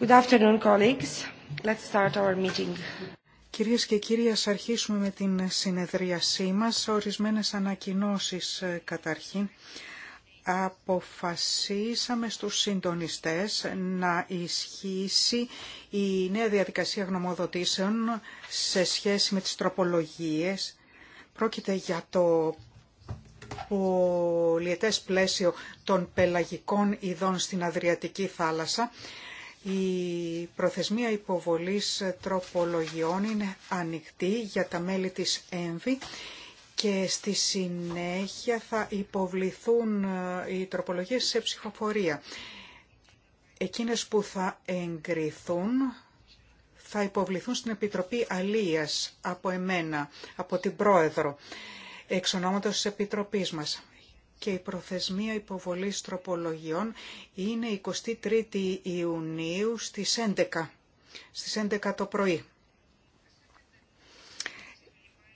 Good Κυρίες και κύριοι, ας αρχίσουμε με την συνεδρίασή μας. Ορισμένες ανακοινώσεις ε, καταρχήν. Αποφασίσαμε στους συντονιστές να ισχύσει η νέα διαδικασία γνωμοδοτήσεων σε σχέση με τις τροπολογίες. Πρόκειται για το πολιετές πλαίσιο των πελαγικών ειδών στην Αδριατική θάλασσα η προθεσμία υποβολής τροπολογιών είναι ανοιχτή για τα μέλη της ΕΜΒΗ και στη συνέχεια θα υποβληθούν ε, οι τροπολογίες σε ψηφοφορία. Εκείνες που θα εγκριθούν θα υποβληθούν στην Επιτροπή Αλίας από εμένα, από την Πρόεδρο, εξ ονόματος της Επιτροπής μας και η προθεσμία υποβολής τροπολογιών είναι 23η Ιουνίου στις 11, στις 11 το πρωί.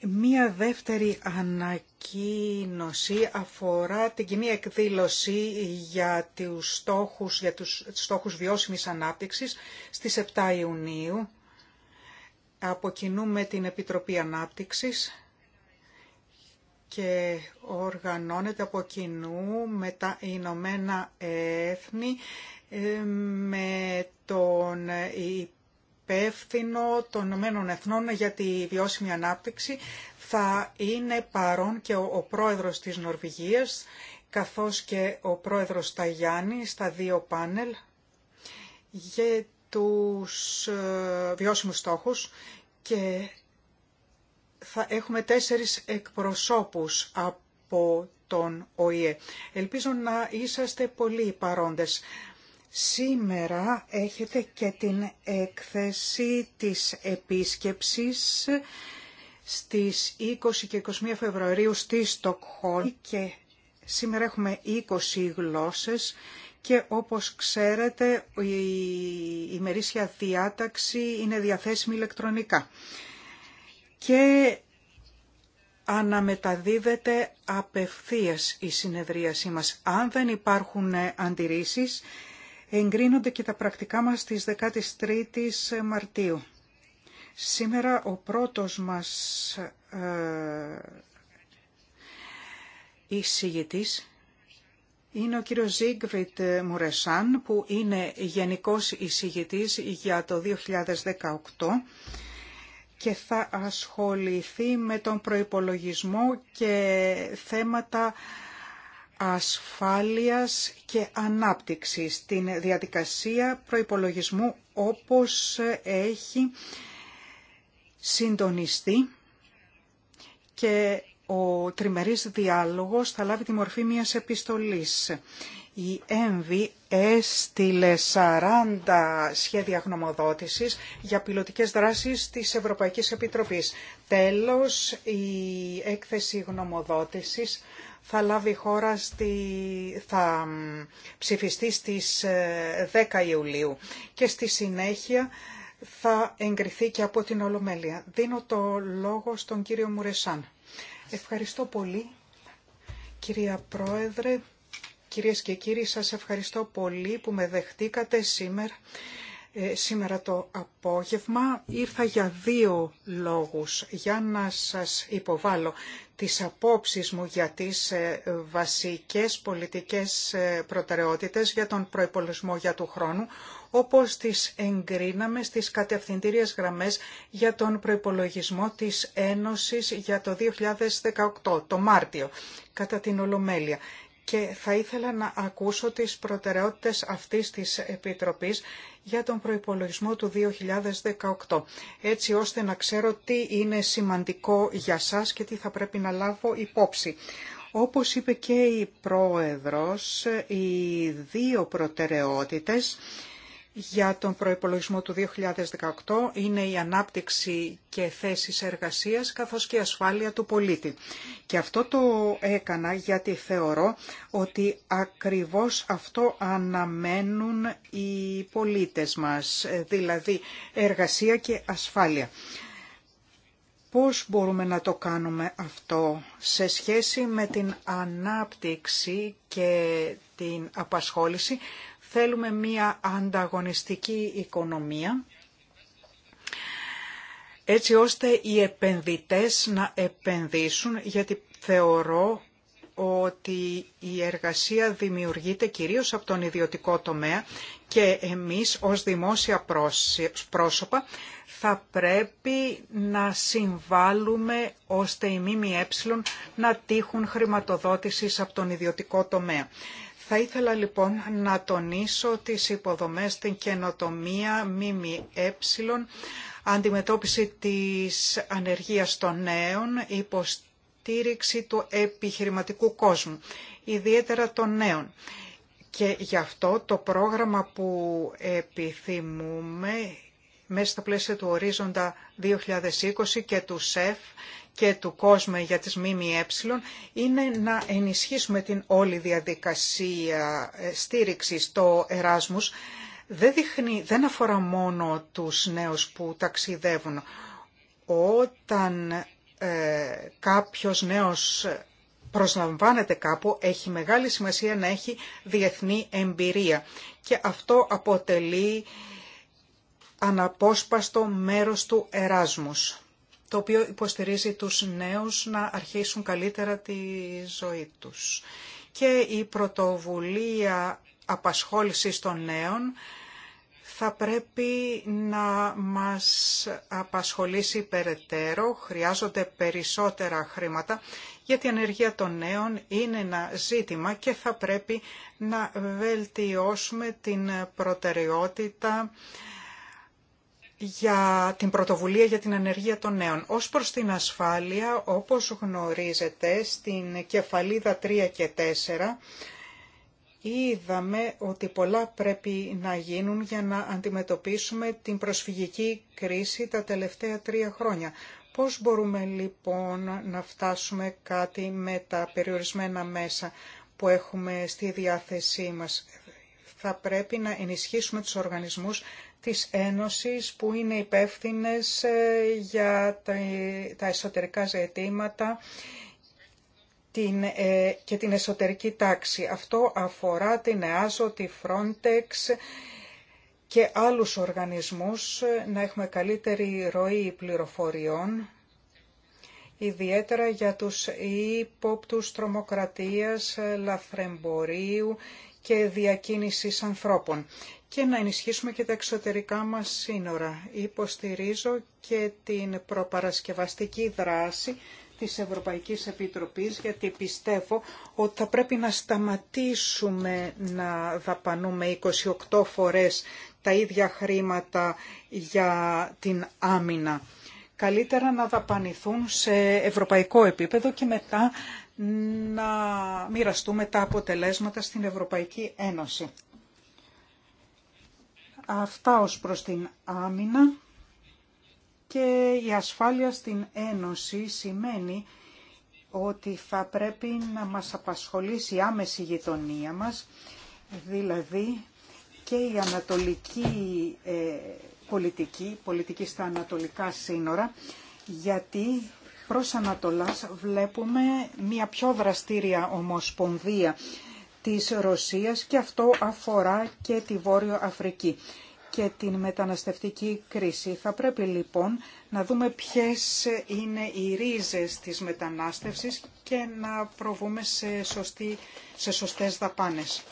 Μία δεύτερη ανακοίνωση αφορά την κοινή εκδήλωση για τους στόχους, για τους στόχους βιώσιμης ανάπτυξης στις 7 Ιουνίου. Αποκινούμε την Επιτροπή Ανάπτυξης και οργανώνεται από κοινού με τα Ηνωμένα Έθνη ε, με τον υπεύθυνο των Ηνωμένων Εθνών για τη βιώσιμη ανάπτυξη θα είναι παρόν και ο, πρόεδρος της Νορβηγίας καθώς και ο πρόεδρος Ταγιάννη στα δύο πάνελ για τους ε, βιώσιμους στόχους και θα έχουμε τέσσερις εκπροσώπους από τον ΟΗΕ. Ελπίζω να είσαστε πολύ παρόντες. Σήμερα έχετε και την έκθεση της επίσκεψης στις 20 και 21 Φεβρουαρίου στη Στοκχόλ. και σήμερα έχουμε 20 γλώσσες και όπως ξέρετε η ημερήσια διάταξη είναι διαθέσιμη ηλεκτρονικά και αναμεταδίδεται απευθείας η συνεδρίασή μας. Αν δεν υπάρχουν αντιρρήσεις, εγκρίνονται και τα πρακτικά μας της 13ης Μαρτίου. Σήμερα ο πρώτος μας ε, εισηγητής είναι ο κύριος Ζίγκβιτ Μουρεσάν που είναι γενικός εισηγητής για το 2018 και θα ασχοληθεί με τον προϋπολογισμό και θέματα ασφάλειας και ανάπτυξης στην διαδικασία προϋπολογισμού όπως έχει συντονιστεί και ο τριμερής διάλογος θα λάβει τη μορφή μιας επιστολής η ΕΜΒΗ έστειλε 40 σχέδια γνωμοδότησης για πιλωτικές δράσεις της Ευρωπαϊκής Επιτροπής. Τέλος, η έκθεση γνωμοδότησης θα λάβει χώρα στη... θα ψηφιστεί στις 10 ε, Ιουλίου και στη συνέχεια θα εγκριθεί και από την Ολομέλεια. Δίνω το λόγο στον κύριο Μουρεσάν. Ευχαριστώ πολύ, κυρία Πρόεδρε. Κυρίες και κύριοι, σας ευχαριστώ πολύ που με δεχτήκατε σήμερα. Ε, σήμερα το απόγευμα ήρθα για δύο λόγους για να σας υποβάλω τις απόψεις μου για τις ε, βασικές πολιτικές ε, προτεραιότητες για τον προϋπολογισμό για του χρόνου, όπως τις εγκρίναμε στις κατευθυντήριες γραμμές για τον προϋπολογισμό της Ένωσης για το 2018, το Μάρτιο, κατά την Ολομέλεια και θα ήθελα να ακούσω τις προτεραιότητες αυτής της Επιτροπής για τον προϋπολογισμό του 2018, έτσι ώστε να ξέρω τι είναι σημαντικό για σας και τι θα πρέπει να λάβω υπόψη. Όπως είπε και η Πρόεδρος, οι δύο προτεραιότητες για τον προϋπολογισμό του 2018 είναι η ανάπτυξη και θέσεις εργασίας καθώς και η ασφάλεια του πολίτη. Και αυτό το έκανα γιατί θεωρώ ότι ακριβώς αυτό αναμένουν οι πολίτες μας, δηλαδή εργασία και ασφάλεια. Πώς μπορούμε να το κάνουμε αυτό σε σχέση με την ανάπτυξη και την απασχόληση Θέλουμε μία ανταγωνιστική οικονομία έτσι ώστε οι επενδυτές να επενδύσουν γιατί θεωρώ ότι η εργασία δημιουργείται κυρίως από τον ιδιωτικό τομέα και εμείς ως δημόσια πρόσωπα θα πρέπει να συμβάλλουμε ώστε οι ΜΜΕ να τύχουν χρηματοδότησης από τον ιδιωτικό τομέα. Θα ήθελα λοιπόν να τονίσω τις υποδομές την καινοτομία ΜΜΕ, αντιμετώπιση της ανεργίας των νέων, υποστήριξη του επιχειρηματικού κόσμου, ιδιαίτερα των νέων. Και γι' αυτό το πρόγραμμα που επιθυμούμε μέσα στα πλαίσια του ορίζοντα 2020 και του ΣΕΦ και του ΚΟΣΜΕ για τις ΜΜΕ είναι να ενισχύσουμε την όλη διαδικασία ε, στήριξης στο Εράσμους. Δεν, δείχνει, δεν αφορά μόνο τους νέους που ταξιδεύουν. Όταν ε, κάποιος νέος προσλαμβάνεται κάπου, έχει μεγάλη σημασία να έχει διεθνή εμπειρία και αυτό αποτελεί αναπόσπαστο μέρος του Εράσμους, το οποίο υποστηρίζει τους νέους να αρχίσουν καλύτερα τη ζωή τους. Και η πρωτοβουλία απασχόλησης των νέων θα πρέπει να μας απασχολήσει περαιτέρω, χρειάζονται περισσότερα χρήματα, γιατί η ανεργία των νέων είναι ένα ζήτημα και θα πρέπει να βελτιώσουμε την προτεραιότητα για την πρωτοβουλία για την ανεργία των νέων. Ως προς την ασφάλεια, όπως γνωρίζετε, στην κεφαλίδα 3 και 4 είδαμε ότι πολλά πρέπει να γίνουν για να αντιμετωπίσουμε την προσφυγική κρίση τα τελευταία τρία χρόνια. Πώς μπορούμε λοιπόν να φτάσουμε κάτι με τα περιορισμένα μέσα που έχουμε στη διάθεσή μας. Θα πρέπει να ενισχύσουμε τους οργανισμούς της Ένωσης που είναι υπεύθυνε ε, για τα εσωτερικά ζητήματα ε, και την εσωτερική τάξη. Αυτό αφορά την ΕΑΖΟ, τη Frontex και άλλους οργανισμούς ε, να έχουμε καλύτερη ροή πληροφοριών ιδιαίτερα για τους ύποπτους τρομοκρατίας, λαθρεμπορίου και διακίνησης ανθρώπων και να ενισχύσουμε και τα εξωτερικά μας σύνορα. Υποστηρίζω και την προπαρασκευαστική δράση της Ευρωπαϊκής Επιτροπής γιατί πιστεύω ότι θα πρέπει να σταματήσουμε να δαπανούμε 28 φορές τα ίδια χρήματα για την άμυνα. Καλύτερα να δαπανηθούν σε ευρωπαϊκό επίπεδο και μετά να μοιραστούμε τα αποτελέσματα στην Ευρωπαϊκή Ένωση. Αυτά ως προς την άμυνα και η ασφάλεια στην Ένωση σημαίνει ότι θα πρέπει να μας απασχολήσει η άμεση γειτονία μας, δηλαδή και η ανατολική ε, πολιτική, πολιτική στα ανατολικά σύνορα, γιατί προς Ανατολάς βλέπουμε μια πιο δραστήρια ομοσπονδία της Ρωσίας και αυτό αφορά και τη Βόρειο Αφρική και την μεταναστευτική κρίση. Θα πρέπει λοιπόν να δούμε ποιες είναι οι ρίζες της μετανάστευσης και να προβούμε σε, σωστή, σε σωστές δαπάνες.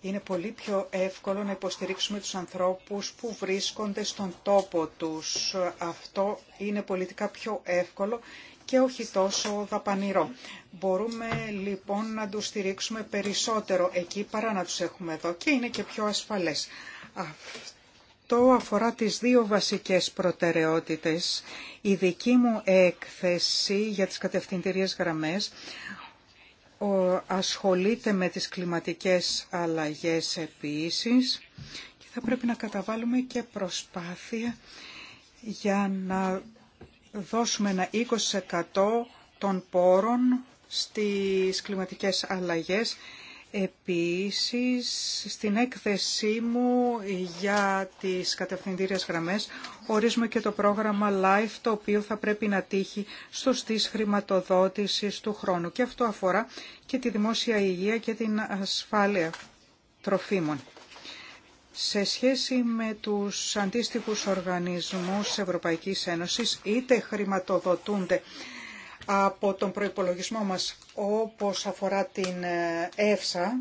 Είναι πολύ πιο εύκολο να υποστηρίξουμε τους ανθρώπους που βρίσκονται στον τόπο τους. Αυτό είναι πολιτικά πιο εύκολο και όχι τόσο δαπανηρό. Μπορούμε λοιπόν να τους στηρίξουμε περισσότερο εκεί παρά να τους έχουμε εδώ και είναι και πιο ασφαλές. Αυτό αφορά τις δύο βασικές προτεραιότητες. Η δική μου έκθεση για τις κατευθυντηρίες γραμμές ασχολείται με τις κλιματικές αλλαγές επίσης και θα πρέπει να καταβάλουμε και προσπάθεια για να δώσουμε ένα 20% των πόρων στις κλιματικές αλλαγές. Επίσης, στην έκθεσή μου για τις κατευθυντήριες γραμμές ορίζουμε και το πρόγραμμα LIFE, το οποίο θα πρέπει να τύχει στο στις χρηματοδότησης του χρόνου. Και αυτό αφορά και τη δημόσια υγεία και την ασφάλεια τροφίμων. Σε σχέση με τους αντίστοιχους οργανισμούς Ευρωπαϊκής Ένωσης, είτε χρηματοδοτούνται από τον προϋπολογισμό μας όπως αφορά την ε, ΕΦΣΑ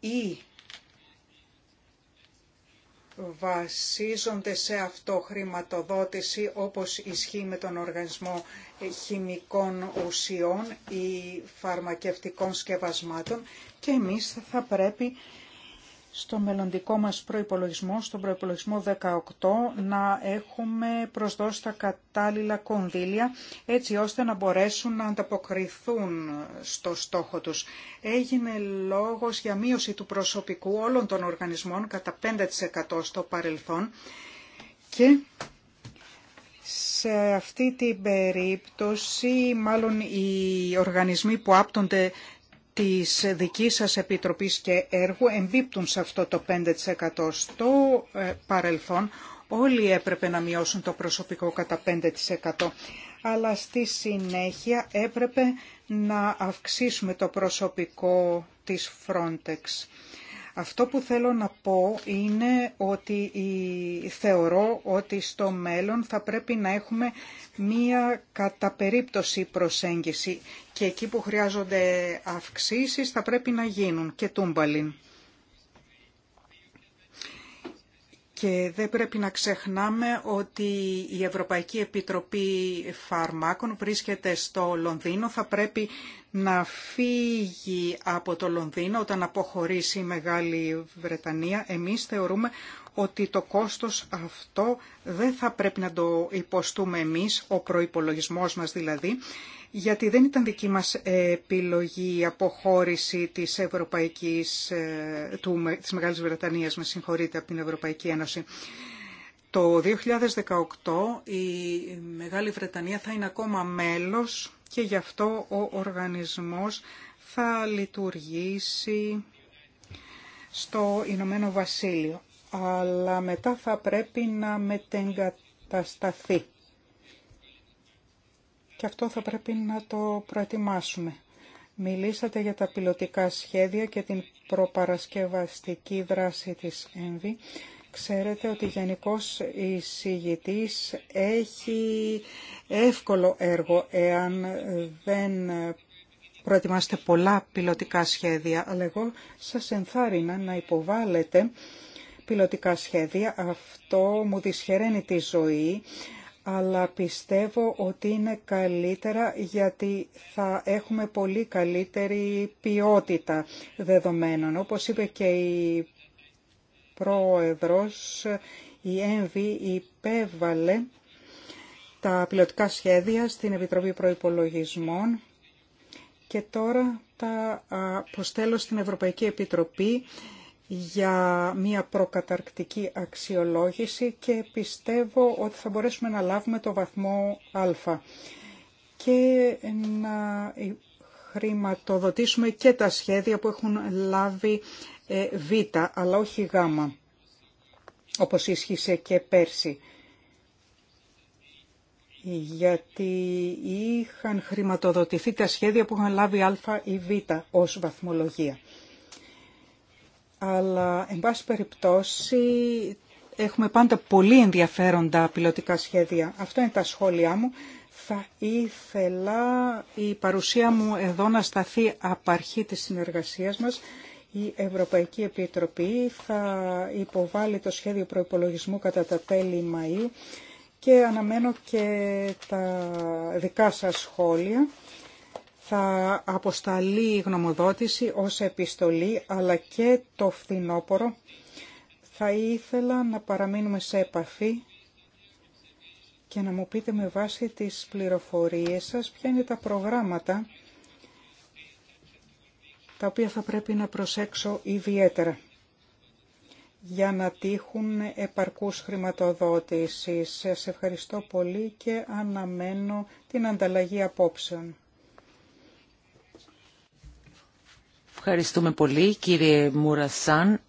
ή βασίζονται σε αυτό χρηματοδότηση όπως ισχύει με τον οργανισμό χημικών ουσιών ή φαρμακευτικών σκευασμάτων και εμείς θα πρέπει στο μελλοντικό μας προϋπολογισμό, στον προϋπολογισμό 18, να έχουμε προσδώσει τα κατάλληλα κονδύλια, έτσι ώστε να μπορέσουν να ανταποκριθούν στο στόχο τους. Έγινε λόγος για μείωση του προσωπικού όλων των οργανισμών κατά 5% στο παρελθόν και σε αυτή την περίπτωση μάλλον οι οργανισμοί που άπτονται της δικής σας Επιτροπής και έργου εμπίπτουν σε αυτό το 5%. Στο ε, παρελθόν όλοι έπρεπε να μειώσουν το προσωπικό κατά 5%. Αλλά στη συνέχεια έπρεπε να αυξήσουμε το προσωπικό της Frontex. Αυτό που θέλω να πω είναι ότι θεωρώ ότι στο μέλλον θα πρέπει να έχουμε μία κατά περίπτωση προσέγγιση και εκεί που χρειάζονται αυξήσεις θα πρέπει να γίνουν και τούμπαλιν. Και δεν πρέπει να ξεχνάμε ότι η Ευρωπαϊκή Επιτροπή Φαρμάκων βρίσκεται στο Λονδίνο. Θα πρέπει να φύγει από το Λονδίνο όταν αποχωρήσει η Μεγάλη Βρετανία. Εμείς θεωρούμε ότι το κόστος αυτό δεν θα πρέπει να το υποστούμε εμείς, ο προϋπολογισμός μας δηλαδή, γιατί δεν ήταν δική μας επιλογή η αποχώρηση της, Ευρωπαϊκής, ε, του, της Μεγάλης Βρετανίας, με συγχωρείτε, από την Ευρωπαϊκή Ένωση. Το 2018 η Μεγάλη Βρετανία θα είναι ακόμα μέλος και γι' αυτό ο οργανισμός θα λειτουργήσει στο Ηνωμένο Βασίλειο. Αλλά μετά θα πρέπει να μετεγκατασταθεί και αυτό θα πρέπει να το προετοιμάσουμε. Μιλήσατε για τα πιλωτικά σχέδια και την προπαρασκευαστική δράση της ΕΜΒΗ. Ξέρετε ότι γενικώ η συγητής έχει εύκολο έργο εάν δεν προετοιμάστε πολλά πιλωτικά σχέδια, αλλά εγώ σας ενθάρρυνα να υποβάλετε πιλωτικά σχέδια. Αυτό μου δυσχεραίνει τη ζωή αλλά πιστεύω ότι είναι καλύτερα γιατί θα έχουμε πολύ καλύτερη ποιότητα δεδομένων. Όπως είπε και η πρόεδρος, η ΕΜΒΗ υπέβαλε τα πιλωτικά σχέδια στην Επιτροπή Προϋπολογισμών και τώρα τα προστέλω στην Ευρωπαϊκή Επιτροπή για μια προκαταρκτική αξιολόγηση και πιστεύω ότι θα μπορέσουμε να λάβουμε το βαθμό α και να χρηματοδοτήσουμε και τα σχέδια που έχουν λάβει ε, β, αλλά όχι γ, όπως ίσχυσε και πέρσι. Γιατί είχαν χρηματοδοτηθεί τα σχέδια που είχαν λάβει α ή β ως βαθμολογία αλλά εν πάση περιπτώσει έχουμε πάντα πολύ ενδιαφέροντα πιλωτικά σχέδια. Αυτό είναι τα σχόλιά μου. Θα ήθελα η παρουσία μου εδώ να σταθεί απαρχή της συνεργασίας μας. Η Ευρωπαϊκή Επιτροπή θα υποβάλει το σχέδιο προϋπολογισμού κατά τα τέλη Μαΐου και αναμένω και τα δικά σας σχόλια θα αποσταλεί η γνωμοδότηση ως επιστολή, αλλά και το φθινόπωρο θα ήθελα να παραμείνουμε σε επαφή και να μου πείτε με βάση τις πληροφορίες σας ποια είναι τα προγράμματα τα οποία θα πρέπει να προσέξω ιδιαίτερα για να τύχουν επαρκούς χρηματοδότησης. Σας ευχαριστώ πολύ και αναμένω την ανταλλαγή απόψεων. Ευχαριστούμε πολύ κύριε Μουρασάν.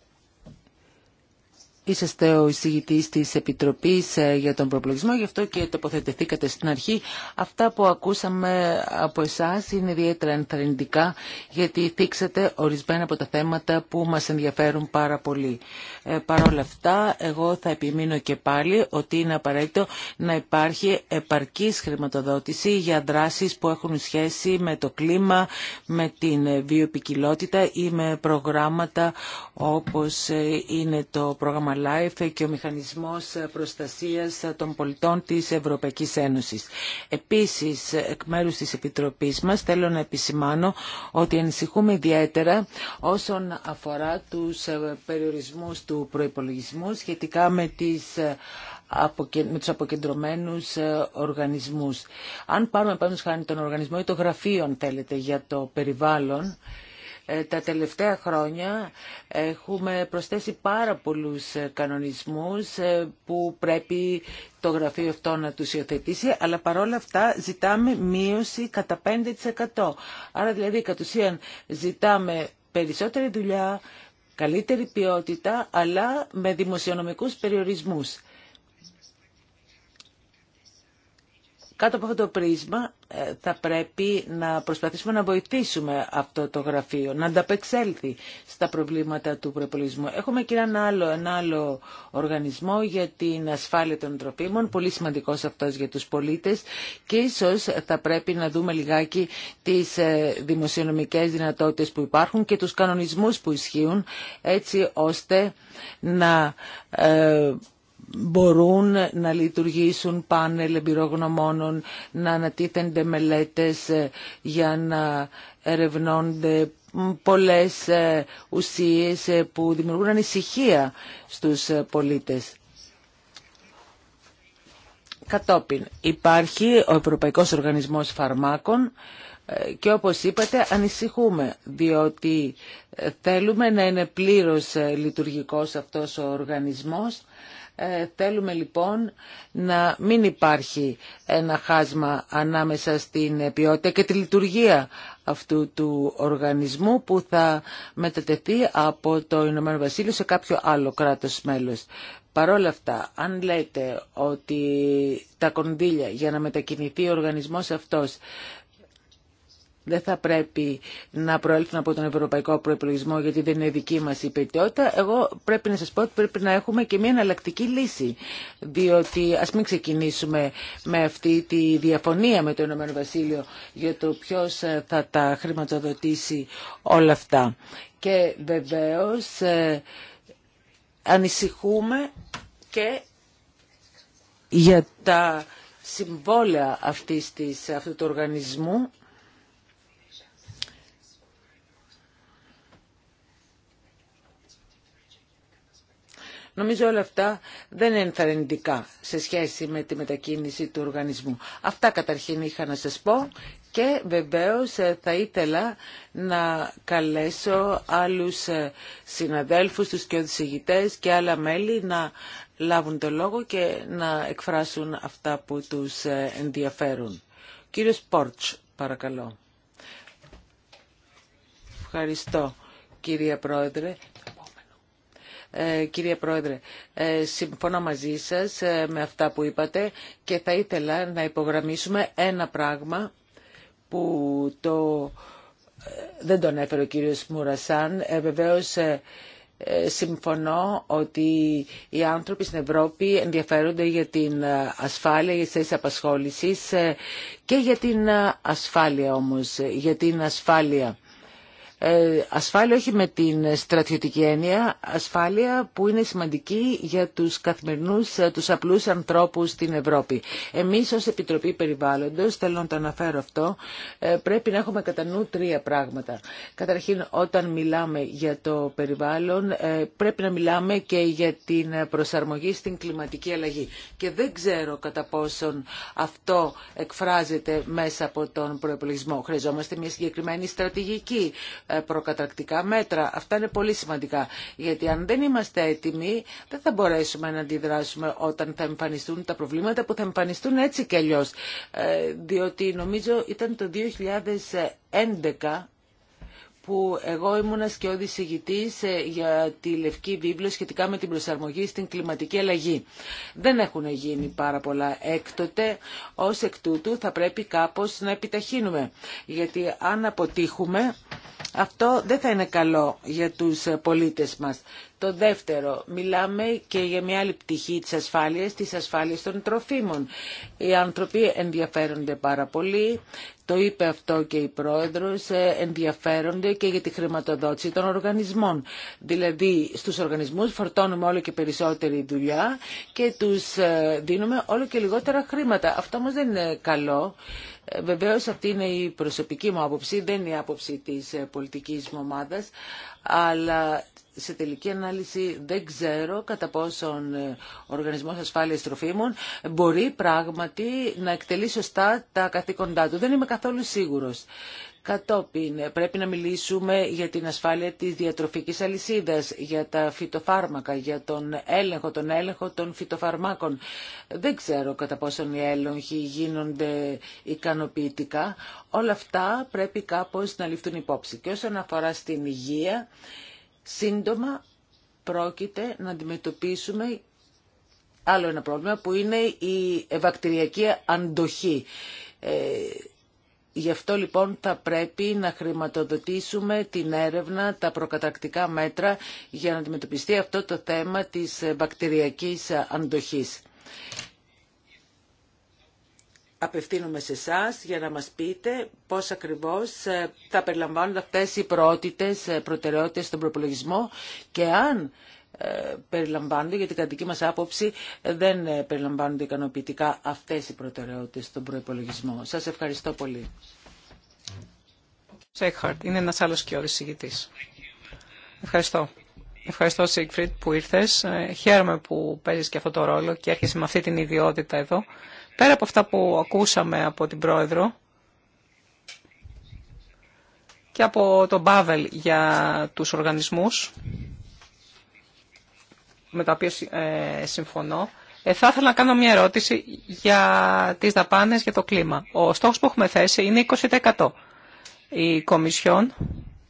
Είσαστε ο εισηγητή της Επιτροπής ε, για τον Προπλογισμό, γι' αυτό και τοποθετηθήκατε στην αρχή. Αυτά που ακούσαμε από εσά είναι ιδιαίτερα ενθαρρυντικά, γιατί θίξατε ορισμένα από τα θέματα που μα ενδιαφέρουν πάρα πολύ. Ε, Παρ' όλα αυτά, εγώ θα επιμείνω και πάλι ότι είναι απαραίτητο να υπάρχει επαρκή χρηματοδότηση για δράσει που έχουν σχέση με το κλίμα, με την βιοπικιλότητα ή με προγράμματα όπω ε, είναι το πρόγραμμα LIFE και ο Μηχανισμός Προστασίας των Πολιτών της Ευρωπαϊκής Ένωσης. Επίσης, εκ μέρους της Επιτροπής μας, θέλω να επισημάνω ότι ανησυχούμε ιδιαίτερα όσον αφορά τους ε, περιορισμούς του προπολογισμού σχετικά με τις ε, με τους αποκεντρωμένους ε, οργανισμούς. Αν πάρουμε πάνω χάνει τον οργανισμό ή το γραφείο, θέλετε, για το περιβάλλον, ε, τα τελευταία χρόνια έχουμε προσθέσει πάρα πολλούς ε, κανονισμούς ε, που πρέπει το γραφείο αυτό να τους υιοθετήσει, αλλά παρόλα αυτά ζητάμε μείωση κατά 5%. Άρα δηλαδή κατ' ουσίαν ζητάμε περισσότερη δουλειά, καλύτερη ποιότητα, αλλά με δημοσιονομικούς περιορισμούς. Κάτω από αυτό το πρίσμα ε, θα πρέπει να προσπαθήσουμε να βοηθήσουμε αυτό το γραφείο, να ανταπεξέλθει στα προβλήματα του προπολισμού. Έχουμε και έναν άλλο, ένα άλλο οργανισμό για την ασφάλεια των τροφίμων, πολύ σημαντικός αυτός για τους πολίτες και ίσως θα πρέπει να δούμε λιγάκι τις ε, δημοσιονομικές δυνατότητες που υπάρχουν και τους κανονισμούς που ισχύουν έτσι ώστε να ε, μπορούν να λειτουργήσουν πάνελ εμπειρογνωμόνων, να ανατίθενται μελέτες ε, για να ερευνώνται πολλές ε, ουσίες ε, που δημιουργούν ανησυχία στους πολίτες. Κατόπιν υπάρχει ο Ευρωπαϊκός Οργανισμός Φαρμάκων και όπως είπατε ανησυχούμε διότι θέλουμε να είναι πλήρως λειτουργικός αυτός ο οργανισμός ε, θέλουμε λοιπόν να μην υπάρχει ένα χάσμα ανάμεσα στην ποιότητα και τη λειτουργία αυτού του οργανισμού που θα μετατεθεί από το Ηνωμένο Βασίλειο σε κάποιο άλλο κράτος μέλος. Παρόλα αυτά, αν λέτε ότι τα κονδύλια για να μετακινηθεί ο οργανισμός αυτός δεν θα πρέπει να προέλθουν από τον ευρωπαϊκό προπολογισμό γιατί δεν είναι δική μας η υπηρετιότητα. Εγώ πρέπει να σας πω ότι πρέπει να έχουμε και μια εναλλακτική λύση. Διότι ας μην ξεκινήσουμε με αυτή τη διαφωνία με το Ηνωμένο Βασίλειο για το ποιος ε, θα τα χρηματοδοτήσει όλα αυτά. Και βεβαίως ε, ανησυχούμε και για τα συμβόλαια αυτής της, αυτού του οργανισμού Νομίζω όλα αυτά δεν είναι ενθαρρυντικά σε σχέση με τη μετακίνηση του οργανισμού. Αυτά καταρχήν είχα να σας πω και βεβαίως ε, θα ήθελα να καλέσω άλλους ε, συναδέλφους, τους και οδησηγητές και άλλα μέλη να λάβουν το λόγο και να εκφράσουν αυτά που τους ε, ενδιαφέρουν. Κύριος Πόρτς, παρακαλώ. Ευχαριστώ κυρία Πρόεδρε. Ε, κύριε Πρόεδρε, ε, συμφωνώ μαζί σας ε, με αυτά που είπατε και θα ήθελα να υπογραμμίσουμε ένα πράγμα που το... δεν τον έφερε ο κύριος Μουρασάν. Βεβαίως συμφωνώ ότι οι άνθρωποι στην Ευρώπη ενδιαφέρονται για την ασφάλεια, για τις απασχόλησης και για την ασφάλεια όμως, για την ασφάλεια ε, ασφάλεια όχι με την στρατιωτική έννοια, ασφάλεια που είναι σημαντική για τους καθημερινούς, ε, τους απλούς ανθρώπους στην Ευρώπη. Εμείς ως Επιτροπή Περιβάλλοντος, θέλω να το αναφέρω αυτό, ε, πρέπει να έχουμε κατά νου τρία πράγματα. Καταρχήν όταν μιλάμε για το περιβάλλον πρέπει να μιλάμε και για την προσαρμογή στην κλιματική αλλαγή. Και δεν ξέρω κατά πόσον αυτό εκφράζεται μέσα από τον προπολογισμό. Χρειαζόμαστε μια συγκεκριμένη στρατηγική ε, προκαταρκτικά μέτρα. Αυτά είναι πολύ σημαντικά, γιατί αν δεν είμαστε έτοιμοι δεν θα μπορέσουμε να αντιδράσουμε όταν θα εμφανιστούν τα προβλήματα που θα εμφανιστούν έτσι και αλλιώς. Ε, διότι νομίζω ήταν το 2011 που εγώ ήμουν σκιώδης ηγητή ε, για τη Λευκή Βίβλο σχετικά με την προσαρμογή στην κλιματική αλλαγή. Δεν έχουν γίνει πάρα πολλά έκτοτε, ως εκ τούτου θα πρέπει κάπως να επιταχύνουμε, γιατί αν αποτύχουμε αυτό δεν θα είναι καλό για τους πολίτες μας. Το δεύτερο, μιλάμε και για μια άλλη πτυχή της ασφάλειας, της ασφάλειας των τροφίμων. Οι άνθρωποι ενδιαφέρονται πάρα πολύ, το είπε αυτό και η πρόεδρος, ε, ενδιαφέρονται και για τη χρηματοδότηση των οργανισμών. Δηλαδή στους οργανισμούς φορτώνουμε όλο και περισσότερη δουλειά και τους ε, δίνουμε όλο και λιγότερα χρήματα. Αυτό όμως δεν είναι καλό. Ε, βεβαίως αυτή είναι η προσωπική μου άποψη, δεν είναι η άποψη της πολιτικής μου ομάδας, αλλά σε τελική ανάλυση δεν ξέρω κατά πόσον ε, ο Οργανισμός Ασφάλειας Τροφίμων μπορεί πράγματι να εκτελεί σωστά τα καθήκοντά του. Δεν είμαι καθόλου σίγουρος. Κατόπιν ε, πρέπει να μιλήσουμε για την ασφάλεια της διατροφικής αλυσίδας, για τα φυτοφάρμακα, για τον έλεγχο, τον έλεγχο των φυτοφαρμάκων. Δεν ξέρω κατά πόσον οι έλεγχοι γίνονται ικανοποιητικά. Όλα αυτά πρέπει κάπως να ληφθούν υπόψη. Και όσον αφορά στην υγεία, Σύντομα πρόκειται να αντιμετωπίσουμε άλλο ένα πρόβλημα που είναι η βακτηριακή αντοχή. Ε, γι' αυτό λοιπόν θα πρέπει να χρηματοδοτήσουμε την έρευνα, τα προκατακτικά μέτρα για να αντιμετωπιστεί αυτό το θέμα της βακτηριακής αντοχής απευθύνομαι σε εσά για να μας πείτε πώς ακριβώς ε, θα περιλαμβάνονται αυτές οι προότητες, ε, προτεραιότητες στον προπολογισμό και αν ε, περιλαμβάνονται, γιατί κατά δική μας άποψη δεν περιλαμβάνονται ικανοποιητικά αυτές οι προτεραιότητε στον προπολογισμό. Σας ευχαριστώ πολύ. Σέχαρτ, είναι ένας άλλος και ηγητής. Ευχαριστώ. Ευχαριστώ, Σίγκφριντ, που ήρθε. Χαίρομαι που παίζεις και αυτό το ρόλο και έρχεσαι με αυτή την ιδιότητα εδώ. Πέρα από αυτά που ακούσαμε από την Πρόεδρο και από τον Μπάβελ για τους οργανισμούς, με τα οποία ε, συμφωνώ, ε, θα ήθελα να κάνω μια ερώτηση για τις δαπάνες για το κλίμα. Ο στόχος που έχουμε θέσει είναι 20%. Η Κομισιόν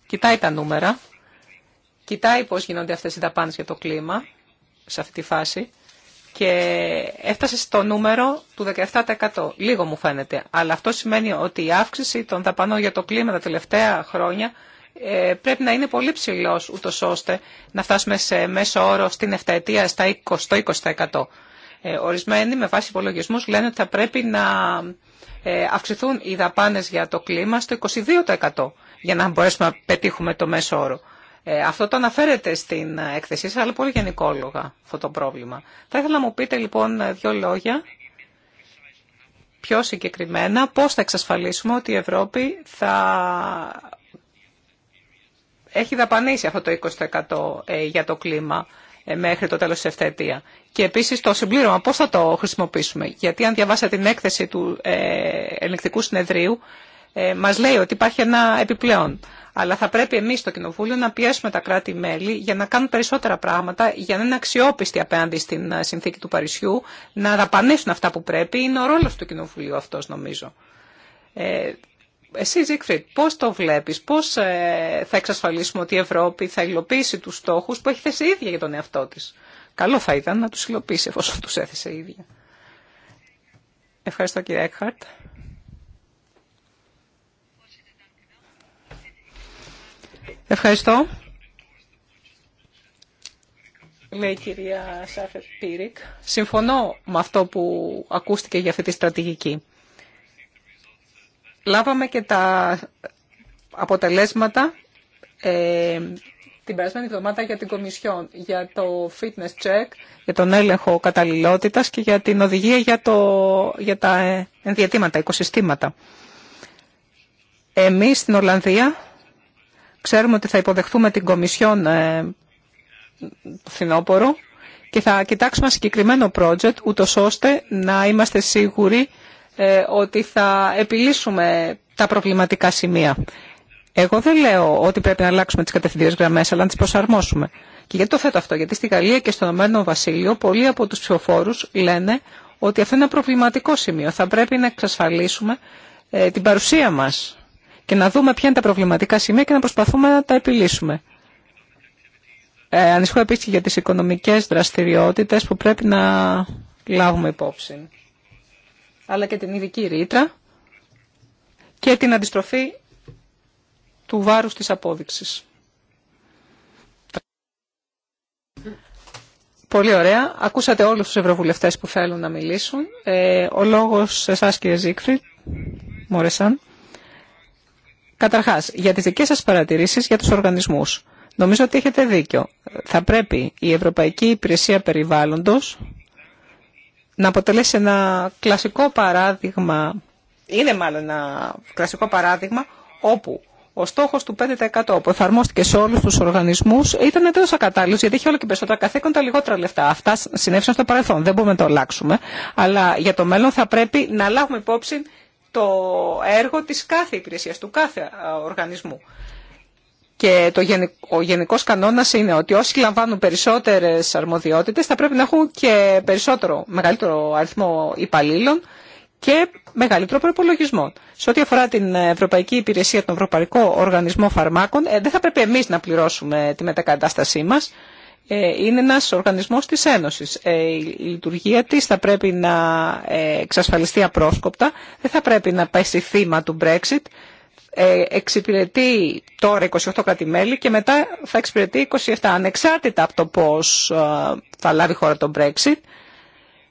κοιτάει τα νούμερα, κοιτάει πώς γίνονται αυτές οι δαπάνες για το κλίμα σε αυτή τη φάση και έφτασε στο νούμερο του 17%. Λίγο μου φαίνεται. Αλλά αυτό σημαίνει ότι η αύξηση των δαπανών για το κλίμα τα τελευταία χρόνια ε, πρέπει να είναι πολύ ψηλό, ούτω ώστε να φτάσουμε σε μέσο όρο στην εφταετία στα 20%. Στο 20%. Ε, ορισμένοι με βάση υπολογισμού λένε ότι θα πρέπει να ε, αυξηθούν οι δαπάνε για το κλίμα στο 22% για να μπορέσουμε να πετύχουμε το μέσο όρο. Ε, αυτό το αναφέρετε στην έκθεσή σας, αλλά πολύ γενικόλογα αυτό το πρόβλημα. Θα ήθελα να μου πείτε λοιπόν δύο λόγια, πιο συγκεκριμένα, πώς θα εξασφαλίσουμε ότι η Ευρώπη θα έχει δαπανίσει αυτό το 20% ε, για το κλίμα ε, μέχρι το τέλος της ευθετίας. Και επίσης το συμπλήρωμα πώς θα το χρησιμοποιήσουμε. Γιατί αν διαβάσατε την έκθεση του ελεγκτικού συνεδρίου ε, μας λέει ότι υπάρχει ένα επιπλέον. Αλλά θα πρέπει εμείς στο Κοινοβούλιο να πιέσουμε τα κράτη-μέλη για να κάνουν περισσότερα πράγματα, για να είναι αξιόπιστοι απέναντι στην ε, συνθήκη του Παρισιού, να δαπανίσουν αυτά που πρέπει. Είναι ο ρόλος του Κοινοβουλίου αυτός νομίζω. Ε, εσύ, Ζίκφριτ, πώς το βλέπεις, πώς ε, θα εξασφαλίσουμε ότι η Ευρώπη θα υλοποιήσει τους στόχους που έχει θέσει η ίδια για τον εαυτό της. Καλό θα ήταν να τους υλοποιήσει εφόσον τους έθεσε η ίδια. Ευχαριστώ κύριε Έκχαρτ. Ευχαριστώ. Λέει η κυρία Σάφετ Πύρικ. Συμφωνώ με αυτό που ακούστηκε για αυτή τη στρατηγική. Λάβαμε και τα αποτελέσματα ε, την περασμένη εβδομάδα για την Κομισιόν, για το fitness check, για τον έλεγχο καταλληλότητας και για την οδηγία για, το, για τα ενδιατήματα, οικοσυστήματα. Εμείς στην Ολλανδία Ξέρουμε ότι θα υποδεχθούμε την Κομισιόν ε, και θα κοιτάξουμε ένα συγκεκριμένο project, ούτως ώστε να είμαστε σίγουροι ε, ότι θα επιλύσουμε τα προβληματικά σημεία. Εγώ δεν λέω ότι πρέπει να αλλάξουμε τις κατευθυντήρες γραμμές, αλλά να τις προσαρμόσουμε. Και γιατί το θέτω αυτό, γιατί στη Γαλλία και στον Ομένο Βασίλειο πολλοί από τους ψηφοφόρους λένε ότι αυτό είναι ένα προβληματικό σημείο. Θα πρέπει να εξασφαλίσουμε ε, την παρουσία μας και να δούμε ποια είναι τα προβληματικά σημεία και να προσπαθούμε να τα επιλύσουμε. Ε, ανησυχώ επίσης για τις οικονομικές δραστηριότητες που πρέπει να λάβουμε υπόψη. Αλλά και την ειδική ρήτρα και την αντιστροφή του βάρους της απόδειξης. Πολύ ωραία. Ακούσατε όλους τους ευρωβουλευτές που θέλουν να μιλήσουν. Ε, ο λόγος σε εσάς κύριε Μόρεσαν. Καταρχά, για τι δικέ σα παρατηρήσει για του οργανισμού. Νομίζω ότι έχετε δίκιο. Θα πρέπει η Ευρωπαϊκή Υπηρεσία Περιβάλλοντο να αποτελέσει ένα κλασικό παράδειγμα, είναι μάλλον ένα κλασικό παράδειγμα, όπου ο στόχος του 5% που εφαρμόστηκε σε όλους τους οργανισμούς ήταν εντελώς ακατάλληλος, γιατί είχε όλο και περισσότερα καθήκοντα, λιγότερα λεφτά. Αυτά συνέβησαν στο παρελθόν, δεν μπορούμε να το αλλάξουμε. Αλλά για το μέλλον θα πρέπει να λάβουμε υπόψη το έργο της κάθε υπηρεσίας, του κάθε οργανισμού. Και το ο γενικός κανόνας είναι ότι όσοι λαμβάνουν περισσότερες αρμοδιότητες θα πρέπει να έχουν και περισσότερο, μεγαλύτερο αριθμό υπαλλήλων και μεγαλύτερο προπολογισμό. Σε ό,τι αφορά την Ευρωπαϊκή Υπηρεσία, τον Ευρωπαϊκό Οργανισμό Φαρμάκων, ε, δεν θα πρέπει εμείς να πληρώσουμε τη μετακατάστασή μας. Ε, είναι ένας οργανισμός της Ένωσης. Ε, η λειτουργία της θα πρέπει να ε, εξασφαλιστεί απρόσκοπτα, δεν θα πρέπει να πέσει θύμα του Brexit. Εξυπηρετεί τώρα 28 κρατη και μετά θα εξυπηρετεί 27, ανεξάρτητα από το πώς θα λάβει η χώρα το Brexit.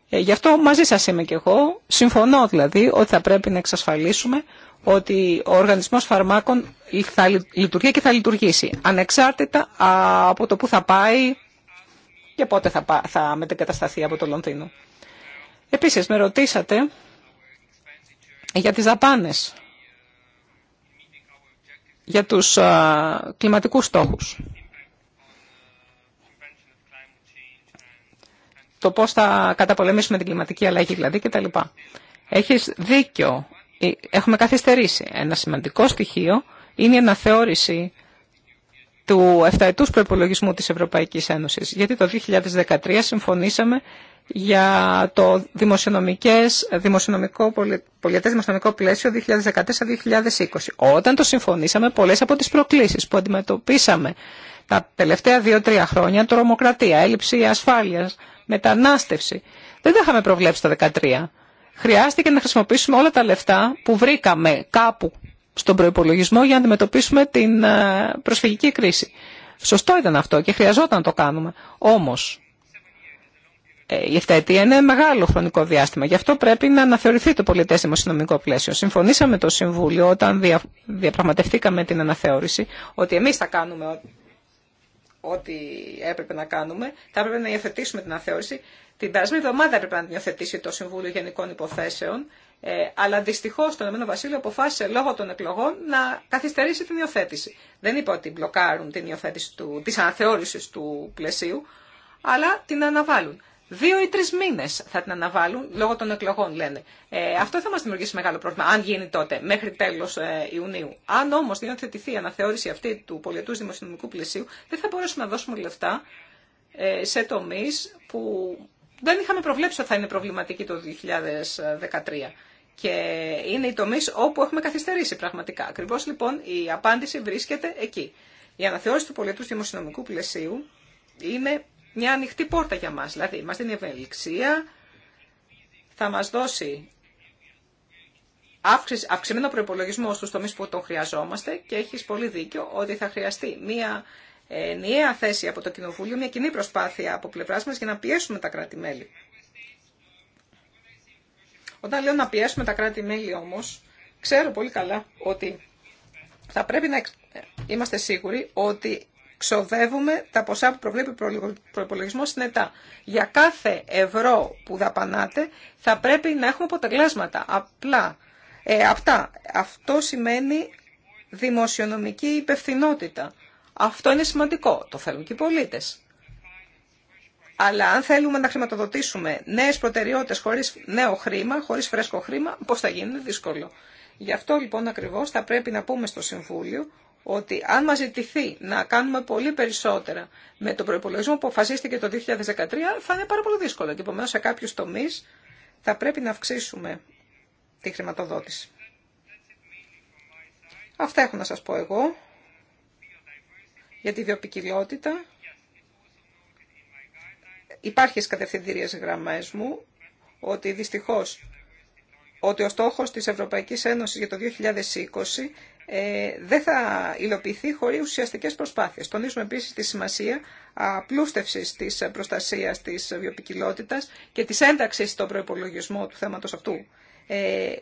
Γι' αυτό μαζί σας είμαι και εγώ. Συμφωνώ δηλαδή ότι θα πρέπει να εξασφαλίσουμε ότι ο οργανισμός φαρμάκων θα λειτουργεί και θα λειτουργήσει, ανεξάρτητα από το που θα πάει και πότε θα, θα μετεγκατασταθεί από το Λονδίνο. Επίσης, με ρωτήσατε για τις δαπάνες, για τους α, κλιματικούς στόχους. Το πώς θα καταπολεμήσουμε την κλιματική αλλαγή, δηλαδή, κτλ. Έχεις δίκιο έχουμε καθυστερήσει. Ένα σημαντικό στοιχείο είναι η αναθεώρηση του εφταετούς προπολογισμού της Ευρωπαϊκής Ένωσης. Γιατί το 2013 συμφωνήσαμε για το δημοσιονομικο πολιετές δημοσιονομικό πλαίσιο 2014-2020. Όταν το συμφωνήσαμε, πολλές από τις προκλήσεις που αντιμετωπίσαμε τα τελευταία δύο-τρία χρόνια, τρομοκρατία, έλλειψη ασφάλειας, μετανάστευση, δεν τα είχαμε προβλέψει το 2013 χρειάστηκε να χρησιμοποιήσουμε όλα τα λεφτά που βρήκαμε κάπου στον προπολογισμό για να αντιμετωπίσουμε την ε, προσφυγική κρίση. Σωστό ήταν αυτό και χρειαζόταν να το κάνουμε. Όμω, ε, η εφταετία είναι μεγάλο χρονικό διάστημα. Γι' αυτό πρέπει να αναθεωρηθεί το πολιτές δημοσιονομικό πλαίσιο. Συμφωνήσαμε το Συμβούλιο όταν δια... διαπραγματευτήκαμε την αναθεώρηση ότι εμεί θα κάνουμε ό,τι έπρεπε να κάνουμε. Θα έπρεπε να υιοθετήσουμε την αναθεώρηση την περασμένη εβδομάδα έπρεπε να την υιοθετήσει το Συμβούλιο Γενικών Υποθέσεων, ε, αλλά δυστυχώ το Ηνωμένο Βασίλειο αποφάσισε λόγω των εκλογών να καθυστερήσει την υιοθέτηση. Δεν είπα ότι μπλοκάρουν την υιοθέτηση τη αναθεώρηση του πλαισίου, αλλά την αναβάλουν. Δύο ή τρει μήνε θα την αναβάλουν λόγω των εκλογών, λένε. Ε, αυτό θα μα δημιουργήσει μεγάλο πρόβλημα, αν γίνει τότε, μέχρι τέλο ε, Ιουνίου. Αν όμω δεν υιοθετηθεί η αναθεώρηση αυτή του πολιτού δημοσιονομικού πλαισίου, δεν θα μπορέσουμε να δώσουμε λεφτά ε, σε τομεί που δεν είχαμε προβλέψει ότι θα είναι προβληματική το 2013. Και είναι οι τομεί όπου έχουμε καθυστερήσει πραγματικά. Ακριβώ λοιπόν η απάντηση βρίσκεται εκεί. Η αναθεώρηση του πολιτού δημοσιονομικού πλαισίου είναι μια ανοιχτή πόρτα για μας. Δηλαδή, μας δίνει ευελιξία, θα μας δώσει αυξημένο προπολογισμό στους τομείς που τον χρειαζόμαστε και έχεις πολύ δίκιο ότι θα χρειαστεί μια ενιαία θέση από το Κοινοβούλιο, μια κοινή προσπάθεια από πλευρά μα για να πιέσουμε τα κράτη-μέλη. Όταν λέω να πιέσουμε τα κράτη-μέλη όμω, ξέρω πολύ καλά ότι θα πρέπει να είμαστε σίγουροι ότι ξοδεύουμε τα ποσά που προβλέπει ο προπολογισμό στην ΕΤΑ. Για κάθε ευρώ που δαπανάτε θα πρέπει να έχουμε αποτελέσματα. Απλά. Ε, αυτά. Αυτό σημαίνει δημοσιονομική υπευθυνότητα. Αυτό είναι σημαντικό, το θέλουν και οι πολίτε. Αλλά αν θέλουμε να χρηματοδοτήσουμε νέε προτεραιότητες χωρί νέο χρήμα, χωρί φρέσκο χρήμα, πώ θα γίνει, είναι δύσκολο. Γι' αυτό λοιπόν ακριβώ θα πρέπει να πούμε στο Συμβούλιο ότι αν μας ζητηθεί να κάνουμε πολύ περισσότερα με τον προπολογισμό που αποφασίστηκε το 2013 θα είναι πάρα πολύ δύσκολο και επομένω σε κάποιου τομεί θα πρέπει να αυξήσουμε τη χρηματοδότηση. Αυτά έχω να σας πω εγώ για τη βιοπικιλότητα. Υπάρχει στις κατευθυντήριες γραμμές μου ότι δυστυχώς ότι ο στόχος της Ευρωπαϊκής Ένωσης για το 2020 ε, δεν θα υλοποιηθεί χωρίς ουσιαστικές προσπάθειες. Τονίζουμε επίσης τη σημασία απλούστευσης της προστασίας της βιοπικιλότητας και της ένταξης στον προϋπολογισμό του θέματος αυτού. Ε,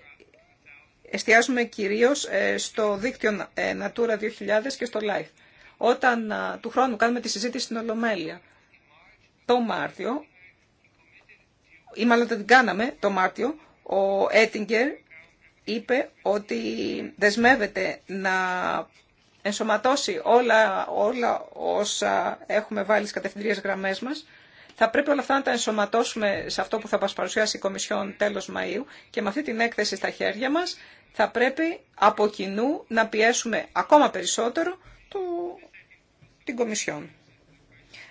εστιάζουμε κυρίως ε, στο δίκτυο Natura 2000 και στο LIFE όταν του χρόνου κάνουμε τη συζήτηση στην Ολομέλεια. Το Μάρτιο, ή μάλλον δεν την κάναμε το Μάρτιο, ο Έτιγκερ είπε ότι δεσμεύεται να ενσωματώσει όλα, όλα όσα έχουμε βάλει στις κατευθυντήριες γραμμές μας. Θα πρέπει όλα αυτά να τα ενσωματώσουμε σε αυτό που θα μας παρουσιάσει η Κομισιόν τέλος Μαΐου και με αυτή την έκθεση στα χέρια μας θα πρέπει από κοινού να πιέσουμε ακόμα περισσότερο του την Κομισιόν.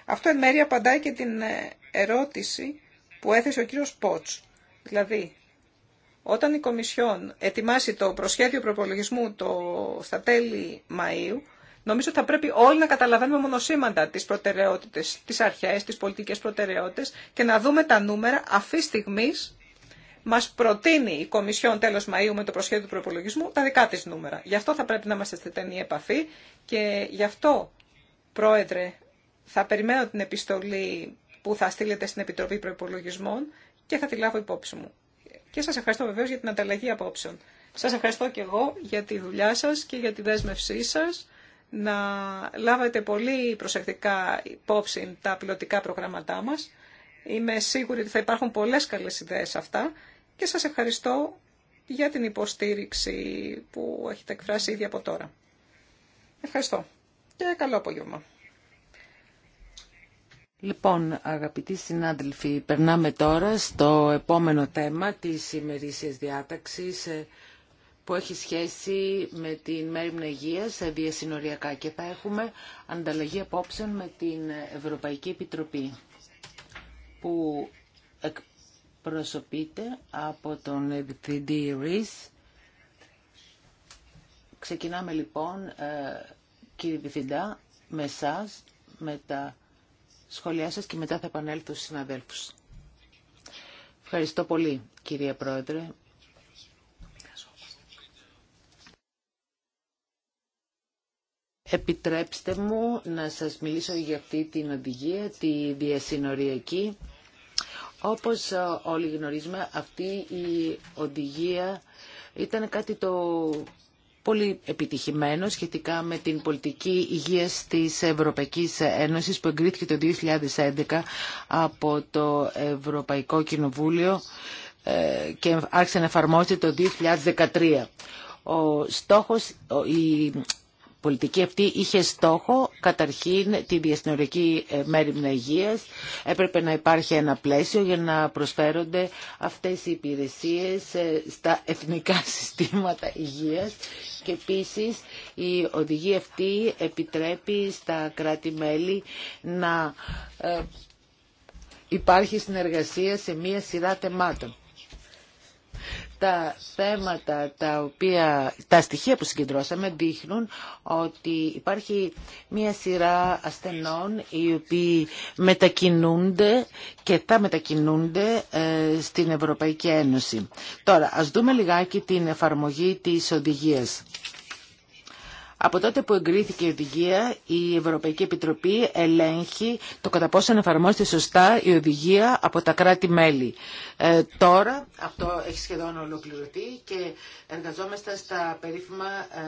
Αυτό εν μέρει απαντάει και την ε, ερώτηση που έθεσε ο κύριος Πότς. Δηλαδή, όταν η Κομισιόν ετοιμάσει το προσχέδιο προπολογισμού το, στα τέλη Μαΐου, νομίζω ότι θα πρέπει όλοι να καταλαβαίνουμε μονοσήμαντα τις προτεραιότητες, τις αρχές, τις πολιτικές προτεραιότητες και να δούμε τα νούμερα αυτή στιγμή Μα προτείνει η Κομισιόν τέλο Μαΐου με το προσχέδιο του προπολογισμού τα δικά τη νούμερα. Γι' αυτό θα πρέπει να είμαστε σε επαφή και γι' αυτό Πρόεδρε, θα περιμένω την επιστολή που θα στείλετε στην Επιτροπή Προπολογισμών και θα τη λάβω υπόψη μου. Και σας ευχαριστώ βεβαίως για την ανταλλαγή απόψεων. Σας ευχαριστώ και εγώ για τη δουλειά σας και για τη δέσμευσή σας να λάβετε πολύ προσεκτικά υπόψη τα πιλωτικά προγράμματά μας. Είμαι σίγουρη ότι θα υπάρχουν πολλές καλές ιδέες αυτά και σας ευχαριστώ για την υποστήριξη που έχετε εκφράσει ήδη από τώρα. Ευχαριστώ και καλό απόγευμα. Λοιπόν, αγαπητοί συνάδελφοι, περνάμε τώρα στο επόμενο θέμα της ημερήσιας διάταξης ε, που έχει σχέση με την μέρημνα υγεία σε διασυνοριακά και θα έχουμε ανταλλαγή απόψεων με την Ευρωπαϊκή Επιτροπή που εκπροσωπείται από τον Διευθυντή ΡΙΣ. Ξεκινάμε λοιπόν ε, κύριε Διευθυντά, με εσά, με τα σχόλιά σας και μετά θα επανέλθω στους συναδέλφους. Ευχαριστώ πολύ, κύριε Πρόεδρε. Επιτρέψτε μου να σας μιλήσω για αυτή την οδηγία, τη διασυνοριακή. Όπως όλοι γνωρίζουμε, αυτή η οδηγία ήταν κάτι το πολύ επιτυχημένο σχετικά με την πολιτική υγείας της Ευρωπαϊκής Ένωσης που εγκρίθηκε το 2011 από το Ευρωπαϊκό Κοινοβούλιο ε, και άρχισε να εφαρμόζεται το 2013. Ο στόχος, η πολιτική αυτή είχε στόχο καταρχήν τη διασυνορική ε, μέρημνα υγείας. Έπρεπε να υπάρχει ένα πλαίσιο για να προσφέρονται αυτές οι υπηρεσίες ε, στα εθνικά συστήματα υγείας και επίσης η οδηγία αυτή επιτρέπει στα κράτη-μέλη να ε, υπάρχει συνεργασία σε μία σειρά θεμάτων τα θέματα τα οποία, τα στοιχεία που συγκεντρώσαμε δείχνουν ότι υπάρχει μια σειρά ασθενών οι οποίοι μετακινούνται και θα μετακινούνται ε, στην Ευρωπαϊκή Ένωση. Τώρα, ας δούμε λιγάκι την εφαρμογή της οδηγίας. Από τότε που εγκρίθηκε η οδηγία, η Ευρωπαϊκή Επιτροπή ελέγχει το κατά πόσο εφαρμόζεται σωστά η οδηγία από τα κράτη-μέλη. Ε, τώρα αυτό έχει σχεδόν ολοκληρωθεί και εργαζόμαστε στα περίφημα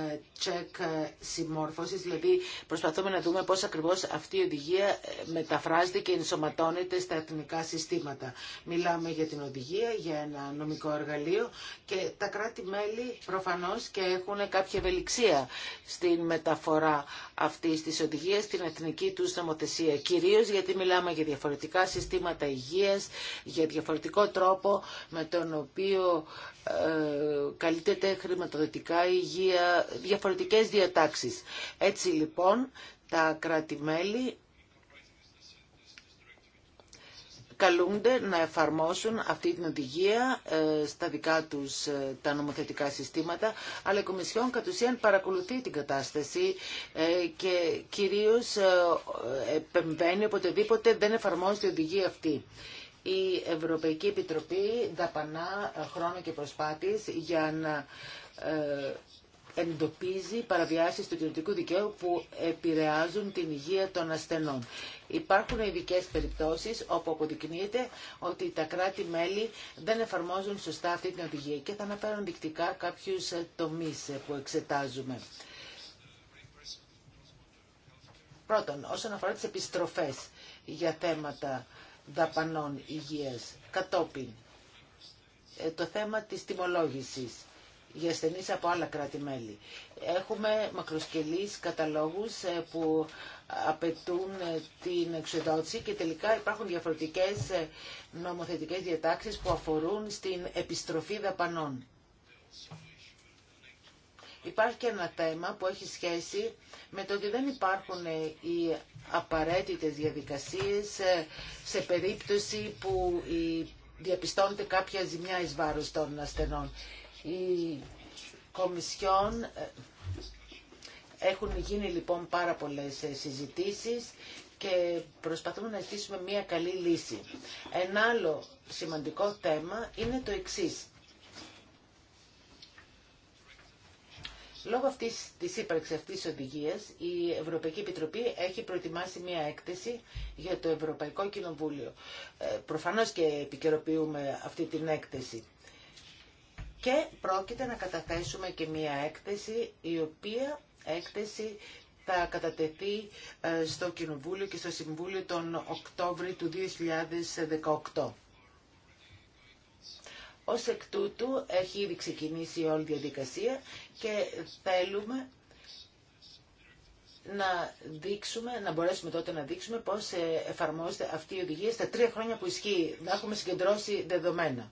ε, check ε, συμμόρφωση, δηλαδή προσπαθούμε να δούμε πώς ακριβώς αυτή η οδηγία μεταφράζεται και ενσωματώνεται στα εθνικά συστήματα. Μιλάμε για την οδηγία, για ένα νομικό εργαλείο και τα κράτη-μέλη προφανώς και έχουν κάποια ευελιξία στην μεταφορά αυτή τη οδηγία στην εθνική του νομοθεσία. Κυρίω γιατί μιλάμε για διαφορετικά συστήματα υγεία για διαφορετικό τρόπο με τον οποίο ε, καλύπτεται χρηματοδοτικά υγεία, διαφορετικέ διατάξει. Έτσι λοιπόν τα κράτη-μέλη καλούνται να εφαρμόσουν αυτή την οδηγία ε, στα δικά τους ε, τα νομοθετικά συστήματα, αλλά η Κομισιόν κατ' ουσίαν παρακολουθεί την κατάσταση ε, και κυρίως επεμβαίνει οποτεδήποτε δεν εφαρμόζεται η οδηγία αυτή. Η Ευρωπαϊκή Επιτροπή δαπανά χρόνο και προσπάθειες για να εντοπίζει παραβιάσεις του κοινωτικού δικαίου που επηρεάζουν την υγεία των ασθενών. Υπάρχουν ειδικέ περιπτώσεις όπου αποδεικνύεται ότι τα κράτη-μέλη δεν εφαρμόζουν σωστά αυτή την οδηγία και θα αναφέρω δεικτικά κάποιους τομείς που εξετάζουμε. Πρώτον, όσον αφορά τις επιστροφές για θέματα δαπανών υγείας, κατόπιν ε, το θέμα της τιμολόγησης για ασθενείς από άλλα κράτη-μέλη. Έχουμε μακροσκελείς καταλόγους ε, που απαιτούν ε, την εξοδότηση και τελικά υπάρχουν διαφορετικές ε, νομοθετικές διατάξεις που αφορούν στην επιστροφή δαπανών. Υπάρχει και ένα θέμα που έχει σχέση με το ότι δεν υπάρχουν οι απαραίτητες διαδικασίες σε περίπτωση που διαπιστώνεται κάποια ζημιά εις βάρος των ασθενών. Οι Κομισιόν ε, έχουν γίνει λοιπόν πάρα πολλές ε, συζητήσεις και προσπαθούμε να ζητήσουμε μια καλή λύση. Ένα άλλο σημαντικό θέμα είναι το εξής. Λόγω αυτής της ύπαρξης αυτής της οδηγίας, η Ευρωπαϊκή Επιτροπή έχει προετοιμάσει μια έκθεση για το Ευρωπαϊκό Κοινοβούλιο. Ε, προφανώς και επικαιροποιούμε αυτή την έκθεση και πρόκειται να καταθέσουμε και μία έκθεση η οποία έκθεση θα κατατεθεί ε, στο Κοινοβούλιο και στο Συμβούλιο τον Οκτώβρη του 2018. Ως εκ τούτου έχει ήδη ξεκινήσει η όλη διαδικασία και θέλουμε να δείξουμε, να μπορέσουμε τότε να δείξουμε πώς ε, εφαρμόζεται αυτή η οδηγία στα τρία χρόνια που ισχύει, να έχουμε συγκεντρώσει δεδομένα.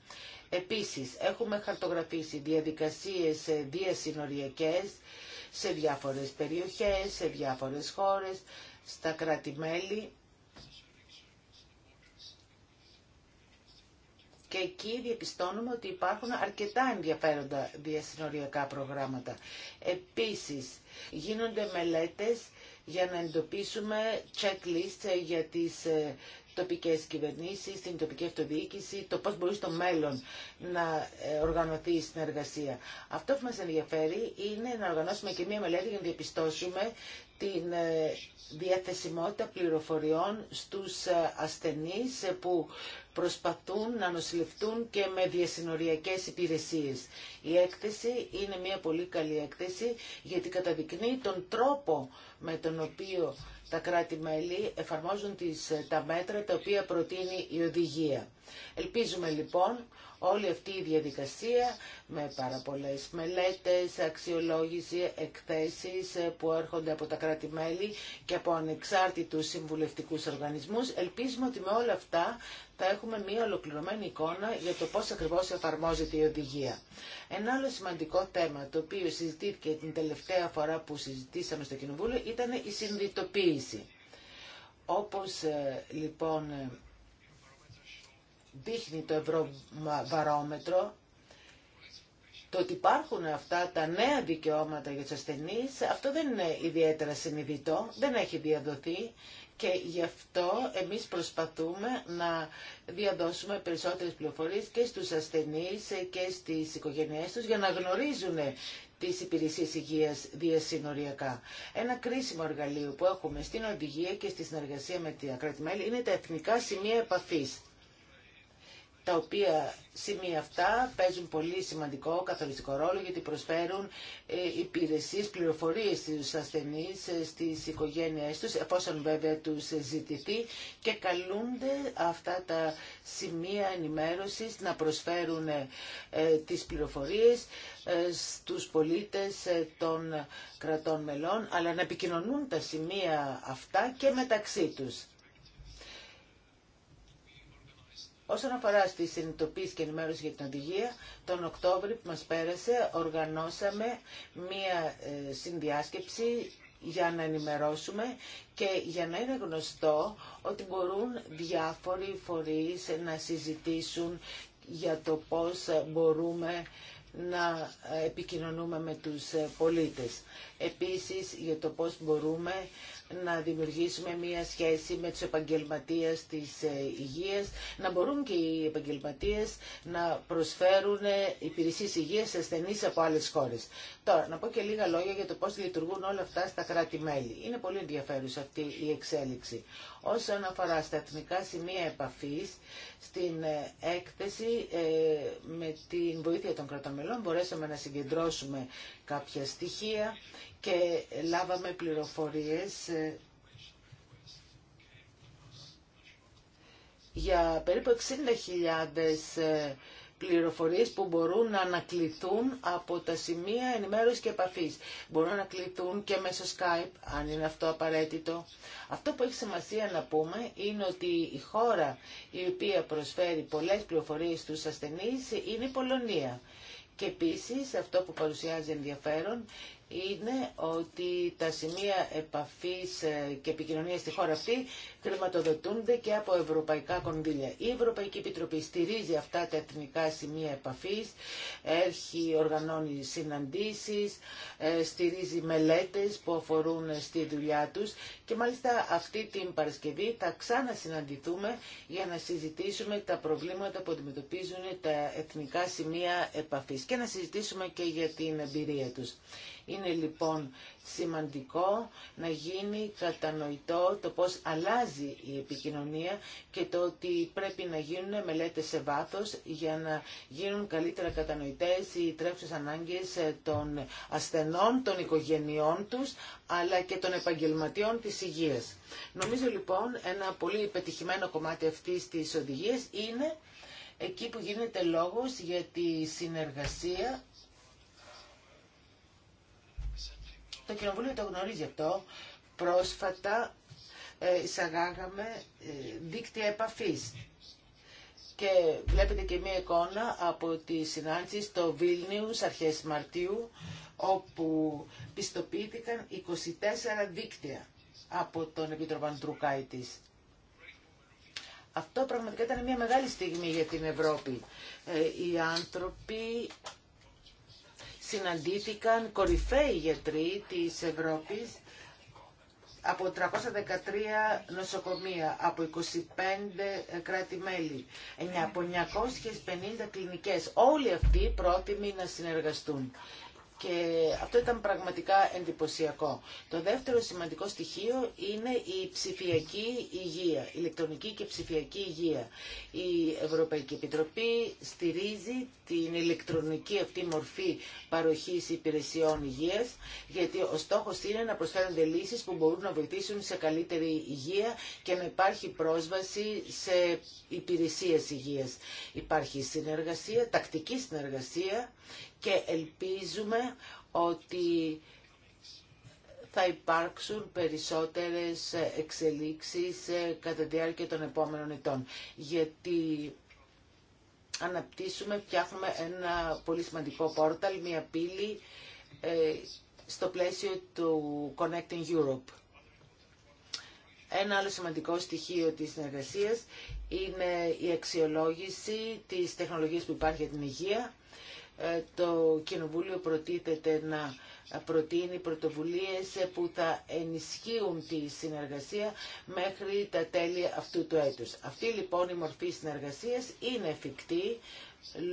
Επίσης, έχουμε χαρτογραφήσει διαδικασίες ε, διασυνοριακές σε διάφορες περιοχές, σε διάφορες χώρες, στα κράτη-μέλη. Και εκεί διαπιστώνουμε ότι υπάρχουν αρκετά ενδιαφέροντα διασυνοριακά προγράμματα. Επίσης, γίνονται μελέτες για να εντοπίσουμε checklists ε, για τις ε, τοπικές κυβερνήσεις, την τοπική αυτοδιοίκηση, το πώς μπορεί στο μέλλον να ε, οργανωθεί η συνεργασία. Αυτό που μας ενδιαφέρει είναι να οργανώσουμε και μία μελέτη για να διαπιστώσουμε την ε, διαθεσιμότητα πληροφοριών στους ε, ασθενείς που προσπαθούν να νοσηλευτούν και με διασυνοριακές υπηρεσίες. Η έκθεση είναι μια πολύ καλή έκθεση γιατί καταδεικνύει τον τρόπο με τον οποίο τα κράτη-μέλη εφαρμόζουν τις, τα μέτρα τα οποία προτείνει η οδηγία. Ελπίζουμε λοιπόν Όλη αυτή η διαδικασία με πάρα πολλέ μελέτες, αξιολόγηση, εκθέσει ε, που έρχονται από τα κράτη-μέλη και από ανεξάρτητους συμβουλευτικού οργανισμούς. Ελπίζουμε ότι με όλα αυτά θα έχουμε μία ολοκληρωμένη εικόνα για το πώ ακριβώς εφαρμόζεται η οδηγία. Ένα άλλο σημαντικό θέμα το οποίο συζητήθηκε την τελευταία φορά που συζητήσαμε στο Κοινοβούλιο ήταν η συνδυτοποίηση. Όπως ε, λοιπόν ε, δείχνει το ευρωβαρόμετρο το ότι υπάρχουν αυτά τα νέα δικαιώματα για τους ασθενείς, αυτό δεν είναι ιδιαίτερα συνειδητό, δεν έχει διαδοθεί και γι' αυτό εμείς προσπαθούμε να διαδώσουμε περισσότερες πληροφορίες και στους ασθενείς και στις οικογένειές τους για να γνωρίζουν τις υπηρεσίες υγείας διασυνοριακά. Ένα κρίσιμο εργαλείο που έχουμε στην οδηγία και στη συνεργασία με την ακρατημέλη είναι τα εθνικά σημεία επαφής τα οποία σημεία αυτά παίζουν πολύ σημαντικό καθοριστικό ρόλο γιατί προσφέρουν ε, υπηρεσίες, πληροφορίες στους ασθενείς, ε, στις οικογένειές τους, εφόσον βέβαια τους ζητηθεί και καλούνται αυτά τα σημεία ενημέρωσης να προσφέρουν ε, τις πληροφορίες στους πολίτες των κρατών μελών, αλλά να επικοινωνούν τα σημεία αυτά και μεταξύ τους. Όσον αφορά στη συνειδητοποίηση και ενημέρωση για την οδηγία, τον Οκτώβριο που μας πέρασε οργανώσαμε μία ε, συνδιάσκεψη για να ενημερώσουμε και για να είναι γνωστό ότι μπορούν διάφοροι φορείς να συζητήσουν για το πώς μπορούμε να ε, επικοινωνούμε με τους ε, πολίτες. Επίσης για το πώς μπορούμε να δημιουργήσουμε μία σχέση με τους επαγγελματίες της ε, υγείας, να μπορούν και οι επαγγελματίες να προσφέρουν ε, υπηρεσίες υγείας σε ασθενείς από άλλες χώρες. Τώρα, να πω και λίγα λόγια για το πώς λειτουργούν όλα αυτά στα κράτη-μέλη. Είναι πολύ ενδιαφέρουσα αυτή η εξέλιξη. Όσον αφορά στα εθνικά σημεία επαφής, στην ε, έκθεση ε, με την βοήθεια των κρατομελών μπορέσαμε να συγκεντρώσουμε κάποια στοιχεία και λάβαμε πληροφορίες ε, για περίπου 60.000 πληροφορίες που μπορούν να ανακληθούν από τα σημεία ενημέρωσης και επαφής. Μπορούν να ανακληθούν και μέσω Skype, αν είναι αυτό απαραίτητο. Αυτό που έχει σημασία να πούμε είναι ότι η χώρα η οποία προσφέρει πολλές πληροφορίες στους ασθενείς είναι η Πολωνία. Και επίσης αυτό που παρουσιάζει ενδιαφέρον είναι ότι τα σημεία επαφής ε, και επικοινωνία στη χώρα αυτή χρηματοδοτούνται και από ευρωπαϊκά κονδύλια. Η Ευρωπαϊκή Επιτροπή στηρίζει αυτά τα εθνικά σημεία επαφής, έρχει, οργανώνει συναντήσεις, ε, στηρίζει μελέτες που αφορούν ε, στη δουλειά τους και μάλιστα αυτή την Παρασκευή θα ξανασυναντηθούμε για να συζητήσουμε τα προβλήματα που αντιμετωπίζουν τα εθνικά σημεία επαφής και να συζητήσουμε και για την εμπειρία τους. Είναι λοιπόν σημαντικό να γίνει κατανοητό το πώς αλλάζει η επικοινωνία και το ότι πρέπει να γίνουν μελέτες σε βάθος για να γίνουν καλύτερα κατανοητές οι τρέχουσες ανάγκες ε, των ασθενών, των οικογενειών τους, αλλά και των επαγγελματιών της υγείας. Νομίζω λοιπόν ένα πολύ πετυχημένο κομμάτι αυτής της οδηγίας είναι εκεί που γίνεται λόγος για τη συνεργασία Το Κοινοβούλιο το γνωρίζει αυτό. Πρόσφατα ε, εισαγάγαμε ε, δίκτυα επαφής και βλέπετε και μία εικόνα από τη συνάντηση στο Βίλνιους αρχές Μαρτίου όπου πιστοποιήθηκαν 24 δίκτυα από τον Επίτροπο Αντρουκάητης. Αυτό πραγματικά ήταν μια μεγάλη στιγμή για την Ευρώπη. Ε, οι άνθρωποι συναντήθηκαν κορυφαίοι γιατροί της Ευρώπης από 313 νοσοκομεία, από 25 κράτη-μέλη, από 950 κλινικές. Όλοι αυτοί πρότιμοι να συνεργαστούν και αυτό ήταν πραγματικά εντυπωσιακό. Το δεύτερο σημαντικό στοιχείο είναι η ψηφιακή υγεία, ηλεκτρονική και ψηφιακή υγεία. Η Ευρωπαϊκή Επιτροπή στηρίζει την ηλεκτρονική αυτή μορφή παροχής υπηρεσιών υγείας, γιατί ο στόχος είναι να προσφέρονται λύσεις που μπορούν να βοηθήσουν σε καλύτερη υγεία και να υπάρχει πρόσβαση σε υπηρεσίες υγείας. Υπάρχει συνεργασία, τακτική συνεργασία και ελπίζουμε ότι θα υπάρξουν περισσότερες εξελίξεις ε, κατά τη διάρκεια των επόμενων ετών. Γιατί αναπτύσσουμε, φτιάχνουμε ένα πολύ σημαντικό πόρταλ, μια πύλη ε, στο πλαίσιο του Connecting Europe. Ένα άλλο σημαντικό στοιχείο της συνεργασίας είναι η αξιολόγηση της τεχνολογίας που υπάρχει για την υγεία ε, το Κοινοβούλιο προτίθεται να προτείνει πρωτοβουλίες που θα ενισχύουν τη συνεργασία μέχρι τα τέλη αυτού του έτους. Αυτή λοιπόν η μορφή συνεργασίας είναι εφικτή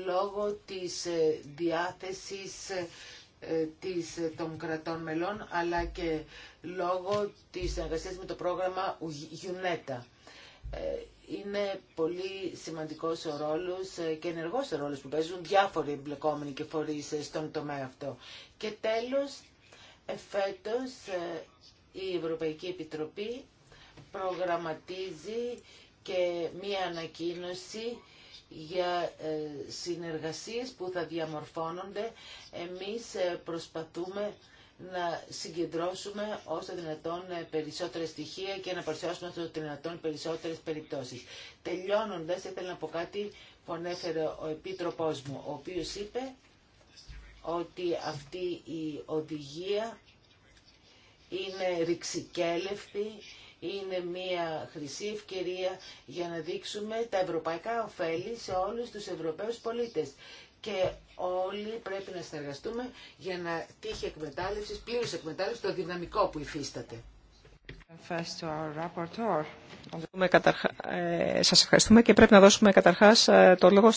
λόγω της ε, διάθεσης ε, της, των κρατών μελών αλλά και λόγω της συνεργασίας με το πρόγραμμα UNETA είναι πολύ σημαντικός ο ρόλος ε, και ενεργός ο ρόλος που παίζουν διάφοροι εμπλεκόμενοι και φορείς ε, στον τομέα αυτό. Και τέλος, ε, φέτος η Ευρωπαϊκή Επιτροπή προγραμματίζει και μία ανακοίνωση για συνεργασίες που θα διαμορφώνονται. Εμείς προσπαθούμε να συγκεντρώσουμε όσο δυνατόν περισσότερα στοιχεία και να παρουσιάσουμε όσο δυνατόν περισσότερες περιπτώσεις. Τελειώνοντας, ήθελα να πω κάτι που ανέφερε ο επίτροπο μου, ο οποίος είπε ότι αυτή η οδηγία είναι ρηξικέλευτη, είναι μια χρυσή ευκαιρία για να δείξουμε τα ευρωπαϊκά ωφέλη σε όλους τους Ευρωπαίους πολίτες και όλοι πρέπει να συνεργαστούμε για να τύχει εκμετάλλευση, πλήρω εκμετάλλευση, το δυναμικό που υφίσταται. Ε, σας ευχαριστούμε και πρέπει να δώσουμε καταρχάς ε, το λόγο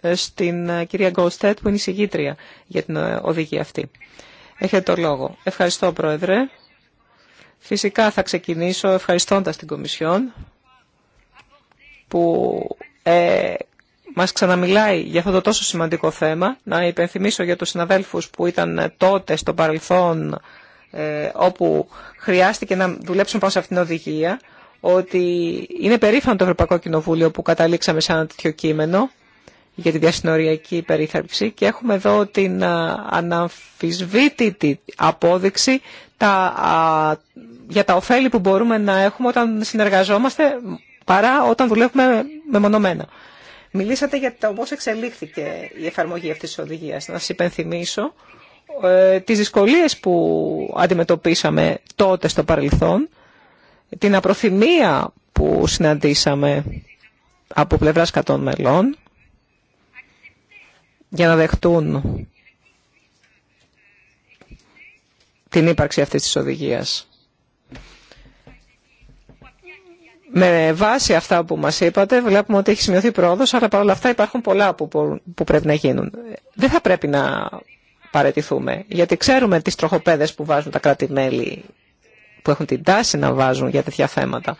ε, στην κυρία Γκολστέτ που είναι η συγγήτρια για την οδηγία αυτή. Έχετε το λόγο. Ευχαριστώ Πρόεδρε. Φυσικά θα ξεκινήσω ευχαριστώντας την Κομισιόν που ε, μας ξαναμιλάει για αυτό το τόσο σημαντικό θέμα. Να υπενθυμίσω για τους συναδέλφους που ήταν τότε στο παρελθόν ε, όπου χρειάστηκε να δουλέψουν πάνω σε αυτήν την οδηγία ότι είναι περήφανο το Ευρωπαϊκό Κοινοβούλιο που καταλήξαμε σε ένα τέτοιο κείμενο για τη διασυνοριακή περίθαλψη και έχουμε εδώ την ε, αναμφισβήτητη απόδειξη τα, για τα ωφέλη που μπορούμε να έχουμε όταν συνεργαζόμαστε παρά όταν δουλεύουμε μεμονωμένα. Μιλήσατε για το πώς εξελίχθηκε η εφαρμογή αυτής της οδηγίας. Να σας υπενθυμίσω ε, τις δυσκολίες που αντιμετωπίσαμε τότε στο παρελθόν, την απροθυμία που συναντήσαμε από πλευράς κατών μελών για να δεχτούν την ύπαρξη αυτής της οδηγίας. με βάση αυτά που μας είπατε, βλέπουμε ότι έχει σημειωθεί πρόοδος, αλλά παρόλα αυτά υπάρχουν πολλά που, που πρέπει να γίνουν. Δεν θα πρέπει να παρετηθούμε, γιατί ξέρουμε τις τροχοπέδες που βάζουν τα κράτη-μέλη, που έχουν την τάση να βάζουν για τέτοια θέματα.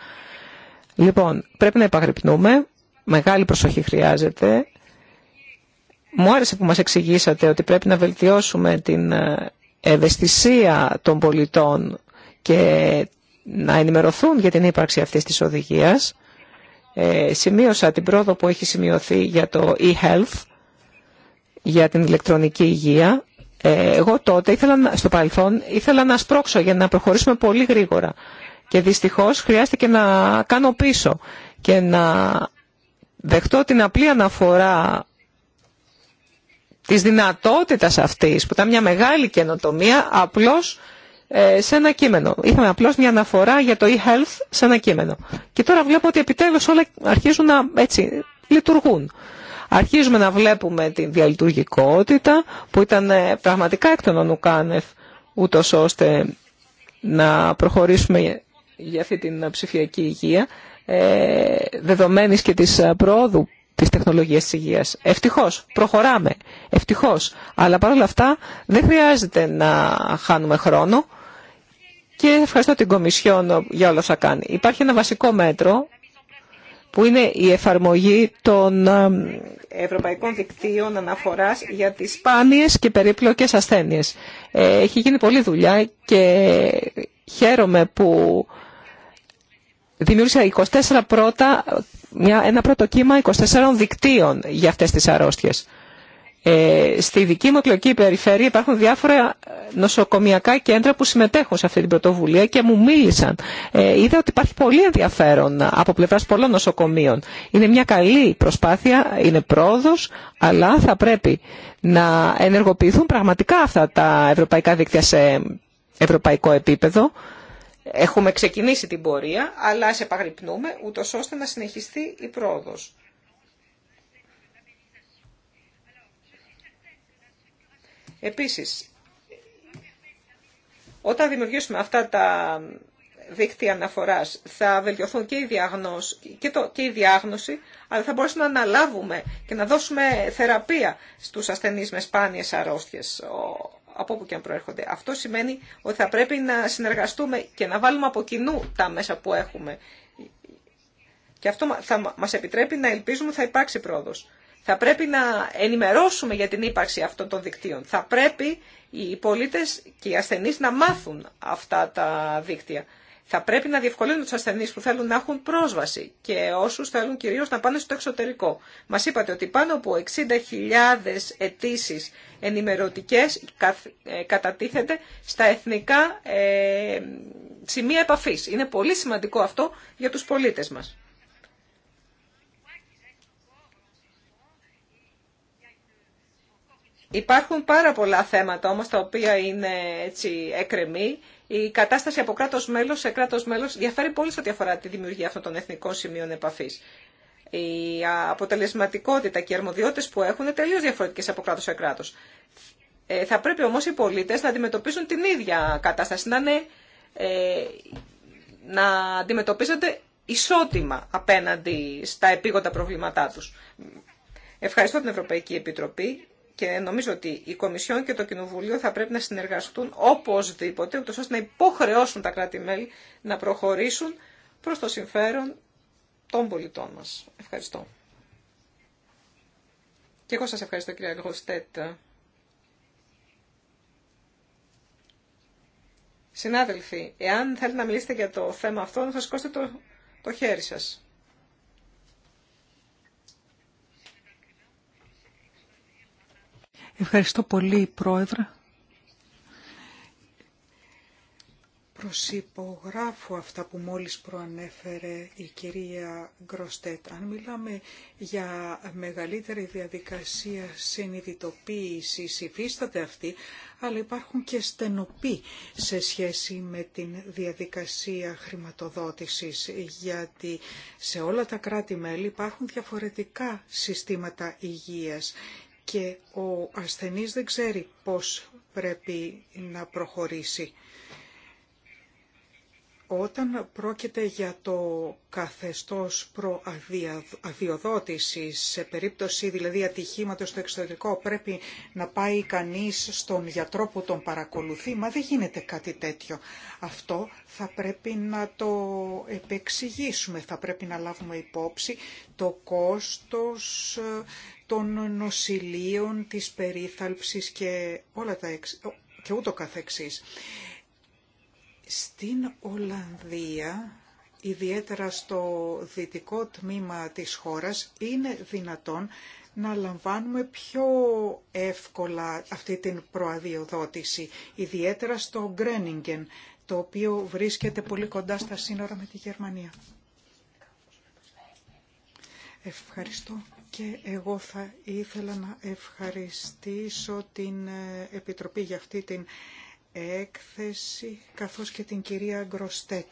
Λοιπόν, πρέπει να υπαγρυπνούμε, μεγάλη προσοχή χρειάζεται. Μου άρεσε που μας εξηγήσατε ότι πρέπει να βελτιώσουμε την ε, ευαισθησία των πολιτών και να ενημερωθούν για την ύπαρξη αυτής τη οδηγίας. Ε, σημείωσα την πρόοδο που έχει σημειωθεί για το e-health, για την ηλεκτρονική υγεία. Ε, εγώ τότε, ήθελα, στο παρελθόν, ήθελα να σπρώξω για να προχωρήσουμε πολύ γρήγορα. Και δυστυχώς χρειάστηκε να κάνω πίσω και να δεχτώ την απλή αναφορά της δυνατότητας αυτής, που ήταν μια μεγάλη καινοτομία, απλώς ε, σε ένα κείμενο. Είχαμε απλώ μια αναφορά για το e-health σε ένα κείμενο. Και τώρα βλέπω ότι επιτέλου όλα αρχίζουν να έτσι, λειτουργούν. Αρχίζουμε να βλέπουμε τη διαλειτουργικότητα που ήταν ε, πραγματικά εκ των ονουκάνευ, ούτω ώστε να προχωρήσουμε για αυτή την ψηφιακή υγεία, ε, δεδομένης και της ε, πρόοδου της τεχνολογίας της υγείας. Ευτυχώς, προχωράμε, ευτυχώς. Αλλά παρόλα αυτά δεν χρειάζεται να χάνουμε χρόνο και ευχαριστώ την Κομισιόν για όλα θα κάνει. Υπάρχει ένα βασικό μέτρο που είναι η εφαρμογή των ε, Ευρωπαϊκών Δικτύων Αναφοράς για τις σπάνιες και περίπλοκες ασθένειες. Ε, έχει γίνει πολλή δουλειά και χαίρομαι που δημιούργησα 24 πρώτα, ένα πρώτο κύμα 24 δικτύων για αυτές τις αρρώστιες. Ε, στη δική μου εκλογική περιφέρεια υπάρχουν διάφορα νοσοκομιακά κέντρα που συμμετέχουν σε αυτή την πρωτοβουλία και μου μίλησαν. Ε, είδα ότι υπάρχει πολύ ενδιαφέρον από πλευράς πολλών νοσοκομείων. Είναι μια καλή προσπάθεια, είναι πρόοδος, αλλά θα πρέπει να ενεργοποιηθούν πραγματικά αυτά τα ευρωπαϊκά δίκτυα σε ευρωπαϊκό επίπεδο. Έχουμε ξεκινήσει την πορεία, αλλά σε επαγρυπνούμε, ούτως ώστε να συνεχιστεί η πρόοδος. Επίσης, όταν δημιουργήσουμε αυτά τα δίκτυα αναφοράς, θα βελτιωθούν και η, διάγνωση, και, το, και η διάγνωση, αλλά θα μπορέσουμε να αναλάβουμε και να δώσουμε θεραπεία στους ασθενείς με σπάνιες αρρώστιες, από όπου και αν προέρχονται. Αυτό σημαίνει ότι θα πρέπει να συνεργαστούμε και να βάλουμε από κοινού τα μέσα που έχουμε. Και αυτό θα μας επιτρέπει να ελπίζουμε ότι θα υπάρξει πρόοδος. Θα πρέπει να ενημερώσουμε για την ύπαρξη αυτών των δικτύων. Θα πρέπει οι πολίτες και οι ασθενείς να μάθουν αυτά τα δίκτυα. Θα πρέπει να διευκολύνουν τους ασθενείς που θέλουν να έχουν πρόσβαση και όσους θέλουν κυρίως να πάνε στο εξωτερικό. Μας είπατε ότι πάνω από 60.000 αιτήσει ενημερωτικές ε, κατατίθεται στα εθνικά ε, σημεία επαφής. Είναι πολύ σημαντικό αυτό για τους πολίτες μας. Υπάρχουν πάρα πολλά θέματα όμως τα οποία είναι έτσι εκρεμή. Η κατάσταση από κράτο μέλο σε κράτο μέλο διαφέρει πολύ σε ό,τι αφορά τη δημιουργία αυτών των εθνικών σημείων επαφής. Η αποτελεσματικότητα και οι αρμοδιότητε που έχουν είναι τελείως διαφορετικέ από κράτο σε κράτο. Ε, θα πρέπει όμως οι πολίτες να αντιμετωπίσουν την ίδια κατάσταση, να, είναι, ε, να αντιμετωπίζονται ισότιμα απέναντι στα επίγοντα προβλήματά τους. Ευχαριστώ την Ευρωπαϊκή Επιτροπή και νομίζω ότι η Κομισιόν και το Κοινοβουλίο θα πρέπει να συνεργαστούν οπωσδήποτε, ούτως ώστε να υποχρεώσουν τα κράτη-μέλη να προχωρήσουν προς το συμφέρον των πολιτών μας. Ευχαριστώ. Και εγώ σας ευχαριστώ κυρία Γκροστέτ. Συνάδελφοι, εάν θέλετε να μιλήσετε για το θέμα αυτό, θα σηκώσετε το, το χέρι σας. Ευχαριστώ πολύ, Πρόεδρε. Προσυπογράφω αυτά που μόλις προανέφερε η κυρία Γκροστέτ. Αν μιλάμε για μεγαλύτερη διαδικασία συνειδητοποίησης, υφίσταται αυτή, αλλά υπάρχουν και στενοποί σε σχέση με την διαδικασία χρηματοδότησης, γιατί σε όλα τα κράτη-μέλη υπάρχουν διαφορετικά συστήματα υγείας και ο ασθενής δεν ξέρει πώς πρέπει να προχωρήσει. Όταν πρόκειται για το καθεστώς προαδειοδότησης, σε περίπτωση δηλαδή ατυχήματος στο εξωτερικό, πρέπει να πάει κανείς στον γιατρό που τον παρακολουθεί, μα δεν γίνεται κάτι τέτοιο. Αυτό θα πρέπει να το επεξηγήσουμε, θα πρέπει να λάβουμε υπόψη το κόστος ε, των νοσηλείων, της περίθαλψης και, όλα τα και ούτω καθεξής. Στην Ολλανδία, ιδιαίτερα στο δυτικό τμήμα της χώρας, είναι δυνατόν να λαμβάνουμε πιο εύκολα αυτή την προαδειοδότηση, ιδιαίτερα στο Γκρένιγκεν, το οποίο βρίσκεται πολύ κοντά στα σύνορα με τη Γερμανία. Ευχαριστώ. Και εγώ θα ήθελα να ευχαριστήσω την ε, Επιτροπή για αυτή την έκθεση, καθώς και την κυρία Γκροστέτ.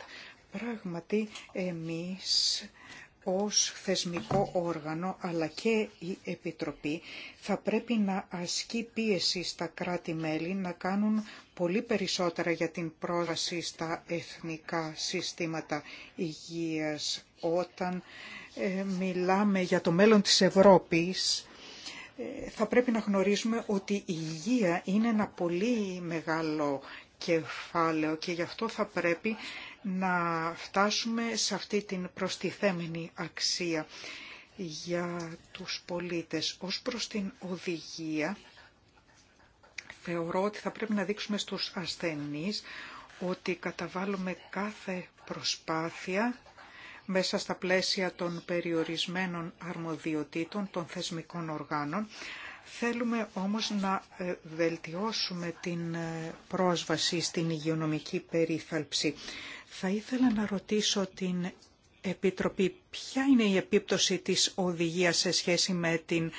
Πράγματι, εμείς ως θεσμικό όργανο αλλά και η Επιτροπή θα πρέπει να ασκεί πίεση στα κράτη-μέλη να κάνουν πολύ περισσότερα για την πρόσβαση στα εθνικά συστήματα υγείας όταν ε, μιλάμε για το μέλλον της Ευρώπης, ε, θα πρέπει να γνωρίζουμε ότι η υγεία είναι ένα πολύ μεγάλο κεφάλαιο και γι' αυτό θα πρέπει να φτάσουμε σε αυτή την προστιθέμενη αξία για τους πολίτες. Ως προς την οδηγία, θεωρώ ότι θα πρέπει να δείξουμε στους ασθενείς ότι καταβάλουμε κάθε προσπάθεια μέσα στα πλαίσια των περιορισμένων αρμοδιοτήτων των θεσμικών οργάνων. Θέλουμε όμως να ε, βελτιώσουμε την ε, πρόσβαση στην υγειονομική περίθαλψη. Θα ήθελα να ρωτήσω την Επιτροπή ποια είναι η επίπτωση της οδηγίας σε σχέση με την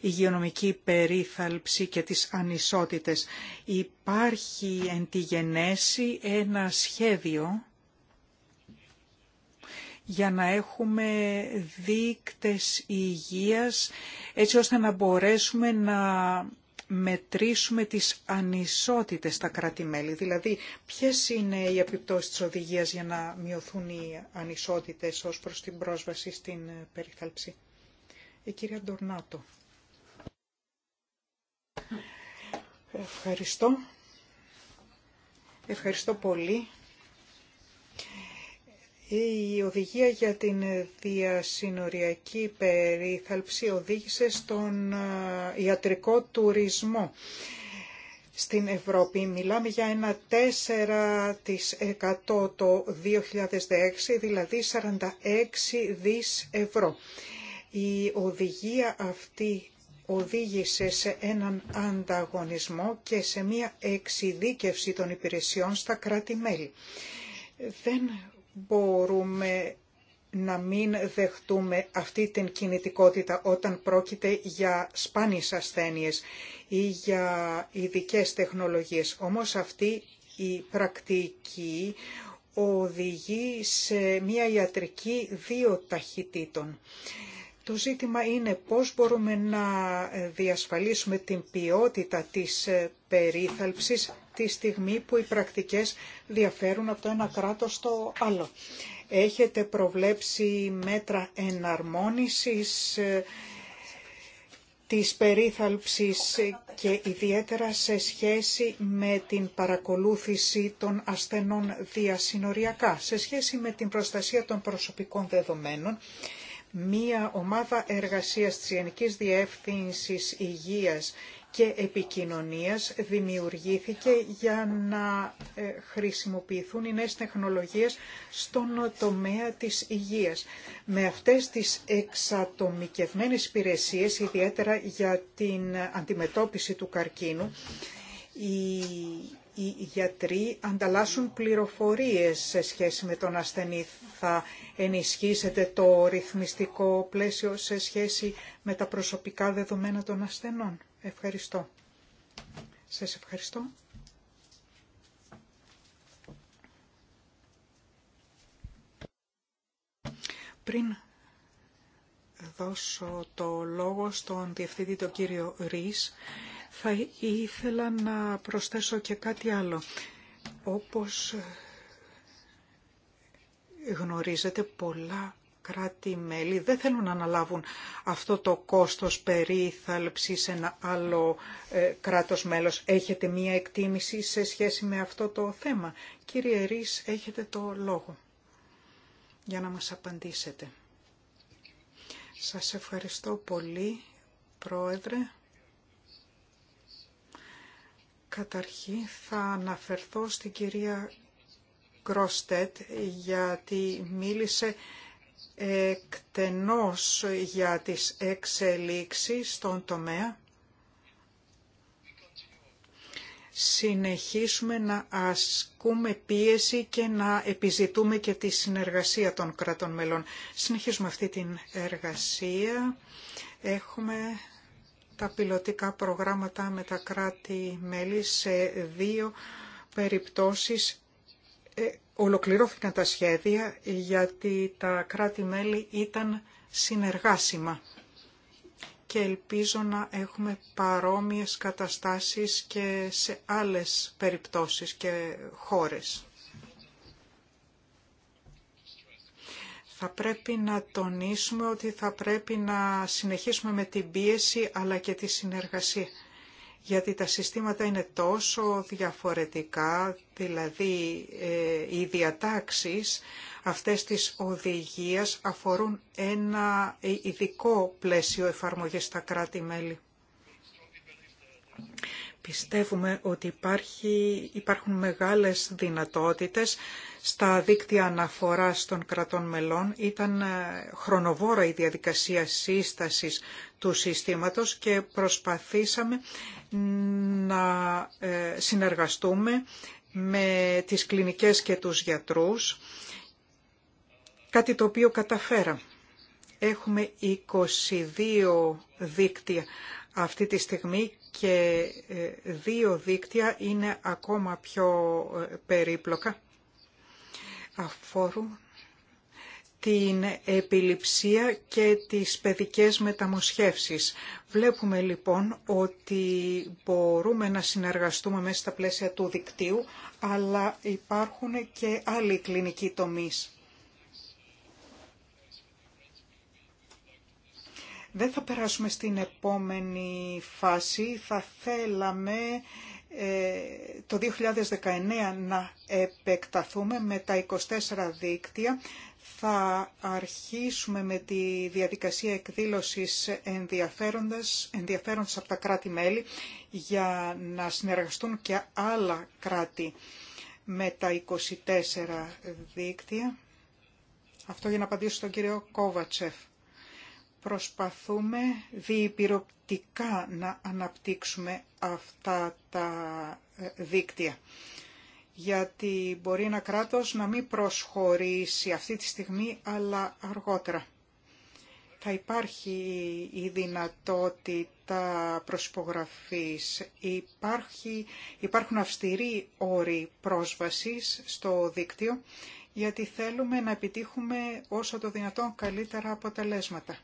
υγειονομική περίθαλψη και τις ανισότητες. Υπάρχει εν τη γενέση ένα σχέδιο για να έχουμε δείκτες υγείας έτσι ώστε να μπορέσουμε να μετρήσουμε τις ανισότητες στα κράτη-μέλη. Δηλαδή, ποιες είναι οι επιπτώσεις της οδηγίας για να μειωθούν οι ανισότητες ως προς την πρόσβαση στην ε, περιθάλψη. Η κυρία Ντορνάτο. Ευχαριστώ. Ευχαριστώ πολύ η οδηγία για την διασυνοριακή περίθαλψη οδήγησε στον ιατρικό τουρισμό. Στην Ευρώπη μιλάμε για ένα 4% το 2016, δηλαδή 46 δις ευρώ. Η οδηγία αυτή οδήγησε σε έναν ανταγωνισμό και σε μία εξειδίκευση των υπηρεσιών στα κράτη-μέλη. Δεν μπορούμε να μην δεχτούμε αυτή την κινητικότητα όταν πρόκειται για σπάνιες ασθένειες ή για ειδικέ τεχνολογίες. Όμως αυτή η πρακτική οδηγεί σε μια ιατρική δύο ταχυτήτων. Το ζήτημα είναι πώς μπορούμε να διασφαλίσουμε την ποιότητα της περίθαλψης τη στιγμή που οι πρακτικές διαφέρουν από το ένα κράτος στο άλλο. Έχετε προβλέψει μέτρα εναρμόνισης ε, της περίθαλψης και ιδιαίτερα σε σχέση με την παρακολούθηση των ασθενών διασυνοριακά. Σε σχέση με την προστασία των προσωπικών δεδομένων, μία ομάδα εργασίας της Γενικής Διεύθυνσης Υγείας και επικοινωνίας δημιουργήθηκε για να ε, χρησιμοποιηθούν οι νέες τεχνολογίες στον τομέα της υγείας. Με αυτές τις εξατομικευμένες υπηρεσίες, ιδιαίτερα για την αντιμετώπιση του καρκίνου, οι γιατροί ανταλλάσσουν πληροφορίες σε σχέση με τον ασθενή. Θα ενισχύσετε το ρυθμιστικό πλαίσιο σε σχέση με τα προσωπικά δεδομένα των ασθενών. Ευχαριστώ. Σας ευχαριστώ. Πριν δώσω το λόγο στον Διευθυντή τον κύριο Ρίς, θα ήθελα να προσθέσω και κάτι άλλο. Όπως γνωρίζετε πολλά κράτη-μέλη δεν θέλουν να αναλάβουν αυτό το κόστος περίθαλψης σε ένα άλλο ε, κράτος μέλος. Έχετε μία εκτίμηση σε σχέση με αυτό το θέμα. Κύριε Ρης, έχετε το λόγο για να μας απαντήσετε. Σας ευχαριστώ πολύ, Πρόεδρε. Καταρχήν θα αναφερθώ στην κυρία Γκροστέτ γιατί μίλησε εκτενώς για τις εξελίξεις στον τομέα. Συνεχίσουμε να ασκούμε πίεση και να επιζητούμε και τη συνεργασία των κρατών μελών. Συνεχίζουμε αυτή την εργασία. Έχουμε τα πιλωτικά προγράμματα με τα κράτη-μέλη σε δύο περιπτώσεις ε, ολοκληρώθηκαν τα σχέδια γιατί τα κράτη-μέλη ήταν συνεργάσιμα και ελπίζω να έχουμε παρόμοιες καταστάσεις και σε άλλες περιπτώσεις και χώρες. Θα πρέπει να τονίσουμε ότι θα πρέπει να συνεχίσουμε με την πίεση αλλά και τη συνεργασία γιατί τα συστήματα είναι τόσο διαφορετικά, δηλαδή ε, οι διατάξεις αυτές της οδηγίας αφορούν ένα ειδικό πλαίσιο εφαρμογής στα κράτη-μέλη. Πιστεύουμε ότι υπάρχει, υπάρχουν μεγάλες δυνατότητες στα δίκτυα αναφοράς των κρατών μελών. Ήταν ε, χρονοβόρα η διαδικασία σύστασης του συστήματος και προσπαθήσαμε να ε, συνεργαστούμε με τις κλινικές και τους γιατρούς, κάτι το οποίο καταφέρα. Έχουμε 22 δίκτυα αυτή τη στιγμή και ε, δύο δίκτυα είναι ακόμα πιο ε, περίπλοκα. Αφορούν την επιληψία και τις παιδικές μεταμοσχεύσεις. Βλέπουμε λοιπόν ότι μπορούμε να συνεργαστούμε μέσα στα πλαίσια του δικτύου, αλλά υπάρχουν και άλλοι κλινικοί τομείς. Δεν θα περάσουμε στην επόμενη φάση. Θα θέλαμε ε, το 2019 να επεκταθούμε με τα 24 δίκτυα θα αρχίσουμε με τη διαδικασία εκδήλωσης ενδιαφέροντας, ενδιαφέροντας από τα κράτη-μέλη για να συνεργαστούν και άλλα κράτη με τα 24 δίκτυα. Αυτό για να απαντήσω στον κύριο Κόβατσεφ. Προσπαθούμε διυπηρωτικά να αναπτύξουμε αυτά τα ε, δίκτυα γιατί μπορεί ένα κράτος να μην προσχωρήσει αυτή τη στιγμή, αλλά αργότερα. Θα υπάρχει η δυνατότητα προσπογραφής. Υπάρχει, υπάρχουν αυστηροί όροι πρόσβασης στο δίκτυο, γιατί θέλουμε να επιτύχουμε όσο το δυνατόν καλύτερα αποτελέσματα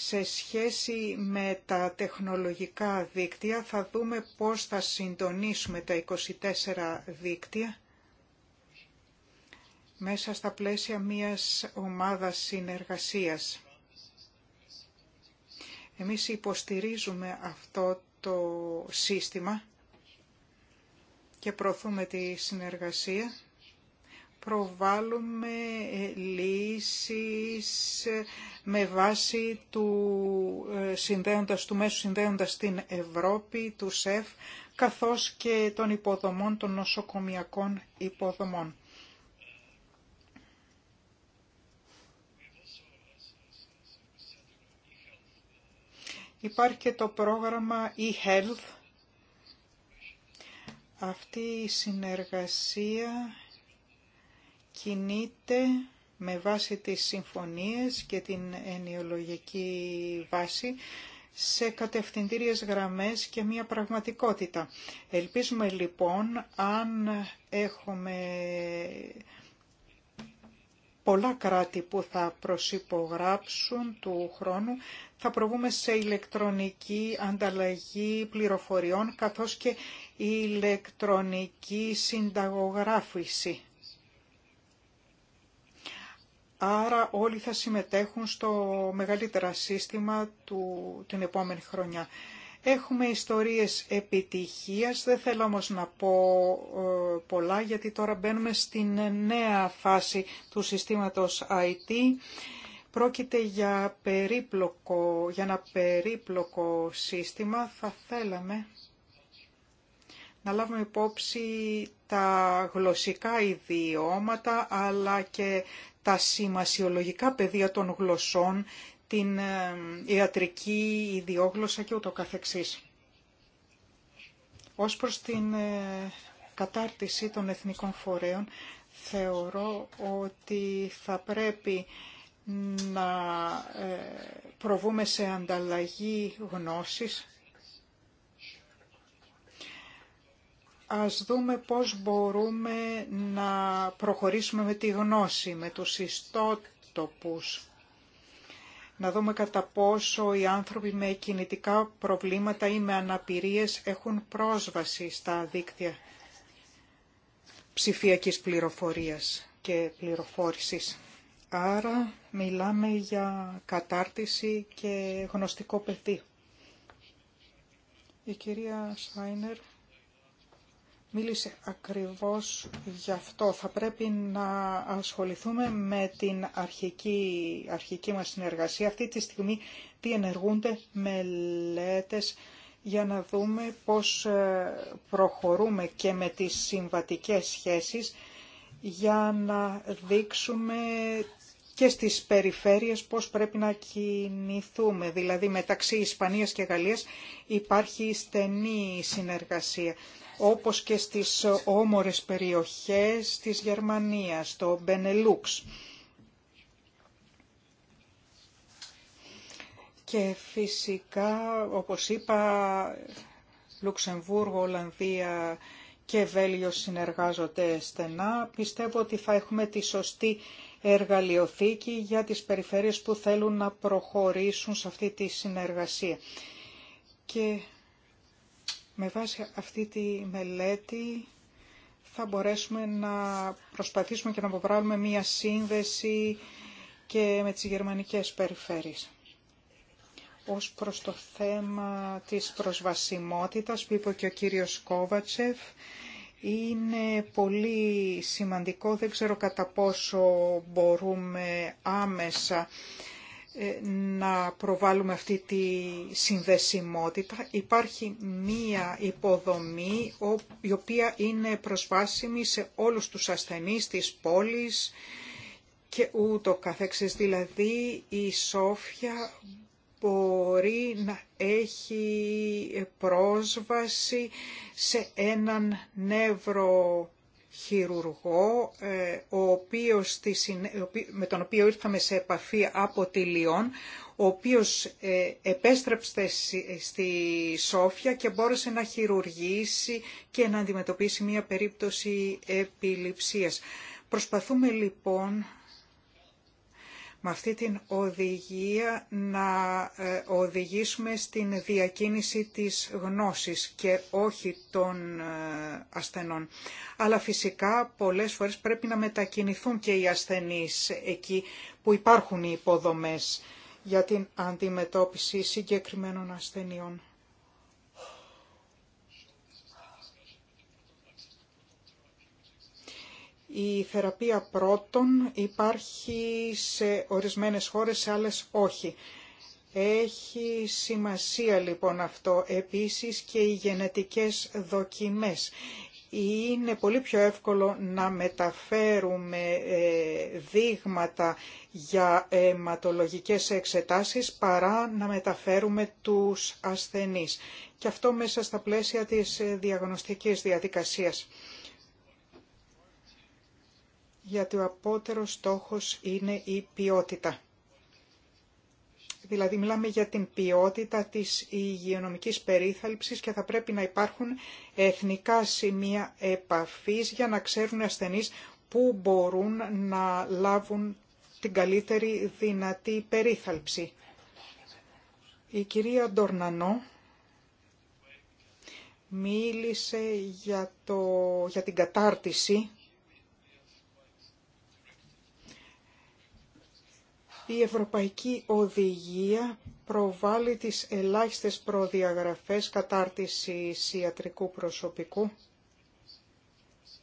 σε σχέση με τα τεχνολογικά δίκτυα θα δούμε πώς θα συντονίσουμε τα 24 δίκτυα μέσα στα πλαίσια μιας ομάδας συνεργασίας. Εμείς υποστηρίζουμε αυτό το σύστημα και προωθούμε τη συνεργασία προβάλλουμε ε, λύσεις ε, με βάση του, ε, συνδέοντας, του μέσου συνδέοντας την Ευρώπη, του ΣΕΦ, καθώς και των υποδομών, των νοσοκομιακών υποδομών. Υπάρχει και το πρόγραμμα e-health. Αυτή η συνεργασία κινείται με βάση τις συμφωνίες και την ενιολογική βάση σε κατευθυντήριες γραμμές και μια πραγματικότητα. Ελπίζουμε λοιπόν αν έχουμε πολλά κράτη που θα προσυπογράψουν του χρόνου, θα προβούμε σε ηλεκτρονική ανταλλαγή πληροφοριών καθώς και ηλεκτρονική συνταγογράφηση Άρα όλοι θα συμμετέχουν στο μεγαλύτερα σύστημα του, την επόμενη χρονιά. Έχουμε ιστορίες επιτυχίας, δεν θέλω όμως να πω ε, πολλά γιατί τώρα μπαίνουμε στην νέα φάση του συστήματος IT. Πρόκειται για, περίπλοκο, για ένα περίπλοκο σύστημα. Θα θέλαμε να λάβουμε υπόψη τα γλωσσικά ιδιώματα αλλά και τα σημασιολογικά πεδία των γλωσσών, την ε, ιατρική ιδιόγλωσσα και ούτω καθεξής. Ως προς την ε, κατάρτιση των εθνικών φορέων, θεωρώ ότι θα πρέπει να ε, προβούμε σε ανταλλαγή γνώσης ας δούμε πώς μπορούμε να προχωρήσουμε με τη γνώση, με τους ιστότοπους. Να δούμε κατά πόσο οι άνθρωποι με κινητικά προβλήματα ή με αναπηρίες έχουν πρόσβαση στα δίκτυα ψηφιακής πληροφορίας και πληροφόρησης. Άρα μιλάμε για κατάρτιση και γνωστικό πεδίο. Η κυρία Σάινερ μίλησε ακριβώς γι' αυτό. Θα πρέπει να ασχοληθούμε με την αρχική, αρχική μας συνεργασία. Αυτή τη στιγμή ενεργούνται μελέτες για να δούμε πώς ε, προχωρούμε και με τις συμβατικές σχέσεις για να δείξουμε και στις περιφέρειες πώς πρέπει να κινηθούμε. Δηλαδή μεταξύ Ισπανίας και Γαλλίας υπάρχει στενή συνεργασία όπως και στις όμορες περιοχές της Γερμανίας, το Μπενελούξ. Και φυσικά, όπως είπα, Λουξεμβούργο, Ολλανδία και Βέλγιο συνεργάζονται στενά. Πιστεύω ότι θα έχουμε τη σωστή εργαλειοθήκη για τις περιφέρειες που θέλουν να προχωρήσουν σε αυτή τη συνεργασία. Και με βάση αυτή τη μελέτη θα μπορέσουμε να προσπαθήσουμε και να αποβράλουμε μία σύνδεση και με τις γερμανικές περιφέρειες. Ως προς το θέμα της προσβασιμότητας που είπε και ο κύριος Κόβατσεφ, είναι πολύ σημαντικό, δεν ξέρω κατά πόσο μπορούμε άμεσα ε, να προβάλλουμε αυτή τη συνδεσιμότητα. Υπάρχει μία υποδομή η οποία είναι προσβάσιμη σε όλους τους ασθενείς της πόλης και ούτω καθεξής. Δηλαδή η Σόφια μπορεί να έχει πρόσβαση σε έναν νεύρο χειρουργό ε, οποίος, με τον οποίο ήρθαμε σε επαφή από τη Λιόν, ο οποίος ε, επέστρεψε στη Σόφια και μπόρεσε να χειρουργήσει και να αντιμετωπίσει μια περίπτωση επιληψίας. Προσπαθούμε λοιπόν με αυτή την οδηγία να ε, οδηγήσουμε στην διακίνηση της γνώσης και όχι των ε, ασθενών. Αλλά φυσικά πολλές φορές πρέπει να μετακινηθούν και οι ασθενείς εκεί που υπάρχουν οι υποδομές για την αντιμετώπιση συγκεκριμένων ασθενειών. Η θεραπεία πρώτων υπάρχει σε ορισμένες χώρες, σε άλλες όχι. Έχει σημασία λοιπόν αυτό. Επίσης και οι γενετικές δοκιμές. Είναι πολύ πιο εύκολο να μεταφέρουμε ε, δείγματα για αιματολογικές εξετάσεις παρά να μεταφέρουμε τους ασθενείς. Και αυτό μέσα στα πλαίσια της ε, διαγνωστικής διαδικασίας γιατί ο απότερος στόχος είναι η ποιότητα. Δηλαδή μιλάμε για την ποιότητα της υγειονομικής περίθαλψης και θα πρέπει να υπάρχουν εθνικά σημεία επαφής για να ξέρουν οι ασθενείς που μπορούν να λάβουν την καλύτερη δυνατή περίθαλψη. Η κυρία Ντορνανό μίλησε για, το, για την κατάρτιση η Ευρωπαϊκή Οδηγία προβάλλει τις ελάχιστες προδιαγραφές κατάρτισης ιατρικού προσωπικού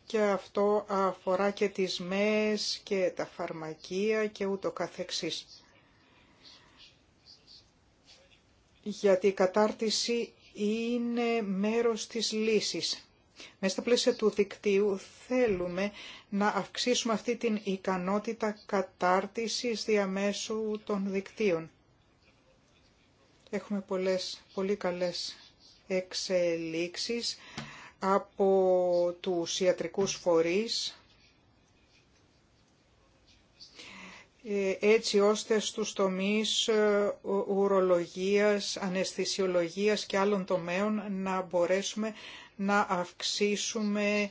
και αυτό αφορά και τις ΜΕΣ και τα φαρμακεία και ούτω καθεξής. Γιατί η κατάρτιση είναι μέρος της λύσης. Μέσα στα πλαίσια του δικτύου θέλουμε να αυξήσουμε αυτή την ικανότητα κατάρτισης διαμέσου των δικτύων. Έχουμε πολλές, πολύ καλές εξελίξεις από τους ιατρικούς φορείς, ε, έτσι ώστε στους τομείς ε, ουρολογίας, αναισθησιολογίας και άλλων τομέων να μπορέσουμε να αυξήσουμε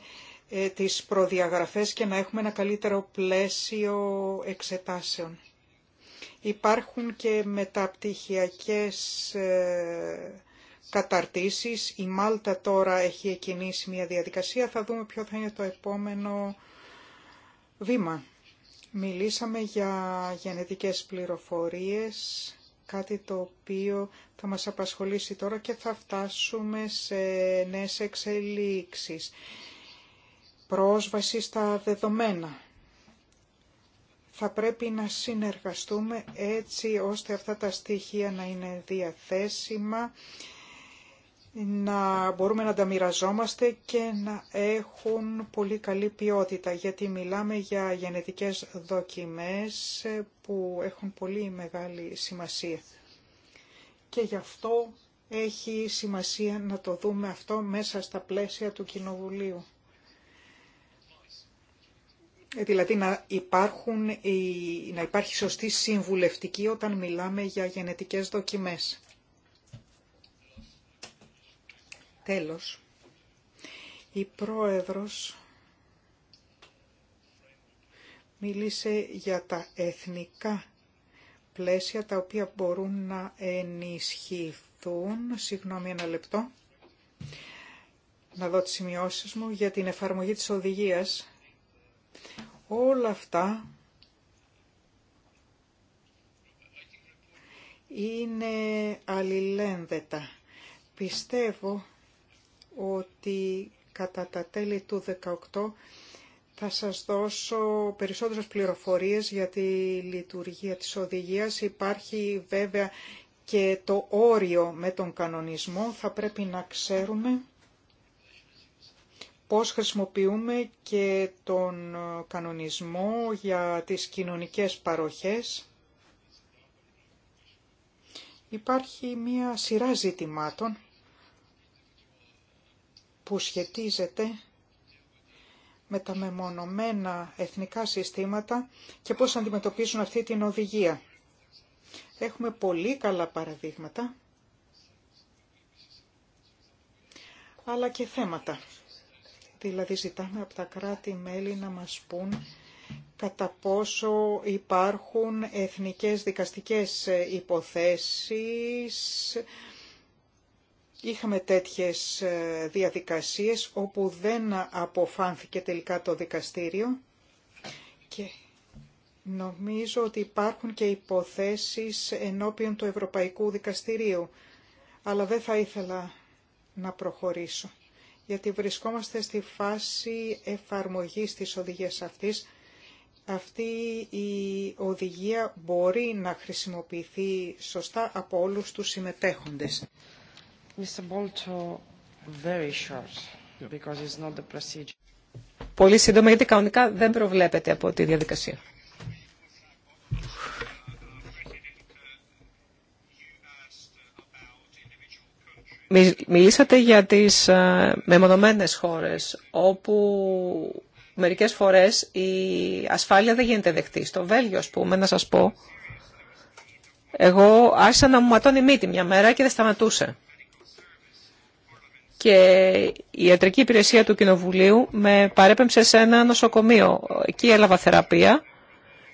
ε, τις προδιαγραφές και να έχουμε ένα καλύτερο πλαίσιο εξετάσεων. Υπάρχουν και μεταπτυχιακές ε, καταρτήσεις. Η Μάλτα τώρα έχει εκκινήσει μια διαδικασία. Θα δούμε ποιο θα είναι το επόμενο βήμα. Μιλήσαμε για γενετικές πληροφορίες κάτι το οποίο θα μας απασχολήσει τώρα και θα φτάσουμε σε νέες εξελίξεις. Πρόσβαση στα δεδομένα. Θα πρέπει να συνεργαστούμε έτσι ώστε αυτά τα στοιχεία να είναι διαθέσιμα να μπορούμε να τα μοιραζόμαστε και να έχουν πολύ καλή ποιότητα, γιατί μιλάμε για γενετικές δοκιμές που έχουν πολύ μεγάλη σημασία. Και γι' αυτό έχει σημασία να το δούμε αυτό μέσα στα πλαίσια του Κοινοβουλίου. Ε, δηλαδή να, υπάρχουν, να υπάρχει σωστή συμβουλευτική όταν μιλάμε για γενετικές δοκιμές. Τέλος, η πρόεδρος μίλησε για τα εθνικά πλαίσια τα οποία μπορούν να ενισχυθούν. Συγγνώμη ένα λεπτό. Να δω τις σημειώσεις μου για την εφαρμογή της οδηγίας. Όλα αυτά είναι αλληλένδετα. Πιστεύω ότι κατά τα τέλη του 2018 θα σας δώσω περισσότερες πληροφορίες για τη λειτουργία της οδηγίας. Υπάρχει βέβαια και το όριο με τον κανονισμό. Θα πρέπει να ξέρουμε πώς χρησιμοποιούμε και τον κανονισμό για τις κοινωνικές παροχές. Υπάρχει μία σειρά ζητημάτων που σχετίζεται με τα μεμονωμένα εθνικά συστήματα και πώς αντιμετωπίζουν αυτή την οδηγία. Έχουμε πολύ καλά παραδείγματα, αλλά και θέματα. Δηλαδή ζητάμε από τα κράτη-μέλη να μας πούν κατά πόσο υπάρχουν εθνικές δικαστικές υποθέσεις Είχαμε τέτοιες ε, διαδικασίες όπου δεν αποφάνθηκε τελικά το δικαστήριο και νομίζω ότι υπάρχουν και υποθέσεις ενώπιον του Ευρωπαϊκού Δικαστηρίου, αλλά δεν θα ήθελα να προχωρήσω, γιατί βρισκόμαστε στη φάση εφαρμογής της οδηγίας αυτής. Αυτή η οδηγία μπορεί να χρησιμοποιηθεί σωστά από όλους τους συμμετέχοντες. Πολύ σύντομα, γιατί κανονικά δεν προβλέπεται από τη διαδικασία. Μιλήσατε για τις ε, μεμονωμένες χώρες, όπου μερικές φορές η ασφάλεια δεν γίνεται δεχτή. Στο Βέλγιο, ας πούμε, να σας πω, εγώ άρχισα να μου ματώνει μύτη μια μέρα και δεν σταματούσε και η ιατρική υπηρεσία του Κοινοβουλίου με παρέπεμψε σε ένα νοσοκομείο. Εκεί έλαβα θεραπεία.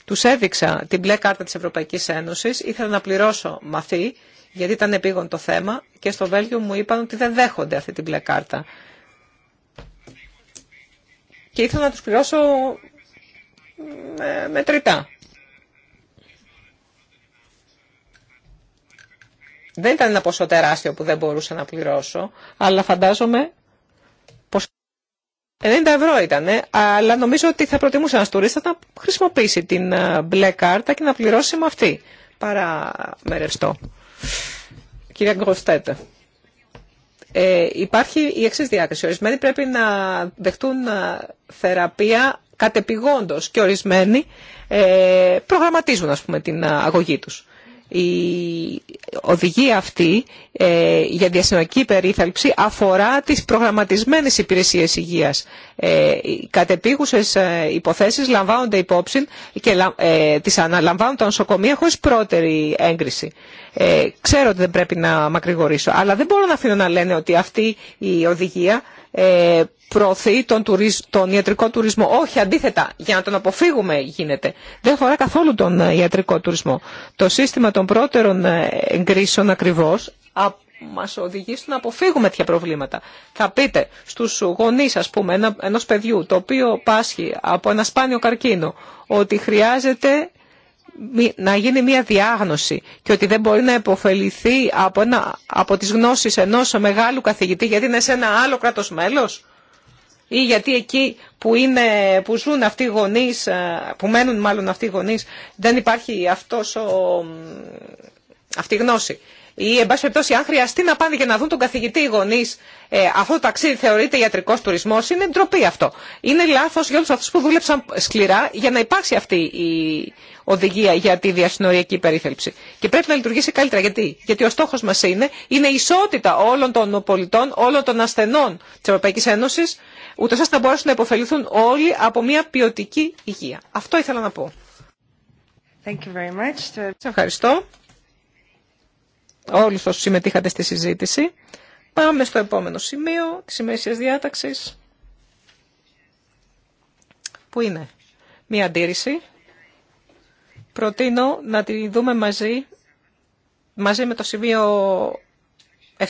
Του έδειξα την μπλε κάρτα τη Ευρωπαϊκή Ένωση. Ήθελα να πληρώσω μαθή, γιατί ήταν επίγον το θέμα. Και στο Βέλγιο μου είπαν ότι δεν δέχονται αυτή την μπλε κάρτα. Και ήθελα να του πληρώσω ε, τριτά. Δεν ήταν ένα ποσό τεράστιο που δεν μπορούσα να πληρώσω, αλλά φαντάζομαι πως 90 ευρώ ήταν, αλλά νομίζω ότι θα προτιμούσε ένα τουρίστα να χρησιμοποιήσει την ε, μπλε κάρτα και να πληρώσει με αυτή, παρά με ρευστό. Κυρία Γκοστέτε, Ε, υπάρχει η εξή διάκριση. Ορισμένοι πρέπει να δεχτούν ε, θεραπεία κατεπηγόντως και ορισμένοι ε, προγραμματίζουν ας πούμε, την ε, αγωγή τους η οδηγία αυτή ε, για διασυνορική περίθαλψη αφορά τις προγραμματισμένες υπηρεσίες υγείας. Ε, οι κατεπίγουσες ε, υποθέσεις λαμβάνονται υπόψη και τις αναλαμβάνουν τα νοσοκομεία χωρίς πρώτερη έγκριση. ξέρω ότι δεν πρέπει να μακρηγορήσω, αλλά δεν μπορώ να αφήνω να λένε ότι αυτή η οδηγία ε, προωθεί τον, ιατρικό τουρισμό. Όχι, αντίθετα, για να τον αποφύγουμε γίνεται. Δεν αφορά καθόλου τον ε, ιατρικό τουρισμό. Το σύστημα των πρώτερων ε, εγκρίσεων ακριβώς μας οδηγεί στο να αποφύγουμε τέτοια προβλήματα. Θα πείτε στους γονείς, ας πούμε, ενός παιδιού το οποίο πάσχει από ένα σπάνιο καρκίνο ότι χρειάζεται να γίνει μια διάγνωση και ότι δεν μπορεί να υποφεληθεί από, ένα, από τις γνώσεις ενός μεγάλου καθηγητή γιατί είναι σε ένα άλλο κράτος μέλος ή γιατί εκεί που, είναι, που ζουν αυτοί οι γονείς, ε, που μένουν μάλλον αυτοί οι γονείς, δεν υπάρχει αυτός ο, αυτή η γνώση ή εν πάση περιπτώσει αν χρειαστεί να πάνε και να δουν τον καθηγητή οι γονεί, ε, αυτό το ταξίδι θεωρείται ιατρικό τουρισμό, είναι ντροπή αυτό. Είναι λάθο για όλου αυτού που δούλεψαν σκληρά για να υπάρξει αυτή η οδηγία για τη διασυνοριακή περίθαλψη. Και πρέπει να λειτουργήσει καλύτερα. Γιατί, Γιατί ο στόχο μα είναι, είναι η ισότητα όλων των πολιτών, όλων των ασθενών της Ευρωπαϊκής Ένωσης, ούτω ώστε να μπορέσουν να υποφεληθούν όλοι από μια ποιοτική υγεία. Αυτό ήθελα να πω. Thank ευχαριστώ όλους όσους συμμετείχατε στη συζήτηση. Πάμε στο επόμενο σημείο της ημερήσιας διάταξης. Πού είναι μία αντίρρηση. Προτείνω να τη δούμε μαζί, μαζί με το σημείο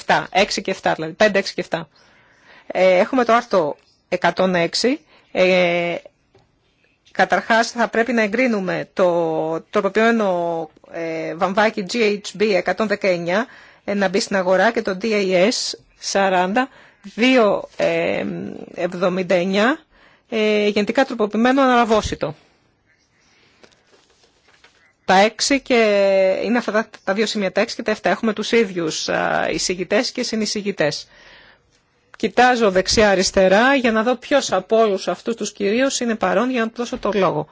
7, 6 και 7 δηλαδή, 5, 6 και 7. Ε, έχουμε το άρθρο 106, Καταρχάς θα πρέπει να εγκρίνουμε το τροποποιημένο ε, βαμβάκι GHB 119 ε, να μπει στην αγορά και το DAS 40 279 γενικά τροποποιημένο αναβόσιτο. Τα 6 και είναι αυτά τα δύο σημεία τα 6 και τα 7. Έχουμε τους ίδιους εισηγητές και συνεισηγητές. Κοιτάζω δεξιά-αριστερά για να δω ποιος από όλους αυτούς τους κυρίους είναι παρόν για να του δώσω το λόγο.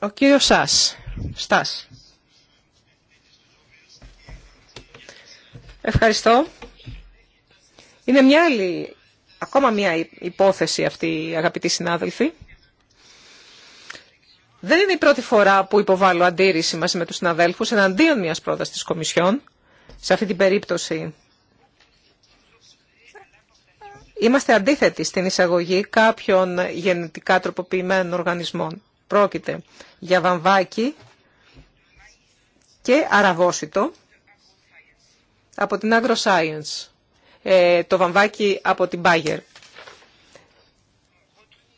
Ο κύριος Σάς. Στάς. Ευχαριστώ. Είναι μια άλλη, ακόμα μια υπόθεση αυτή, αγαπητοί συνάδελφοι. Δεν είναι η πρώτη φορά που υποβάλλω αντίρρηση μαζί με τους συναδέλφους εναντίον μιας πρότασης της Κομισιόν σε αυτή την περίπτωση είμαστε αντίθετοι στην εισαγωγή κάποιων γενετικά τροποποιημένων οργανισμών. Πρόκειται για βαμβάκι και αραβόσιτο από την AgroScience, ε, το βαμβάκι από την Bayer.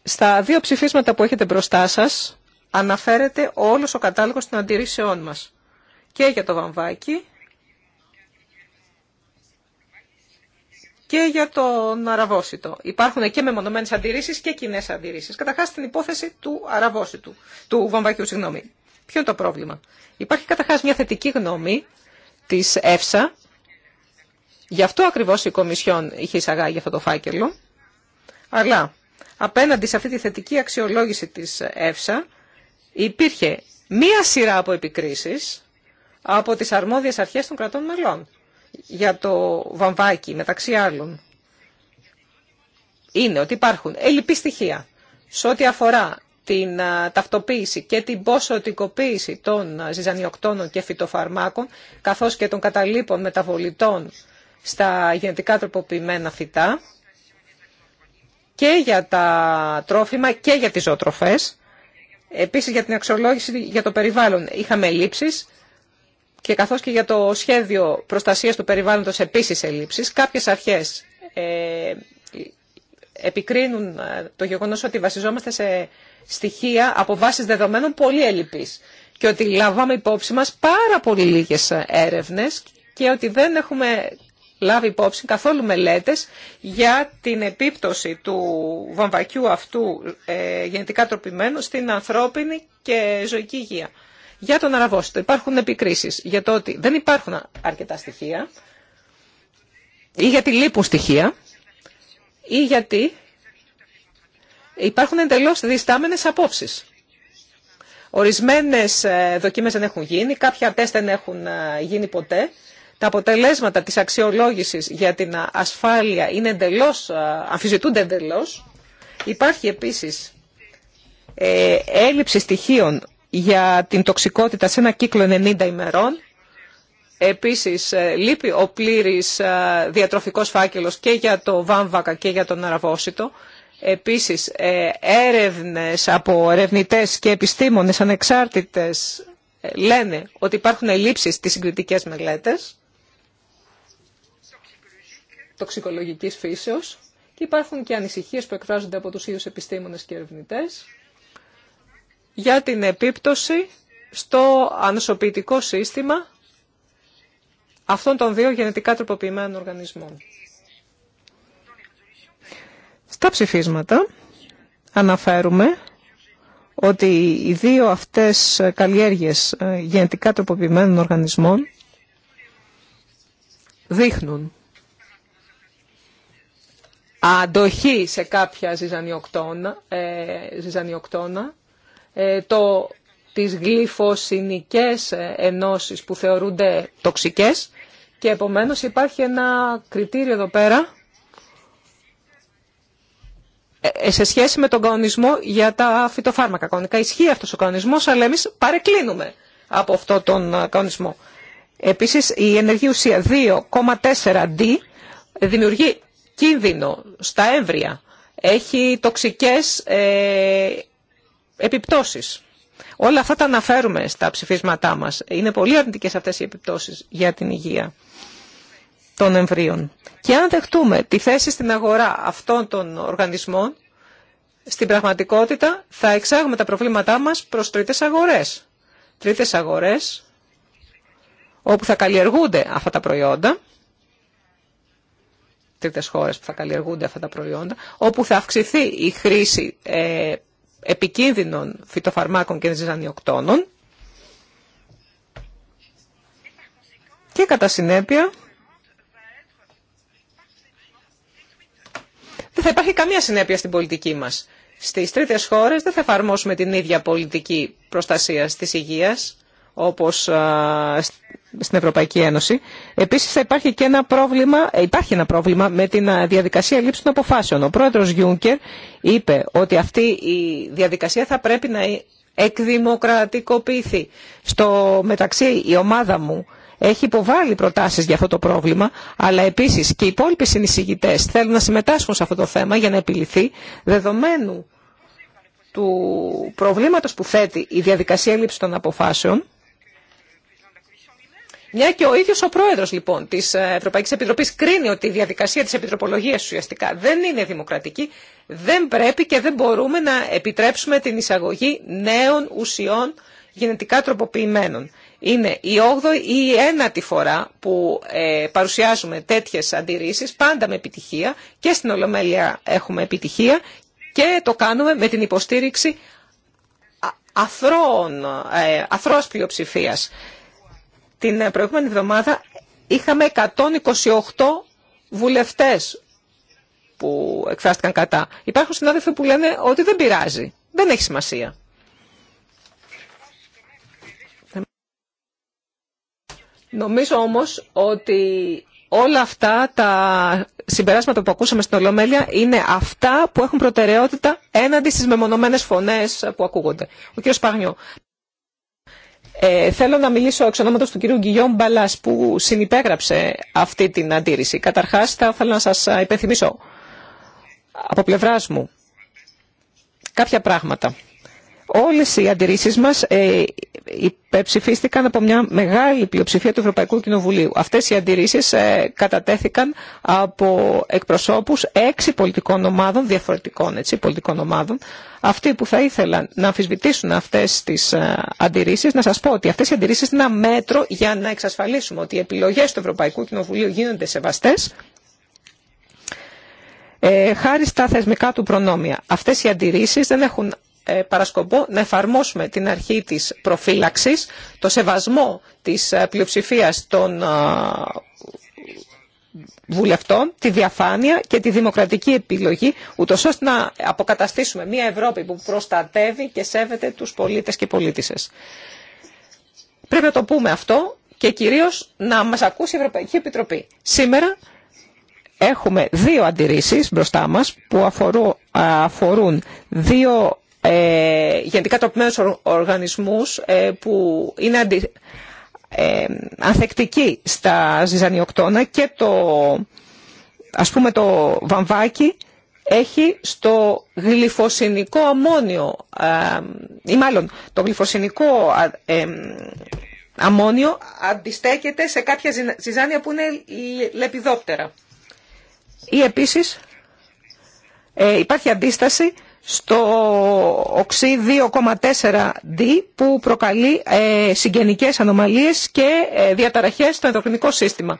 Στα δύο ψηφίσματα που έχετε μπροστά σας αναφέρεται όλος ο κατάλογος των αντιρρήσεών μας. Και για το βαμβάκι και για τον αραβόσιτο. Υπάρχουν και μεμονωμένες αντιρρήσεις και κοινέ αντιρρήσεις. Καταρχά, την υπόθεση του αραβόσιτου, του βαμβακιού, συγγνώμη. Ποιο είναι το πρόβλημα. Υπάρχει καταρχά μια θετική γνώμη τη ΕΦΣΑ, γι' αυτό ακριβώ η Κομισιόν είχε εισαγάγει αυτό το φάκελο, αλλά απέναντι σε αυτή τη θετική αξιολόγηση τη ΕΦΣΑ υπήρχε μία σειρά από επικρίσει από τι αρμόδιε αρχέ των κρατών μελών για το βαμβάκι μεταξύ άλλων είναι ότι υπάρχουν ελλειπή στοιχεία σε ό,τι αφορά την ταυτοποίηση και την ποσοτικοποίηση των ζυζανιοκτώνων και φυτοφαρμάκων καθώς και των καταλήπων μεταβολητών στα γενετικά τροποποιημένα φυτά και για τα τρόφιμα και για τις ζωοτροφές. Επίσης για την αξιολόγηση για το περιβάλλον είχαμε λήψεις και καθώς και για το σχέδιο προστασίας του περιβάλλοντος επίσης ελλείψης, κάποιες αρχές ε, επικρίνουν ε, το γεγονός ότι βασιζόμαστε σε στοιχεία από βάσεις δεδομένων πολύ ελλειπής και ότι λάβαμε υπόψη μας πάρα πολύ λίγες έρευνες και ότι δεν έχουμε λάβει υπόψη καθόλου μελέτες για την επίπτωση του βαμβακιού αυτού ε, γενετικά τροπημένου στην ανθρώπινη και ζωική υγεία. Για τον Αραβόστο υπάρχουν επικρίσεις για το ότι δεν υπάρχουν αρκετά στοιχεία ή γιατί λείπουν στοιχεία ή γιατί υπάρχουν εντελώς διστάμενες απόψεις. Ορισμένες ε, δοκίμες δεν έχουν γίνει, κάποια τεστ δεν έχουν ε, γίνει ποτέ. Τα αποτελέσματα της αξιολόγησης για την ασφάλεια είναι εντελώς, ε, αμφισβητούνται εντελώς. Υπάρχει επίσης έλλειψη στοιχείων για την τοξικότητα σε ένα κύκλο 90 ημερών. Επίσης, ε, λείπει ο πλήρης ε, διατροφικός φάκελος και για το βάμβακα και για τον αραβόσιτο. Επίσης, ε, έρευνες από ερευνητές και επιστήμονες ανεξάρτητες λένε ότι υπάρχουν ελλείψεις στις συγκριτικές μελέτες τοξικολογικής φύσεως και υπάρχουν και ανησυχίες που εκφράζονται από τους ίδιους επιστήμονες και ερευνητές για την επίπτωση στο ανοσοποιητικό σύστημα αυτών των δύο γενετικά τροποποιημένων οργανισμών. Στα ψηφίσματα αναφέρουμε ότι οι δύο αυτές καλλιέργειες ε, γενετικά τροποποιημένων οργανισμών δείχνουν αντοχή σε κάποια ζυζανιοκτώνα, ε, ζυζανιοκτώνα ε, το, τις γλυφοσυνικές ε, ενώσεις που θεωρούνται τοξικές και επομένως υπάρχει ένα κριτήριο εδώ πέρα ε, σε σχέση με τον κανονισμό για τα φυτοφάρμακα. Κανονικά ισχύει αυτός ο κανονισμός, αλλά εμείς παρεκκλίνουμε από αυτό τον κανονισμό. Επίσης, η ενεργή ουσία 2,4D δημιουργεί κίνδυνο στα έμβρια. Έχει τοξικές επιπτώσεις. Όλα αυτά τα αναφέρουμε στα ψηφίσματά μας. Είναι πολύ αρνητικές αυτές οι επιπτώσεις για την υγεία των εμβρίων. Και αν δεχτούμε τη θέση στην αγορά αυτών των οργανισμών, στην πραγματικότητα θα εξάγουμε τα προβλήματά μας προς τρίτες αγορές. Τρίτες αγορές όπου θα καλλιεργούνται αυτά τα προϊόντα, τρίτες χώρες που θα καλλιεργούνται αυτά τα προϊόντα, όπου θα αυξηθεί η χρήση ε, επικίνδυνων φυτοφαρμάκων και ζυζανιοκτώνων και κατά συνέπεια δεν θα υπάρχει καμία συνέπεια στην πολιτική μας. Στις τρίτες χώρες δεν θα εφαρμόσουμε την ίδια πολιτική προστασίας της υγείας όπως στην Ευρωπαϊκή Ένωση. Επίσης θα υπάρχει και ένα πρόβλημα, ε, υπάρχει ένα πρόβλημα με την διαδικασία λήψη των αποφάσεων. Ο πρόεδρος Γιούνκερ είπε ότι αυτή η διαδικασία θα πρέπει να εκδημοκρατικοποιηθεί. Στο μεταξύ η ομάδα μου έχει υποβάλει προτάσεις για αυτό το πρόβλημα, αλλά επίσης και οι υπόλοιποι συνεισηγητές θέλουν να συμμετάσχουν σε αυτό το θέμα για να επιληθεί δεδομένου του προβλήματος που θέτει η διαδικασία λήψη των αποφάσεων μια και ο ίδιο ο πρόεδρο λοιπόν τη Ευρωπαϊκή Επιτροπή κρίνει ότι η διαδικασία τη επιτροπολογία ουσιαστικά δεν είναι δημοκρατική, δεν πρέπει και δεν μπορούμε να επιτρέψουμε την εισαγωγή νέων ουσιών γενετικά τροποποιημένων. Είναι η 8η ή η 9η φορά που ε, παρουσιάζουμε τέτοιες αντιρρήσει πάντα με επιτυχία και στην Ολομέλεια έχουμε επιτυχία και το κάνουμε με την υποστήριξη αθρώων, ε, αθρώας πλειοψηφίας. Την ε, προηγούμενη εβδομάδα είχαμε 128 βουλευτές που εκφράστηκαν κατά. Υπάρχουν συνάδελφοι που λένε ότι δεν πειράζει, δεν έχει σημασία. Νομίζω όμως ότι όλα αυτά τα συμπεράσματα που ακούσαμε στην Ολομέλεια είναι αυτά που έχουν προτεραιότητα έναντι στις μεμονωμένες φωνές που ακούγονται. Ο κύριος Παγνιό. Ε, θέλω να μιλήσω εξ ονόματος του κυρίου Γκυγιόν Μπαλάς που συνυπέγραψε αυτή την αντίρρηση. Καταρχάς θα ήθελα να σας υπενθυμίσω από πλευράς μου κάποια πράγματα. Όλες οι αντιρρήσεις μας ε, υπεψηφίστηκαν από μια μεγάλη πλειοψηφία του Ευρωπαϊκού Κοινοβουλίου. Αυτές οι αντιρρήσεις ε, κατατέθηκαν από εκπροσώπους έξι πολιτικών ομάδων, διαφορετικών έτσι, πολιτικών ομάδων. Αυτοί που θα ήθελαν να αμφισβητήσουν αυτές τις ε, αντιρρήσεις, να σας πω ότι αυτές οι αντιρρήσεις είναι ένα μέτρο για να εξασφαλίσουμε ότι οι επιλογές του Ευρωπαϊκού Κοινοβουλίου γίνονται σεβαστές χάρη στα θεσμικά του προνόμια. Αυτές οι αντιρρήσεις δεν έχουν ε, να εφαρμόσουμε την αρχή της προφύλαξης, το σεβασμό της ε, πλειοψηφίας των ε, βουλευτών, τη διαφάνεια και τη δημοκρατική επιλογή, ούτω ώστε να αποκαταστήσουμε μια Ευρώπη που προστατεύει και σέβεται τους πολίτες και πολίτησες. Πρέπει να το πούμε αυτό και κυρίως να μας ακούσει η Ευρωπαϊκή Επιτροπή. Σήμερα έχουμε δύο αντιρρήσεις μπροστά μας που αφορούν δύο ε, γενικά τροπημένους οργανισμούς ε, που είναι αντι, ε, ανθεκτικοί στα ζυζανιοκτώνα και το, ας πούμε το βαμβάκι έχει στο γλυφοσυνικό αμμόνιο ή μάλλον το γλυφοσυνικό αμμόνιο αντιστέκεται σε κάποια ζυζάνια που είναι λεπιδόπτερα. Ή επίσης υπάρχει αντίσταση στο οξύ 2,4D που προκαλεί ε, συγγενικές ανομαλίες και ε, διαταραχές στο ενδοκρινικό σύστημα.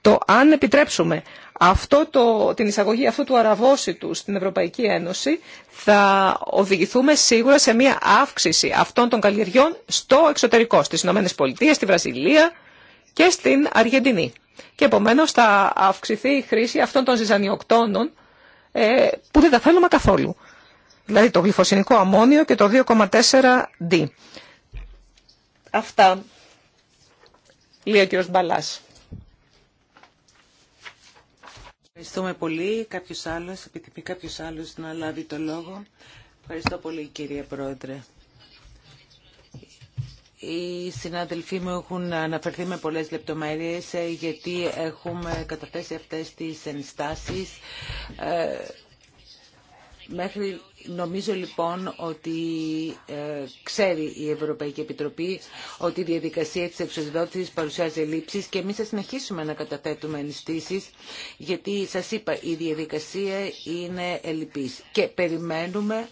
Το αν επιτρέψουμε αυτό το, την εισαγωγή αυτού του αραβόσιτου στην Ευρωπαϊκή Ένωση θα οδηγηθούμε σίγουρα σε μια αύξηση αυτών των καλλιεργιών στο εξωτερικό, στις ΗΠΑ, στη Βραζιλία και στην Αργεντινή. Και επομένως θα αυξηθεί η χρήση αυτών των ζυζανιοκτώνων ε, που δεν τα θέλουμε καθόλου δηλαδή το γλυφοσυνικό αμμόνιο και το 2,4D. Αυτά λέει ο κ. Μπαλάς. Ευχαριστούμε πολύ. Κάποιος άλλος, επιτυπεί κάποιο άλλο να λάβει το λόγο. Ευχαριστώ πολύ κύριε Πρόεδρε. Οι συνάδελφοί μου έχουν αναφερθεί με πολλές λεπτομέρειες ε, γιατί έχουμε καταθέσει αυτές τις ενστάσεις. Ε, μέχρι Νομίζω λοιπόν ότι ε, ξέρει η Ευρωπαϊκή Επιτροπή ότι η διαδικασία της εξοδότησης παρουσιάζει λήψεις και εμείς θα συνεχίσουμε να καταθέτουμε ενιστήσεις γιατί σας είπα η διαδικασία είναι ελλειπής και περιμένουμε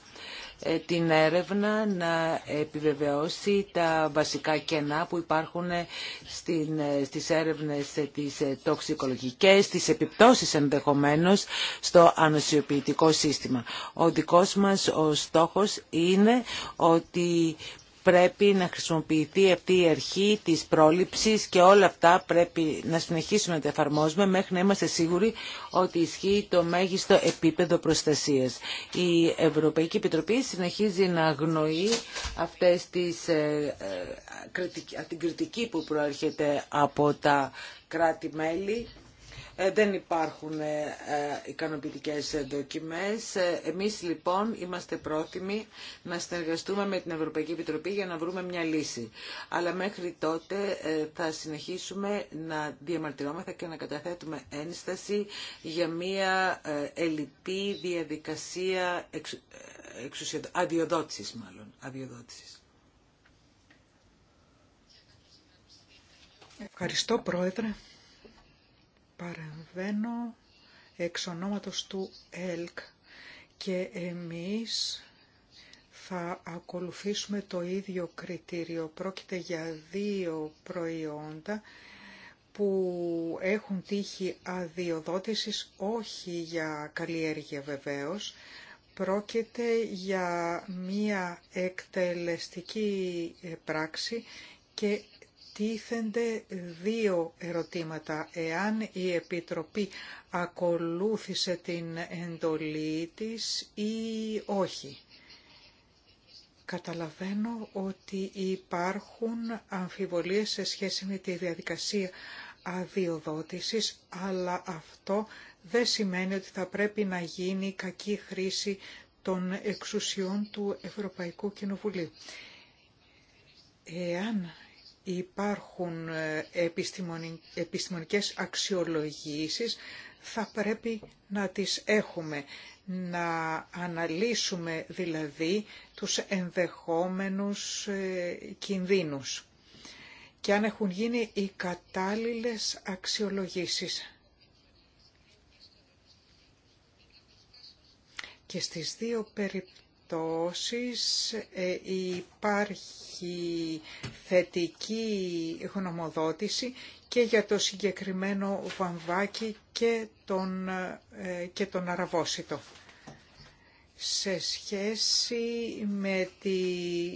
ε, την έρευνα να επιβεβαιώσει τα βασικά κενά που υπάρχουν ε, στην, ε, στις έρευνες τις τοξικολογικές, τις επιπτώσεις ενδεχομένως στο ανοσιοποιητικό σύστημα. Ο δικός μας ο στόχος είναι ότι πρέπει να χρησιμοποιηθεί αυτή η αρχή της πρόληψης και όλα αυτά πρέπει να συνεχίσουμε να τα εφαρμόζουμε μέχρι να είμαστε σίγουροι ότι ισχύει το μέγιστο επίπεδο προστασίας. Η Ευρωπαϊκή Επιτροπή συνεχίζει να αγνοεί αυτές τις, ε, ε, την κριτική που προέρχεται από τα κράτη-μέλη ε, δεν υπάρχουν ε, ε, ικανοποιητικές δοκιμές. Εμείς λοιπόν είμαστε πρόθυμοι να συνεργαστούμε με την Ευρωπαϊκή Επιτροπή για να βρούμε μια λύση. Αλλά μέχρι τότε θα συνεχίσουμε να διαμαρτυρόμεθα και να καταθέτουμε ένσταση για μια ελλειπή διαδικασία εξου... μάλλον. Αδειοδότησης. Ευχαριστώ Πρόεδρε παρεμβαίνω εξ του ΕΛΚ και εμείς θα ακολουθήσουμε το ίδιο κριτήριο. Πρόκειται για δύο προϊόντα που έχουν τύχει αδειοδότησης, όχι για καλλιέργεια βεβαίως, πρόκειται για μία εκτελεστική ε, πράξη και τίθενται δύο ερωτήματα. Εάν η Επιτροπή ακολούθησε την εντολή της ή όχι. Καταλαβαίνω ότι υπάρχουν αμφιβολίες σε σχέση με τη διαδικασία αδειοδότησης, αλλά αυτό δεν σημαίνει ότι θα πρέπει να γίνει κακή χρήση των εξουσιών του Ευρωπαϊκού Κοινοβουλίου. Εάν υπάρχουν ε, επιστημονικές αξιολογήσεις, θα πρέπει να τις έχουμε. Να αναλύσουμε δηλαδή τους ενδεχόμενους ε, κινδύνους και αν έχουν γίνει οι κατάλληλες αξιολογήσεις. Και στις δύο περιπτώσεις περιπτώσεις ε, υπάρχει θετική γνωμοδότηση και για το συγκεκριμένο βαμβάκι και τον, ε, και τον αραβόσιτο. Σε σχέση με τη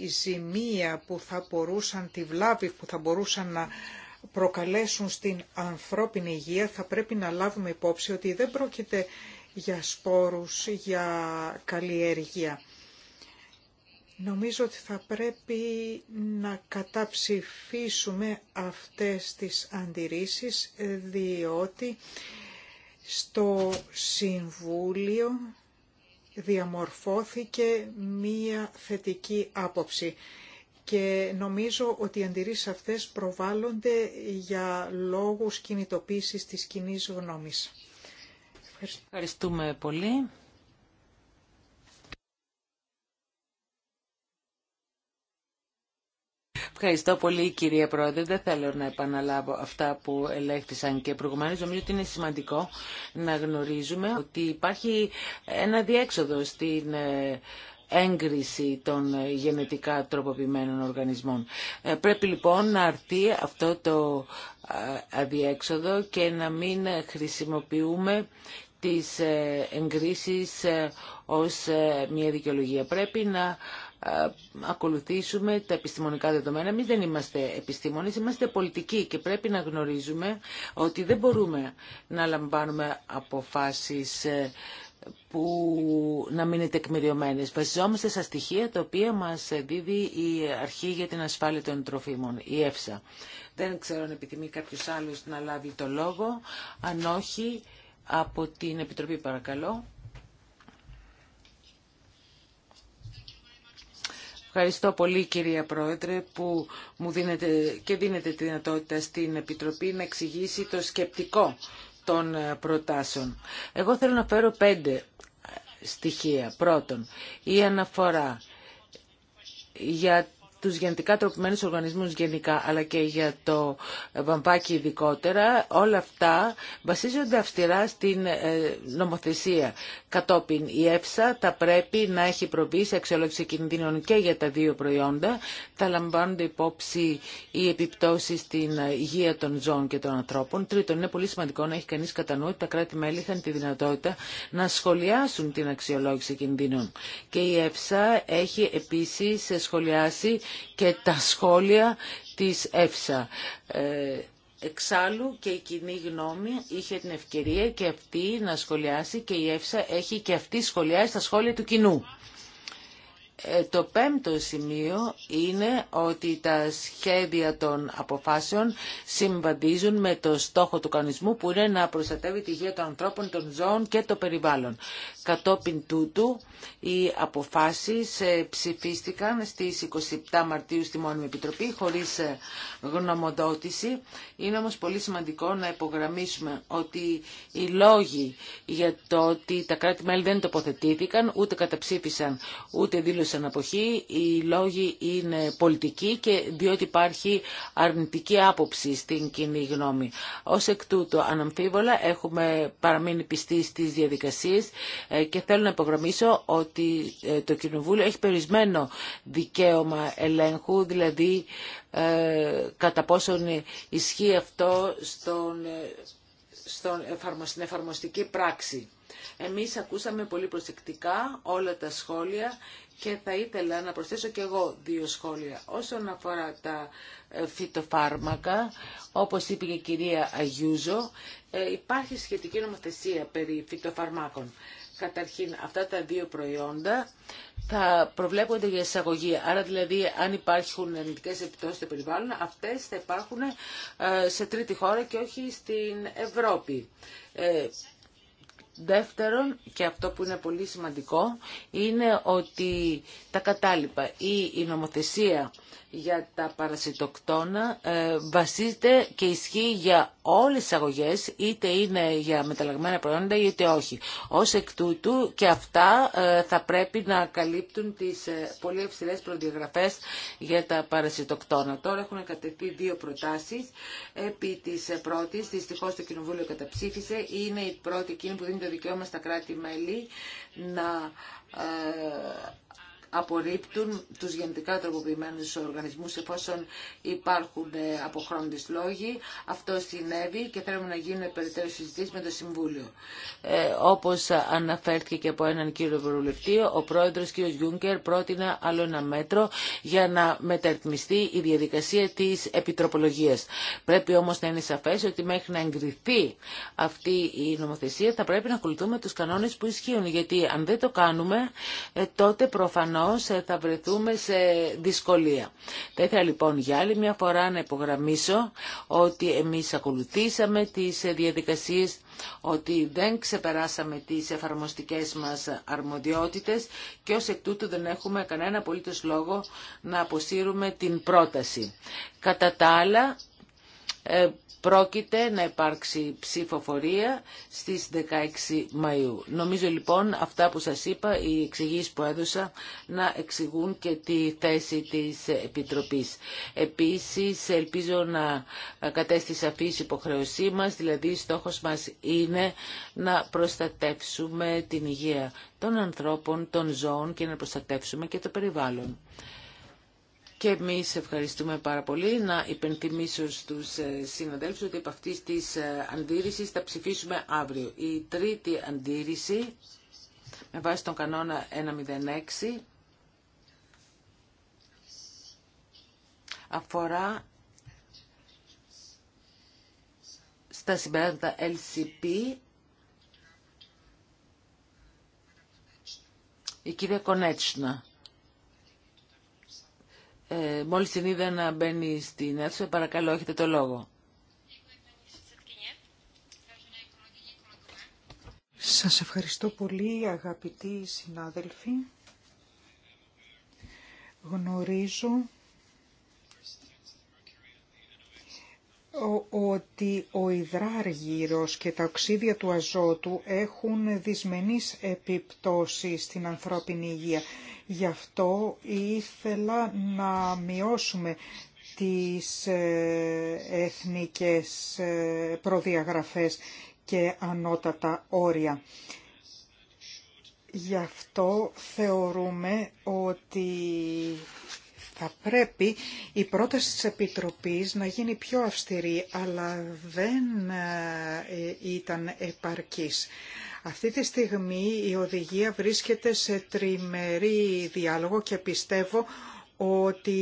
ζημία που θα μπορούσαν, τη βλάβη που θα μπορούσαν να προκαλέσουν στην ανθρώπινη υγεία, θα πρέπει να λάβουμε υπόψη ότι δεν πρόκειται για σπόρους, για καλλιέργεια. Νομίζω ότι θα πρέπει να καταψηφίσουμε αυτές τις αντιρρήσεις, διότι στο Συμβούλιο διαμορφώθηκε μία θετική άποψη και νομίζω ότι οι αντιρρήσεις αυτές προβάλλονται για λόγους κινητοποίησης της κοινή γνώμης. Ευχαριστούμε πολύ. Ευχαριστώ πολύ κυρία Πρόεδρε. Δεν θέλω να επαναλάβω αυτά που ελέγχθησαν και προηγουμένω. Νομίζω ότι είναι σημαντικό να γνωρίζουμε ότι υπάρχει ένα διέξοδο στην ε, έγκριση των ε, γενετικά τροποποιημένων οργανισμών. Ε, πρέπει λοιπόν να αρτεί αυτό το αδιέξοδο και να μην χρησιμοποιούμε τις εγκρίσεις ως μια δικαιολογία. Πρέπει να ε, ακολουθήσουμε τα επιστημονικά δεδομένα. Εμεί δεν είμαστε επιστήμονες, είμαστε πολιτικοί και πρέπει να γνωρίζουμε ότι δεν μπορούμε να λαμβάνουμε αποφάσεις ε, που να μην είναι τεκμηριωμένες. Βασιζόμαστε στα στοιχεία τα οποία μας δίδει η Αρχή για την Ασφάλεια των Τροφίμων, η ΕΦΣΑ. Δεν ξέρω αν επιθυμεί κάποιο άλλο να λάβει το λόγο. Αν όχι, από την Επιτροπή παρακαλώ. Ευχαριστώ πολύ κυρία Πρόεδρε που μου δίνετε και δίνετε τη δυνατότητα στην Επιτροπή να εξηγήσει το σκεπτικό των ε, προτάσεων. Εγώ θέλω να φέρω πέντε ε, στοιχεία. Πρώτον, η αναφορά για τους γενετικά τροπημένους οργανισμούς γενικά, αλλά και για το βαμβάκι ειδικότερα, όλα αυτά βασίζονται αυστηρά στην ε, νομοθεσία. Κατόπιν η ΕΦΣΑ θα πρέπει να έχει προβεί σε αξιολόγηση κινδύνων και για τα δύο προϊόντα. Θα λαμβάνονται υπόψη οι επιπτώσει στην υγεία των ζώων και των ανθρώπων. Τρίτον, είναι πολύ σημαντικό να έχει κανείς κατά νου ότι τα κράτη-μέλη είχαν τη δυνατότητα να σχολιάσουν την αξιολόγηση κινδύνων. Και η ΕΦΣΑ έχει επίσης σχολιάσει και τα σχόλια της ΕΦΣΑ. Ε, εξάλλου και η κοινή γνώμη είχε την ευκαιρία και αυτή να σχολιάσει και η ΕΦΣΑ έχει και αυτή σχολιάσει τα σχόλια του κοινού. Ε, το πέμπτο σημείο είναι ότι τα σχέδια των αποφάσεων συμβαδίζουν με το στόχο του κανονισμού που είναι να προστατεύει τη υγεία των ανθρώπων, των ζώων και το περιβάλλον. Κατόπιν τούτου, οι αποφάσεις ε, ψηφίστηκαν στις 27 Μαρτίου στη Μόνιμη Επιτροπή χωρίς ε, γνωμοδότηση. Είναι όμως πολύ σημαντικό να υπογραμμίσουμε ότι οι λόγοι για το ότι τα κράτη-μέλη δεν τοποθετήθηκαν, ούτε καταψήφισαν, ούτε δήλωσαν στην αποχή, Οι λόγοι είναι πολιτικοί και διότι υπάρχει αρνητική άποψη στην κοινή γνώμη. Ως εκ τούτου αναμφίβολα έχουμε παραμείνει πιστοί στις διαδικασίες ε, και θέλω να υπογραμμίσω ότι ε, το Κοινοβούλιο έχει περισμένο δικαίωμα ελέγχου, δηλαδή ε, κατά πόσον ισχύει αυτό στον, στον, στην εφαρμοστική πράξη. Εμείς ακούσαμε πολύ προσεκτικά όλα τα σχόλια και θα ήθελα να προσθέσω και εγώ δύο σχόλια. Όσον αφορά τα ε, φυτοφάρμακα, όπως είπε και η κυρία Αγιούζο, ε, υπάρχει σχετική νομοθεσία περί φυτοφαρμάκων. Καταρχήν, αυτά τα δύο προϊόντα θα προβλέπονται για εισαγωγή. Άρα, δηλαδή, αν υπάρχουν αρνητικέ επιπτώσει στο περιβάλλον, αυτέ θα υπάρχουν ε, σε τρίτη χώρα και όχι στην Ευρώπη. Δεύτερον, και αυτό που είναι πολύ σημαντικό, είναι ότι τα κατάλοιπα ή η νομοθεσία για τα παρασιτοκτόνα ε, βασίζεται και ισχύει για όλες τις αγωγές είτε είναι για μεταλλαγμένα προϊόντα είτε όχι. Ως εκ τούτου και αυτά ε, θα πρέπει να καλύπτουν τις ε, πολύ υψηλέ προδιαγραφές για τα παρασιτοκτόνα. Τώρα έχουν κατευθεί δύο προτάσεις. Επί της ε, πρώτης, δυστυχώ το Κοινοβούλιο καταψήφισε, είναι η πρώτη εκείνη που δίνει το δικαίωμα στα κράτη-μέλη να απορρίπτουν τους γενετικά τροποποιημένους οργανισμούς εφόσον υπάρχουν ε, αποχρόντες λόγοι. Αυτό συνέβη και θέλουμε να γίνουν περαιτέρω συζητήσεις με το Συμβούλιο. Ε, όπως αναφέρθηκε και από έναν κύριο Ευρωβουλευτή, ο πρόεδρος κ. Γιούγκερ πρότεινε άλλο ένα μέτρο για να μεταρρυθμιστεί η διαδικασία της επιτροπολογίας. Πρέπει όμως να είναι σαφές ότι μέχρι να εγκριθεί αυτή η νομοθεσία θα πρέπει να ακολουθούμε τους κανόνες που ισχύουν, γιατί αν δεν το κάνουμε ε, τότε προφανώς προφανώς ε, θα βρεθούμε σε δυσκολία. Θα ήθελα λοιπόν για άλλη μια φορά να υπογραμμίσω ότι εμείς ακολουθήσαμε τις διαδικασίες ότι δεν ξεπεράσαμε τις εφαρμοστικές μας αρμοδιότητες και ως εκ τούτου δεν έχουμε κανένα απολύτως λόγο να αποσύρουμε την πρόταση. Κατά τα άλλα, ε, πρόκειται να υπάρξει ψηφοφορία στις 16 Μαΐου. Νομίζω λοιπόν αυτά που σας είπα, οι εξηγήσει που έδωσα, να εξηγούν και τη θέση της Επιτροπής. Επίσης, ελπίζω να κατέστη σαφής υποχρεωσή μας, δηλαδή στόχος μας είναι να προστατεύσουμε την υγεία των ανθρώπων, των ζώων και να προστατεύσουμε και το περιβάλλον. Και εμείς ευχαριστούμε πάρα πολύ να υπενθυμίσω στους ε, συναδέλφους ότι από αυτή τη ε, αντίρρηση θα ψηφίσουμε αύριο. Η τρίτη αντίρρηση με βάση τον κανόνα 106 αφορά στα συμπεράσματα LCP η κυρία Κονέτσνα. Ε, μόλις την είδα να μπαίνει στην αίθουσα, παρακαλώ έχετε το λόγο. Σας ευχαριστώ πολύ αγαπητοί συνάδελφοι. Γνωρίζω ότι ο υδράργυρος και τα οξύδια του αζότου έχουν δυσμενείς επιπτώσεις στην ανθρώπινη υγεία Γι' αυτό ήθελα να μειώσουμε τις ε, εθνικές ε, προδιαγραφές και ανώτατα όρια. Γι' αυτό θεωρούμε ότι θα πρέπει η πρόταση της Επιτροπής να γίνει πιο αυστηρή, αλλά δεν ε, ήταν επαρκής. Αυτή τη στιγμή η οδηγία βρίσκεται σε τριμερή διάλογο και πιστεύω ότι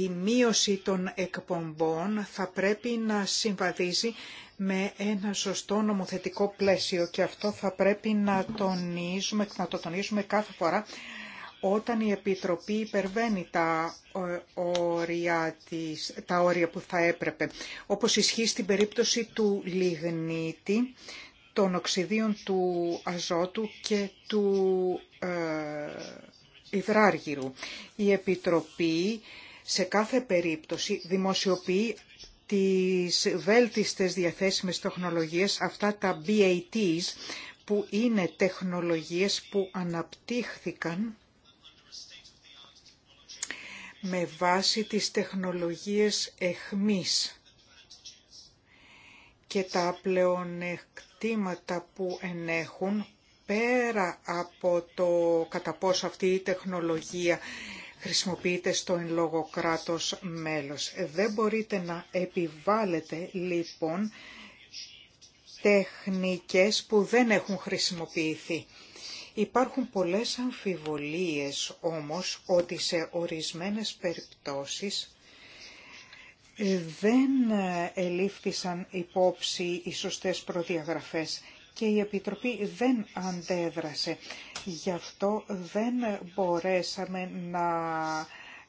η μείωση των εκπομπών θα πρέπει να συμβαδίζει με ένα σωστό νομοθετικό πλαίσιο και αυτό θα πρέπει να, τονίζουμε, να το τονίζουμε κάθε φορά όταν η Επιτροπή υπερβαίνει τα ε, όρια, της, τα όρια που θα έπρεπε. Όπως ισχύει στην περίπτωση του λιγνίτη των οξυδίων του αζότου και του ε, υδράργυρου. Η Επιτροπή σε κάθε περίπτωση δημοσιοποιεί τις βέλτιστες διαθέσιμες τεχνολογίες, αυτά τα BATs, που είναι τεχνολογίες που αναπτύχθηκαν με βάση τις τεχνολογίες εχμής και τα πλεονεκτήματα ζητήματα που ενέχουν πέρα από το κατά πόσο αυτή η τεχνολογία χρησιμοποιείται στο εν λόγω κράτος μέλος. Δεν μπορείτε να επιβάλλετε λοιπόν τεχνικές που δεν έχουν χρησιμοποιηθεί. Υπάρχουν πολλές αμφιβολίες όμως ότι σε ορισμένες περιπτώσεις ε, δεν ε, ελήφθησαν υπόψη οι σωστές προδιαγραφές και η Επιτροπή δεν αντέδρασε. Γι' αυτό δεν μπορέσαμε να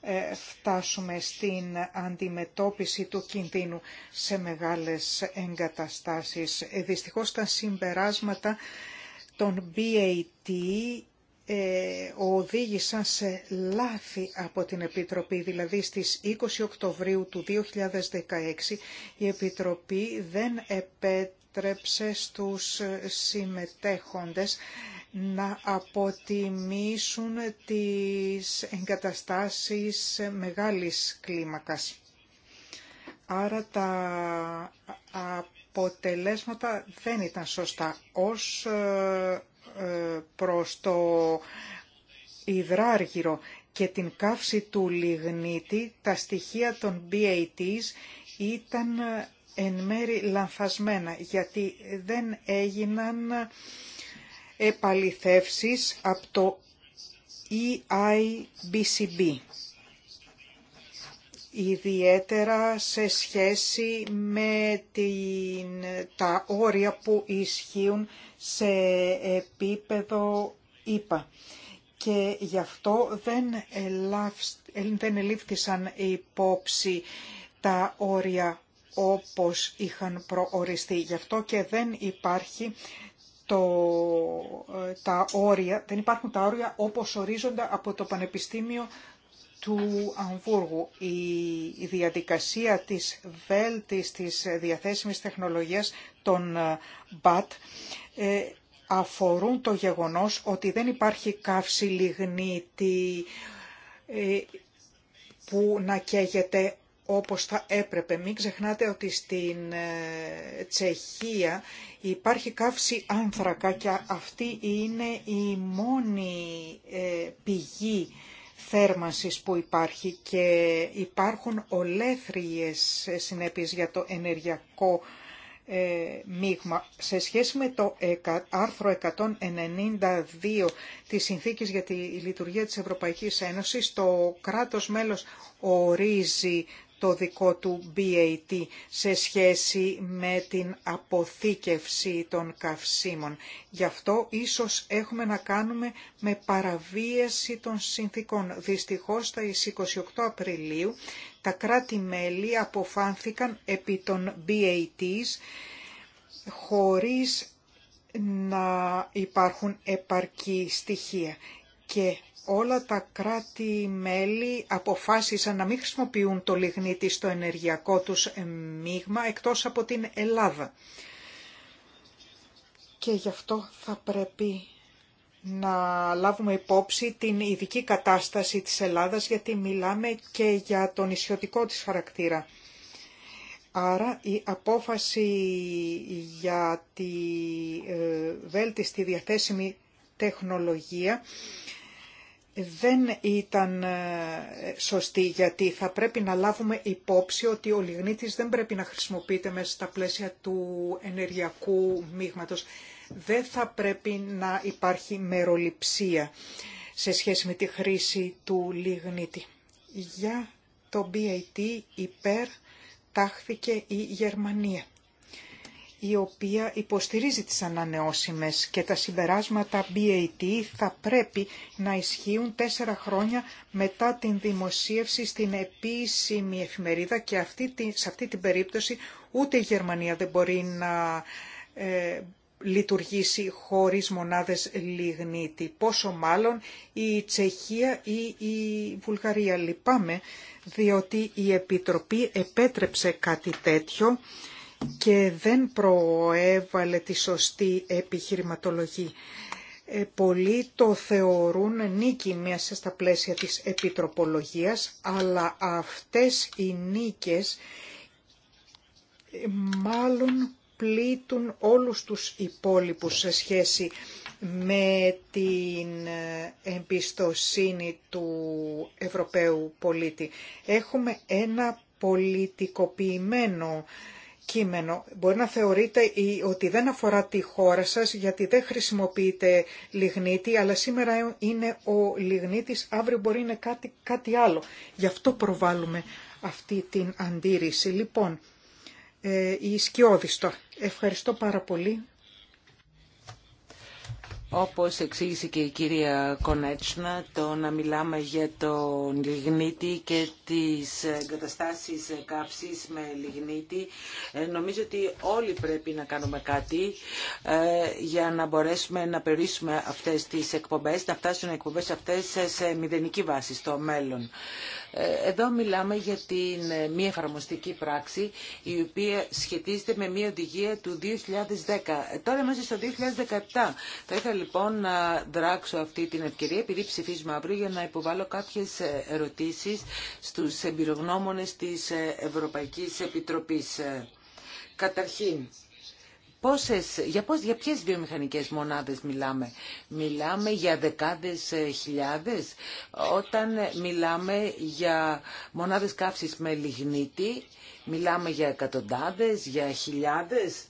ε, φτάσουμε στην αντιμετώπιση του κινδύνου σε μεγάλες εγκαταστάσεις. Δυστυχώς τα συμπεράσματα των BAT ο ε, οδήγησαν σε λάθη από την Επιτροπή. Δηλαδή στις 20 Οκτωβρίου του 2016 η Επιτροπή δεν επέτρεψε στους συμμετέχοντες να αποτιμήσουν τις εγκαταστάσεις μεγάλης κλίμακας. Άρα τα αποτελέσματα δεν ήταν σωστά. Ως ε, προς το υδράργυρο και την καύση του λιγνίτη, τα στοιχεία των BATs ήταν εν μέρη λανθασμένα, γιατί δεν έγιναν επαληθεύσεις από το EIBCB ιδιαίτερα σε σχέση με την, τα όρια που ισχύουν σε επίπεδο ΙΠΑ. Και γι' αυτό δεν, δεν ελήφθησαν υπόψη τα όρια όπως είχαν προοριστεί. Γι' αυτό και δεν υπάρχει το, ε, τα όρια, δεν υπάρχουν τα όρια όπως ορίζονται από το Πανεπιστήμιο του Αμβούργου. Η διαδικασία της βέλτης της διαθέσιμης τεχνολογίας των BAT ε, ε, αφορούν το γεγονός ότι δεν υπάρχει καύση λιγνίτη ε, που να καίγεται όπως θα έπρεπε. Μην ξεχνάτε ότι στην Τσεχία υπάρχει καύση άνθρακα και αυτή είναι η μόνη πηγή θέρμανσης που υπάρχει και υπάρχουν ολέθριες συνέπειες για το ενεργειακό ε, μείγμα. Σε σχέση με το άρθρο 192 της Συνθήκης για τη Λειτουργία της Ευρωπαϊκής Ένωσης, το κράτος μέλος ορίζει το δικό του BAT σε σχέση με την αποθήκευση των καυσίμων. Γι' αυτό ίσως έχουμε να κάνουμε με παραβίαση των συνθήκων. Δυστυχώς, τα 28 Απριλίου, τα κράτη-μέλη αποφάνθηκαν επί των BATs χωρίς να υπάρχουν επαρκή στοιχεία. Και όλα τα κράτη-μέλη αποφάσισαν να μην χρησιμοποιούν το λιγνίτι στο ενεργειακό τους μείγμα εκτός από την Ελλάδα. Και γι' αυτό θα πρέπει να λάβουμε υπόψη την ειδική κατάσταση της Ελλάδας γιατί μιλάμε και για τον ισιωτικό της χαρακτήρα. Άρα η απόφαση για τη ε, βέλτιστη διαθέσιμη τεχνολογία δεν ήταν ε, σωστή γιατί θα πρέπει να λάβουμε υπόψη ότι ο λιγνίτης δεν πρέπει να χρησιμοποιείται μέσα στα πλαίσια του ενεργειακού μείγματος. Δεν θα πρέπει να υπάρχει μεροληψία σε σχέση με τη χρήση του λιγνίτη. Για το BAT υπέρ τάχθηκε η Γερμανία η οποία υποστηρίζει τις ανανεώσιμες και τα συμπεράσματα BAT θα πρέπει να ισχύουν τέσσερα χρόνια μετά την δημοσίευση στην επίσημη εφημερίδα και αυτή, σε αυτή την περίπτωση ούτε η Γερμανία δεν μπορεί να ε, λειτουργήσει χωρίς μονάδες λιγνίτη. Πόσο μάλλον η Τσεχία ή η Βουλγαρία. Λυπάμαι διότι η Επιτροπή επέτρεψε κάτι τέτοιο και δεν προέβαλε τη σωστή επιχειρηματολογή. Ε, πολλοί το θεωρούν νίκη μέσα στα πλαίσια της επιτροπολογίας, αλλά αυτές οι νίκες ε, μάλλον πλήττουν όλους τους υπόλοιπους σε σχέση με την ε, εμπιστοσύνη του Ευρωπαίου πολίτη. Έχουμε ένα πολιτικοποιημένο κείμενο. Μπορεί να θεωρείτε ότι δεν αφορά τη χώρα σας γιατί δεν χρησιμοποιείτε λιγνίτη, αλλά σήμερα είναι ο λιγνίτης, αύριο μπορεί να είναι κάτι, κάτι άλλο. Γι' αυτό προβάλλουμε αυτή την αντίρρηση. Λοιπόν, ε, η Σκιώδηστο, Ευχαριστώ πάρα πολύ. Όπως εξήγησε και η κυρία Κονέτσνα, το να μιλάμε για τον λιγνίτη και τις εγκαταστάσεις κάψης με λιγνίτη, ε, νομίζω ότι όλοι πρέπει να κάνουμε κάτι ε, για να μπορέσουμε να περιορίσουμε αυτές τις εκπομπές, να φτάσουν οι εκπομπές αυτές σε μηδενική βάση στο μέλλον. Ε, εδώ μιλάμε για την ε, μη εφαρμοστική πράξη η οποία σχετίζεται με μια οδηγία του 2010. Ε, τώρα είμαστε στο 2017. Θα ήθελα λοιπόν να δράξω αυτή την ευκαιρία επειδή ψηφίζουμε αύριο για να υποβάλω κάποιες ερωτήσεις στους εμπειρογνώμονες της Ευρωπαϊκής Επιτροπής. Καταρχήν, πόσες, για, πώς, για ποιες βιομηχανικές μονάδες μιλάμε. Μιλάμε για δεκάδες ε, χιλιάδες. Όταν ε, μιλάμε για μονάδες καύσης με λιγνίτη, μιλάμε για εκατοντάδες, για χιλιάδες.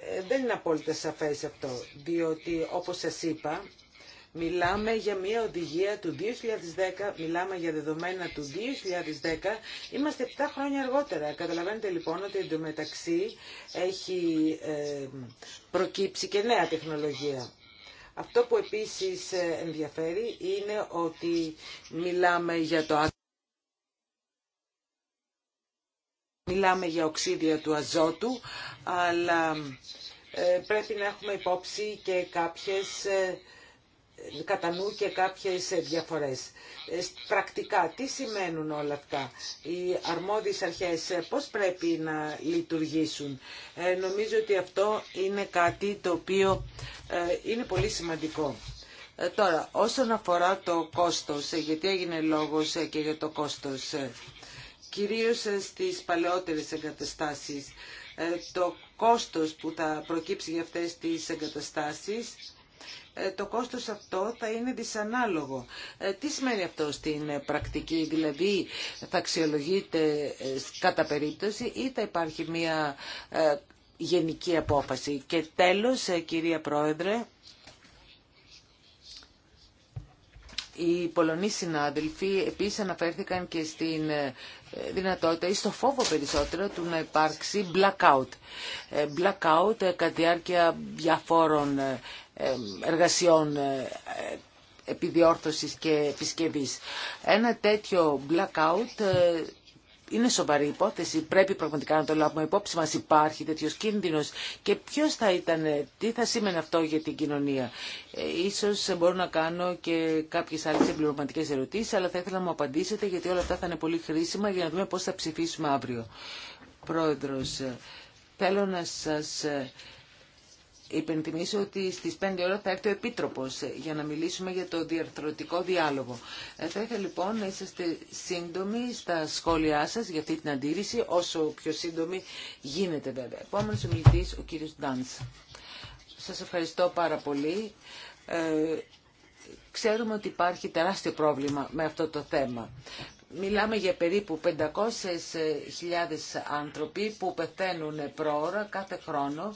Ε, δεν είναι απόλυτα σαφές αυτό, διότι όπως σας είπα, Μιλάμε για μια οδηγία του 2010, μιλάμε για δεδομένα του 2010, είμαστε 7 χρόνια αργότερα. Καταλαβαίνετε λοιπόν ότι εντωμεταξύ έχει ε, προκύψει και νέα τεχνολογία. Αυτό που επίσης ε, ενδιαφέρει είναι ότι μιλάμε για το Μιλάμε για οξύδια του αζότου, αλλά ε, πρέπει να έχουμε υπόψη και κάποιες κατά νου και κάποιες διαφορές. Ε, πρακτικά, τι σημαίνουν όλα αυτά. Οι αρμόδιες αρχές ε, πώς πρέπει να λειτουργήσουν. Ε, νομίζω ότι αυτό είναι κάτι το οποίο είναι πολύ σημαντικό. Ε, τώρα, όσον αφορά το κόστος, γιατί έγινε λόγος και για το κόστος, κυρίως στις παλαιότερες εγκαταστάσεις, το κόστος που θα προκύψει για αυτές τις εγκαταστάσεις ε, το κόστος αυτό θα είναι δυσανάλογο. Ε, τι σημαίνει αυτό στην πρακτική, δηλαδή θα αξιολογείται ε, κατά περίπτωση ή θα υπάρχει μια γενική απόφαση. Και τέλος, κυρία Πρόεδρε, οι Πολωνοί συνάδελφοι επίσης αναφέρθηκαν και στην δυνατότητα ή στο φόβο περισσότερο του να υπάρξει blackout. Blackout κατά διάρκεια διαφόρων εργασιών ε, ε, επιδιόρθωσης και επισκευής. Ένα τέτοιο blackout ε, είναι σοβαρή υπόθεση. Πρέπει πραγματικά να το λάβουμε υπόψη μας. Υπάρχει τέτοιο κίνδυνο Και ποιο θα ήταν, τι θα σήμαινε αυτό για την κοινωνία. ίσως μπορώ να κάνω και κάποιες άλλες εμπληρωματικές ερωτήσεις, αλλά θα ήθελα να μου απαντήσετε, γιατί όλα αυτά θα είναι πολύ χρήσιμα για να δούμε πώς θα ψηφίσουμε αύριο. Πρόεδρος, θέλω να σας υπενθυμίσω ότι στις 5 ώρα θα έρθει ο Επίτροπος για να μιλήσουμε για το διαρθρωτικό διάλογο. Ε, θα ήθελα λοιπόν να είσαστε σύντομοι στα σχόλιά σας για αυτή την αντίρρηση, όσο πιο σύντομοι γίνεται βέβαια. Επόμενος ομιλητής, ο κύριος Ντάνς. Σας ευχαριστώ πάρα πολύ. Ε, ξέρουμε ότι υπάρχει τεράστιο πρόβλημα με αυτό το θέμα. Μιλάμε για περίπου 500.000 άνθρωποι που πεθαίνουν πρόωρα κάθε χρόνο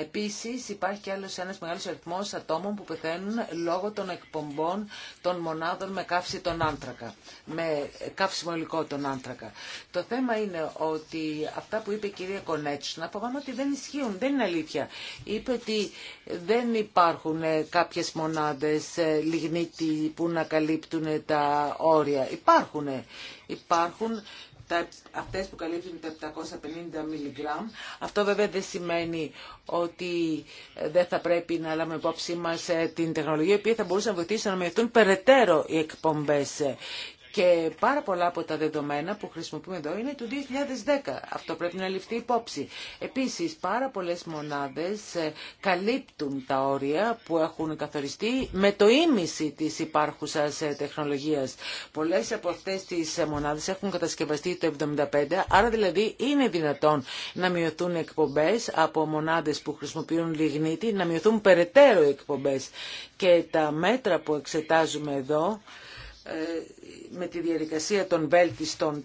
Επίσης υπάρχει και άλλος ένας μεγάλος αριθμός ατόμων που πεθαίνουν λόγω των εκπομπών των μονάδων με καύση τον άνθρακα, με καύσιμο υλικό τον άνθρακα. Το θέμα είναι ότι αυτά που είπε η κυρία να φοβάμαι ότι δεν ισχύουν, δεν είναι αλήθεια. Είπε ότι δεν υπάρχουν ε, κάποιες μονάδες ε, λιγνίτη που να καλύπτουν τα όρια. Υπάρχουν. Υπάρχουν αυτές που καλύπτουν τα 750 mg, Αυτό βέβαια δεν σημαίνει ότι ε, δεν θα πρέπει να λάβουμε υπόψη μας ε, την τεχνολογία η οποία θα μπορούσε να βοηθήσει να μειωθούν περαιτέρω οι εκπομπές. Και πάρα πολλά από τα δεδομένα που χρησιμοποιούμε εδώ είναι του 2010. Αυτό πρέπει να ληφθεί υπόψη. Επίσης, πάρα πολλές μονάδες ε, καλύπτουν τα όρια που έχουν καθοριστεί με το ίμιση της υπάρχουσας ε, τεχνολογίας. Πολλές από αυτές τις ε, μονάδες έχουν κατασκευαστεί το 1975, άρα δηλαδή είναι δυνατόν να μειωθούν εκπομπές από μονάδες που χρησιμοποιούν λιγνίτη, να μειωθούν περαιτέρω εκπομπές. Και τα μέτρα που εξετάζουμε εδώ με τη διαδικασία των βέλτιστων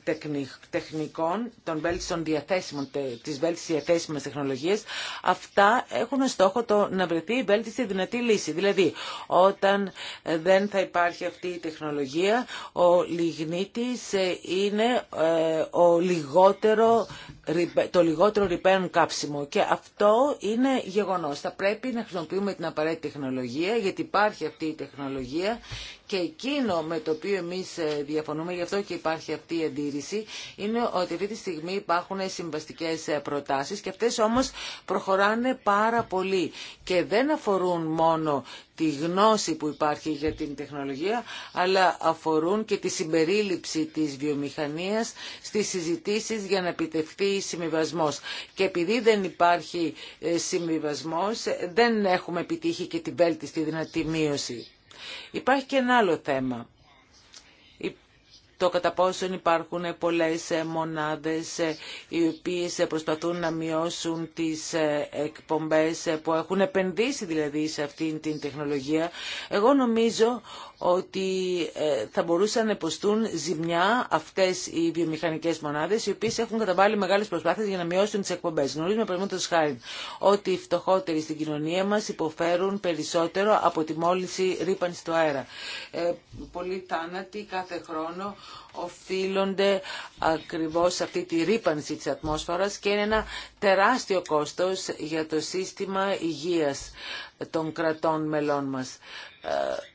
τεχνικών, των βέλτιστων διαθέσιμων, της βέλτιστης διαθέσιμης τεχνολογίας, αυτά έχουν στόχο το να βρεθεί η βέλτιστη δυνατή λύση. Δηλαδή, όταν ε, δεν θα υπάρχει αυτή η τεχνολογία, ο λιγνίτης ε, είναι ε, ο λιγότερο, το λιγότερο ρηπαίνον κάψιμο. Και αυτό είναι γεγονός. Θα πρέπει να χρησιμοποιούμε την απαραίτητη τεχνολογία, γιατί υπάρχει αυτή η τεχνολογία και εκείνο με το οποίο εμείς διαφωνούμε, γι' αυτό και υπάρχει αυτή η αντίρρηση, είναι ότι αυτή τη στιγμή υπάρχουν συμβαστικές ε, προτάσει και αυτές όμως προχωράνε πάρα πολύ και δεν αφορούν μόνο τη γνώση που υπάρχει για την τεχνολογία, αλλά αφορούν και τη συμπερίληψη της βιομηχανίας στις συζητήσεις για να επιτευχθεί συμβιβασμό. Και επειδή δεν υπάρχει ε, συμβιβασμό, ε, δεν έχουμε επιτύχει και την βέλτιστη δυνατή μείωση. Υπάρχει και ένα άλλο θέμα το κατά πόσον υπάρχουν πολλές μονάδες ε, οι οποίες προσπαθούν να μειώσουν τις ε, εκπομπές ε, που έχουν επενδύσει δηλαδή σε αυτήν την τεχνολογία. Εγώ νομίζω ότι ε, θα μπορούσαν να υποστούν ζημιά αυτέ οι βιομηχανικέ μονάδε, οι οποίε έχουν καταβάλει μεγάλε προσπάθειε για να μειώσουν τι εκπομπέ. Γνωρίζουμε παραδείγματο χάρη ότι οι φτωχότεροι στην κοινωνία μα υποφέρουν περισσότερο από τη μόλυνση ρήπανση του αέρα. Ε, πολλοί θάνατοι κάθε χρόνο οφείλονται ακριβώ σε αυτή τη ρήπανση τη ατμόσφαιρας και είναι ένα τεράστιο κόστο για το σύστημα υγεία των κρατών μελών μας. Ε,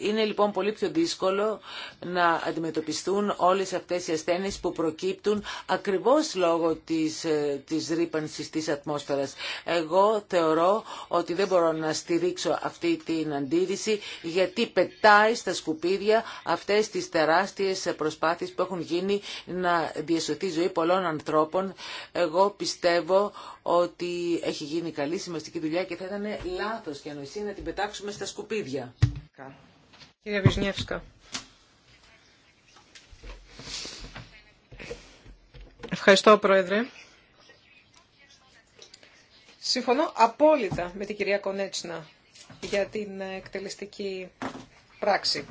είναι λοιπόν πολύ πιο δύσκολο να αντιμετωπιστούν όλες αυτές οι ασθένειες που προκύπτουν ακριβώς λόγω της, ε, της ρήπανσης της ατμόσφαιρας. Εγώ θεωρώ ότι δεν μπορώ να στηρίξω αυτή την αντίρρηση γιατί πετάει στα σκουπίδια αυτές τις τεράστιες προσπάθειες που έχουν γίνει να διασωθεί η ζωή πολλών ανθρώπων. Εγώ πιστεύω ότι έχει γίνει καλή σημαντική δουλειά και θα ήταν λάθος και ανοησία να την πετάξουμε στα σκουπίδια. Κύριε Βυζνιεύσκα. Ευχαριστώ, Πρόεδρε. Συμφωνώ απόλυτα με την κυρία Κονέτσινα για την εκτελεστική πράξη,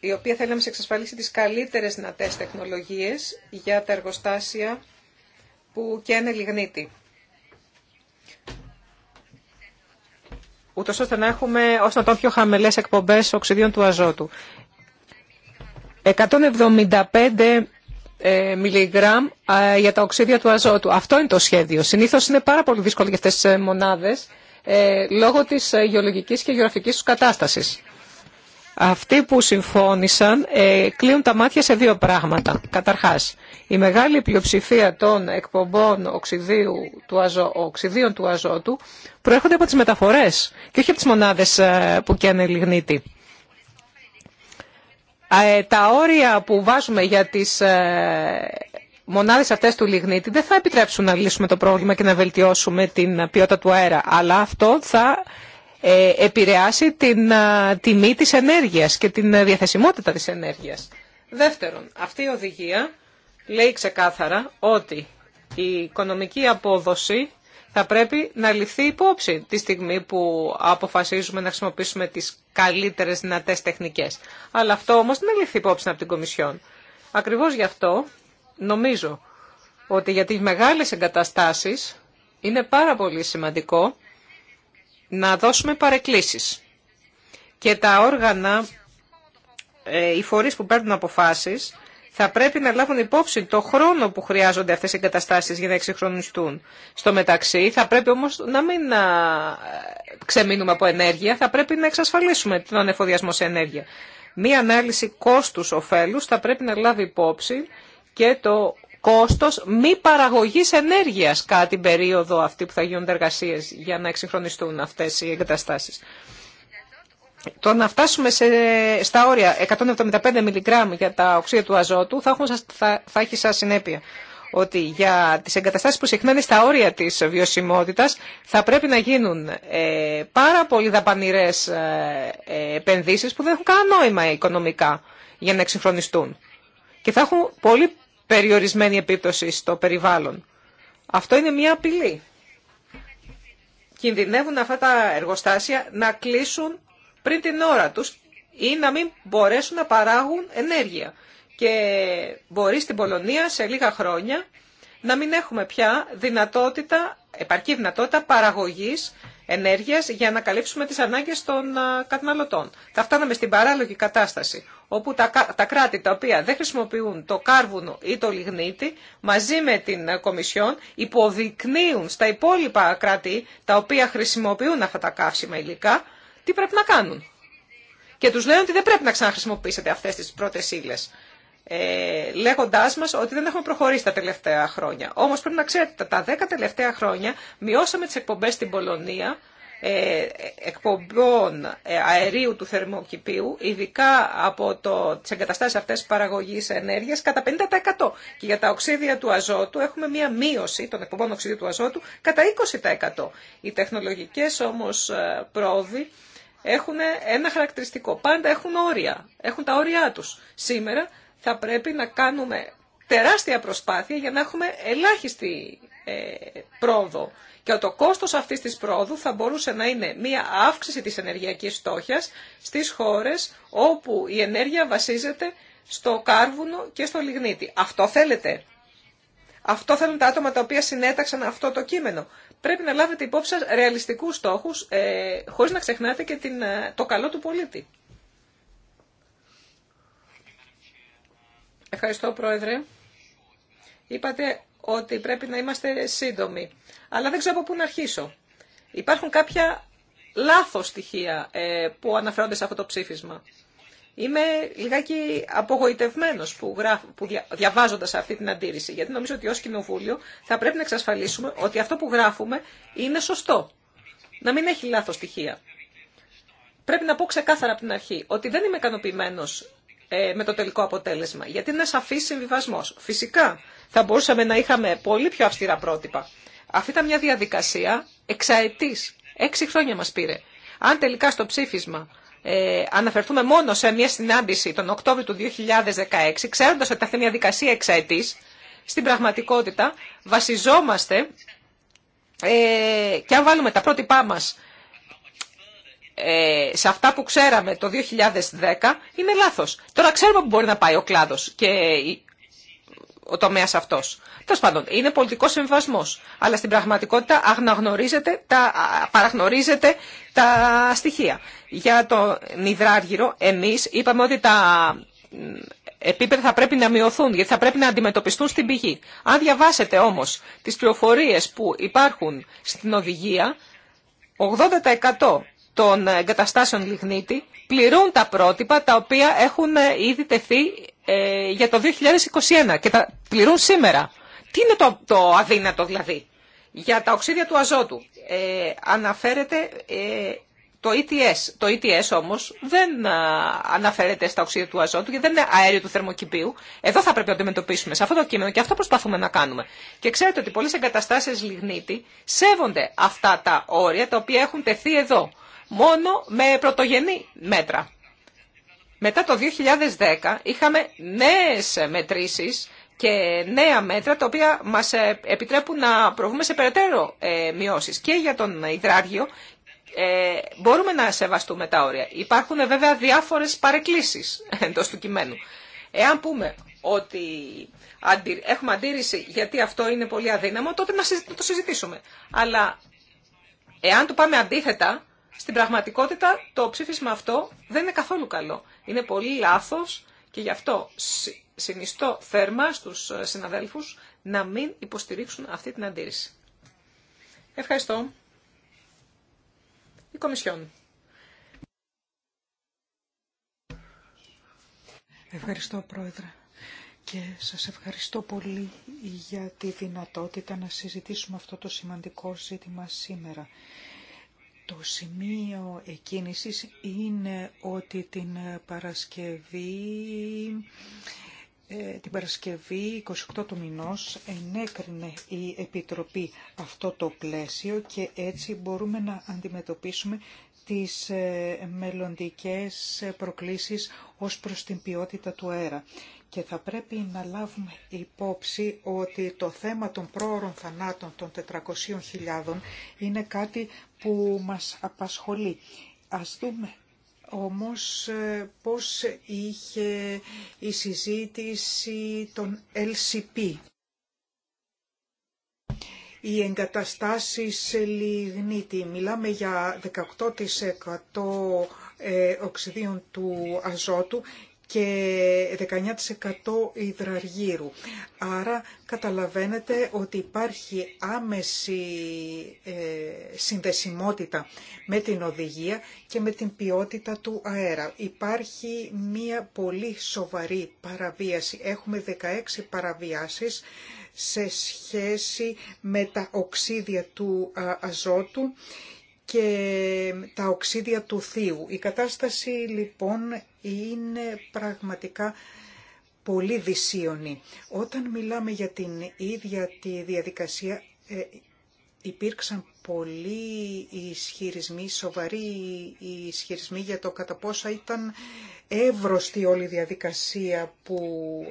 η οποία θέλει να μας εξασφαλίσει τις καλύτερες δυνατές τεχνολογίες για τα εργοστάσια που και είναι λιγνίτη. ούτως ώστε να έχουμε ω να πιο χαμελές εκπομπέ οξυδίων του αζότου. 175 ε, μιλιγκράμμ για τα οξύδια του αζότου. Αυτό είναι το σχέδιο. Συνήθω είναι πάρα πολύ δύσκολο για αυτές τις ε, μονάδες ε, λόγω της γεωλογική και γεωγραφική του κατάσταση. Αυτοί που συμφώνησαν ε, κλείνουν τα μάτια σε δύο πράγματα. Καταρχάς, η μεγάλη πλειοψηφία των εκπομπών οξυδίου του οξυδίων του αζότου προέρχονται από τις μεταφορές και όχι από τις μονάδες ε, που καίνε λιγνίτη. Ε, τα όρια που βάζουμε για τις ε, μονάδες αυτές του λιγνίτη δεν θα επιτρέψουν να λύσουμε το πρόβλημα και να βελτιώσουμε την ποιότητα του αέρα, αλλά αυτό θα ε, επηρεάσει την ε, τιμή της ενέργειας και την ε, διαθεσιμότητα της ενέργειας. Δεύτερον, αυτή η οδηγία λέει ξεκάθαρα ότι η οικονομική απόδοση θα πρέπει να ληφθεί υπόψη τη στιγμή που αποφασίζουμε να χρησιμοποιήσουμε τις καλύτερες δυνατές τεχνικές. Αλλά αυτό όμως δεν ληφθεί υπόψη από την Κομισιόν. Ακριβώς γι' αυτό νομίζω ότι για τις μεγάλες εγκαταστάσεις είναι πάρα πολύ σημαντικό να δώσουμε παρεκκλήσεις. Και τα όργανα, ε, οι φορείς που παίρνουν αποφάσεις, θα πρέπει να λάβουν υπόψη το χρόνο που χρειάζονται αυτές οι εγκαταστάσεις για να εξυγχρονιστούν. Στο μεταξύ θα πρέπει όμως να μην να ξεμείνουμε από ενέργεια, θα πρέπει να εξασφαλίσουμε τον ανεφοδιασμό σε ενέργεια. Μία ανάλυση κόστους-οφέλους θα πρέπει να λάβει υπόψη και το κόστος μη παραγωγής ενέργειας κατά την περίοδο αυτή που θα γίνονται εργασίες για να εξυγχρονιστούν αυτές οι εγκαταστάσεις. Το να φτάσουμε σε, στα όρια 175 μιλιγκράμμ για τα οξύδια του αζότου θα, έχουν, θα, θα έχει σαν συνέπεια ότι για τις εγκαταστάσεις που συχνά είναι στα όρια της βιωσιμότητας θα πρέπει να γίνουν ε, πάρα πολύ δαπανηρές ε, ε επενδύσεις που δεν έχουν κανένα οικονομικά για να εξυγχρονιστούν. Και θα έχουν πολύ περιορισμένη επίπτωση στο περιβάλλον. Αυτό είναι μια απειλή. Κινδυνεύουν αυτά τα εργοστάσια να κλείσουν πριν την ώρα τους ή να μην μπορέσουν να παράγουν ενέργεια. Και μπορεί στην Πολωνία σε λίγα χρόνια να μην έχουμε πια δυνατότητα, επαρκή δυνατότητα παραγωγής για να καλύψουμε τις ανάγκες των καταναλωτών. Θα φτάναμε στην παράλογη κατάσταση, όπου τα, κράτη τα οποία δεν χρησιμοποιούν το κάρβουνο ή το λιγνίτη, μαζί με την Κομισιόν υποδεικνύουν στα υπόλοιπα κράτη τα οποία χρησιμοποιούν αυτά τα καύσιμα υλικά, τι πρέπει να κάνουν. Και τους λένε ότι δεν πρέπει να ξαναχρησιμοποιήσετε αυτέ τι πρώτε ύλες ε, λέγοντάς μας ότι δεν έχουμε προχωρήσει τα τελευταία χρόνια. Όμω πρέπει να ξέρετε, τα 10 τελευταία χρόνια μειώσαμε τι εκπομπέ στην Πολωνία ε, εκπομπών ε, αερίου του θερμοκηπίου, ειδικά από τι εγκαταστάσει αυτέ παραγωγή ενέργεια κατά 50%. Και για τα οξύδια του αζότου έχουμε μία μείωση των εκπομπών οξυδίου του αζότου κατά 20%. Οι τεχνολογικές όμως ε, πρόοδοι έχουν ένα χαρακτηριστικό. Πάντα έχουν όρια, έχουν τα όρια τους. Σήμερα θα πρέπει να κάνουμε τεράστια προσπάθεια για να έχουμε ελάχιστη ε, πρόοδο. Και το κόστος αυτής της πρόοδου θα μπορούσε να είναι μία αύξηση της ενεργειακής στόχιας στις χώρες όπου η ενέργεια βασίζεται στο κάρβουνο και στο λιγνίτη. Αυτό θέλετε. Αυτό θέλουν τα άτομα τα οποία συνέταξαν αυτό το κείμενο. Πρέπει να λάβετε υπόψη σας ρεαλιστικούς στόχους, ε, χωρίς να ξεχνάτε και ε, το καλό του πολίτη. Ευχαριστώ, Πρόεδρε. Είπατε ότι πρέπει να είμαστε σύντομοι. Αλλά δεν ξέρω από πού να αρχίσω. Υπάρχουν κάποια λάθος στοιχεία ε, που αναφέρονται σε αυτό το ψήφισμα. Είμαι λιγάκι απογοητευμένος που, γράφ, που διαβάζοντας αυτή την αντίρρηση, γιατί νομίζω ότι ως Κοινοβούλιο θα πρέπει να εξασφαλίσουμε ότι αυτό που γράφουμε είναι σωστό. Να μην έχει λάθος στοιχεία. Πρέπει να πω ξεκάθαρα από την αρχή ότι δεν είμαι ικανοποιημένο ε, με το τελικό αποτέλεσμα. Γιατί είναι σαφή συμβιβασμό. Φυσικά θα μπορούσαμε να είχαμε πολύ πιο αυστηρά πρότυπα. Αυτή ήταν μια διαδικασία εξαετή. Έξι χρόνια μα πήρε. Αν τελικά στο ψήφισμα ε, αναφερθούμε μόνο σε μια συνάντηση τον Οκτώβριο του 2016, ξέροντα ότι αυτή είναι μια διαδικασία εξαετή, στην πραγματικότητα βασιζόμαστε ε, και αν βάλουμε τα πρότυπά μας ε, σε αυτά που ξέραμε το 2010 είναι λάθος. Τώρα ξέρουμε που μπορεί να πάει ο κλάδος και ο τομέας αυτός. Τέλο πάντων, είναι πολιτικός συμβασμός αλλά στην πραγματικότητα αγναγνωρίζεται, τα, παραγνωρίζεται τα στοιχεία. Για τον υδράργυρο, εμείς είπαμε ότι τα επίπεδα θα πρέπει να μειωθούν, γιατί θα πρέπει να αντιμετωπιστούν στην πηγή. Αν διαβάσετε όμως τις πληροφορίες που υπάρχουν στην οδηγία, 80% των εγκαταστάσεων λιγνίτη πληρούν τα πρότυπα τα οποία έχουν ε, ήδη τεθεί ε, για το 2021 και τα πληρούν σήμερα. Τι είναι το, το αδύνατο δηλαδή. Για τα οξύδια του αζότου ε, αναφέρεται ε, το ETS. Το ETS όμως δεν αναφέρεται στα οξύδια του αζότου γιατί δεν είναι αέριο του θερμοκηπίου. Εδώ θα πρέπει να αντιμετωπίσουμε σε αυτό το κείμενο και αυτό προσπαθούμε να κάνουμε. Και ξέρετε ότι πολλές εγκαταστάσεις λιγνίτη σέβονται αυτά τα όρια τα οποία έχουν τεθεί εδώ μόνο με πρωτογενή μέτρα. Μετά το 2010 είχαμε νέες μετρήσεις και νέα μέτρα τα οποία μας ε, επιτρέπουν να προβούμε σε περαιτέρω ε, μειώσεις και για τον υδράργιο ε, μπορούμε να σεβαστούμε τα όρια. Υπάρχουν βέβαια διάφορες παρεκκλήσεις εντός του κειμένου. Εάν πούμε ότι έχουμε αντίρρηση γιατί αυτό είναι πολύ αδύναμο, τότε να το συζητήσουμε. Αλλά εάν το πάμε αντίθετα, στην πραγματικότητα το ψήφισμα αυτό δεν είναι καθόλου καλό. Είναι πολύ λάθος και γι' αυτό συνιστώ θερμά στους ε, συναδέλφους να μην υποστηρίξουν αυτή την αντίρρηση. Ευχαριστώ. Η Κομισιόν. Ευχαριστώ Πρόεδρε και σας ευχαριστώ πολύ για τη δυνατότητα να συζητήσουμε αυτό το σημαντικό ζήτημα σήμερα. Το σημείο εκκίνησης είναι ότι την Παρασκευή, ε, την Παρασκευή 28 του μηνός ενέκρινε η Επιτροπή αυτό το πλαίσιο και έτσι μπορούμε να αντιμετωπίσουμε τις ε, μελλοντικές προκλήσεις ως προς την ποιότητα του αέρα και θα πρέπει να λάβουμε υπόψη ότι το θέμα των πρόωρων θανάτων των 400.000 είναι κάτι που μας απασχολεί. Ας δούμε όμως ε, πώς είχε η συζήτηση των LCP. Οι εγκαταστάσεις λιγνίτη, μιλάμε για 18% ε, οξυδίων του αζότου και 19% υδραργύρου. Άρα καταλαβαίνετε ότι υπάρχει άμεση ε, συνδεσιμότητα με την οδηγία και με την ποιότητα του αέρα. Υπάρχει μία πολύ σοβαρή παραβίαση. Έχουμε 16 παραβιάσεις σε σχέση με τα οξύδια του αζότου και τα οξύδια του θείου. Η κατάσταση λοιπόν είναι πραγματικά πολύ δυσίωνη. Όταν μιλάμε για την ίδια τη διαδικασία ε, υπήρξαν πολλοί ισχυρισμοί, σοβαροί ισχυρισμοί για το κατά πόσα ήταν εύρωστη όλη η διαδικασία που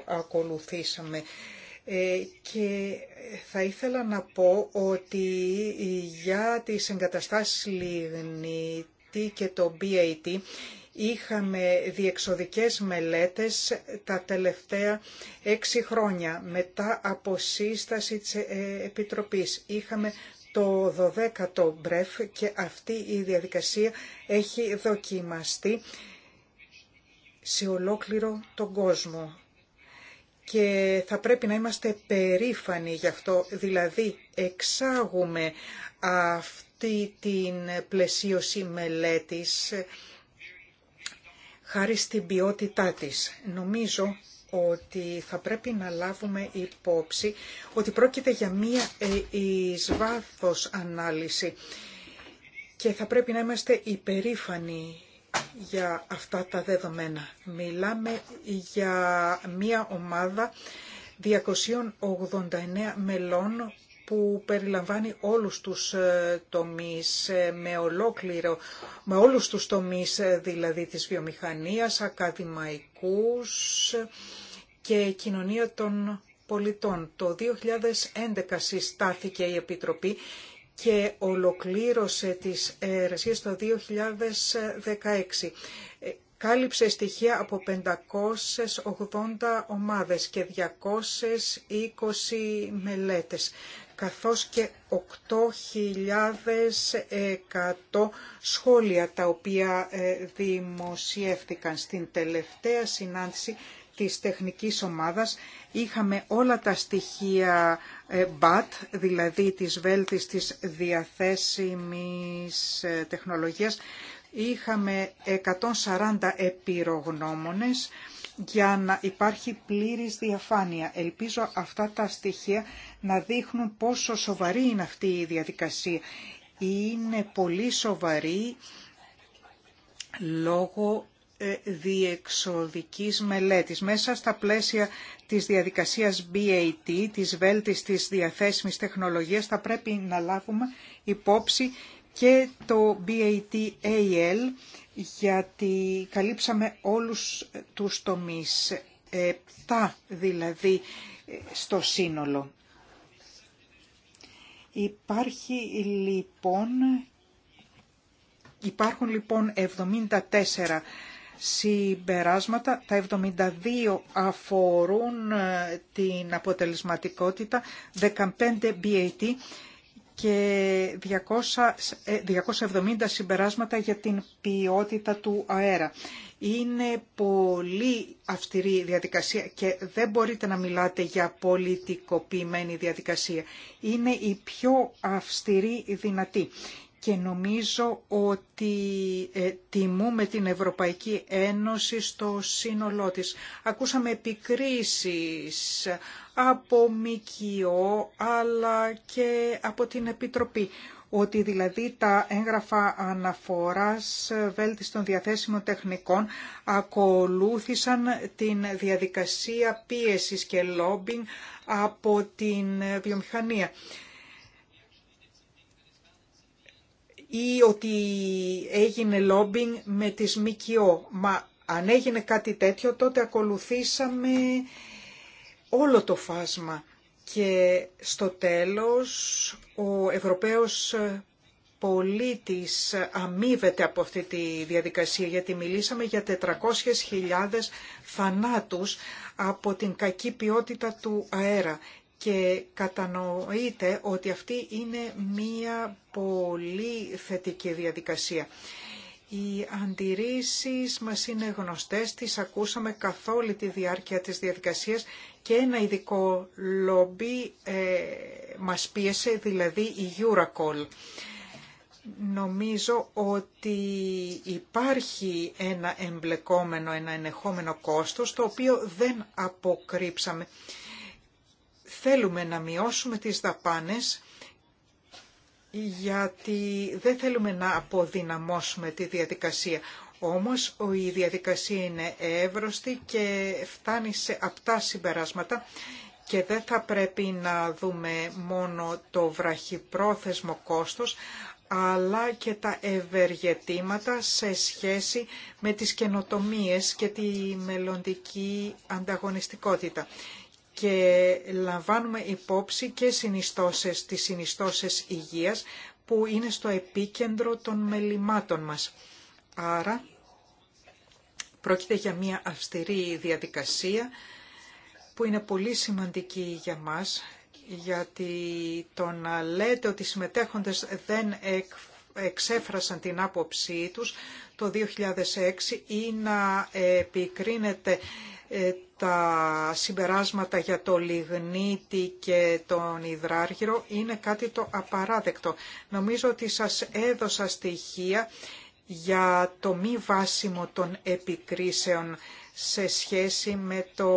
ακολουθήσαμε. Ε, και ε, θα ήθελα να πω ότι για τις εγκαταστάσεις λιγνίτη και το BAT είχαμε διεξοδικές μελέτες τα τελευταία έξι χρόνια μετά από σύσταση της ε, Επιτροπής. Είχαμε το 12ο μπρεφ και αυτή η διαδικασία έχει δοκιμαστεί σε ολόκληρο τον κόσμο και θα πρέπει να είμαστε περήφανοι γι' αυτό, δηλαδή εξάγουμε αυτή την πλαισίωση μελέτης χάρη στην ποιότητά της. Νομίζω ότι θα πρέπει να λάβουμε υπόψη ότι πρόκειται για μία ε, εις βάθος ανάλυση και θα πρέπει να είμαστε υπερήφανοι για αυτά τα δεδομένα. Μιλάμε για μία ομάδα 289 μελών που περιλαμβάνει όλους τους ε, τομείς ε, με ολόκληρο, με όλους τους τομείς ε, δηλαδή της βιομηχανίας, ακαδημαϊκούς και κοινωνία των πολιτών. Το 2011 συστάθηκε η Επιτροπή και ολοκλήρωσε τις εργασίες το 2016. Ε, κάλυψε στοιχεία από 580 ομάδες και 220 μελέτες, καθώς και 8.100 σχόλια τα οποία ε, δημοσιεύτηκαν στην τελευταία συνάντηση της τεχνικής ομάδας είχαμε όλα τα στοιχεία BAT, ε, δηλαδή της βέλτιστης διαθέσιμης ε, τεχνολογίας. Είχαμε 140 επιρογνώμονες για να υπάρχει πλήρης διαφάνεια. Ελπίζω αυτά τα στοιχεία να δείχνουν πόσο σοβαρή είναι αυτή η διαδικασία. Είναι πολύ σοβαρή λόγω ε, διεξοδικής μελέτης μέσα στα πλαίσια της διαδικασίας BAT, της βέλτιστης διαθέσιμης τεχνολογίας, θα πρέπει να λάβουμε υπόψη και το BAT-AL γιατί καλύψαμε όλους τους τομείς, επτά δηλαδή στο σύνολο. Υπάρχει λοιπόν, υπάρχουν λοιπόν 74 συμπεράσματα. Τα 72 αφορούν ε, την αποτελεσματικότητα, 15 BAT και 270 ε, συμπεράσματα για την ποιότητα του αέρα. Είναι πολύ αυστηρή διαδικασία και δεν μπορείτε να μιλάτε για πολιτικοποιημένη διαδικασία. Είναι η πιο αυστηρή δυνατή και νομίζω ότι ε, τιμούμε την Ευρωπαϊκή Ένωση στο σύνολό της. Ακούσαμε επικρίσεις από ΜΚΙΟ αλλά και από την Επιτροπή ότι δηλαδή τα έγγραφα αναφοράς ε, βέλτιστων διαθέσιμων τεχνικών ακολούθησαν την διαδικασία πίεσης και λόμπινγκ από την ε, βιομηχανία. ή ότι έγινε λόμπινγκ με τις ΜΚΟ. Μα αν έγινε κάτι τέτοιο τότε ακολουθήσαμε όλο το φάσμα. Και στο τέλος ο Ευρωπαίος πολίτης αμείβεται από αυτή τη διαδικασία γιατί μιλήσαμε για 400.000 θανάτους από την κακή ποιότητα του αέρα και κατανοείτε ότι αυτή είναι μία πολύ θετική διαδικασία. Οι αντιρρήσεις μας είναι γνωστές, τις ακούσαμε καθ' όλη τη διάρκεια της διαδικασίας και ένα ειδικό λόμπι ε, μας πίεσε, δηλαδή η Euracall. Νομίζω ότι υπάρχει ένα εμπλεκόμενο, ένα ενεχόμενο κόστος, το οποίο δεν αποκρύψαμε θέλουμε να μειώσουμε τις δαπάνες γιατί δεν θέλουμε να αποδυναμώσουμε τη διαδικασία. Όμως η διαδικασία είναι εύρωστη και φτάνει σε απτά συμπεράσματα και δεν θα πρέπει να δούμε μόνο το βραχυπρόθεσμο κόστος, αλλά και τα ευεργετήματα σε σχέση με τις καινοτομίες και τη μελλοντική ανταγωνιστικότητα και λαμβάνουμε υπόψη και συνιστώσεις, τις συνιστώσεις υγείας που είναι στο επίκεντρο των μελημάτων μας. Άρα πρόκειται για μια αυστηρή διαδικασία που είναι πολύ σημαντική για μας γιατί το να λέτε ότι οι συμμετέχοντες δεν εξέφρασαν την άποψή τους το 2006 ή να επικρίνεται... Ε, τα συμπεράσματα για το λιγνίτι και τον υδράργυρο είναι κάτι το απαράδεκτο. Νομίζω ότι σας έδωσα στοιχεία για το μη βάσιμο των επικρίσεων σε σχέση με το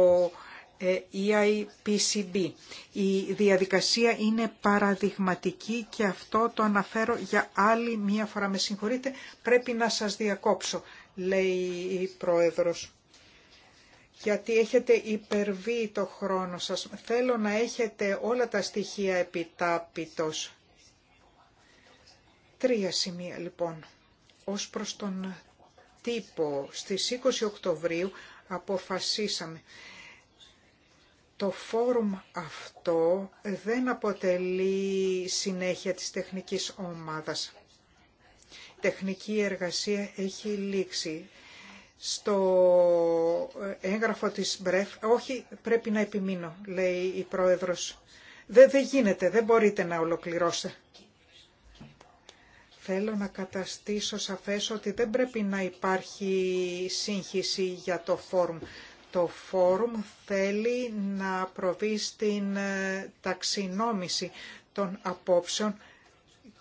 ε, EIPCB. Η διαδικασία είναι παραδειγματική και αυτό το αναφέρω για άλλη μία φορά. Με συγχωρείτε, πρέπει να σας διακόψω, λέει η Πρόεδρος γιατί έχετε υπερβεί το χρόνο σας. Θέλω να έχετε όλα τα στοιχεία επιτάπητος. Τρία σημεία λοιπόν. Ως προς τον τύπο στις 20 Οκτωβρίου αποφασίσαμε το φόρουμ αυτό δεν αποτελεί συνέχεια της τεχνικής ομάδας. τεχνική εργασία έχει λήξει στο έγγραφο της Μπρεφ, όχι πρέπει να επιμείνω, λέει η Πρόεδρος. Δεν, δεν γίνεται, δεν μπορείτε να ολοκληρώσετε. Θέλω να καταστήσω σαφές ότι δεν πρέπει να υπάρχει σύγχυση για το φόρουμ. Το φόρουμ θέλει να προβεί στην ε, ταξινόμηση των απόψεων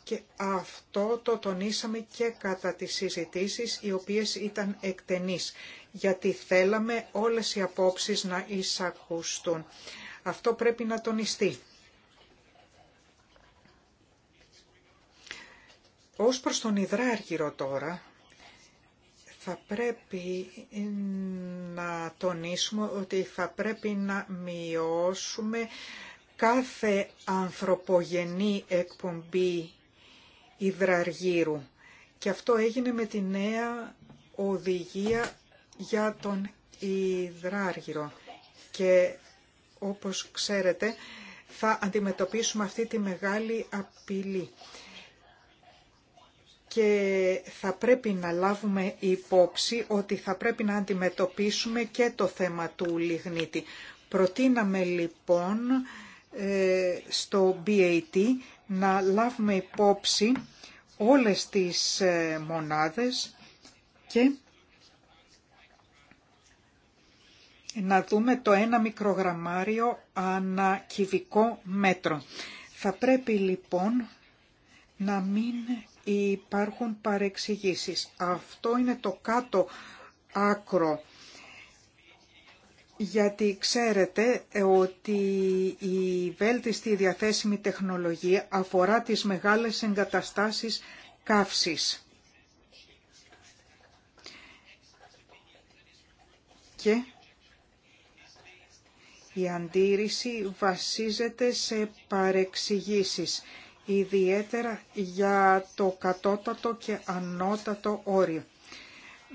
και αυτό το τονίσαμε και κατά τις συζητήσεις οι οποίες ήταν εκτενείς, γιατί θέλαμε όλες οι απόψεις να εισακουστούν. Αυτό πρέπει να τονιστεί. Ως προς τον υδράργυρο τώρα, θα πρέπει να τονίσουμε ότι θα πρέπει να μειώσουμε κάθε ανθρωπογενή εκπομπή υδραργύρου. Και αυτό έγινε με τη νέα οδηγία για τον υδράργυρο. Και όπως ξέρετε θα αντιμετωπίσουμε αυτή τη μεγάλη απειλή. Και θα πρέπει να λάβουμε υπόψη ότι θα πρέπει να αντιμετωπίσουμε και το θέμα του λιγνίτη. Προτείναμε λοιπόν ε, στο BAT να λάβουμε υπόψη όλες τις ε, μονάδες και να δούμε το ένα μικρογραμμάριο ανά κυβικό μέτρο. Θα πρέπει λοιπόν να μην υπάρχουν παρεξηγήσεις. Αυτό είναι το κάτω άκρο γιατί ξέρετε ότι η βέλτιστη διαθέσιμη τεχνολογία αφορά τις μεγάλες εγκαταστάσεις καύσης. Και η αντίρρηση βασίζεται σε παρεξηγήσεις, ιδιαίτερα για το κατώτατο και ανώτατο όριο.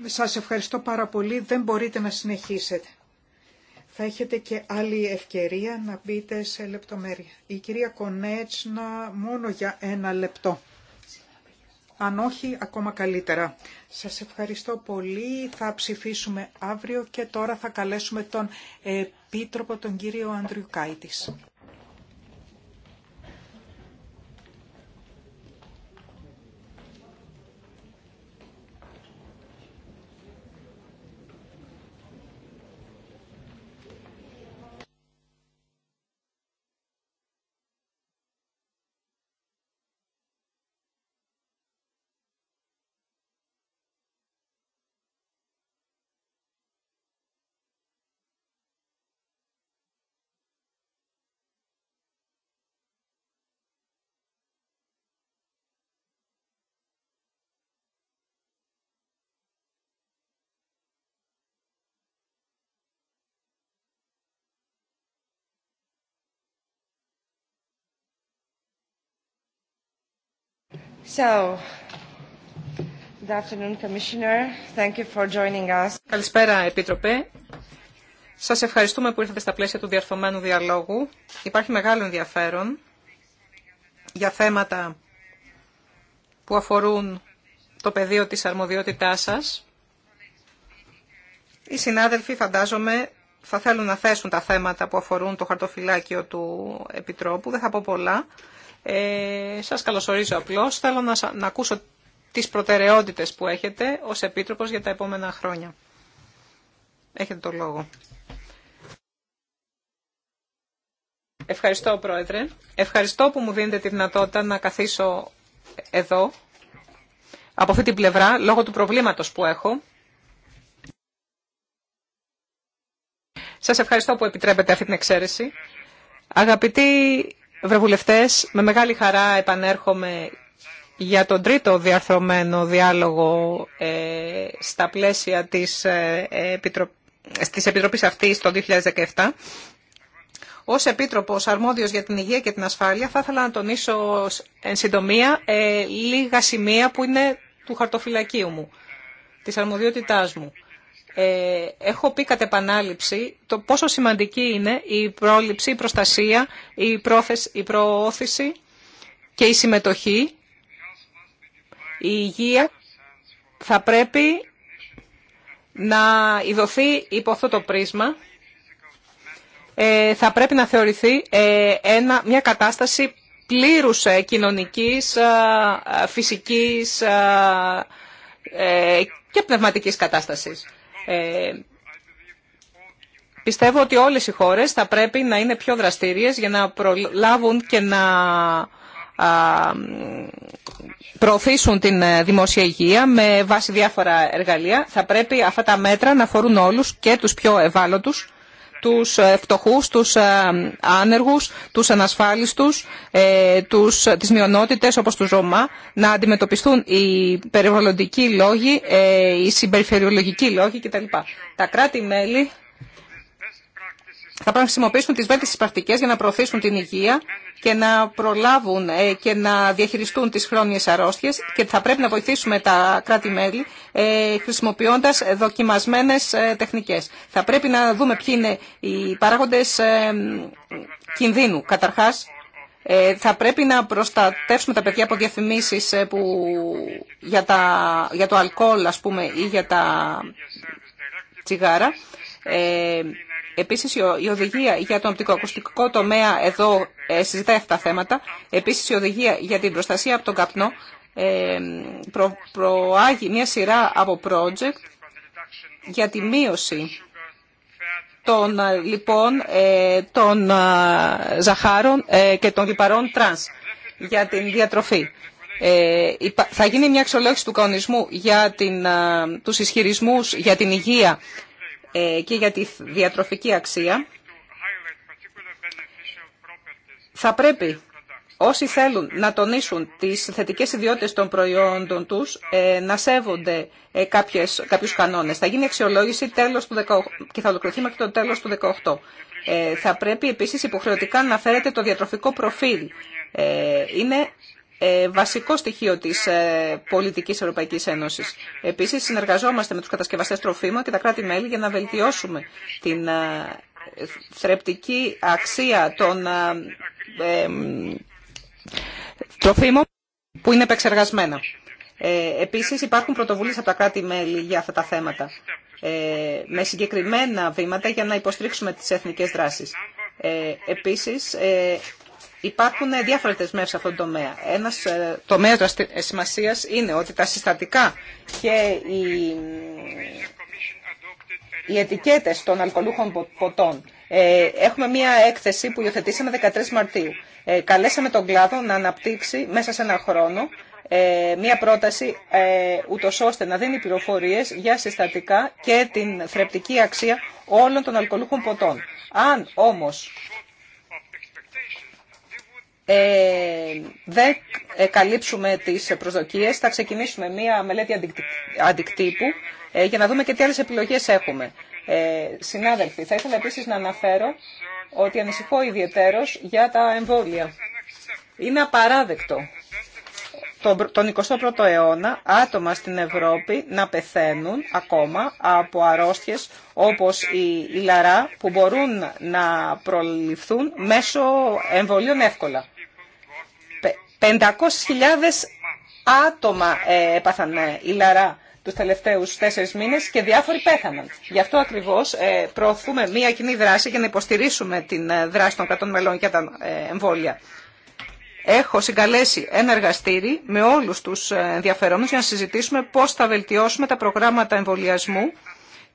Σας ευχαριστώ πάρα πολύ. Δεν μπορείτε να συνεχίσετε θα έχετε και άλλη ευκαιρία να μπείτε σε λεπτομέρεια. Η κυρία Κονέτσνα μόνο για ένα λεπτό. Αν όχι, ακόμα καλύτερα. Σας ευχαριστώ πολύ. Θα ψηφίσουμε αύριο και τώρα θα καλέσουμε τον Επίτροπο τον κύριο Ανδριουκάητης. Καλησπέρα, Επίτροπε. Σας ευχαριστούμε που ήρθατε στα πλαίσια του διαρθωμένου διαλόγου. Υπάρχει μεγάλο ενδιαφέρον για θέματα που αφορούν το πεδίο της αρμοδιότητάς σας. Οι συνάδελφοι, φαντάζομαι, θα θέλουν να θέσουν τα θέματα που αφορούν το χαρτοφυλάκιο του Επιτρόπου. Δεν θα πω πολλά. Ε, σας καλωσορίζω απλώς. Θέλω να, να ακούσω τις προτεραιότητες που έχετε ως Επίτροπος για τα επόμενα χρόνια. Έχετε το λόγο. Ευχαριστώ, Πρόεδρε. Ευχαριστώ που μου δίνετε τη δυνατότητα να καθίσω εδώ, από αυτή την πλευρά, λόγω του προβλήματος που έχω. Σας ευχαριστώ που επιτρέπετε αυτή την εξαίρεση. Αγαπητοί Ευρωβουλευτές, με μεγάλη χαρά επανέρχομαι για τον τρίτο διαρθρωμένο διάλογο ε, στα πλαίσια της, ε, Επιτροπή της Επιτροπής αυτής το 2017. Ως Επίτροπος Αρμόδιος για την Υγεία και την Ασφάλεια θα ήθελα να τονίσω εν συντομία ε, λίγα σημεία που είναι του χαρτοφυλακίου μου, της αρμοδιότητάς μου. Ε, έχω πει κατ' επανάληψη το πόσο σημαντική είναι η πρόληψη, η προστασία, η, πρόθεση, η προώθηση και η συμμετοχή. Η υγεία θα πρέπει να ιδωθεί υπό αυτό το πρίσμα. Ε, θα πρέπει να θεωρηθεί ε, ένα, μια κατάσταση πλήρους κοινωνικής, φυσικής και πνευματικής κατάστασης. Ε, πιστεύω ότι όλες οι χώρες θα πρέπει να είναι πιο δραστήριες για να προλάβουν και να προωθήσουν την ε, δημόσια υγεία με βάση διάφορα εργαλεία. Θα πρέπει αυτά τα μέτρα να αφορούν όλους και τους πιο ευάλωτους τους ε, φτωχούς, τους ε, άνεργους, τους ανασφάλιστους, ε, τους, τις μειονότητες όπως τους Ρωμά, να αντιμετωπιστούν οι περιβαλλοντικοί λόγοι, οι συμπεριφερειολογικοί λόγοι κτλ. Τα κράτη-μέλη θα πρέπει να χρησιμοποιήσουν τις βέλτιστες πρακτικές για να προωθήσουν την υγεία και να προλάβουν ε, και να διαχειριστούν τις χρόνιες αρρώστιες και θα πρέπει να βοηθήσουμε τα κράτη-μέλη ε, χρησιμοποιώντας δοκιμασμένες ε, τεχνικές. Θα πρέπει να δούμε ποιοι είναι οι παράγοντες κινδύνου. Καταρχάς, θα πρέπει να προστατεύσουμε τα παιδιά από διαφημίσεις που, για, τα, για το αλκοόλ, ας πούμε, ή για τα τσιγάρα. Επίση, η οδηγία για τον οπτικοακουστικό τομέα εδώ ε, συζητάει αυτά τα θέματα. Επίση, η οδηγία για την προστασία από τον καπνό ε, προάγει μια σειρά από project για τη μείωση των ε, λοιπόν των ζαχάρων και των λιπαρών τρανς για την διατροφή. Θα γίνει μια αξιολόγηση του κανονισμού για την, τους ισχυρισμούς για την υγεία ε, και για τη διατροφική αξία, θα πρέπει όσοι θέλουν να τονίσουν τις θετικές ιδιότητες των προϊόντων τους ε, να σέβονται ε, κάποιες, κάποιους κανόνες. Θα γίνει αξιολόγηση τέλος του 18, και θα ολοκληρωθεί μέχρι το τέλος του 18. θα πρέπει επίσης υποχρεωτικά να φέρετε το διατροφικό προφίλ. είναι ε, βασικό στοιχείο της ε, πολιτικής Ευρωπαϊκής Ένωση. Επίσης, συνεργαζόμαστε με τους κατασκευαστές τροφίμων και τα κράτη-μέλη για να βελτιώσουμε την ε, θρεπτική αξία των τροφίμων που είναι επεξεργασμένα. Ε, επίσης υπάρχουν πρωτοβουλίε από τα κράτη-μέλη για αυτά τα θέματα, με συγκεκριμένα βήματα για να υποστρίξουμε τι εθνικέ δράσει. επίσης, Υπάρχουν διάφορε δεσμεύσει σε αυτόν τον τομέα. Ένα ε, τομέα ε, σημασία είναι ότι τα συστατικά και οι, οι ετικέτε των αλκοολούχων ποτών. Ε, έχουμε μία έκθεση που υιοθετήσαμε 13 Μαρτίου. καλέσαμε τον κλάδο να αναπτύξει μέσα σε ένα χρόνο μία πρόταση ούτω ώστε να δίνει πληροφορίε για συστατικά και την θρεπτική αξία όλων των αλκοολούχων ποτών. Αν όμως ε, δεν ε, καλύψουμε τις προσδοκίες, θα ξεκινήσουμε μία μελέτη αντικτύπου ε, για να δούμε και τι άλλες επιλογές έχουμε. συνάδελφοι, θα ήθελα επίσης να αναφέρω ότι ανησυχώ ιδιαιτέρως για τα εμβόλια. Είναι απαράδεκτο τον 21ο αιώνα άτομα στην Ευρώπη να πεθαίνουν ακόμα από αρρώστιες όπως η, λαρά που μπορούν να προληφθούν μέσω εμβολίων εύκολα. 500.000 άτομα ε, έπαθαν ε, η λαρά τους τελευταίους τέσσερις μήνες και διάφοροι πέθαναν. Γι' αυτό ακριβώς ε, προωθούμε μία κοινή δράση για να υποστηρίσουμε την ε, δράση των κρατών μελών για τα εμβόλια έχω συγκαλέσει ένα εργαστήρι με όλους τους ενδιαφερόμενους για να συζητήσουμε πώς θα βελτιώσουμε τα προγράμματα εμβολιασμού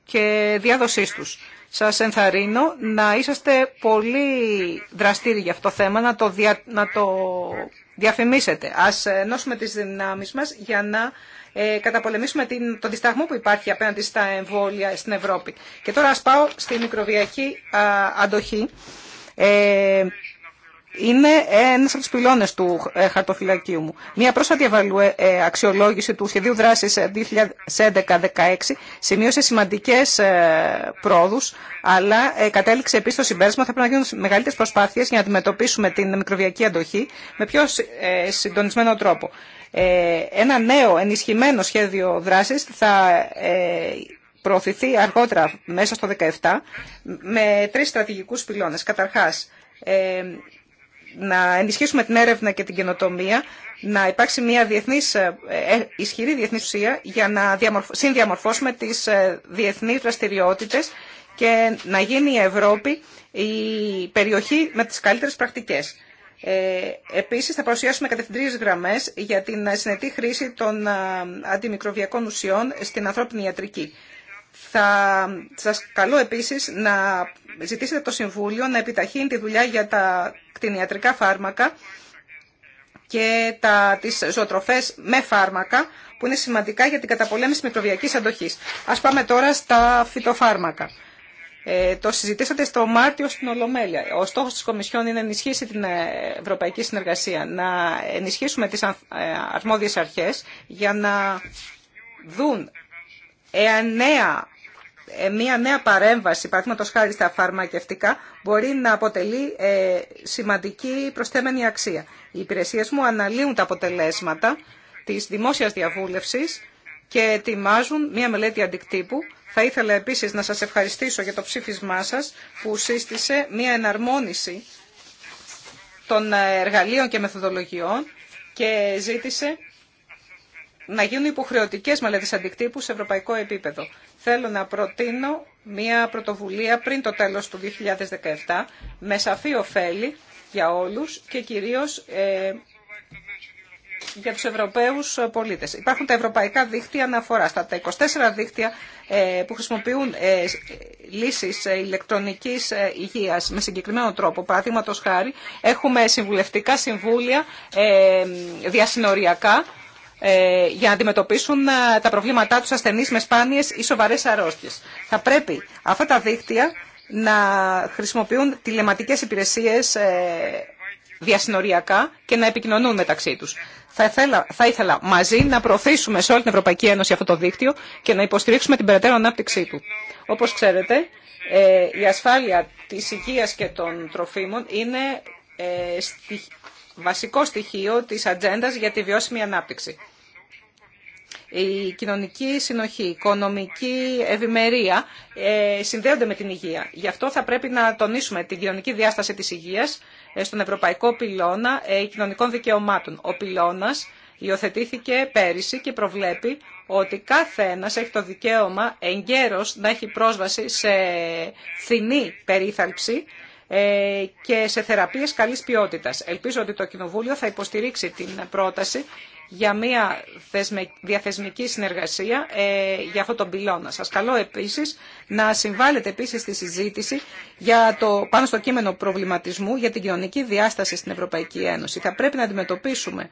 και διάδοσής τους. Σας ενθαρρύνω να είσαστε πολύ δραστήριοι για αυτό το θέμα, να το, δια, διαφημίσετε. Ας ενώσουμε τις δυνάμεις μας για να ε, καταπολεμήσουμε την, τον δισταγμό που υπάρχει απέναντι στα εμβόλια στην Ευρώπη. Και τώρα ας πάω στη μικροβιακή αντοχή. Ε, είναι ένας από τους πυλώνες του ε, χαρτοφυλακίου μου. Μία πρόσφατη ε, ε, αξιολόγηση του σχεδίου δράσης 2011-2016 σημείωσε σημαντικές πρόοδους, αλλά κατέληξε επίσης στο συμπέρασμα θα πρέπει να γίνουν μεγαλύτερες προσπάθειες για να αντιμετωπίσουμε την μικροβιακή αντοχή με πιο συντονισμένο τρόπο. Ένα νέο ενισχυμένο σχέδιο δράσης θα προωθηθεί αργότερα μέσα στο 2017 με τρεις στρατηγικούς πυλώνες. Καταρχάς, να ενισχύσουμε την έρευνα και την καινοτομία, να υπάρξει μια διεθνής, ε, ε, ισχυρή διεθνή ουσία για να συνδιαμορφώσουμε τις ε, διεθνεί δραστηριότητε και να γίνει η Ευρώπη η περιοχή με τι καλύτερε πρακτικέ. Ε, επίσης θα παρουσιάσουμε κατευθυντήριες γραμμές για την συνετή χρήση των αντιμικροβιακών ουσιών στην ανθρώπινη ιατρική. Θα σας καλώ επίσης να ζητήσετε το Συμβούλιο να επιταχύνει τη δουλειά για τα κτηνιατρικά φάρμακα και τα, τις ζωοτροφές με φάρμακα που είναι σημαντικά για την καταπολέμηση μικροβιακής αντοχής. Ας πάμε τώρα στα φυτοφάρμακα. Ε, το συζητήσατε στο Μάρτιο στην Ολομέλεια. Ο στόχος της Κομισιόν είναι να ενισχύσει την ε, ευρωπαϊκή συνεργασία, να ενισχύσουμε τις ε, αρμόδιες αρχές για να δουν εάν νέα ε, μια νέα παρέμβαση, παραδείγματο χάρη στα φαρμακευτικά, μπορεί να αποτελεί ε, σημαντική προσθέμενη αξία. Οι υπηρεσίε μου αναλύουν τα αποτελέσματα της δημόσια διαβούλευση και ετοιμάζουν μια μελέτη αντικτύπου. Θα ήθελα επίση να σα ευχαριστήσω για το ψήφισμά σα που σύστησε μια εναρμόνιση των ε, εργαλείων και μεθοδολογιών και ζήτησε να γίνουν υποχρεωτικές μελέτες αντικτύπου σε ευρωπαϊκό επίπεδο θέλω να προτείνω μια πρωτοβουλία πριν το τέλος του 2017 με σαφή ωφέλη για όλους και κυρίως ε, για τους Ευρωπαίους πολίτες. Υπάρχουν τα ευρωπαϊκά δίκτυα αναφορά. τα 24 δίκτυα ε, που χρησιμοποιούν ε, λύσεις ε, ηλεκτρονικής ε, υγείας με συγκεκριμένο τρόπο. Παραδείγματο χάρη έχουμε συμβουλευτικά συμβούλια διασυνοριακά ε, για να αντιμετωπίσουν ε, τα προβλήματά τους ασθενείς με σπάνιες ή σοβαρές αρρώστιες. Θα πρέπει αυτά τα δίκτυα να χρησιμοποιούν τηλεματικές υπηρεσίες ε, διασυνοριακά και να επικοινωνούν μεταξύ τους. Θα ήθελα, θα ήθελα μαζί να προωθήσουμε σε όλη την Ευρωπαϊκή Ένωση αυτό το δίκτυο και να υποστηρίξουμε την περαιτέρω ανάπτυξή του. Όπως ξέρετε, η ασφάλεια της υγείας και των τροφίμων είναι βασικό στοιχείο της ατζέντα για τη βιώσιμη ανάπτυξη. Η κοινωνική συνοχή, η οικονομική ευημερία ε, συνδέονται με την υγεία. Γι' αυτό θα πρέπει να τονίσουμε την κοινωνική διάσταση της υγείας ε, στον Ευρωπαϊκό Πυλώνα ε, Κοινωνικών Δικαιωμάτων. Ο πυλώνας υιοθετήθηκε πέρυσι και προβλέπει ότι κάθε ένας έχει το δικαίωμα εγκαίρως να έχει πρόσβαση σε φθηνή περίθαλψη ε, και σε θεραπείες καλής ποιότητας. Ελπίζω ότι το Κοινοβούλιο θα υποστηρίξει την πρόταση για μια διαθεσμική συνεργασία ε, για αυτό τον πυλώνα. Σας καλώ επίσης να συμβάλλετε επίσης στη συζήτηση για το, πάνω στο κείμενο προβληματισμού για την κοινωνική διάσταση στην Ευρωπαϊκή Ένωση. Θα πρέπει να αντιμετωπίσουμε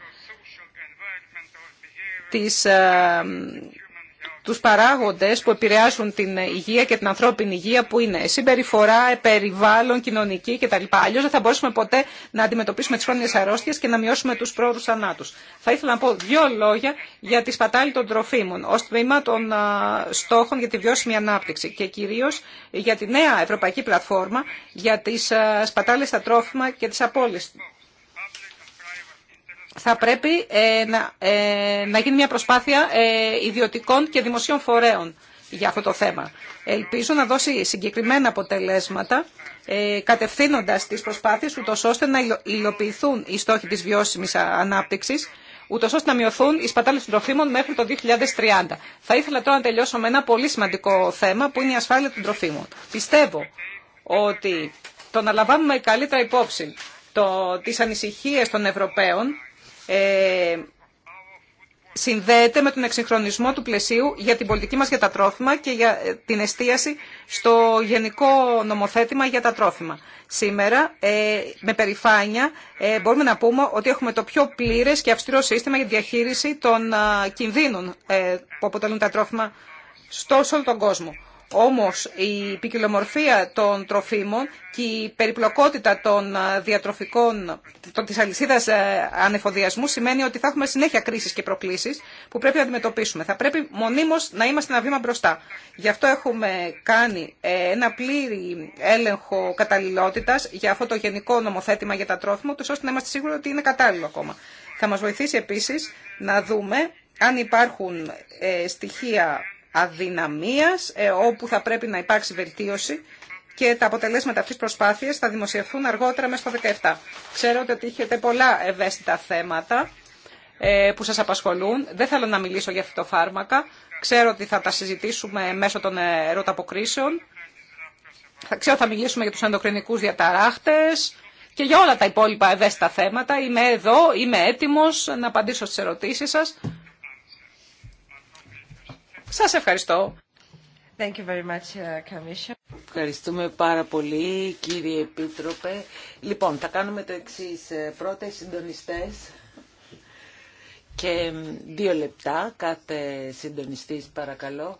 τις ε, τους παράγοντες που επηρεάζουν την υγεία και την ανθρώπινη υγεία που είναι συμπεριφορά, περιβάλλον, κοινωνική κτλ. Αλλιώς δεν θα μπορέσουμε ποτέ να αντιμετωπίσουμε τις χρόνιες αρρώστιες και να μειώσουμε τους πρόορους θανάτους. Θα ήθελα να πω δύο λόγια για τη σπατάλη των τροφίμων ως τμήμα των στόχων για τη βιώσιμη ανάπτυξη και κυρίως για τη νέα ευρωπαϊκή πλατφόρμα για τις σπατάλες στα τρόφιμα και τις απόλυσεις θα πρέπει ε, να, ε, να γίνει μια προσπάθεια ε, ιδιωτικών και δημοσίων φορέων για αυτό το θέμα. Ελπίζω να δώσει συγκεκριμένα αποτελέσματα ε, κατευθύνοντας τις προσπάθειες ούτως ώστε να υλοποιηθούν οι στόχοι της βιώσιμης ανάπτυξης ούτως ώστε να μειωθούν οι σπατάλες των τροφίμων μέχρι το 2030. Θα ήθελα τώρα να τελειώσω με ένα πολύ σημαντικό θέμα που είναι η ασφάλεια των τροφίμων. Πιστεύω ότι το να λαμβάνουμε καλύτερα υπόψη το, τις ανησυχίες των Ευρωπαίων ε, συνδέεται με τον εξυγχρονισμό του πλαισίου για την πολιτική μας για τα τρόφιμα και για ε, την εστίαση στο γενικό νομοθέτημα για τα τρόφιμα. Σήμερα, ε, με περηφάνεια, μπορούμε να πούμε ότι έχουμε το πιο πλήρες και αυστηρό σύστημα για διαχείριση των κινδύνων που αποτελούν τα τρόφιμα στο όλο τον κόσμο. Όμως η ποικιλομορφία των τροφίμων και η περιπλοκότητα των ε, διατροφικών, της αλυσίδας ε, ανεφοδιασμού σημαίνει ότι θα έχουμε συνέχεια κρίσεις και προκλήσεις που πρέπει να αντιμετωπίσουμε. Θα πρέπει μονίμως να είμαστε ένα βήμα μπροστά. Γι' αυτό έχουμε κάνει ε, ένα πλήρη έλεγχο καταλληλότητας για αυτό το γενικό νομοθέτημα για τα τρόφιμα, ώστε να είμαστε σίγουροι ότι είναι κατάλληλο ακόμα. Θα μας βοηθήσει επίσης να δούμε αν υπάρχουν στοιχεία αδυναμίας, ε, όπου θα πρέπει να υπάρξει βελτίωση και τα αποτελέσματα αυτής προσπάθειας θα δημοσιευθούν αργότερα μέσα στο 17. Ξέρω ότι έχετε πολλά ευαίσθητα θέματα ε, που σας απασχολούν. Δεν θέλω να μιλήσω για φυτοφάρμακα. Ξέρω ότι θα τα συζητήσουμε μέσω των ερωταποκρίσεων. Ξέρω θα μιλήσουμε για τους ενδοκρινικούς διαταράχτες και για όλα τα υπόλοιπα ευαίσθητα θέματα. Είμαι εδώ, είμαι έτοιμος να απαντήσω στις ερωτήσεις σας. Σας ευχαριστώ. Thank you very much, uh, Commission. Ευχαριστούμε πάρα πολύ, κύριε Επίτροπε. Λοιπόν, θα κάνουμε το εξή ε, Πρώτα οι συντονιστέ. και δύο λεπτά κάθε συντονιστή παρακαλώ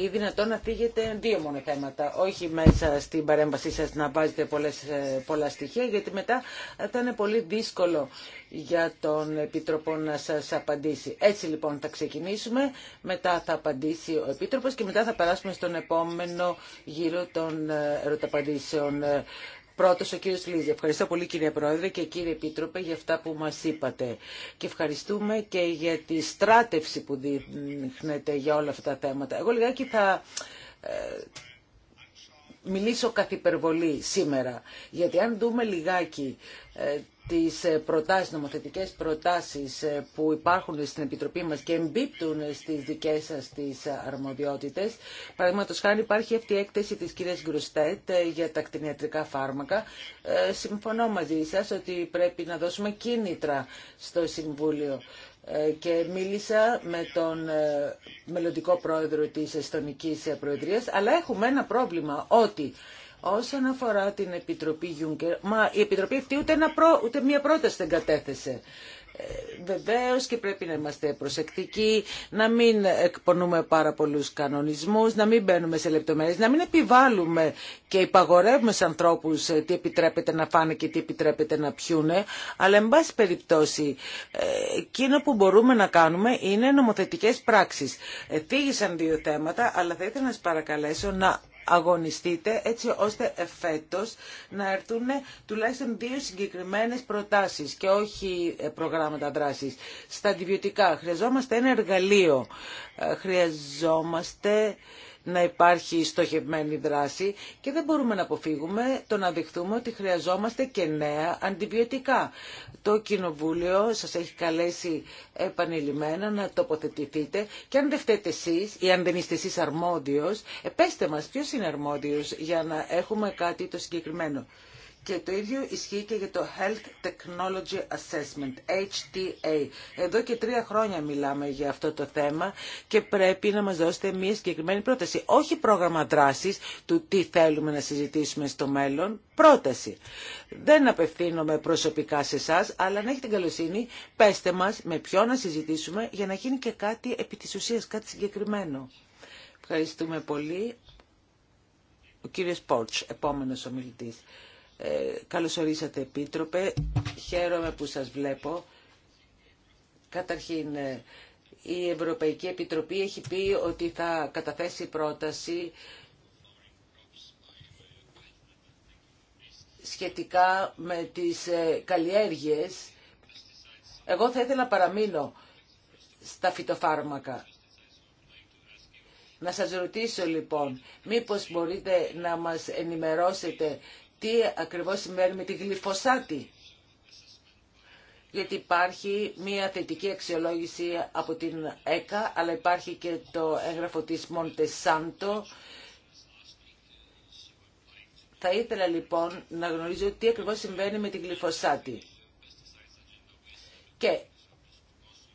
ή δυνατόν να φύγετε δύο μόνο θέματα, όχι μέσα στην παρέμβασή σας να βάζετε πολλές, ε, πολλά στοιχεία, γιατί μετά θα είναι πολύ δύσκολο για τον Επίτροπο να σας απαντήσει. Έτσι λοιπόν θα ξεκινήσουμε, μετά θα απαντήσει ο Επίτροπος και μετά θα περάσουμε στον επόμενο γύρο των ε, ερωταπαντήσεων. Ε, Πρώτος ο κύριος Λίζη. Ευχαριστώ πολύ κύριε Πρόεδρε και κύριε Επίτροπε για αυτά που μας είπατε. Και ευχαριστούμε και για τη στράτευση που δείχνετε για όλα αυτά τα θέματα. Εγώ λιγάκι θα ε, μιλήσω καθ' υπερβολή σήμερα. Γιατί αν δούμε λιγάκι ε, τις ε, προτάσεις, νομοθετικές προτάσεις ε, που υπάρχουν στην Επιτροπή μας και εμπίπτουν στις δικές σας τις ε, αρμοδιότητες. Παραδείγματο χάρη υπάρχει αυτή η έκθεση της κυρίας Γκρουστέτ για τα κτηνιατρικά φάρμακα. Συμφωνώ μαζί σας ότι πρέπει να δώσουμε κίνητρα στο Συμβούλιο και μίλησα με τον μελλοντικό πρόεδρο της Εστονικής Προεδρίας, αλλά έχουμε ένα πρόβλημα ότι Όσον αφορά την Επιτροπή Γιούγκερ, μα η Επιτροπή αυτή ούτε, ένα προ, ούτε μία πρόταση δεν κατέθεσε. Ε, Βεβαίω και πρέπει να είμαστε προσεκτικοί, να μην εκπονούμε πάρα πολλού κανονισμού, να μην μπαίνουμε σε λεπτομέρειε, να μην επιβάλλουμε και υπαγορεύουμε στου ανθρώπου ε, τι επιτρέπεται να φάνε και τι επιτρέπεται να πιούνε. Αλλά, εν πάση περιπτώσει, ε, εκείνο που μπορούμε να κάνουμε είναι νομοθετικέ πράξει. Φύγησαν δύο θέματα, αλλά θα ήθελα να σα παρακαλέσω να αγωνιστείτε έτσι ώστε εφέτος να έρθουν τουλάχιστον δύο συγκεκριμένες προτάσεις και όχι ε, προγράμματα δράσης. Στα αντιβιωτικά χρειαζόμαστε ένα εργαλείο, ε, χρειαζόμαστε να υπάρχει στοχευμένη δράση και δεν μπορούμε να αποφύγουμε το να δεχθούμε ότι χρειαζόμαστε και νέα αντιβιωτικά. Το Κοινοβούλιο σας έχει καλέσει επανειλημμένα να τοποθετηθείτε και αν δεν φταίτε ή αν δεν είστε εσείς αρμόδιος, επέστε μας ποιος είναι αρμόδιος για να έχουμε κάτι το συγκεκριμένο. Και το ίδιο ισχύει και για το Health Technology Assessment, HTA. Εδώ και τρία χρόνια μιλάμε για αυτό το θέμα και πρέπει να μας δώσετε μια συγκεκριμένη πρόταση. Όχι πρόγραμμα δράσης του τι θέλουμε να συζητήσουμε στο μέλλον, πρόταση. Δεν απευθύνομαι προσωπικά σε εσά, αλλά αν έχετε την καλοσύνη, πέστε μας με ποιο να συζητήσουμε για να γίνει και κάτι επί της ουσίας, κάτι συγκεκριμένο. Ευχαριστούμε πολύ. Ο κύριος Πόρτς, επόμενος ομιλητής. Ε, καλωσορίσατε, Επίτροπε. Χαίρομαι που σας βλέπω. Καταρχήν, ε, η Ευρωπαϊκή Επιτροπή έχει πει ότι θα καταθέσει πρόταση σχετικά με τις ε, καλλιέργειες. Εγώ θα ήθελα να παραμείνω στα φυτοφάρμακα. Να σας ρωτήσω λοιπόν, μήπως μπορείτε να μας ενημερώσετε τι ακριβώς συμβαίνει με τη γλυφοσάτη. Γιατί υπάρχει μια θετική αξιολόγηση από την ΕΚΑ, αλλά υπάρχει και το έγγραφο της Μοντεσάντο. Θα ήθελα λοιπόν να γνωρίζω τι ακριβώς συμβαίνει με τη γλυφοσάτη. Και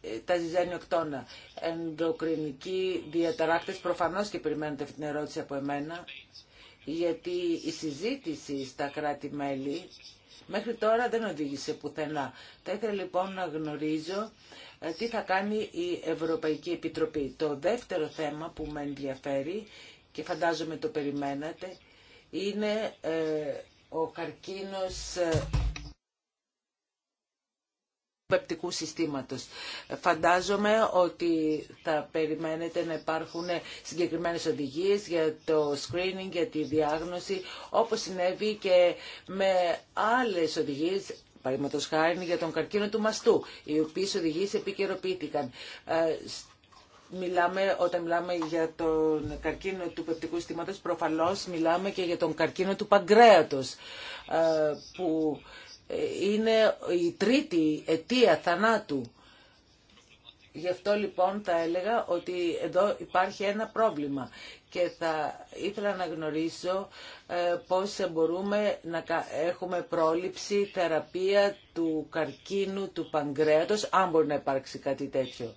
ε, τα ζυζένιοκτώνα. Ενδοκρινικοί διαταράκτες προφανώς και περιμένετε αυτή την ερώτηση από εμένα γιατί η συζήτηση στα κράτη-μέλη μέχρι τώρα δεν οδήγησε πουθενά. Θα ήθελα λοιπόν να γνωρίζω ε, τι θα κάνει η Ευρωπαϊκή Επιτροπή. Το δεύτερο θέμα που με ενδιαφέρει και φαντάζομαι το περιμένατε είναι ε, ο καρκίνος ε, πεπτικού συστήματος. Φαντάζομαι ότι θα περιμένετε να υπάρχουν συγκεκριμένες οδηγίες για το screening, για τη διάγνωση, όπως συνέβη και με άλλες οδηγίες Παραδείγματο χάρη για τον καρκίνο του μαστού, οι οποίες οδηγίες επικαιροποιήθηκαν. Ε, μιλάμε, όταν μιλάμε για τον καρκίνο του πεπτικού συστήματος, προφανώς μιλάμε και για τον καρκίνο του παγκρέατος, ε, που είναι η τρίτη αιτία θανάτου. Γι' αυτό λοιπόν θα έλεγα ότι εδώ υπάρχει ένα πρόβλημα και θα ήθελα να γνωρίσω ε, πώς μπορούμε να έχουμε πρόληψη, θεραπεία του καρκίνου, του παγκρέατος, αν μπορεί να υπάρξει κάτι τέτοιο.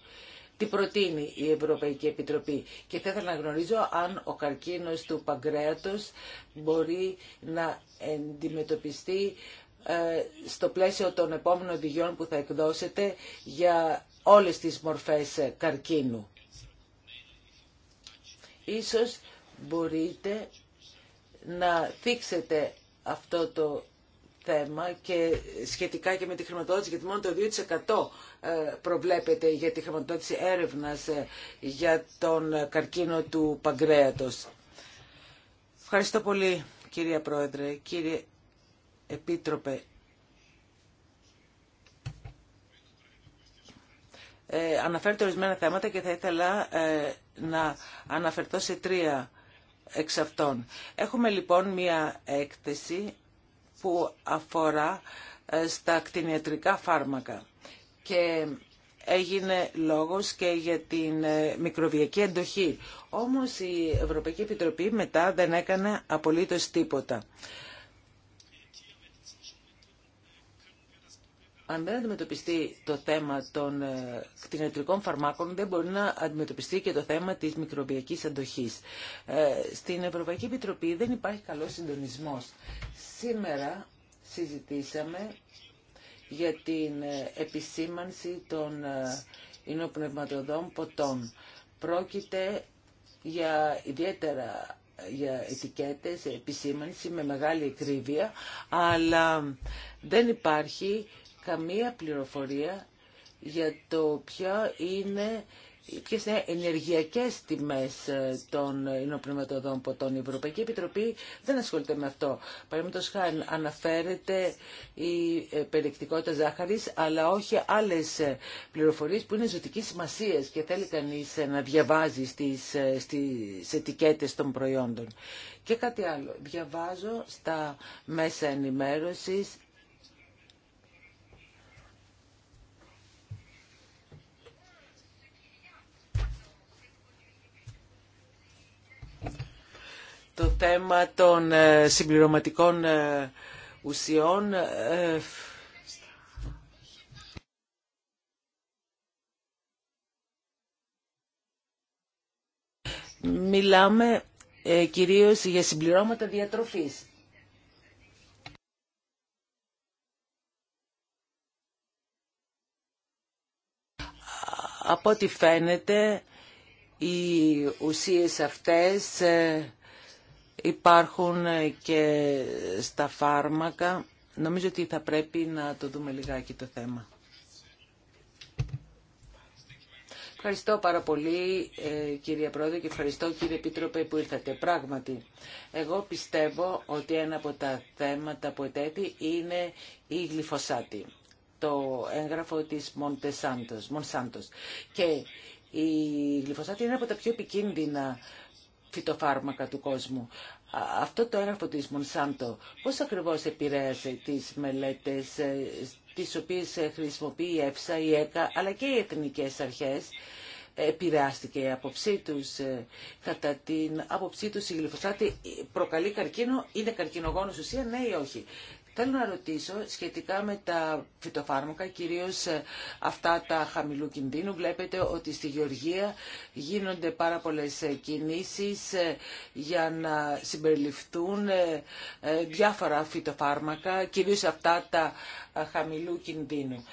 Τι προτείνει η Ευρωπαϊκή Επιτροπή και θα ήθελα να γνωρίζω αν ο καρκίνος του παγκρέατος μπορεί να αντιμετωπιστεί ε, στο πλαίσιο των επόμενων οδηγιών που θα εκδώσετε για όλες τις μορφές ε, καρκίνου. Ίσως μπορείτε να θίξετε αυτό το θέμα και σχετικά και με τη χρηματοδότηση, γιατί μόνο το 2% ε, προβλέπεται για τη χρηματοδότηση έρευνας για τον καρκίνο του παγκρέατος. Ευχαριστώ πολύ κυρία Πρόεδρε. Κύριε Επίτροπε, ε, ορισμένα θέματα και θα ήθελα ε, να αναφερθώ σε τρία εξ αυτών. Έχουμε λοιπόν μία έκθεση που αφορά ε, στα κτηνιατρικά φάρμακα και έγινε λόγος και για την ε, μικροβιακή εντοχή. Όμως η Ευρωπαϊκή Επιτροπή μετά δεν έκανε απολύτως τίποτα. αν δεν αντιμετωπιστεί το θέμα των ε, κτηνιατρικών φαρμάκων, δεν μπορεί να αντιμετωπιστεί και το θέμα της μικροβιακής αντοχής. Ε, στην Ευρωπαϊκή Επιτροπή δεν υπάρχει καλός συντονισμός. Σήμερα συζητήσαμε για την ε, επισήμανση των υνοπνευματοδών ποτών. Πρόκειται για ιδιαίτερα για ετικέτες, επισήμανση με μεγάλη εκκρίβεια, αλλά δεν υπάρχει καμία πληροφορία για το ποια είναι ποιες είναι ενεργειακές τιμές ε, των υνοπνευματοδών ποτών. Η Ευρωπαϊκή Επιτροπή δεν ασχολείται με αυτό. Παραδείγματο χάρη αναφέρεται η ε, περιεκτικότητα ζάχαρης, αλλά όχι άλλες ε, πληροφορίες που είναι ζωτικής σημασίας και θέλει κανείς να διαβάζει στις, στις ετικέτες των προϊόντων. Και κάτι άλλο. Διαβάζω στα μέσα ενημέρωσης το θέμα των ε, συμπληρωματικών ε, ουσιών ε, μιλάμε κυρίως για συμπληρώματα διατροφής. Από ό,τι φαίνεται, οι ουσίες αυτές υπάρχουν ε, και στα φάρμακα. Νομίζω ότι θα πρέπει να το δούμε λιγάκι το θέμα. Ευχαριστώ πάρα πολύ κύριε Πρόεδρε και ευχαριστώ κύριε Επίτροπε που ήρθατε. Πράγματι, εγώ πιστεύω ότι ένα από τα θέματα που ετέθη είναι η γλυφοσάτη, το έγγραφο της Μονσάντος. Και η γλυφοσάτη είναι από τα πιο επικίνδυνα φυτοφάρμακα του κόσμου. Αυτό το έγραφο της Μονσάντο πώς ακριβώς επηρέασε τις μελέτες ε, τις οποίες ε, χρησιμοποιεί η ΕΦΣΑ, η ΕΚΑ αλλά και οι εθνικές αρχές επηρεάστηκε η άποψή του. Ε, κατά την άποψή του, η γλυφοσάτη προκαλεί καρκίνο, είναι καρκινογόνος ουσία, ναι ή όχι. Θέλω να ρωτήσω σχετικά με τα φυτοφάρμακα, κυρίως ε, αυτά τα χαμηλού κινδύνου. Βλέπετε ότι στη Γεωργία γίνονται πάρα πολλές ε, κινήσεις ε, για να συμπεριληφθούν διάφορα φυτοφάρμακα, κυρίως αυτά τα χαμηλού κινδύνου.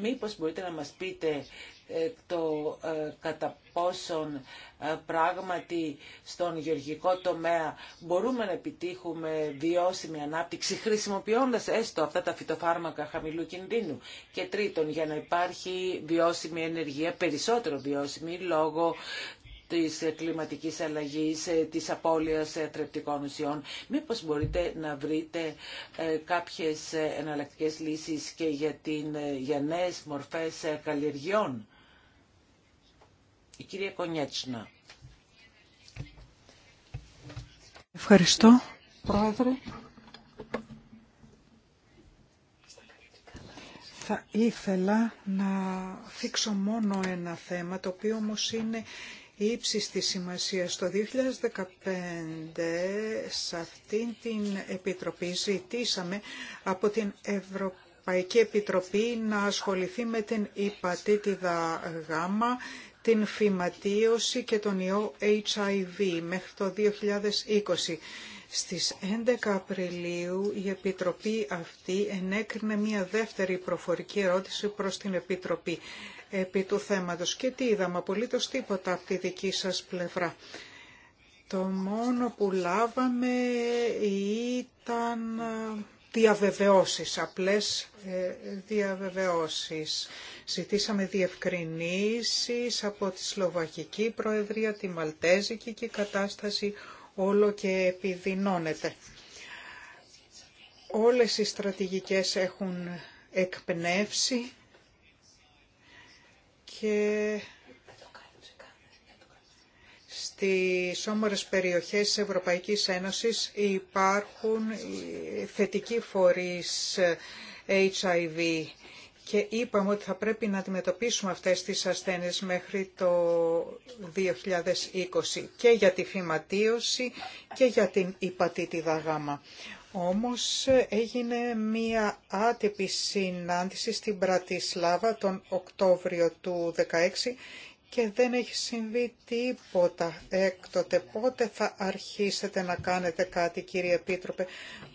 Μήπως μπορείτε να μας πείτε ε, το ε, κατά πόσον ε, πράγματι στον γεωργικό τομέα μπορούμε να επιτύχουμε βιώσιμη ανάπτυξη χρησιμοποιώντας έστω αυτά τα φυτοφάρμακα χαμηλού κινδύνου. Και τρίτον, για να υπάρχει βιώσιμη ενεργεία, περισσότερο βιώσιμη λόγω της κλιματικής αλλαγής, της απώλειας θρεπτικών ουσιών. Μήπως μπορείτε να βρείτε κάποιες εναλλακτικές λύσεις και για, την, για νέες μορφές καλλιεργιών. Η κυρία Κονιέτσινα. Ευχαριστώ, Πρόεδρε. Θα ήθελα να θίξω μόνο ένα θέμα, το οποίο όμως είναι ύψης της σημασίας. Το 2015 σε αυτήν την Επιτροπή ζητήσαμε από την Ευρωπαϊκή Επιτροπή να ασχοληθεί με την υπατήτηδα γάμα την φυματίωση και τον ιό HIV μέχρι το 2020. Στις 11 Απριλίου η Επιτροπή αυτή ενέκρινε μια δεύτερη προφορική ερώτηση προς την Επιτροπή επί του θέματος. Και τι είδαμε, απολύτως τίποτα από τη δική σας πλευρά. Το μόνο που λάβαμε ήταν διαβεβαιώσεις, απλές ε, διαβεβαιώσεις. Ζητήσαμε διευκρινήσεις από τη Σλοβακική Προεδρία, τη Μαλτέζικη και η κατάσταση όλο και επιδεινώνεται. Όλες οι στρατηγικές έχουν εκπνεύσει και στις όμορες περιοχές της Ευρωπαϊκής Ένωσης υπάρχουν θετικοί φορείς ε, HIV και είπαμε ότι θα πρέπει να αντιμετωπίσουμε αυτές τις ασθένειες μέχρι το 2020 και για τη φυματίωση και για την υπατήτηδα γάμα. Όμως έγινε μία άτυπη συνάντηση στην Πρατισλάβα τον Οκτώβριο του 2016 και δεν έχει συμβεί τίποτα έκτοτε. Πότε θα αρχίσετε να κάνετε κάτι κύριε Επίτροπε,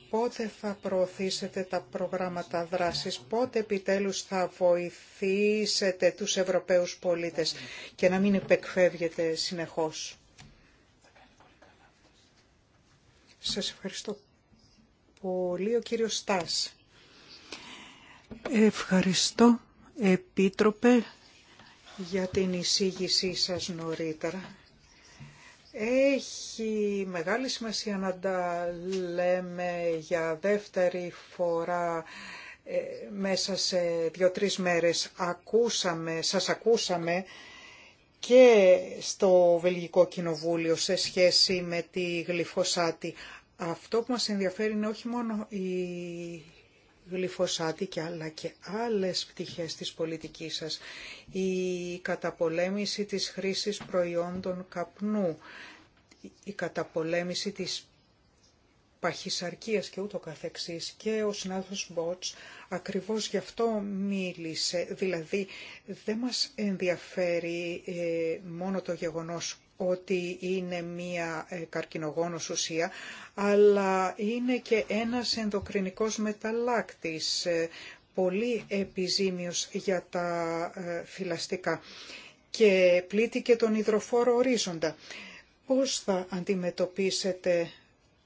πότε θα προωθήσετε τα προγράμματα δράσης, πότε επιτέλους θα βοηθήσετε τους Ευρωπαίους πολίτες και να μην υπεκφεύγετε συνεχώς. Σας ευχαριστώ πολύ ο κύριος Στάς. Ευχαριστώ Επίτροπε για την εισήγησή σας νωρίτερα. Έχει μεγάλη σημασία να τα λέμε για δεύτερη φορά ε, μέσα σε δύο-τρεις μέρες. Ακούσαμε, σας ακούσαμε και στο Βελγικό Κοινοβούλιο σε σχέση με τη γλυφοσάτη. Αυτό που μας ενδιαφέρει είναι όχι μόνο η γλυφοσάτη και άλλα και άλλες πτυχές της πολιτικής σας. Η καταπολέμηση της χρήσης προϊόντων καπνού, η καταπολέμηση της παχυσαρκίας και ούτω καθεξής και ο συνάδελφος Μπότς ακριβώς γι' αυτό μίλησε. Δηλαδή δεν μας ενδιαφέρει ε, μόνο το γεγονός ότι είναι μία ε, καρκινογόνος ουσία, αλλά είναι και ένας ενδοκρινικός μεταλλάκτης, ε, πολύ επιζήμιος για τα ε, φυλαστικά και πλήττει και τον υδροφόρο ορίζοντα. Πώς θα αντιμετωπίσετε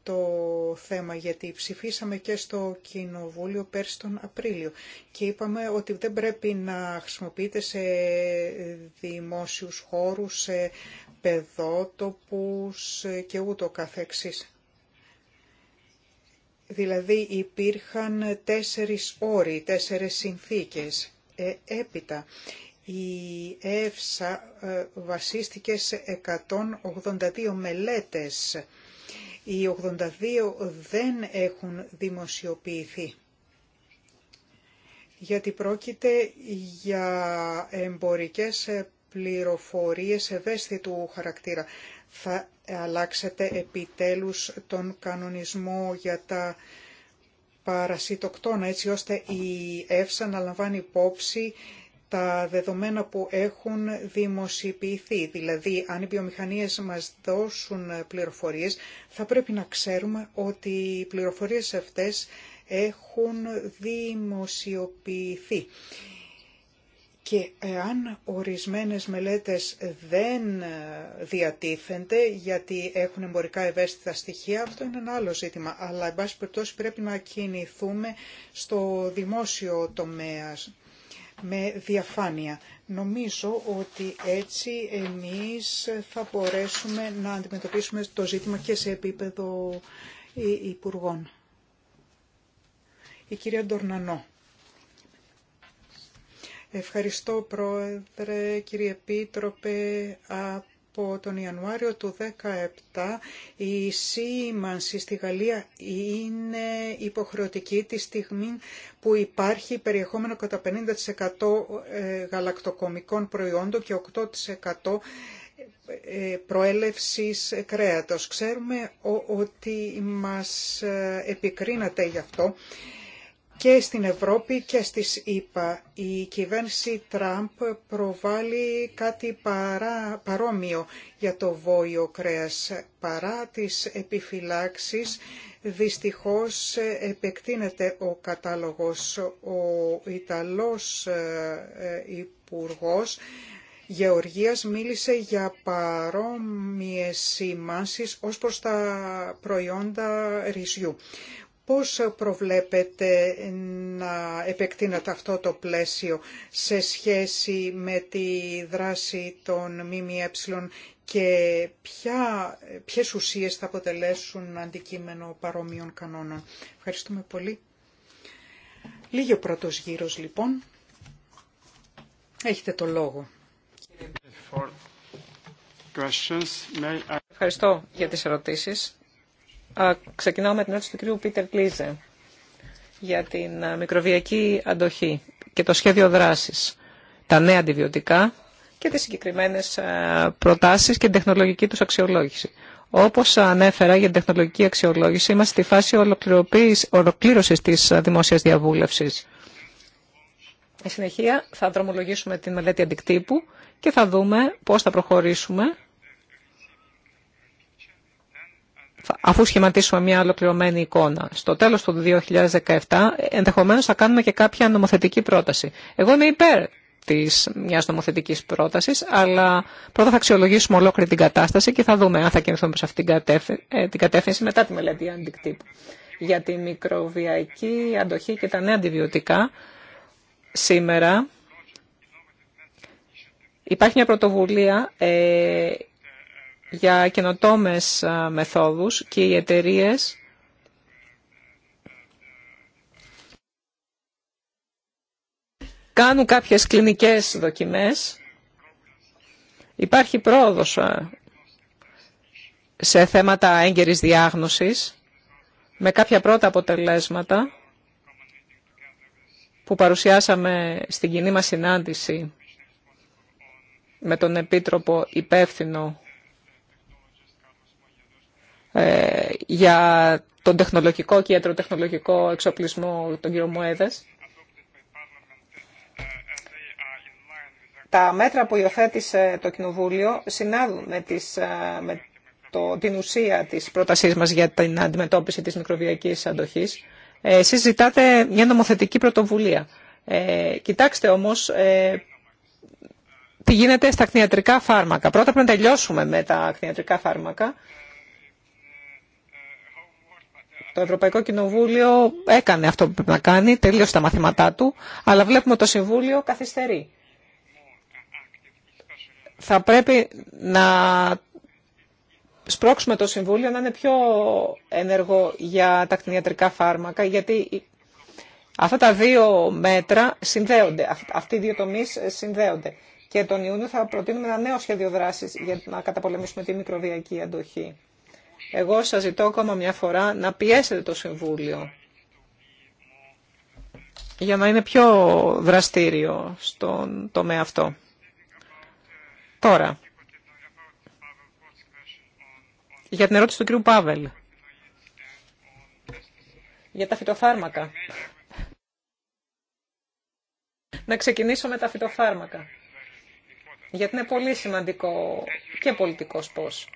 το θέμα γιατί ψηφίσαμε και στο Κοινοβούλιο πέρσι τον Απρίλιο και είπαμε ότι δεν πρέπει να χρησιμοποιείται σε δημόσιους χώρους, σε παιδότοπους και ούτω καθεξής. Δηλαδή υπήρχαν τέσσερις όροι, τέσσερες συνθήκες. Ε, έπειτα η ΕΦΣΑ ε, βασίστηκε σε 182 μελέτες οι 82 δεν έχουν δημοσιοποιηθεί γιατί πρόκειται για εμπορικές πληροφορίες ευαίσθητου χαρακτήρα. Θα αλλάξετε επιτέλους τον κανονισμό για τα παρασιτοκτόνα, έτσι ώστε η ΕΦΣΑ να λαμβάνει υπόψη τα δεδομένα που έχουν δημοσιοποιηθεί. Δηλαδή, αν οι βιομηχανίες μας δώσουν πληροφορίες, θα πρέπει να ξέρουμε ότι οι πληροφορίες αυτές έχουν δημοσιοποιηθεί. Και εάν ορισμένες μελέτες δεν διατίθενται γιατί έχουν εμπορικά ευαίσθητα στοιχεία, αυτό είναι ένα άλλο ζήτημα. Αλλά, εν πρέπει να κινηθούμε στο δημόσιο τομέα με διαφάνεια. Νομίζω ότι έτσι εμείς θα μπορέσουμε να αντιμετωπίσουμε το ζήτημα και σε επίπεδο υπουργών. Η κυρία Ντορνανό. Ευχαριστώ Πρόεδρε, κύριε Επίτροπε, από τον Ιανουάριο του 2017 η σήμανση στη Γαλλία είναι υποχρεωτική τη στιγμή που υπάρχει περιεχόμενο κατά 50% ε, γαλακτοκομικών προϊόντων και 8% ε, προέλευσης κρέατος. Ξέρουμε ότι μας ε, επικρίνατε γι' αυτό και στην Ευρώπη και στις ΗΠΑ. Η κυβέρνηση Τραμπ προβάλλει κάτι παρά, παρόμοιο για το βόλιο κρέας. Παρά τις επιφυλάξεις, δυστυχώς επεκτείνεται ο κατάλογος. Ο Ιταλός ε, ε, Υπουργός Γεωργίας μίλησε για παρόμοιες σημάσεις ως προς τα προϊόντα ρυζιού. Πώς προβλέπετε να επεκτείνεται αυτό το πλαίσιο σε σχέση με τη δράση των ΜΜΕ και ποια, ποιες ουσίες θα αποτελέσουν αντικείμενο παρόμοιων κανόνων. Ευχαριστούμε πολύ. Λίγη ο πρώτος γύρος λοιπόν. Έχετε το λόγο. Ευχαριστώ για τις ερωτήσεις. Ξεκινάω με την ερώτηση του κ. Πίτερ Κλίζε για την μικροβιακή αντοχή και το σχέδιο δράσης, τα νέα αντιβιωτικά και τις συγκεκριμένες προτάσεις και την τεχνολογική τους αξιολόγηση. Όπως ανέφερα για την τεχνολογική αξιολόγηση, είμαστε στη φάση ολοκλήρωσης της δημόσιας διαβούλευσης. Στη συνεχεία θα δρομολογήσουμε την μελέτη αντικτύπου και θα δούμε πώς θα προχωρήσουμε αφού σχηματίσουμε μια ολοκληρωμένη εικόνα. Στο τέλος του 2017 ενδεχομένως θα κάνουμε και κάποια νομοθετική πρόταση. Εγώ είμαι υπέρ της μιας νομοθετικής πρότασης, αλλά πρώτα θα αξιολογήσουμε ολόκληρη την κατάσταση και θα δούμε αν θα κινηθούμε σε αυτή ε, την κατεύθυνση μετά τη μελέτη αντικτύπου. Για τη μικροβιακή αντοχή και τα νέα αντιβιωτικά, σήμερα υπάρχει μια πρωτοβουλία ε, για καινοτόμες μεθόδους και οι εταιρείε. Κάνουν κάποιες κλινικές δοκιμές. Υπάρχει πρόοδος σε θέματα έγκαιρης διάγνωσης με κάποια πρώτα αποτελέσματα που παρουσιάσαμε στην κοινή μας συνάντηση με τον Επίτροπο Υπεύθυνο ε, για τον τεχνολογικό και ιατροτεχνολογικό εξοπλισμό, των κύριο Μουέδες. Τα μέτρα που υιοθέτησε το Κοινοβούλιο συνάδουν ε, με, το, την ουσία της πρότασής μας για την αντιμετώπιση της μικροβιακής αντοχής. Ε, εσείς ζητάτε μια νομοθετική πρωτοβουλία. κοιτάξτε όμως τι γίνεται στα κτηνιατρικά φάρμακα. Πρώτα πρέπει να τελειώσουμε με τα κτηνιατρικά φάρμακα το Ευρωπαϊκό Κοινοβούλιο έκανε αυτό που πρέπει να κάνει, τελείωσε τα μαθήματά του, αλλά βλέπουμε το Συμβούλιο καθυστερεί. Θα πρέπει να σπρώξουμε το Συμβούλιο να είναι πιο ενεργό για τα κτηνιατρικά φάρμακα, γιατί αυτά τα δύο μέτρα συνδέονται, αυτοί οι δύο τομείς συνδέονται. Και τον Ιούνιο θα προτείνουμε ένα νέο σχέδιο δράσης για να καταπολεμήσουμε τη μικροβιακή αντοχή. Εγώ σας ζητώ ακόμα μια φορά να πιέσετε το Συμβούλιο για να είναι πιο δραστήριο στον τομέα αυτό. Τώρα, για την ερώτηση του κ. Πάβελ, για τα φυτοφάρμακα. Να ξεκινήσω με τα φυτοφάρμακα, γιατί είναι πολύ σημαντικό και πολιτικός πώς.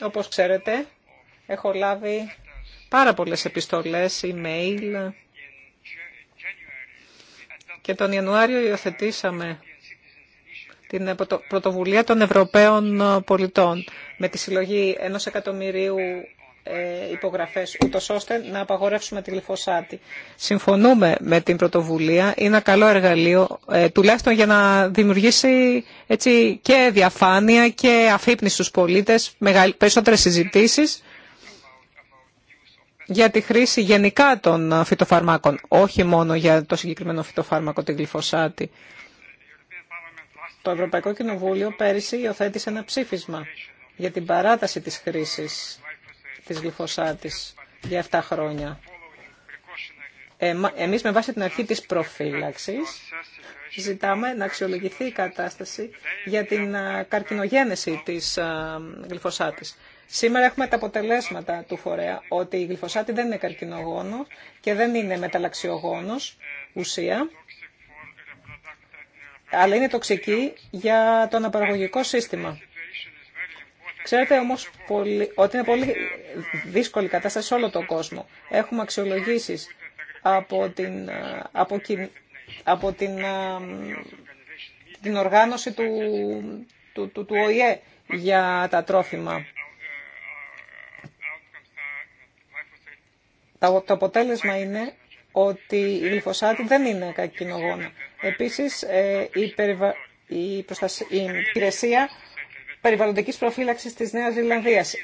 Όπως ξέρετε, έχω λάβει πάρα πολλές επιστολές, email και τον Ιανουάριο υιοθετήσαμε την πρωτοβουλία των Ευρωπαίων πολιτών με τη συλλογή ενός εκατομμυρίου ε, υπογραφές, ούτως ώστε να απαγορεύσουμε τη γλυφοσάτη. Συμφωνούμε με την πρωτοβουλία. Είναι ένα καλό εργαλείο, ε, τουλάχιστον για να δημιουργήσει έτσι, και διαφάνεια και αφύπνιση στους πολίτες, περισσότερες συζητήσεις για τη χρήση γενικά των ε, φυτοφαρμάκων, όχι μόνο για το συγκεκριμένο φυτοφάρμακο, τη γλυφοσάτη. Το Ευρωπαϊκό Κοινοβούλιο πέρυσι υιοθέτησε ένα ψήφισμα για την παράταση της χρήσης της γλυφοσάτης για 7 χρόνια. Ε, εμείς με βάση την αρχή της προφύλαξης ζητάμε να αξιολογηθεί η κατάσταση για την καρκινογένεση της γλυφοσάτης. Σήμερα έχουμε τα αποτελέσματα του φορέα ότι η γλυφωσάτη δεν είναι καρκινογόνο και δεν είναι μεταλλαξιογόνος ουσία, αλλά είναι τοξική για το αναπαραγωγικό σύστημα. Ξέρετε όμως ότι είναι πολύ δύσκολη κατάσταση σε όλο τον κόσμο. Έχουμε αξιολογήσεις από την, ε, από, από την, ε, την οργάνωση του, του, του, του ΟΗΕ για τα τρόφιμα. Το αποτέλεσμα είναι ότι η γλυφοσάτη δεν είναι κακοινογόνα. Επίσης, ε, η, η, προστασία... η περιβαλλοντικής προφύλαξης της Νέας Ζηλανδίας,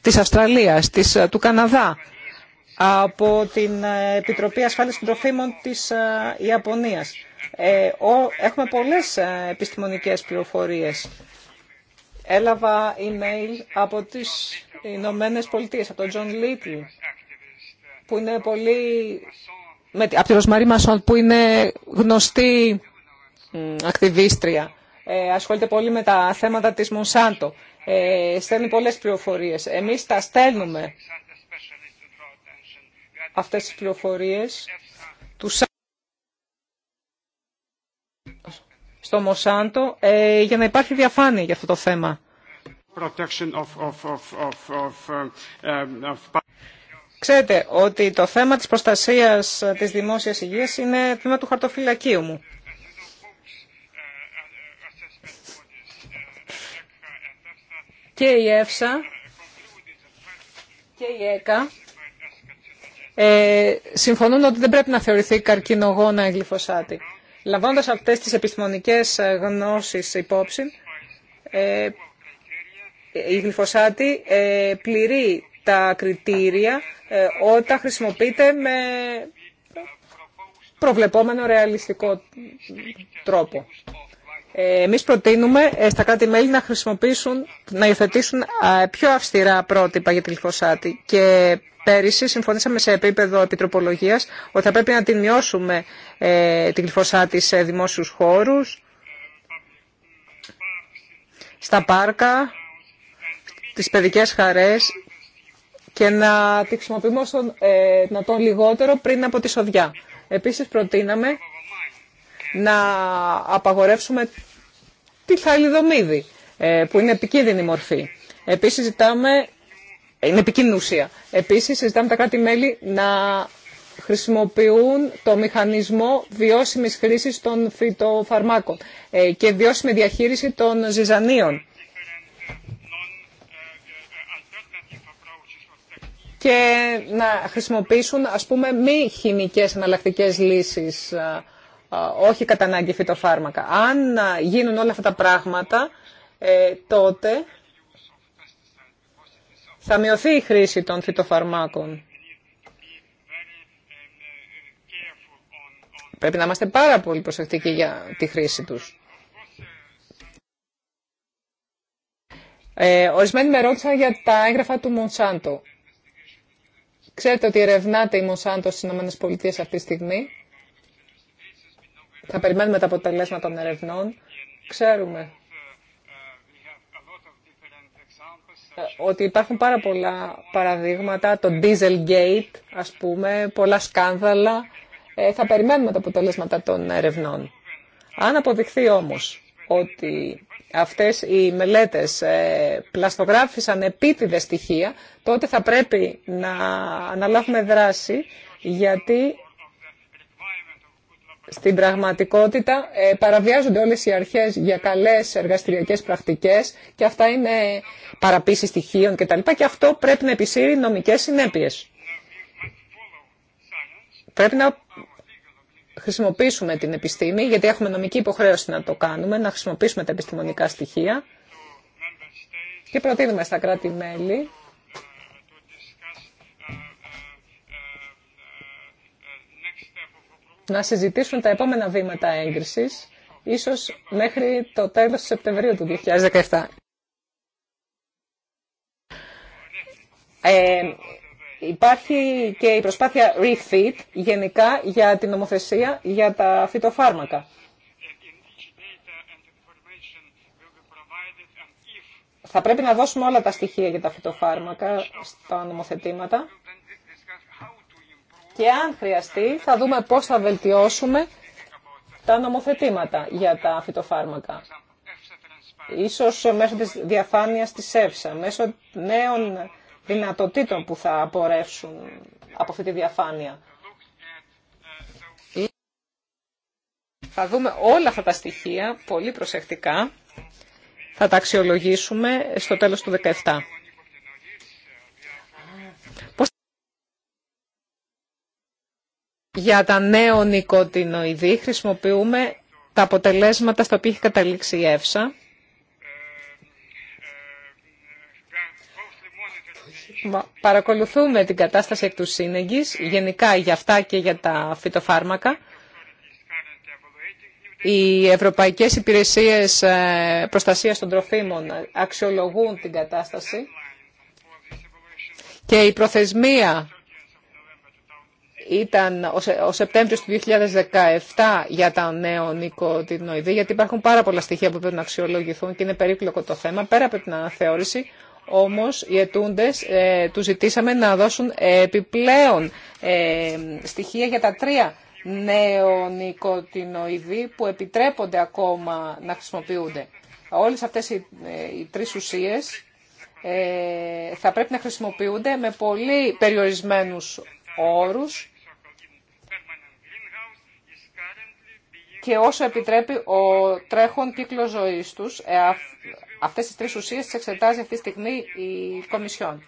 της Αυστραλίας, της, ε, του Καναδά, από την ε, Επιτροπή Ασφάλειας Τροφίμων της ε, Ιαπωνίας. Έχουμε πολλές επιστημονικές πληροφορίες. Έλαβα email από τις Ηνωμένε Πολιτείε, από τον Τζον Λίτλ, που είναι πολύ... από τη Ροσμαρή Μασόν, που είναι γνωστή ακτιβίστρια ε, ασχολείται πολύ με τα θέματα της Μονσάντο. Ε, στέλνει πολλές πληροφορίες. Εμείς τα στέλνουμε αυτές τις πληροφορίες του στο Μοσάντο ε, για να υπάρχει διαφάνεια για αυτό το θέμα. Ε, Ξέρετε ότι το θέμα της προστασίας της δημόσιας υγείας είναι θέμα του χαρτοφυλακίου μου. και η ΕΦΣΑ και η ΕΚΑ ε, συμφωνούν ότι δεν πρέπει να θεωρηθεί καρκινογόνα η γλυφοσάτη. Λαμβάνοντας αυτές τις επιστημονικές ε, γνώσεις υπόψη, ε, η γλυφοσάτη ε, πληρεί τα κριτήρια ε, όταν χρησιμοποιείται με προβλεπόμενο ρεαλιστικό τρόπο. Εμείς προτείνουμε ε, στα κράτη-μέλη να χρησιμοποιήσουν, να υιοθετήσουν πιο αυστηρά πρότυπα για τη κλειφωσάτη. και πέρυσι συμφωνήσαμε σε επίπεδο επιτροπολογίας ότι θα πρέπει να τη μειώσουμε ε, τη γλυφοσάτη σε δημόσιους χώρους, στα πάρκα, τις παιδικές χαρές και να τη χρησιμοποιούμε όσο ε, να τον λιγότερο πριν από τη σοδιά. Επίσης προτείναμε να απαγορεύσουμε τη θαλιδομίδη, ε, που είναι επικίνδυνη μορφή. Επίσης ζητάμε, είναι επικίνδυνη ουσία. Επίσης ζητάμε τα κράτη-μέλη να χρησιμοποιούν το μηχανισμό βιώσιμης χρήσης των φυτοφαρμάκων ε, και βιώσιμη διαχείριση των ζυζανίων. και να χρησιμοποιήσουν ας πούμε μη χημικές εναλλακτικές λύσεις όχι κατά ανάγκη φυτοφάρμακα. Αν γίνουν όλα αυτά τα πράγματα, ε, τότε θα μειωθεί η χρήση των φυτοφαρμάκων. Πρέπει να είμαστε πάρα πολύ προσεκτικοί για τη χρήση τους. Ε, ορισμένοι με ρώτησαν για τα έγγραφα του Μονσάντο. Ξέρετε ότι ερευνάται η Μονσάντο στις ΗΠΑ αυτή τη στιγμή θα περιμένουμε τα αποτελέσματα των ερευνών. Ξέρουμε ε, ότι υπάρχουν πάρα πολλά παραδείγματα, το Dieselgate, ας πούμε, πολλά σκάνδαλα. Ε, θα περιμένουμε τα αποτελέσματα των ερευνών. Αν αποδειχθεί όμως ότι αυτές οι μελέτες ε, πλαστογράφησαν επίτηδες στοιχεία, τότε θα πρέπει να αναλάβουμε δράση, γιατί στην πραγματικότητα ε, παραβιάζονται όλες οι αρχές για καλές εργαστηριακές πρακτικές και αυτά είναι παραπίση στοιχείων κτλ. Και αυτό πρέπει να επισύρει νομικές συνέπειες. Πρέπει να χρησιμοποιήσουμε την επιστήμη, γιατί έχουμε νομική υποχρέωση να το κάνουμε, να χρησιμοποιήσουμε τα επιστημονικά στοιχεία και προτείνουμε στα κράτη-μέλη να συζητήσουν τα επόμενα βήματα έγκρισης, ίσως μέχρι το τέλος του Σεπτεμβρίου του 2017. Ε, υπάρχει και η προσπάθεια ReFit γενικά για την νομοθεσία για τα φυτοφάρμακα. Θα πρέπει να δώσουμε όλα τα στοιχεία για τα φυτοφάρμακα στα νομοθετήματα και αν χρειαστεί θα δούμε πώς θα βελτιώσουμε τα νομοθετήματα για τα φυτοφάρμακα. Ίσως μέσω της διαφάνειας της ΕΦΣΑ, μέσω νέων δυνατοτήτων που θα απορρεύσουν από αυτή τη διαφάνεια. Θα δούμε όλα αυτά τα στοιχεία πολύ προσεκτικά. Θα τα αξιολογήσουμε στο τέλος του 2017. για τα νέο νοικοτινοειδή χρησιμοποιούμε τα αποτελέσματα στα οποία έχει καταλήξει η ΕΦΣΑ. Παρακολουθούμε την κατάσταση εκ του σύνεγγυς, γενικά για αυτά και για τα φυτοφάρμακα. Οι Ευρωπαϊκές Υπηρεσίες ε, Προστασίας των Τροφίμων αξιολογούν την κατάσταση και η προθεσμία ήταν ο Σεπτέμβριος του 2017 για τα νοικοτινοειδή, γιατί υπάρχουν πάρα πολλά στοιχεία που πρέπει να αξιολογηθούν και είναι περίπλοκο το θέμα, πέρα από την αναθεώρηση. Όμως οι ετούντες ε, τους ζητήσαμε να δώσουν επιπλέον ε, στοιχεία για τα τρία νεονικοτινοειδή που επιτρέπονται ακόμα να χρησιμοποιούνται. Όλες αυτές οι, ε, οι τρεις ουσίες ε, θα πρέπει να χρησιμοποιούνται με πολύ περιορισμένους όρους και όσο επιτρέπει ο τρέχον κύκλος ζωής τους. Ε, αυτές τι τρεις ουσίες τι εξετάζει αυτή τη στιγμή η Κομισιόν.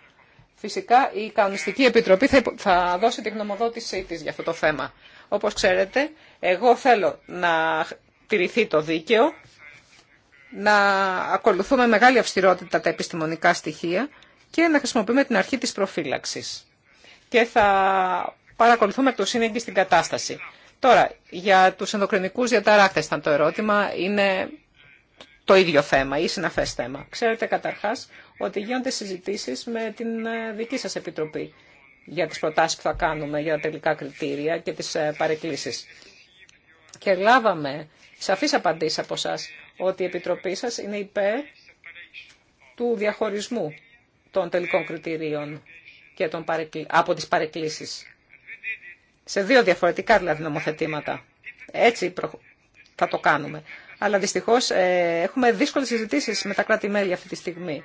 Φυσικά η Κανονιστική Επιτροπή θα δώσει τη γνωμοδότησή τη για αυτό το θέμα. Όπως ξέρετε, εγώ θέλω να τηρηθεί το δίκαιο, να ακολουθούμε μεγάλη αυστηρότητα τα επιστημονικά στοιχεία και να χρησιμοποιούμε την αρχή της προφύλαξης. Και θα παρακολουθούμε το σύνεγγι στην κατάσταση. Τώρα, για του ενδοκρινικού διαταράκτε, ήταν το ερώτημα, είναι το ίδιο θέμα ή συναφέ θέμα. Ξέρετε καταρχάς ότι γίνονται συζητήσεις με την ε, δική σα επιτροπή για τι προτάσει που θα κάνουμε για τα τελικά κριτήρια και τις ε, παρεκκλήσει. Και λάβαμε σαφεί απαντήσει από εσά ότι η Επιτροπή σας είναι υπέρ του διαχωρισμού των τελικών κριτηρίων και των από τις παρεκκλήσεις σε δύο διαφορετικά δηλαδή νομοθετήματα. Έτσι θα το κάνουμε. Αλλά δυστυχώς ε, έχουμε δύσκολε συζητήσει με τα κράτη-μέλη αυτή τη στιγμή.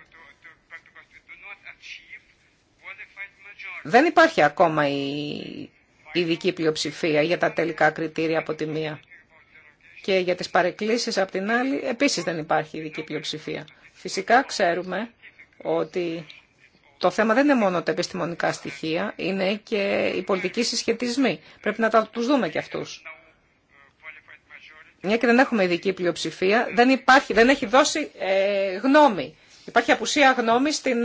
Δεν υπάρχει ακόμα η ειδική πλειοψηφία για τα τελικά κριτήρια από τη μία. Και για τις παρεκκλήσεις από την άλλη επίσης δεν υπάρχει ειδική πλειοψηφία. Φυσικά ξέρουμε ότι το θέμα δεν είναι μόνο τα επιστημονικά στοιχεία, είναι και οι πολιτικοί συσχετισμοί. Πρέπει να τα, τους δούμε και αυτούς. Μια και δεν έχουμε ειδική πλειοψηφία, δεν, υπάρχει, δεν έχει δώσει ε, γνώμη. Υπάρχει απουσία γνώμη στην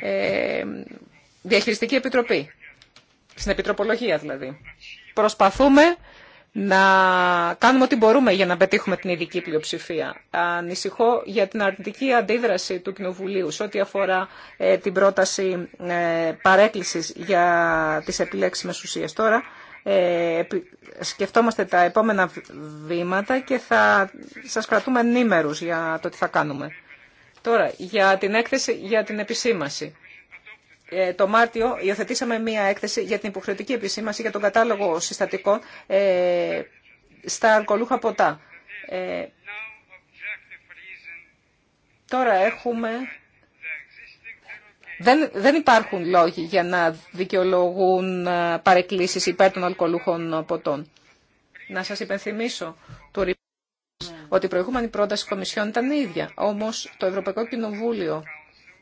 ε, ε, Διαχειριστική Επιτροπή. Στην Επιτροπολογία δηλαδή. Προσπαθούμε να κάνουμε ό,τι μπορούμε για να πετύχουμε την ειδική πλειοψηφία. Ανησυχώ για την αρνητική αντίδραση του Κοινοβουλίου σε ό,τι αφορά ε, την πρόταση ε, παρέκκλησης για τις επιλέξιμες ουσίες. Τώρα ε, σκεφτόμαστε τα επόμενα βήματα και θα σας κρατούμε ενήμερους για το τι θα κάνουμε. Τώρα, για την έκθεση για την επισήμαση. Ε, το Μάρτιο υιοθετήσαμε μία έκθεση για την υποχρεωτική επισήμαση για τον κατάλογο συστατικών ε, στα αλκοολούχα ποτά. Ε, τώρα έχουμε... Δεν, δεν υπάρχουν λόγοι για να δικαιολογούν ε, παρεκκλήσεις υπέρ των αλκοολούχων ποτών. Να σας υπενθυμίσω το ότι η προηγούμενη πρόταση Κομισιόν ήταν η ίδια. Όμως το Ευρωπαϊκό Κοινοβούλιο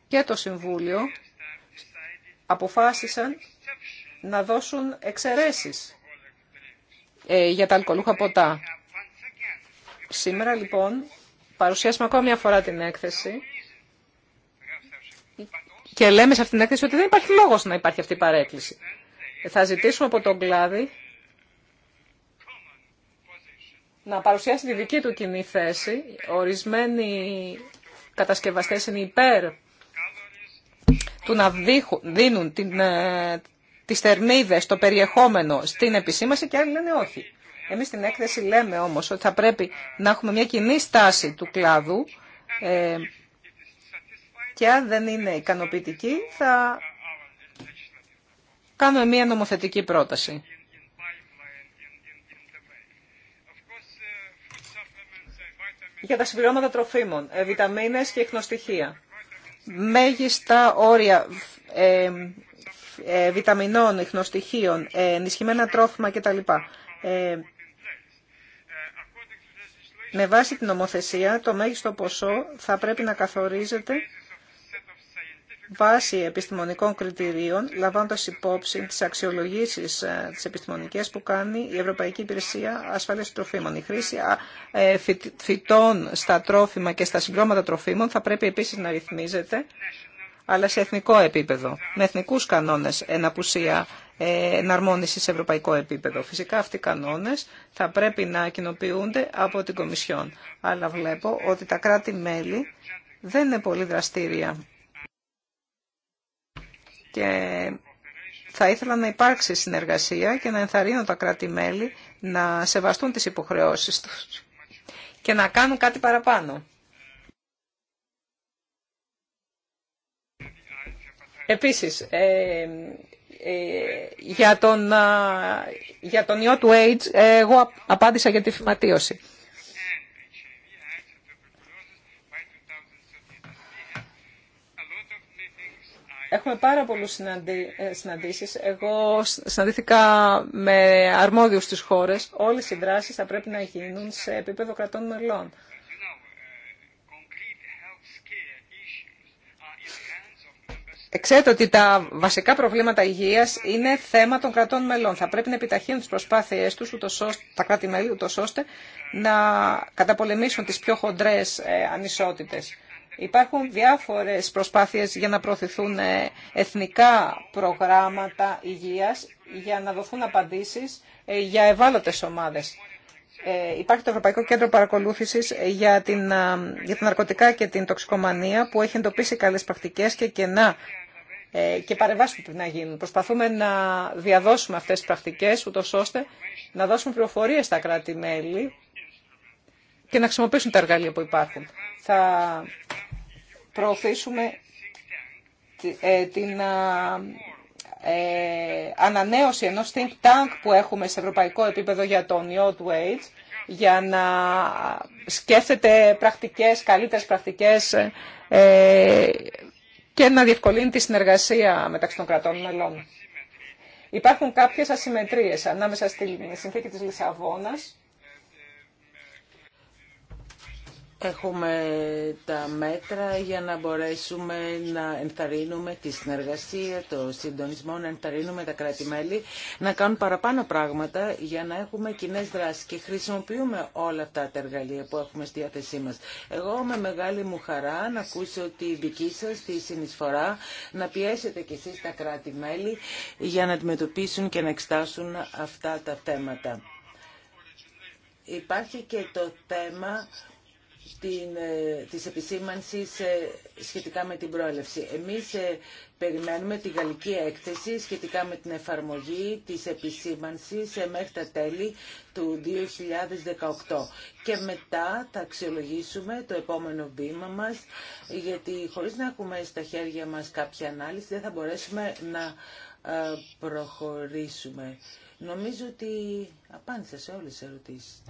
και το Συμβούλιο αποφάσισαν να δώσουν εξαιρέσεις ε, για τα αλκοολούχα ποτά. Σήμερα λοιπόν παρουσιάσουμε ακόμα μια φορά την έκθεση και λέμε σε αυτήν την έκθεση ότι δεν υπάρχει λόγος να υπάρχει αυτή η παρέκκληση. Θα ζητήσουμε από τον κλάδι να παρουσιάσει τη δική του κοινή θέση. Ορισμένοι κατασκευαστές είναι υπέρ του να δίνουν την, ε, τις θερμίδες, το περιεχόμενο στην επισήμαση και άλλοι λένε όχι. Εμείς στην έκθεση λέμε όμως ότι θα πρέπει να έχουμε μια κοινή στάση του κλάδου ε, και αν δεν είναι ικανοποιητική θα κάνουμε μια νομοθετική πρόταση. Για τα συμπληρώματα τροφίμων, ε, βιταμίνες και εχνοστοιχεία μέγιστα όρια ε, ε, βιταμινών, ιχνοστοιχείων, ε, ενισχυμένα τρόφιμα κτλ. Ε, με βάση την νομοθεσία, το μέγιστο ποσό θα πρέπει να καθορίζεται βάσει επιστημονικών κριτηρίων, λαμβάνοντας υπόψη τις αξιολογήσεις ε, τις επιστημονικές που κάνει η Ευρωπαϊκή Υπηρεσία Ασφάλειας Τροφίμων. Η χρήση ε, φυτών στα τρόφιμα και στα συμπλώματα τροφίμων θα πρέπει επίσης να ρυθμίζεται, αλλά σε εθνικό επίπεδο, με εθνικούς κανόνες απουσία ε, εναρμόνιση σε ευρωπαϊκό επίπεδο. Φυσικά αυτοί οι κανόνες θα πρέπει να κοινοποιούνται από την Κομισιόν. Αλλά βλέπω ότι τα κράτη-μέλη δεν είναι πολύ δραστήρια και θα ήθελα να υπάρξει συνεργασία και να ενθαρρύνω τα κράτη-μέλη να σεβαστούν τις υποχρεώσεις τους και να κάνουν κάτι παραπάνω. Επίσης, ε, ε, για, τον, ε, για τον ιό του AIDS, εγώ απάντησα για τη φυματίωση. Έχουμε πάρα πολλούς ε, συναντήσεις. Εγώ συναντήθηκα με αρμόδιους στις χώρες. Όλες οι δράσεις θα πρέπει να γίνουν σε επίπεδο κρατών μελών. Ξέρετε ότι τα βασικά προβλήματα υγείας είναι θέμα των κρατών μελών. Θα πρέπει να επιταχύνουν τις προσπάθειές τους, τα κράτη-μέλη, ούτως ώστε να καταπολεμήσουν τις πιο χοντρές ε, ανισότητες. Υπάρχουν διάφορες προσπάθειες για να προωθηθούν ε, εθνικά προγράμματα υγείας, για να δοθούν απαντήσεις ε, για ευάλωτες ομάδες. Ε, υπάρχει το Ευρωπαϊκό Κέντρο Παρακολούθησης για την, για την ναρκωτικά και την τοξικομανία που έχει εντοπίσει καλές πρακτικές και κενά και παρεμβάσει πρέπει να γίνουν. Προσπαθούμε να διαδώσουμε αυτές τις πρακτικές, ούτω ώστε να δώσουμε πληροφορίες στα κράτη-μέλη και να χρησιμοποιήσουν τα εργαλεία που υπάρχουν. Θα προωθήσουμε ε, την ε, ανανέωση ενός think tank που έχουμε σε ευρωπαϊκό επίπεδο για τον ιό του για να σκέφτεται πρακτικές, καλύτερες πρακτικές ε, και να διευκολύνει τη συνεργασία μεταξύ των κρατών μελών. Υπάρχουν κάποιες ασυμμετρίες ανάμεσα στη συνθήκη της Λισαβόνας Έχουμε τα μέτρα για να μπορέσουμε να ενθαρρύνουμε τη συνεργασία, το συντονισμό, να ενθαρρύνουμε τα κράτη-μέλη να κάνουν παραπάνω πράγματα για να έχουμε κοινέ δράσει και χρησιμοποιούμε όλα αυτά τα εργαλεία που έχουμε στη διάθεσή μα. Εγώ με μεγάλη μου χαρά να ακούσω τη δική σα τη συνεισφορά, να πιέσετε κι εσεί τα κράτη-μέλη για να αντιμετωπίσουν και να εξτάσουν αυτά τα θέματα. Υπάρχει και το θέμα την, ε, της επισήμανσης ε, σχετικά με την πρόελευση. Εμείς ε, περιμένουμε τη γαλλική έκθεση σχετικά με την εφαρμογή της επισήμανσης μέχρι τα τέλη του 2018. Και μετά θα αξιολογήσουμε το επόμενο βήμα μας, γιατί χωρίς να έχουμε στα χέρια μας κάποια ανάλυση δεν θα μπορέσουμε να προχωρήσουμε. Νομίζω ότι απάντησα σε όλες τις ερωτήσεις.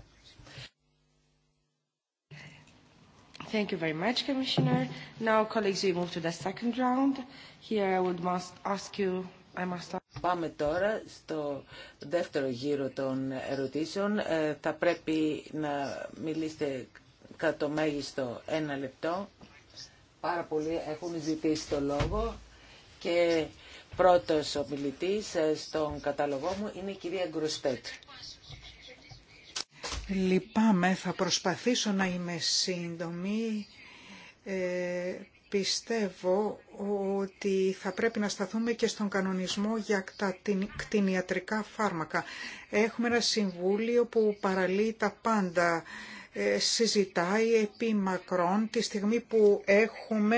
Πάμε τώρα στο δεύτερο γύρο των ερωτήσεων. Ε, θα πρέπει να μιλήσετε κατά το μέγιστο ένα λεπτό. Πάρα πολλοί έχουν ζητήσει το λόγο και πρώτος ομιλητής ε, στον κατάλογό μου είναι η κυρία Γκρουστέτ. Λυπάμαι, θα προσπαθήσω να είμαι σύντομη. Ε, πιστεύω ότι θα πρέπει να σταθούμε και στον κανονισμό για τα κτηνιατρικά φάρμακα. Έχουμε ένα συμβούλιο που παραλύει τα πάντα. Ε, συζητάει επί μακρόν τη στιγμή που έχουμε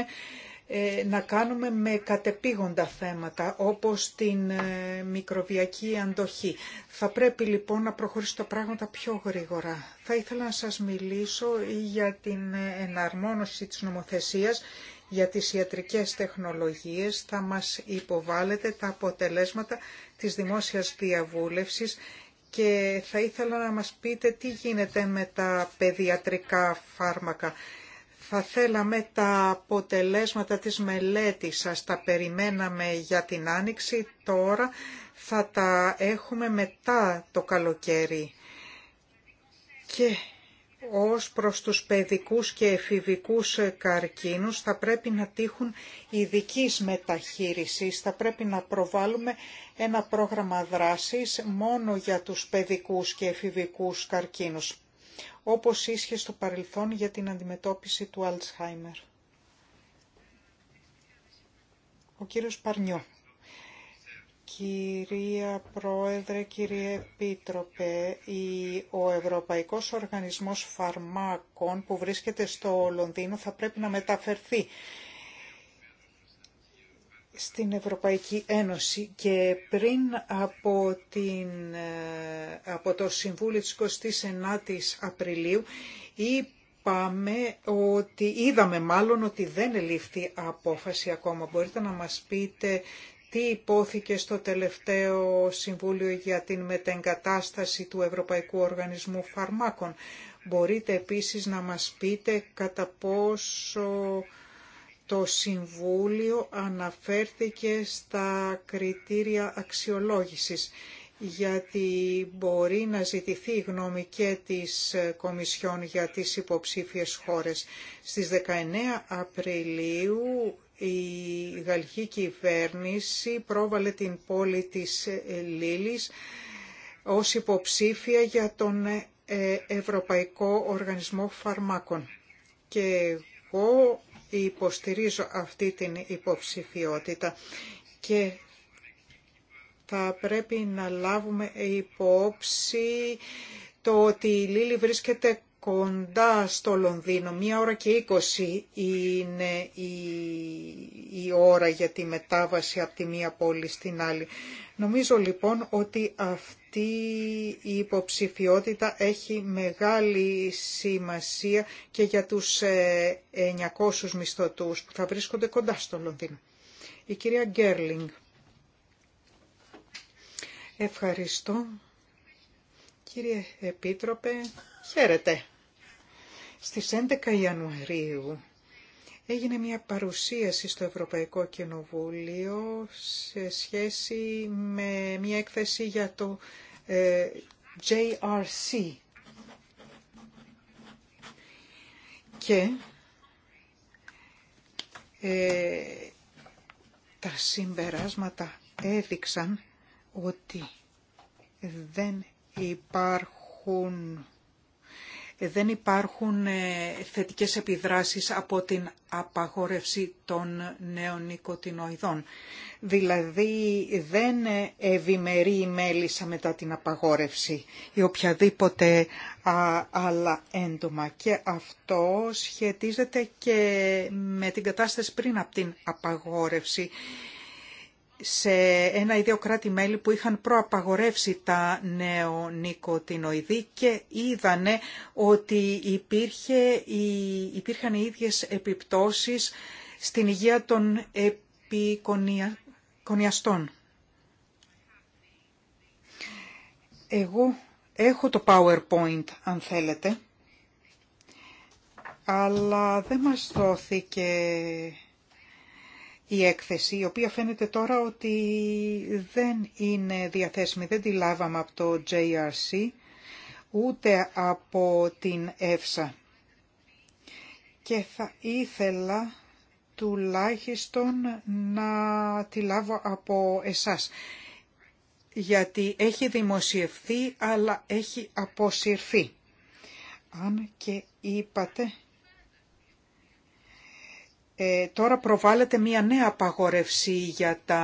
ε, να κάνουμε με κατεπήγοντα θέματα, όπως την ε, μικροβιακή αντοχή. Θα πρέπει λοιπόν να προχωρήσει τα πράγματα πιο γρήγορα. Θα ήθελα να σας μιλήσω για την ε, εναρμόνωση της νομοθεσίας για τις ιατρικές τεχνολογίες. Θα μας υποβάλλετε τα αποτελέσματα της δημόσιας διαβούλευσης και θα ήθελα να μας πείτε τι γίνεται με τα παιδιατρικά φάρμακα θα θέλαμε τα αποτελέσματα της μελέτης σας, τα περιμέναμε για την Άνοιξη, τώρα θα τα έχουμε μετά το καλοκαίρι. Και ως προς τους παιδικούς και εφηβικούς καρκίνους θα πρέπει να τύχουν ειδική μεταχείρισης. Θα πρέπει να προβάλλουμε ένα πρόγραμμα δράσης μόνο για τους παιδικούς και εφηβικούς καρκίνους όπως ίσχυε στο παρελθόν για την αντιμετώπιση του Αλτσχάιμερ. Ο κύριος Παρνιό. Κυρία Πρόεδρε, κύριε Επίτροπε, ο Ευρωπαϊκός Οργανισμός Φαρμάκων που βρίσκεται στο Λονδίνο θα πρέπει να μεταφερθεί στην Ευρωπαϊκή Ένωση και πριν από, την, ε, από το Συμβούλιο της 29ης Απριλίου είπαμε ότι, είδαμε μάλλον ότι δεν ελήφθη απόφαση ακόμα. Μπορείτε να μας πείτε τι υπόθηκε στο τελευταίο Συμβούλιο για την μετεγκατάσταση του Ευρωπαϊκού Οργανισμού Φαρμάκων. Μπορείτε επίσης να μας πείτε κατά πόσο το Συμβούλιο αναφέρθηκε στα κριτήρια αξιολόγησης γιατί μπορεί να ζητηθεί η γνώμη και της Κομισιόν για τις υποψήφιες χώρες. Στις 19 Απριλίου η γαλλική κυβέρνηση πρόβαλε την πόλη της Λίλης ως υποψήφια για τον ε, Ευρωπαϊκό Οργανισμό Φαρμάκων. Και εγώ υποστηρίζω αυτή την υποψηφιότητα και θα πρέπει να λάβουμε υπόψη το ότι η Λίλη βρίσκεται κοντά στο Λονδίνο, μία ώρα και είκοσι είναι η, η ώρα για τη μετάβαση από τη μία πόλη στην άλλη. Νομίζω λοιπόν ότι αυτή η υποψηφιότητα έχει μεγάλη σημασία και για τους 900 ε, μισθωτούς που θα βρίσκονται κοντά στο Λονδίνο. Η κυρία Γκέρλινγκ. Ευχαριστώ. Κύριε Επίτροπε, Χαίρετε. Στις 11 Ιανουαρίου έγινε μια παρουσίαση στο Ευρωπαϊκό Κοινοβούλιο σε σχέση με μια έκθεση για το ε, JRC. Και ε, τα συμπεράσματα έδειξαν ότι δεν υπάρχουν ε, δεν υπάρχουν ε, θετικές επιδράσεις από την απαγόρευση των νέων νοικοτινοειδών. Δηλαδή δεν ε, ευημερεί η μέλισσα μετά την απαγόρευση ή οποιαδήποτε άλλα έντομα. Και αυτό σχετίζεται και με την κατάσταση πριν από την απαγόρευση σε ένα ή δύο κράτη-μέλη που είχαν προαπαγορεύσει τα νεονικοτινοειδή και είδανε ότι υπήρχε, υπήρχαν οι ίδιες επιπτώσεις στην υγεία των επικονιαστών. Εγώ έχω το PowerPoint αν θέλετε, αλλά δεν μας δόθηκε η έκθεση, η οποία φαίνεται τώρα ότι δεν είναι διαθέσιμη, δεν τη λάβαμε από το JRC, ούτε από την ΕΦΣΑ. Και θα ήθελα τουλάχιστον να τη λάβω από εσάς, γιατί έχει δημοσιευθεί αλλά έχει αποσυρθεί. Αν και είπατε ε, τώρα προβάλλεται μία νέα απαγόρευση για τα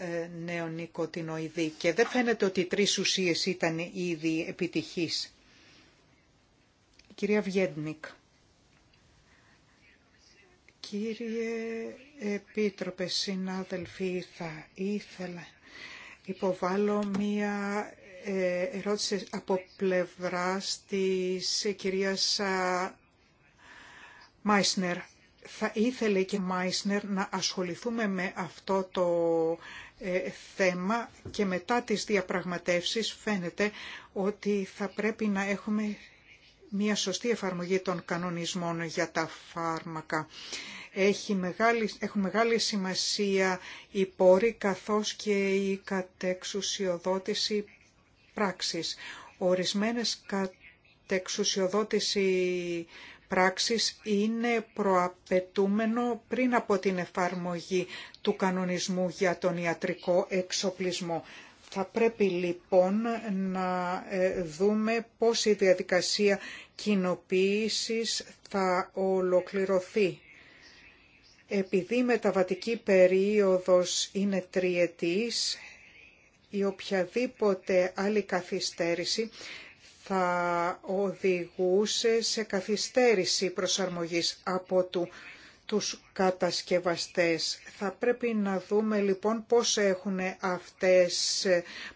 ε, νεονικοτινοειδή και δεν φαίνεται ότι οι τρεις ουσίες ήταν ήδη επιτυχείς. κυρία Βιέντνικ. Κύριε Επίτροπε, συνάδελφοι, θα ήθελα υποβάλω μία ε, ερώτηση από πλευράς της κυρίας Μάισνερ θα ήθελε και Μάισνερ να ασχοληθούμε με αυτό το ε, θέμα και μετά τις διαπραγματεύσεις φαίνεται ότι θα πρέπει να έχουμε μια σωστή εφαρμογή των κανονισμών για τα φάρμακα. Έχει μεγάλη, έχουν μεγάλη σημασία οι πόροι καθώς και η κατεξουσιοδότηση πράξης. Ορισμένες κατεξουσιοδότηση πράξεις είναι προαπαιτούμενο πριν από την εφαρμογή του κανονισμού για τον ιατρικό εξοπλισμό. Θα πρέπει λοιπόν να ε, δούμε πώς η διαδικασία κοινοποίησης θα ολοκληρωθεί. Επειδή η μεταβατική περίοδος είναι τριετής, η οποιαδήποτε άλλη καθυστέρηση θα οδηγούσε σε καθυστέρηση προσαρμογής από του, τους κατασκευαστές. Θα πρέπει να δούμε λοιπόν πώς, έχουν αυτές,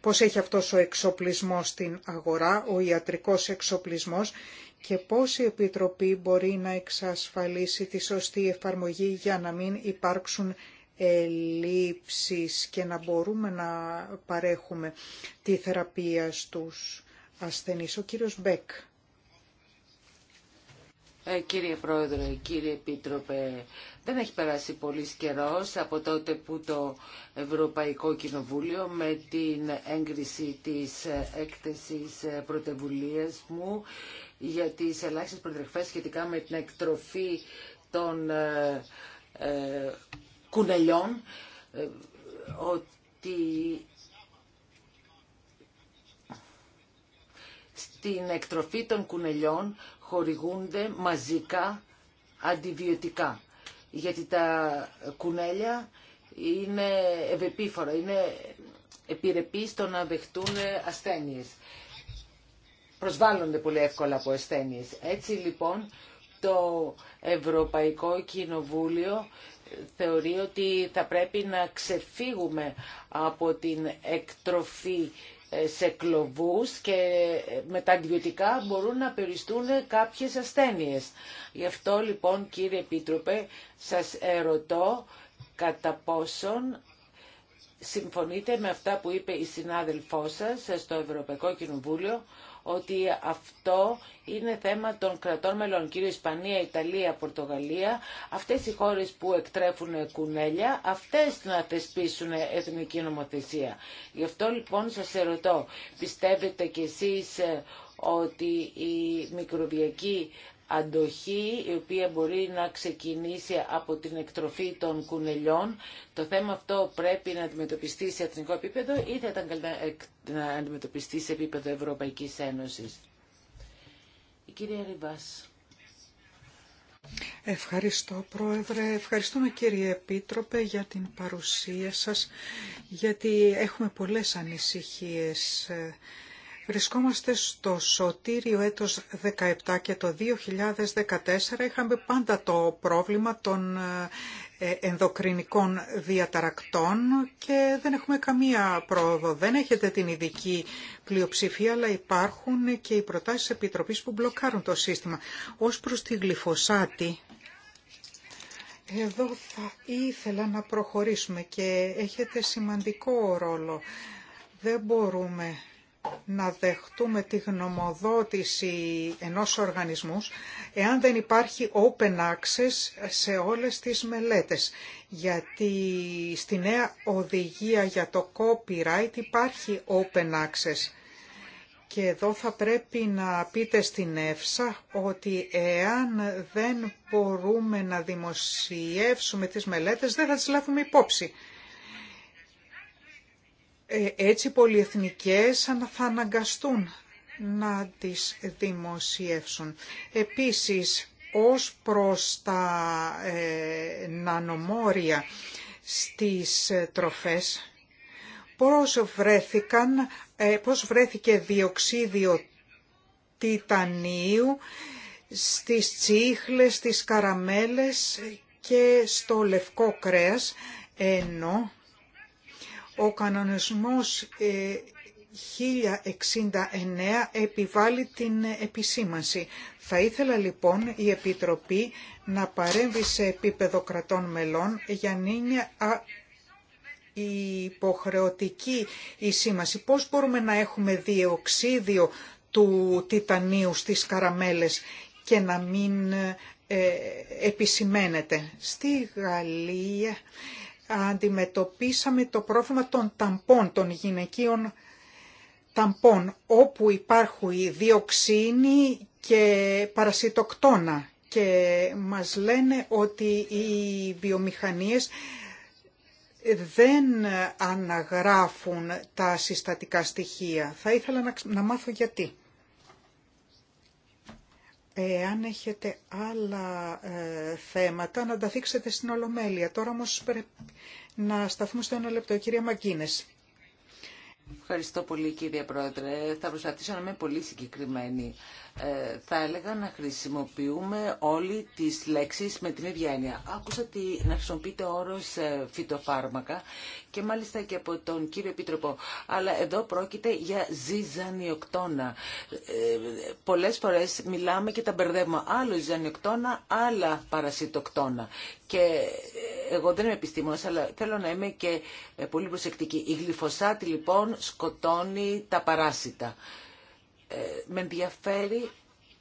πώς έχει αυτός ο εξοπλισμός στην αγορά, ο ιατρικός εξοπλισμός και πώς η Επιτροπή μπορεί να εξασφαλίσει τη σωστή εφαρμογή για να μην υπάρξουν ελλείψεις και να μπορούμε να παρέχουμε τη θεραπεία στους ο κύριος Μπέκ. Ε, κύριε Πρόεδρε, κύριε Επίτροπε, δεν έχει περάσει πολύ καιρό από τότε που το Ευρωπαϊκό Κοινοβούλιο με την έγκριση της έκθεσης πρωτεβουλίας μου για τις ελάχιστες προτρεχές σχετικά με την εκτροφή των ε, ε, κουνελιών ότι στην εκτροφή των κουνελιών χορηγούνται μαζικά αντιβιωτικά. Γιατί τα κουνέλια είναι ευεπίφορα, είναι επιρρεπή στο να δεχτούν ασθένειες. Προσβάλλονται πολύ εύκολα από ασθένειες. Έτσι λοιπόν το Ευρωπαϊκό Κοινοβούλιο θεωρεί ότι θα πρέπει να ξεφύγουμε από την εκτροφή σε κλοβούς και με τα αντιβιωτικά μπορούν να περιστούν κάποιες ασθένειες. Γι' αυτό λοιπόν κύριε Επίτροπε σας ερωτώ κατά πόσον συμφωνείτε με αυτά που είπε η συνάδελφό σας στο Ευρωπαϊκό Κοινοβούλιο ότι αυτό είναι θέμα των κρατών μελών, κύριο Ισπανία, Ιταλία, Πορτογαλία, αυτές οι χώρες που εκτρέφουν κουνέλια, αυτές να θεσπίσουν εθνική νομοθεσία. Γι' αυτό λοιπόν σας ερωτώ, πιστεύετε κι εσείς ε, ότι η μικροβιακή αντοχή η οποία μπορεί να ξεκινήσει από την εκτροφή των κουνελιών. Το θέμα αυτό πρέπει να αντιμετωπιστεί σε εθνικό επίπεδο ή θα ήταν καλύτερα να αντιμετωπιστεί σε επίπεδο Ευρωπαϊκής Ένωσης. Η κυρία Ριβάς. Ευχαριστώ Πρόεδρε, ευχαριστούμε κύριε Επίτροπε για την παρουσία σας, γιατί έχουμε πολλές ανησυχίες ε, Βρισκόμαστε στο σωτήριο έτος 17 και το 2014 είχαμε πάντα το πρόβλημα των ε, ενδοκρινικών διαταρακτών και δεν έχουμε καμία πρόοδο. Δεν έχετε την ειδική πλειοψηφία, αλλά υπάρχουν και οι προτάσεις επιτροπής που μπλοκάρουν το σύστημα. Ως προς τη γλυφοσάτη, εδώ θα ήθελα να προχωρήσουμε και έχετε σημαντικό ρόλο. Δεν μπορούμε να δεχτούμε τη γνωμοδότηση ενός οργανισμού εάν δεν υπάρχει open access σε όλες τις μελέτες. Γιατί στη νέα οδηγία για το copyright υπάρχει open access. Και εδώ θα πρέπει να πείτε στην ΕΦΣΑ ότι εάν δεν μπορούμε να δημοσιεύσουμε τις μελέτες δεν θα τις λάβουμε υπόψη. Ε, έτσι πολυεθνικές θα αναγκαστούν να τις δημοσιεύσουν. Επίσης, ως προς τα ε, νανομόρια στις ε, τροφές, πώς, βρέθηκαν, ε, πώς βρέθηκε διοξίδιο τιτανίου στις τσίχλες, στις καραμέλες και στο λευκό κρέας, ενώ ο κανονισμός 1069 ε, επιβάλλει την επισήμανση. Θα ήθελα λοιπόν η Επιτροπή να παρέμβει σε επίπεδο κρατών μελών για να είναι υποχρεωτική η σήμανση. Πώς μπορούμε να έχουμε διοξίδιο του τιτανίου στις καραμέλες και να μην ε, ε επισημαίνεται. Στη Γαλλία αντιμετωπίσαμε το πρόβλημα των ταμπών, των γυναικείων ταμπών, όπου υπάρχουν διοξίνη και παρασιτοκτόνα και μας λένε ότι οι βιομηχανίες δεν αναγράφουν τα συστατικά στοιχεία. Θα ήθελα να μάθω γιατί. Εάν έχετε άλλα ε, θέματα, να τα δείξετε στην Ολομέλεια. Τώρα όμως πρέπει να σταθούμε στο ένα λεπτό. Κυρία Μαγκίνες. Ευχαριστώ πολύ κύριε Πρόεδρε. Θα προσπαθήσω να είμαι πολύ συγκεκριμένη. Ε, θα έλεγα να χρησιμοποιούμε όλοι τις λέξεις με την ίδια έννοια. Άκουσα ότι να χρησιμοποιείται ο όρος ε, φυτοφάρμακα και μάλιστα και από τον κύριο Επίτροπο. Αλλά εδώ πρόκειται για ζυζανιοκτώνα. Ε, πολλές φορές μιλάμε και τα μπερδεύουμε. Άλλο ζυζανιοκτώνα, άλλα παρασιτοκτώνα και εγώ δεν είμαι επιστήμονας, αλλά θέλω να είμαι και ε, πολύ προσεκτική. Η γλυφοσάτη λοιπόν σκοτώνει τα παράσιτα. Ε, με ενδιαφέρει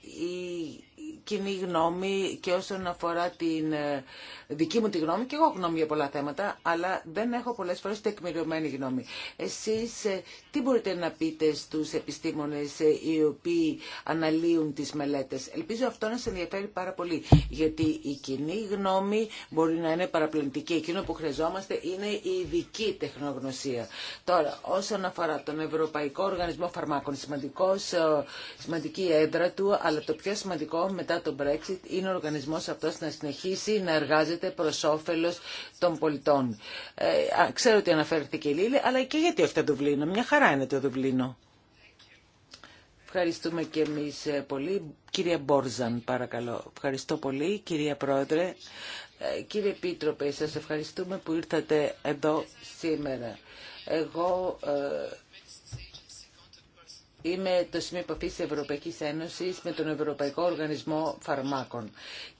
η κοινή γνώμη και όσον αφορά την ε, δική μου τη γνώμη, και εγώ γνώμη για πολλά θέματα, αλλά δεν έχω πολλές φορές τεκμηριωμένη γνώμη. Εσείς ε, τι μπορείτε να πείτε στους επιστήμονες ε, οι οποίοι αναλύουν τις μελέτες. Ελπίζω αυτό να σε ενδιαφέρει πάρα πολύ, γιατί η κοινή γνώμη μπορεί να είναι παραπλανητική. Εκείνο που χρειαζόμαστε είναι η ειδική τεχνογνωσία. Τώρα, όσον αφορά τον Ευρωπαϊκό Οργανισμό Φαρμάκων, σημαντικός, σημαντική έδρα του, αλλά το πιο σημαντικό μετά το Brexit είναι ο οργανισμός αυτός να συνεχίσει να εργάζεται προς όφελος των πολιτών. Ε, ξέρω ότι αναφέρθηκε η Λίλη, αλλά και γιατί όχι το Δουβλίνο. Μια χαρά είναι το Δουβλίνο. Ευχαριστούμε και εμείς ε, πολύ. Κυρία Μπόρζαν, παρακαλώ. Ευχαριστώ πολύ, κυρία Πρόεδρε. Ε, κύριε Επίτροπε, σας ευχαριστούμε που ήρθατε εδώ σήμερα. Εγώ είμαι το σημείο επαφή Ευρωπαϊκής Ένωσης με τον Ευρωπαϊκό Οργανισμό Φαρμάκων.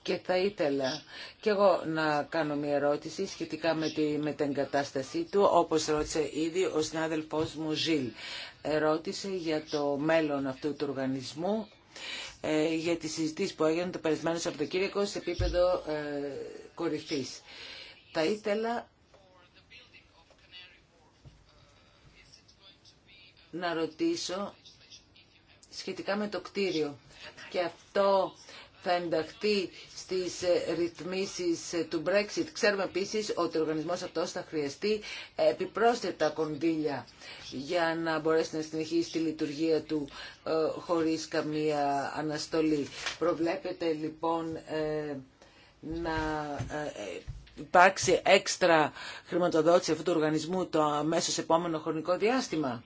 Και θα ήθελα και εγώ να κάνω μια ερώτηση σχετικά με, τη, με την κατάστασή του, όπως ρώτησε ήδη ο Συνάδελφο μου Ζιλ. Ερώτησε για το μέλλον αυτού του οργανισμού, ε, για τι συζητήσει που έγιναν το περασμένο Σαββατοκύριακο σε επίπεδο ε, κορυφής. Θα ήθελα να ρωτήσω σχετικά με το κτίριο. Και αυτό θα ενταχθεί στις ρυθμίσεις του Brexit. Ξέρουμε επίσης ότι ο οργανισμός αυτός θα χρειαστεί επιπρόσθετα κονδύλια για να μπορέσει να συνεχίσει τη λειτουργία του ε, χωρίς καμία αναστολή. Προβλέπετε λοιπόν ε, να ε, υπάρξει έξτρα χρηματοδότηση αυτού του οργανισμού το αμέσως επόμενο χρονικό διάστημα.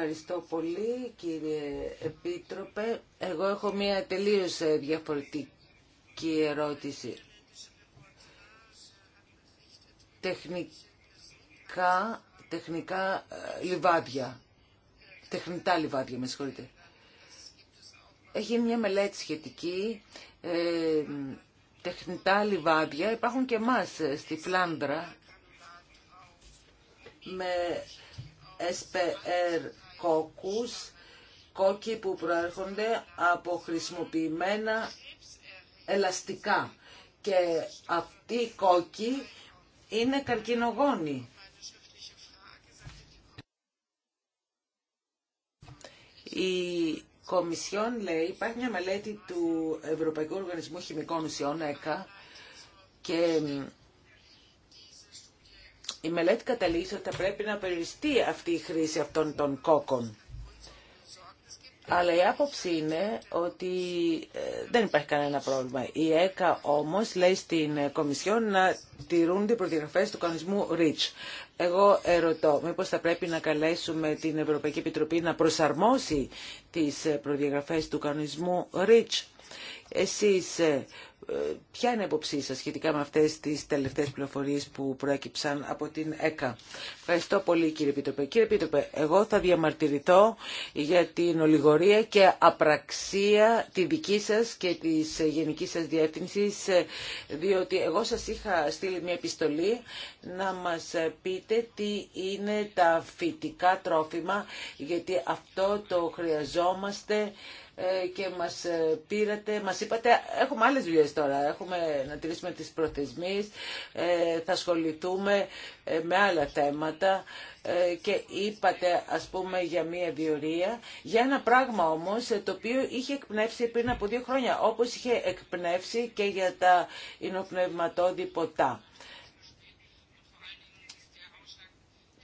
Ευχαριστώ πολύ κύριε Επίτροπε. Εγώ έχω μια τελείως ε, διαφορετική ερώτηση. Τεχνικά, τεχνικά ε, λιβάδια. Τεχνητά λιβάδια, με συγχωρείτε. Έχει μια μελέτη σχετική. Ε, τεχνητά λιβάδια υπάρχουν και μας ε, στη Φλάνδρα με SPR κόκκους, κόκκι που προέρχονται από χρησιμοποιημένα ελαστικά. Και αυτοί οι κόκκι είναι καρκινογόνοι. Η Κομισιόν λέει, υπάρχει μια μελέτη του Ευρωπαϊκού Οργανισμού Χημικών Ουσιών, ΕΚΑ, και η μελέτη καταλήγει ότι θα πρέπει να περιοριστεί αυτή η χρήση αυτών των κόκκων. Αλλά η άποψη είναι ότι ε, δεν υπάρχει κανένα πρόβλημα. Η ΕΚΑ όμως λέει στην ε, Κομισιόν να τηρούνται οι προδιαγραφές του κανονισμού REACH. Εγώ ερωτώ, μήπως θα πρέπει να καλέσουμε την Ευρωπαϊκή Επιτροπή να προσαρμόσει τις ε, προδιαγραφές του κανονισμού REACH. Εσείς ποια είναι η αποψή σας σχετικά με αυτές τις τελευταίες πληροφορίε που προέκυψαν από την ΕΚΑ. Ευχαριστώ πολύ κύριε Πίτροπε. Κύριε Πίτροπε, εγώ θα διαμαρτυρηθώ για την ολιγορία και απραξία τη δική σα και της γενική σας διεύθυνση, διότι εγώ σας είχα στείλει μια επιστολή να μας πείτε τι είναι τα φυτικά τρόφιμα, γιατί αυτό το χρειαζόμαστε ε, και μας ε, πήρατε, μας είπατε έχουμε άλλες δουλειές τώρα, έχουμε να τηρήσουμε τις προθεσμίες, ε, θα ασχοληθούμε με άλλα θέματα και είπατε ας πούμε για μία διορία για ένα πράγμα όμως το οποίο είχε εκπνεύσει πριν από δύο χρόνια όπως είχε εκπνεύσει και για τα υνοπνευματώδη ποτά.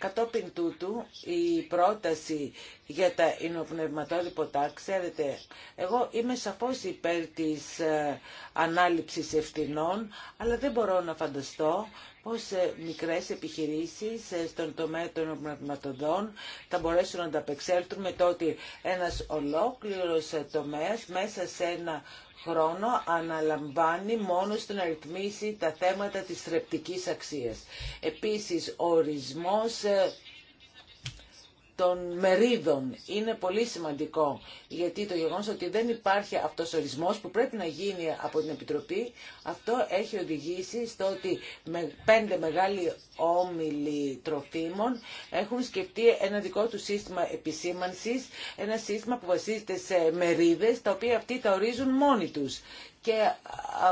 Κατόπιν τούτου, η πρόταση για τα υνοπνευματόδη ποτά, ξέρετε, εγώ είμαι σαφώς υπέρ της ε, ανάληψης ευθυνών, αλλά δεν μπορώ να φανταστώ πώς ε, μικρές επιχειρήσεις ε, στον τομέα των πνευματοδών θα μπορέσουν να ανταπεξέλθουν με το ότι ένας ολόκληρος ε, τομέας μέσα σε ένα χρόνο αναλαμβάνει μόνο στο να ρυθμίσει τα θέματα της θρεπτικής αξίας. Επίσης, ο ορισμός των μερίδων είναι πολύ σημαντικό γιατί το γεγονός ότι δεν υπάρχει αυτός ο ορισμός που πρέπει να γίνει από την Επιτροπή αυτό έχει οδηγήσει στο ότι με πέντε μεγάλοι όμιλοι τροφίμων έχουν σκεφτεί ένα δικό του σύστημα επισήμανσης ένα σύστημα που βασίζεται σε μερίδες τα οποία αυτοί τα ορίζουν μόνοι τους και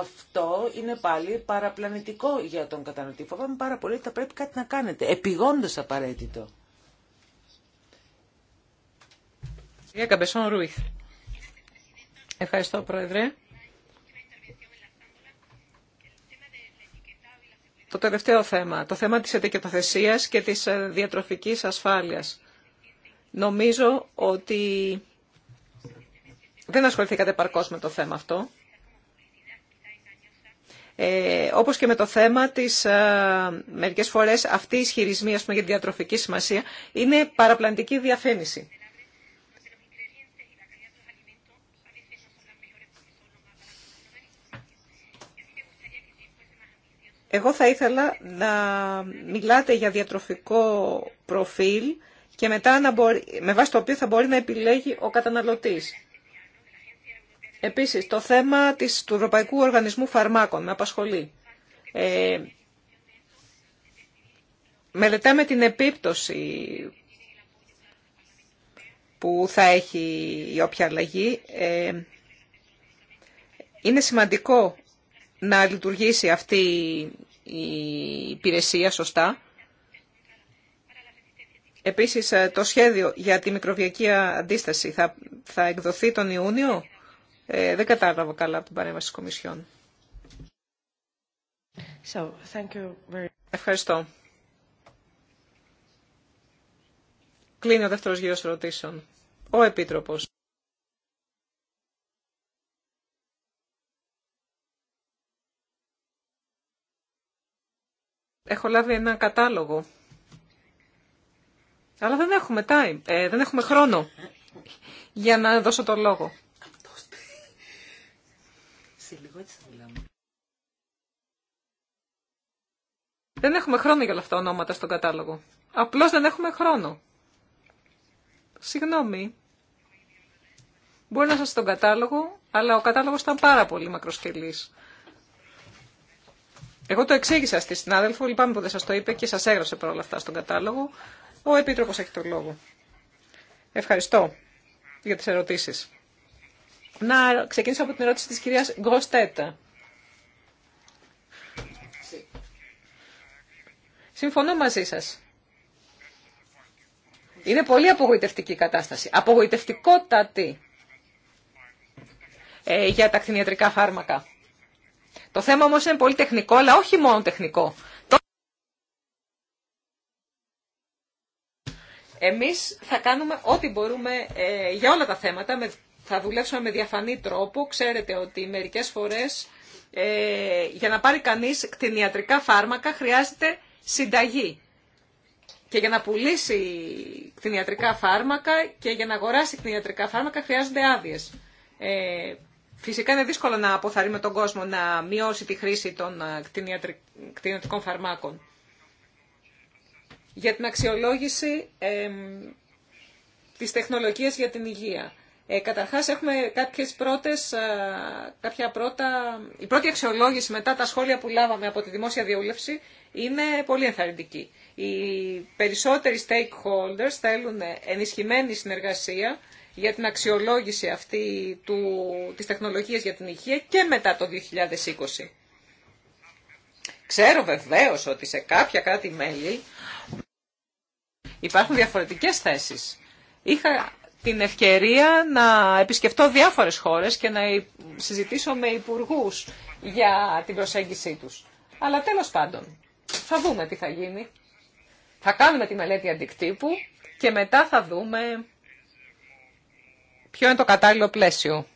αυτό είναι πάλι παραπλανητικό για τον καταναλωτή Φοβάμαι πάρα πολύ ότι θα πρέπει κάτι να κάνετε, επιγόντως απαραίτητο. Ευχαριστώ, Πρόεδρε. Το τελευταίο θέμα, το θέμα της ετικετοθεσίας και της ε, διατροφικής ασφάλειας. Νομίζω ότι δεν ασχοληθήκατε παρκώς με το θέμα αυτό. Ε, όπως και με το θέμα της, α, ε, μερικές φορές αυτή η ισχυρισμή πούμε, για τη διατροφική σημασία είναι παραπλανητική διαφαίνηση. Εγώ θα ήθελα να μιλάτε για διατροφικό προφίλ και μετά να με βάση το οποίο θα μπορεί να επιλέγει ο καταναλωτής. Επίσης, το θέμα της, του Ευρωπαϊκού Οργανισμού Φαρμάκων με απασχολεί. Ε, μελετάμε την επίπτωση που θα έχει η όποια αλλαγή. Ε, είναι σημαντικό να λειτουργήσει αυτή η υπηρεσία σωστά. Επίσης, ε, το σχέδιο για τη μικροβιακή αντίσταση θα, θα εκδοθεί τον Ιούνιο. Ε, δεν κατάλαβα καλά από την παρέμβαση της Κομισιόν. So, thank you very... Ευχαριστώ. Κλείνει ο δεύτερος γύρος ερωτήσεων. Ο Επίτροπος. Έχω λάβει ένα κατάλογο. Αλλά δεν έχουμε ε, δεν έχουμε χρόνο για να δώσω το λόγο. Δεν έχουμε χρόνο για όλα αυτά ονόματα στον κατάλογο. Απλώς δεν έχουμε χρόνο. Συγγνώμη. Μπορεί να σας στον κατάλογο, αλλά ο κατάλογος ήταν πάρα πολύ μακροσκελής. Εγώ το εξήγησα στη συνάδελφο, λυπάμαι που δεν σα το είπε και σας έγραψε παρόλα αυτά στον κατάλογο. Ο Επίτροπος έχει το λόγο. Ευχαριστώ για τις ερωτήσεις. Να ξεκινήσω από την ερώτηση της κυρίας Γκοστέτα. Συμφωνώ μαζί σας. Είναι πολύ απογοητευτική η κατάσταση. Απογοητευτικότατη ε, για τα κτηνιατρικά φάρμακα. Το θέμα όμως είναι πολύ τεχνικό, αλλά όχι μόνο τεχνικό. Εμείς θα κάνουμε ό,τι μπορούμε ε, για όλα τα θέματα, με, θα δουλέψουμε με διαφανή τρόπο. Ξέρετε ότι μερικές φορές ε, για να πάρει κανείς κτηνιατρικά φάρμακα χρειάζεται συνταγή. Και για να πουλήσει κτηνιατρικά φάρμακα και για να αγοράσει κτηνιατρικά φάρμακα χρειάζονται άδειε. Ε, Φυσικά είναι δύσκολο να αποθαρρύνουμε τον κόσμο να μειώσει τη χρήση των ε, κτηνιατρικών φαρμάκων. Για την αξιολόγηση ε, της για την υγεία. Ε, καταρχάς έχουμε κάποιες πρώτες, ε, κάποια πρώτα... Η πρώτη αξιολόγηση μετά τα σχόλια που λάβαμε από τη δημόσια διόλευση είναι πολύ ενθαρρυντική. Οι περισσότεροι stakeholders θέλουν ενισχυμένη συνεργασία για την αξιολόγηση αυτή του, της τεχνολογίας για την υγεία και μετά το 2020. Ξέρω βεβαίως ότι σε κάποια κράτη-μέλη υπάρχουν διαφορετικές θέσεις. Είχα την ευκαιρία να επισκεφτώ διάφορες χώρες και να συζητήσω με υπουργούς για την προσέγγιση τους. Αλλά τέλος πάντων, θα δούμε τι θα γίνει. Θα κάνουμε τη μελέτη αντικτύπου και μετά θα δούμε ποιο είναι το κατάλληλο πλαίσιο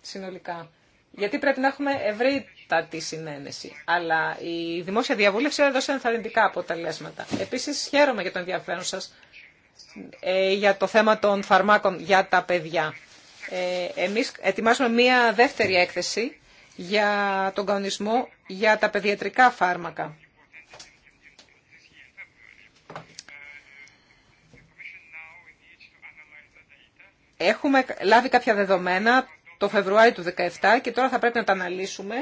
συνολικά. Γιατί πρέπει να έχουμε ευρύτατη συνένεση. Αλλά η δημόσια διαβούλευση έδωσε ενθαρρυντικά αποτελέσματα. Επίσης, χαίρομαι για το ενδιαφέρον σα ε, για το θέμα των φαρμάκων για τα παιδιά. Ε, εμείς ετοιμάζουμε μία δεύτερη έκθεση για τον κανονισμό για τα παιδιατρικά φάρμακα. Έχουμε λάβει κάποια δεδομένα το Φεβρουάριο του 2017 και τώρα θα πρέπει να τα αναλύσουμε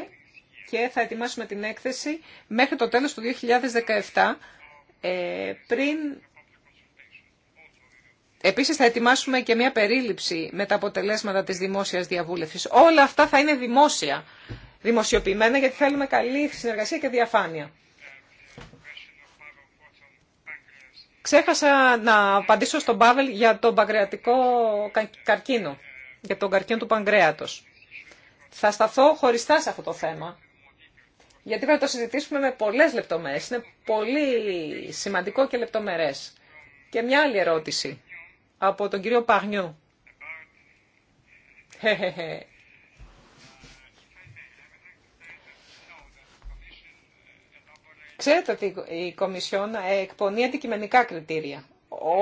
και θα ετοιμάσουμε την έκθεση μέχρι το τέλος του 2017 ε, πριν Επίσης θα ετοιμάσουμε και μια περίληψη με τα αποτελέσματα της δημόσιας διαβούλευσης. Όλα αυτά θα είναι δημόσια, δημοσιοποιημένα γιατί θέλουμε καλή συνεργασία και διαφάνεια. Ξέχασα να απαντήσω στον Πάβελ για τον παγκρεατικό καρκίνο, για τον καρκίνο του παγκρέατος. Θα σταθώ χωριστά σε αυτό το θέμα, γιατί πρέπει να το συζητήσουμε με πολλές λεπτομέρειες. Είναι πολύ σημαντικό και λεπτομερές. Και μια άλλη ερώτηση από τον κύριο Παγνιού. Ξέρετε ότι η Κομισιόν εκπονεί αντικειμενικά κριτήρια.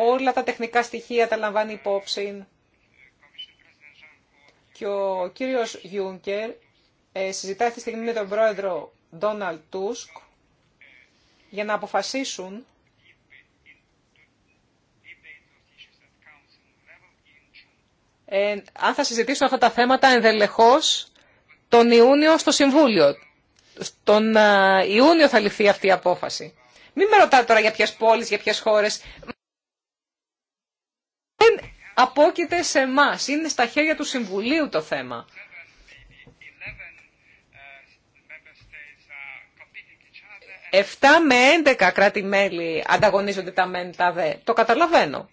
Όλα τα τεχνικά στοιχεία τα λαμβάνει υπόψη. Και ο κύριος Γιούνκερ ε, συζητάει αυτή τη στιγμή με τον πρόεδρο Ντόναλτ Τούσκ για να αποφασίσουν ε, αν θα συζητήσουν αυτά τα θέματα ενδελεχώς τον Ιούνιο στο Συμβούλιο στον Ιούνιο θα ληφθεί αυτή η απόφαση. Μην με ρωτάτε τώρα για ποιες πόλεις, για ποιες χώρες. Δεν απόκειται σε εμά. Είναι στα χέρια του Συμβουλίου το θέμα. Εφτά με έντεκα κράτη-μέλη ανταγωνίζονται τα μεν τα δε. Το καταλαβαίνω.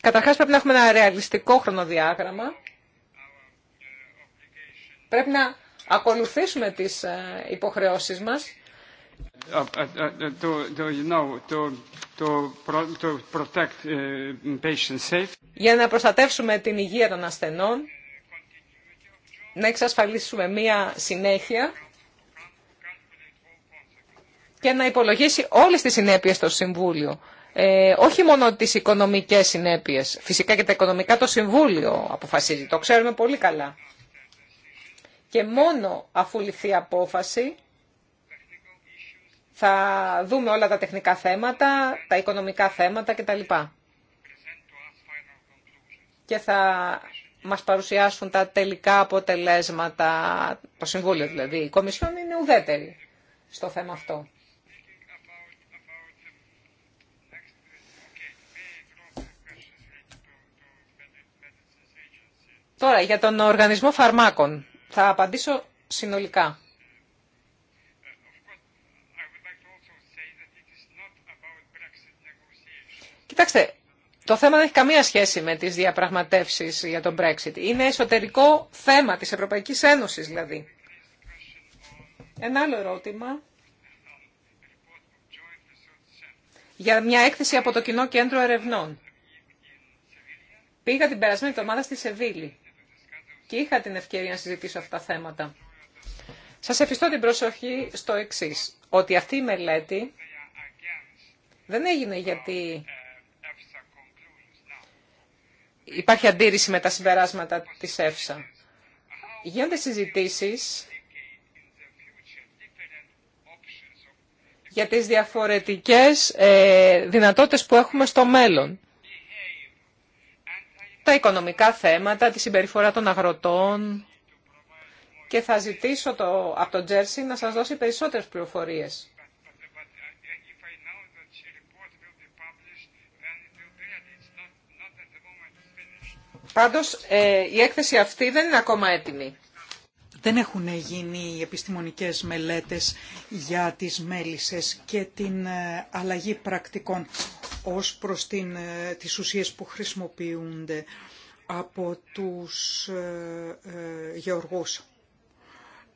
Καταρχάς πρέπει να έχουμε ένα ρεαλιστικό χρονοδιάγραμμα. Πρέπει να ακολουθήσουμε τις ε, υποχρεώσεις μας. Για να προστατεύσουμε την υγεία των ασθενών, να εξασφαλίσουμε μία συνέχεια και να υπολογίσει όλες τις συνέπειες στο Συμβούλιο. Ε, όχι μόνο τις οικονομικές συνέπειες. Φυσικά και τα οικονομικά το Συμβούλιο αποφασίζει. Το ξέρουμε πολύ καλά και μόνο αφού ληφθεί απόφαση θα δούμε όλα τα τεχνικά θέματα, τα οικονομικά θέματα κτλ. Και θα μας παρουσιάσουν τα τελικά αποτελέσματα, το Συμβούλιο δηλαδή. Η Κομισιόν είναι ουδέτερη στο θέμα αυτό. Τώρα, για τον Οργανισμό Φαρμάκων. Θα απαντήσω συνολικά. Κοιτάξτε, το θέμα δεν έχει καμία σχέση με τις διαπραγματεύσεις για τον Brexit. Είναι εσωτερικό θέμα της Ευρωπαϊκής Ένωσης δηλαδή. Ένα άλλο ερώτημα. Για μια έκθεση από το Κοινό Κέντρο Ερευνών. Πήγα την περασμένη εβδομάδα στη Σεβίλη και είχα την ευκαιρία να συζητήσω αυτά τα θέματα. Σας ευχηστώ την προσοχή στο εξή ότι αυτή η μελέτη δεν έγινε γιατί υπάρχει αντίρρηση με τα συμπεράσματα της ΕΦΣΑ. Γίνονται συζητήσεις για τις διαφορετικές ε, δυνατότητες που έχουμε στο μέλλον τα οικονομικά θέματα, τη συμπεριφορά των αγροτών και θα ζητήσω το, από τον Τζέρσι να σας δώσει περισσότερες πληροφορίες. Πάντως, ε, η έκθεση αυτή δεν είναι ακόμα έτοιμη. Δεν έχουν γίνει οι επιστημονικές μελέτες για τις μέλισσες και την ε, αλλαγή πρακτικών ως προς την, ε, τις ουσίες που χρησιμοποιούνται από τους ε, ε, γεωργούς.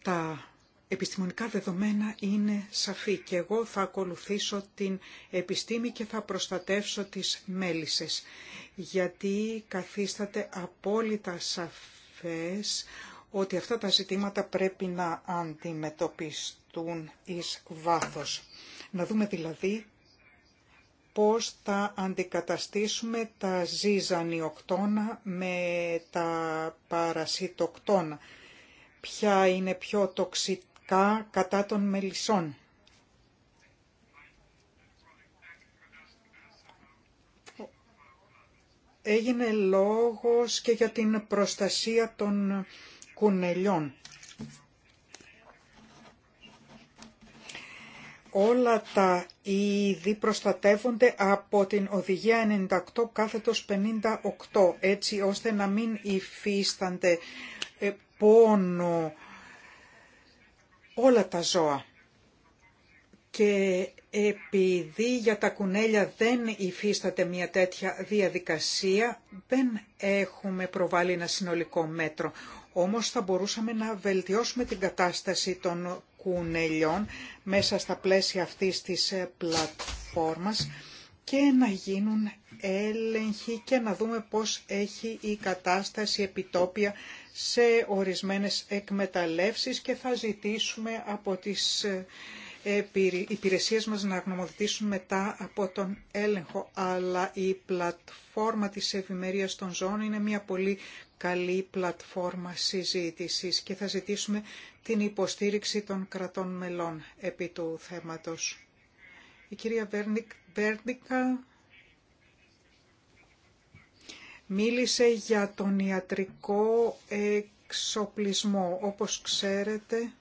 Τα επιστημονικά δεδομένα είναι σαφή και εγώ θα ακολουθήσω την επιστήμη και θα προστατεύσω τις μέλισσες, γιατί καθίσταται απόλυτα σαφές ότι αυτά τα ζητήματα πρέπει να αντιμετωπιστούν εις βάθος. Να δούμε δηλαδή πώς θα αντικαταστήσουμε τα ζυζανιοκτώνα με τα παρασιτοκτώνα. Ποια είναι πιο τοξικά κατά των μελισσών. Έγινε λόγος και για την προστασία των κουνελιών. όλα τα είδη προστατεύονται από την Οδηγία 98 κάθετος 58, έτσι ώστε να μην υφίστανται ε, πόνο όλα τα ζώα. Και επειδή για τα κουνέλια δεν υφίσταται μια τέτοια διαδικασία, δεν έχουμε προβάλει ένα συνολικό μέτρο. Όμως θα μπορούσαμε να βελτιώσουμε την κατάσταση των κουνελιών μέσα στα πλαίσια αυτής της ε, πλατφόρμας και να γίνουν έλεγχοι και να δούμε πώς έχει η κατάσταση επιτόπια σε ορισμένες εκμεταλλεύσεις και θα ζητήσουμε από τις ε, υπηρεσίες μας να γνωμοδοτήσουν μετά από τον έλεγχο. Αλλά η πλατφόρμα της ευημερίας των ζώων είναι μια πολύ καλή πλατφόρμα συζήτησης και θα ζητήσουμε την υποστήριξη των κρατών μελών επί του θέματος. Η κυρία Βέρνικα μίλησε για τον ιατρικό εξοπλισμό. Όπως ξέρετε,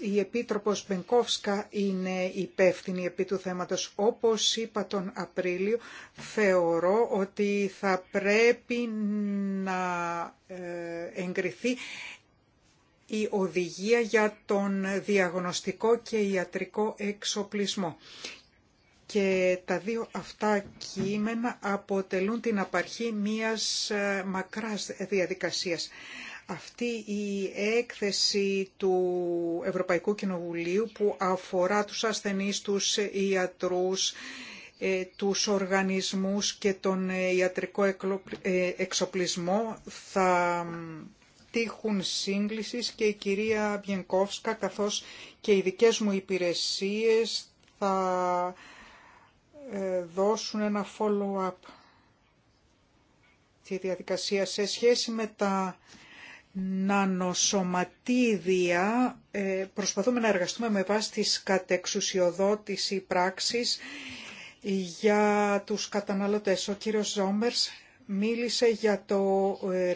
η Επίτροπος Μπενκόφσκα είναι υπεύθυνη επί του θέματος. Όπως είπα τον Απρίλιο, θεωρώ ότι θα πρέπει να ε, εγκριθεί η οδηγία για τον διαγνωστικό και ιατρικό εξοπλισμό. Και τα δύο αυτά κείμενα αποτελούν την απαρχή μιας ε, μακράς διαδικασίας. Αυτή η έκθεση του Ευρωπαϊκού Κοινοβουλίου που αφορά τους ασθενείς, τους ιατρούς, ε, τους οργανισμούς και τον ε, ιατρικό ε, εξοπλισμό θα τύχουν σύγκλησης και η κυρία Μπιενκόφσκα καθώς και οι δικές μου υπηρεσίες θα δώσουν ένα follow-up τη διαδικασία σε σχέση με τα νανοσωματίδια ε, προσπαθούμε να εργαστούμε με βάση τις κατεξουσιοδότηση πράξεις για τους καταναλωτές. Ο κύριος Ζόμπερς μίλησε για το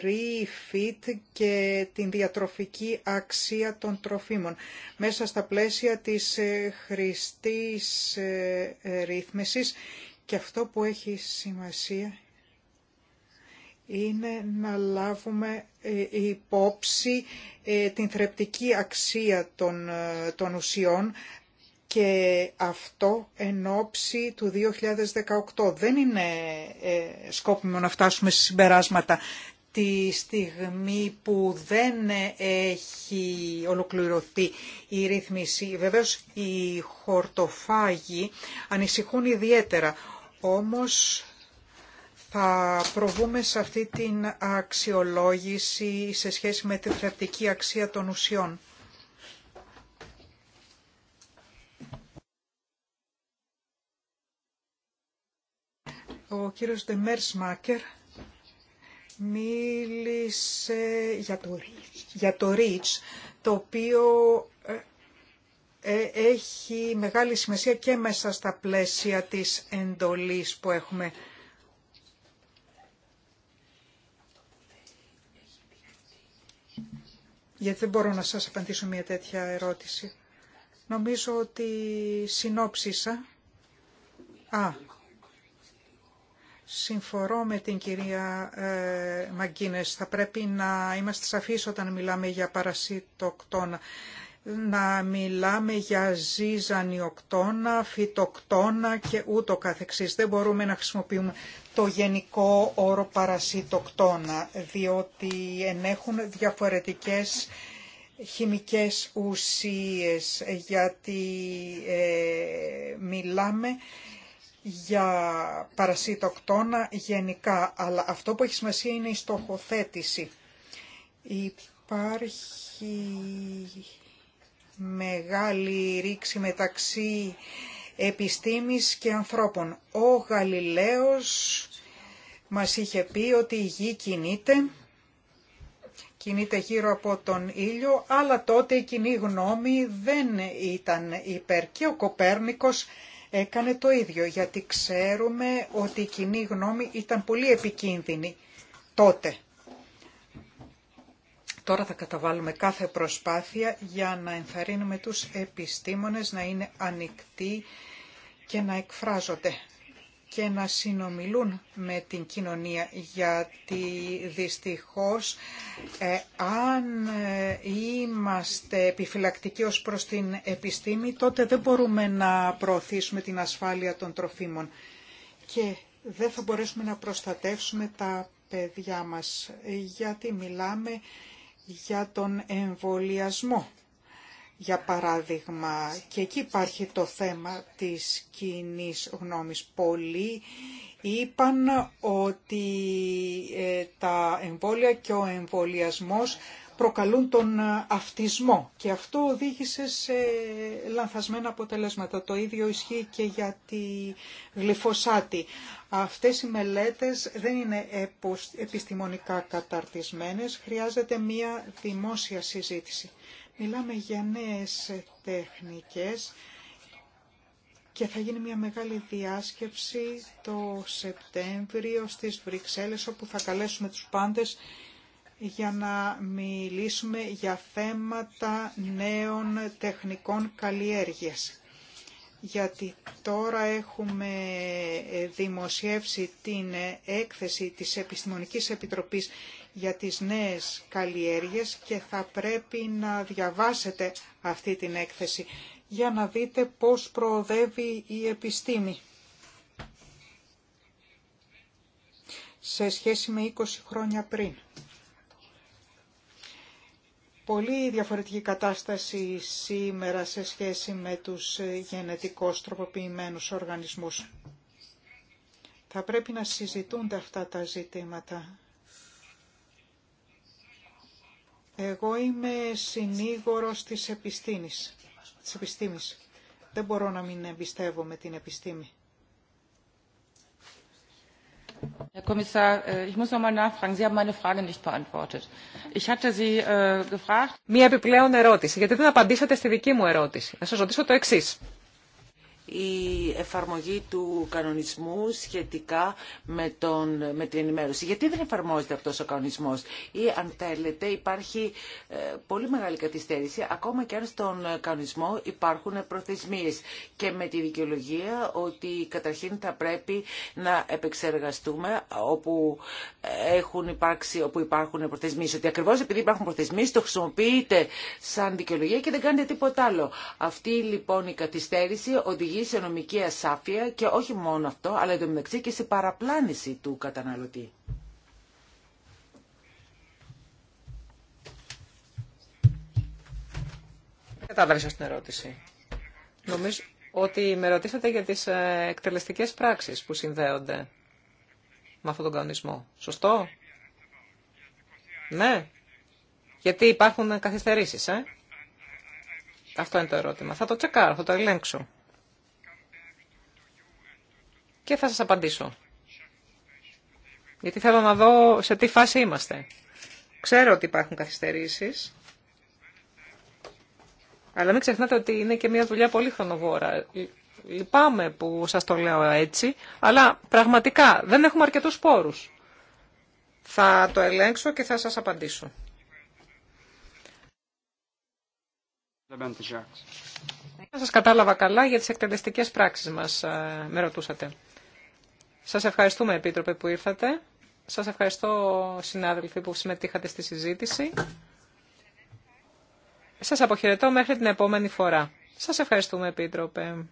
refit και την διατροφική αξία των τροφίμων μέσα στα πλαίσια της ε, χρηστής ε, ρύθμισης και αυτό που έχει σημασία είναι να λάβουμε ε, υπόψη ε, την θρεπτική αξία των, ε, των ουσιών και αυτό εν ώψη του 2018. Δεν είναι σκόπιμο να φτάσουμε σε συμπεράσματα τη στιγμή που δεν έχει ολοκληρωθεί η ρύθμιση. Βεβαίως οι χορτοφάγοι ανησυχούν ιδιαίτερα, όμως θα προβούμε σε αυτή την αξιολόγηση σε σχέση με τη θρεπτική αξία των ουσιών. Ο κύριος Μάκερ μίλησε για το, για το το οποίο ε, ε, έχει μεγάλη σημασία και μέσα στα πλαίσια της εντολής που έχουμε. γιατί δεν μπορώ να σας απαντήσω μια τέτοια ερώτηση. Νομίζω ότι συνόψισα. Α, συμφορώ με την κυρία ε, Μαγκίνες. Θα πρέπει να είμαστε σαφείς όταν μιλάμε για παρασίτοκτόνα να μιλάμε για ζυζανιοκτώνα, φυτοκτώνα και ούτω καθεξής. Δεν μπορούμε να χρησιμοποιούμε το γενικό όρο παρασίτοκτόνα, διότι ενέχουν διαφορετικές χημικές ουσίες, γιατί ε, μιλάμε για παρασίτοκτόνα γενικά, αλλά αυτό που έχει σημασία είναι η στοχοθέτηση. Υπάρχει μεγάλη ρήξη μεταξύ επιστήμης και ανθρώπων. Ο Γαλιλαίος μας είχε πει ότι η γη κινείται, κινείται γύρω από τον ήλιο, αλλά τότε η κοινή γνώμη δεν ήταν υπέρ και ο Κοπέρνικος έκανε το ίδιο, γιατί ξέρουμε ότι η κοινή γνώμη ήταν πολύ επικίνδυνη τότε. Τώρα θα καταβάλουμε κάθε προσπάθεια για να ενθαρρύνουμε τους επιστήμονες να είναι ανοιχτοί και να εκφράζονται και να συνομιλούν με την κοινωνία γιατί δυστυχώς ε, αν ε, είμαστε επιφυλακτικοί ως προς την επιστήμη τότε δεν μπορούμε να προωθήσουμε την ασφάλεια των τροφίμων και δεν θα μπορέσουμε να προστατεύσουμε τα παιδιά μας γιατί μιλάμε για τον εμβολιασμό, για παράδειγμα. Και εκεί υπάρχει το θέμα της κοινή γνώμης. Πολλοί είπαν ότι ε, τα εμβόλια και ο εμβολιασμός προκαλούν τον ε, αυτισμό και αυτό οδήγησε σε λανθασμένα αποτελέσματα. Το ίδιο ισχύει και για τη γλυφοσάτη. Αυτές οι μελέτες δεν είναι επιστημονικά καταρτισμένες, χρειάζεται μία δημόσια συζήτηση. Μιλάμε για νέες τεχνικές και θα γίνει μια μεγάλη διάσκεψη το Σεπτέμβριο στις Βρυξέλλες όπου θα καλέσουμε τους πάντες για να μιλήσουμε για θέματα νέων τεχνικών καλλιέργειας. Γιατί τώρα έχουμε δημοσιεύσει την έκθεση της Επιστημονικής Επιτροπής για τις νέες καλλιέργειες και θα πρέπει να διαβάσετε αυτή την έκθεση για να δείτε πώς προοδεύει η επιστήμη. σε σχέση με 20 χρόνια πριν πολύ διαφορετική κατάσταση σήμερα σε σχέση με τους ε, γενετικώς τροποποιημένους οργανισμούς. Θα πρέπει να συζητούνται αυτά τα ζητήματα. Εγώ είμαι συνήγορος της επιστήμης. Της επιστήμης. Δεν μπορώ να μην με την επιστήμη. Herr Kommissar, ich muss noch mal nachfragen. Sie haben meine Frage nicht beantwortet. Ich hatte Sie gefragt. Μία επιπλέον ερώτηση, γιατί δεν απαντήσατε στη δική μου ερώτηση. Να σας ρωτήσω το εξής η εφαρμογή του κανονισμού σχετικά με, τον, με την ενημέρωση. Γιατί δεν εφαρμόζεται αυτός ο κανονισμός ή αν θέλετε υπάρχει ε, πολύ μεγάλη καθυστέρηση ακόμα και αν στον κανονισμό υπάρχουν προθεσμίες και με τη δικαιολογία ότι καταρχήν θα πρέπει να επεξεργαστούμε όπου, έχουν υπάρξει, όπου υπάρχουν προθεσμίες. Ότι ακριβώς επειδή υπάρχουν προθεσμίες το χρησιμοποιείτε σαν δικαιολογία και δεν κάνετε τίποτα άλλο. Αυτή λοιπόν η καθυστέρηση οδηγεί οδηγεί σε νομική ασάφεια και όχι μόνο αυτό, αλλά το μεταξύ και σε παραπλάνηση του καταναλωτή. σα την ερώτηση. Νομίζω ότι με ρωτήσατε για τις ε, εκτελεστικές πράξεις που συνδέονται με αυτόν τον κανονισμό. Σωστό? Ναι. Γιατί υπάρχουν καθυστερήσεις, ε? Αυτό είναι το ερώτημα. Θα το τσεκάρω, θα το ελέγξω και θα σας απαντήσω. Γιατί θέλω να δω σε τι φάση είμαστε. Ξέρω ότι υπάρχουν καθυστερήσεις. Αλλά μην ξεχνάτε ότι είναι και μια δουλειά πολύ χρονοβόρα. Λυπάμαι που σας το λέω έτσι, αλλά πραγματικά δεν έχουμε αρκετούς πόρους. Θα το ελέγξω και θα σας απαντήσω. Δεν σας κατάλαβα καλά για τις εκτελεστικές πράξεις μας, ε, με ρωτούσατε. Σας ευχαριστούμε, Επίτροπε, που ήρθατε. Σας ευχαριστώ, συνάδελφοι, που συμμετείχατε στη συζήτηση. Σας αποχαιρετώ μέχρι την επόμενη φορά. Σας ευχαριστούμε, Επίτροπε.